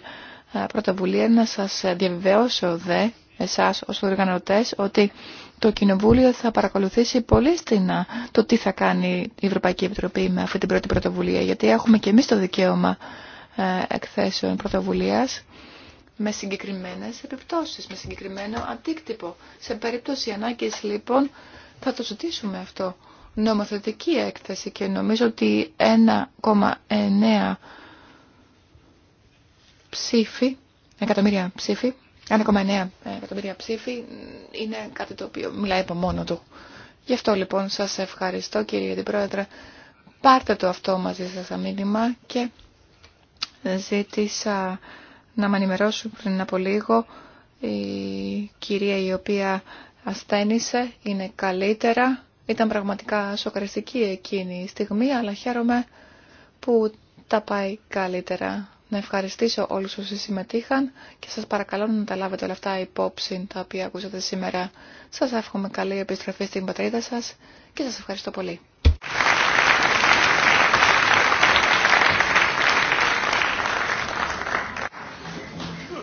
πρωτοβουλία. Να σας διαβεβαιώσω δε, εσάς ως οργανωτές, ότι το Κοινοβούλιο θα παρακολουθήσει πολύ στενά το τι θα κάνει η Ευρωπαϊκή Επιτροπή με αυτή την πρώτη πρωτοβουλία, γιατί έχουμε και εμείς το δικαίωμα ε, εκθέσεων πρωτοβουλίας με συγκεκριμένες επιπτώσεις, με συγκεκριμένο αντίκτυπο. Σε περίπτωση ανάγκης λοιπόν θα το ζητήσουμε αυτό. Νομοθετική έκθεση και νομίζω ότι 1,9 ψήφι, εκατομμύρια ψήφι, 1,9 εκατομμύρια ψήφι είναι κάτι το οποίο μιλάει από μόνο του. Γι' αυτό λοιπόν σας ευχαριστώ κύριε Αντιπρόεδρε. Πάρτε το αυτό μαζί σας σαν μήνυμα και ζήτησα να με ενημερώσουν πριν από λίγο η κυρία η οποία ασθένησε, είναι καλύτερα. Ήταν πραγματικά σοκαριστική εκείνη η στιγμή, αλλά χαίρομαι που τα πάει καλύτερα. Να ευχαριστήσω όλους όσοι συμμετείχαν και σας παρακαλώ να τα λάβετε όλα αυτά υπόψη τα οποία ακούσατε σήμερα. Σας εύχομαι καλή επιστροφή στην πατρίδα σας και σας ευχαριστώ πολύ.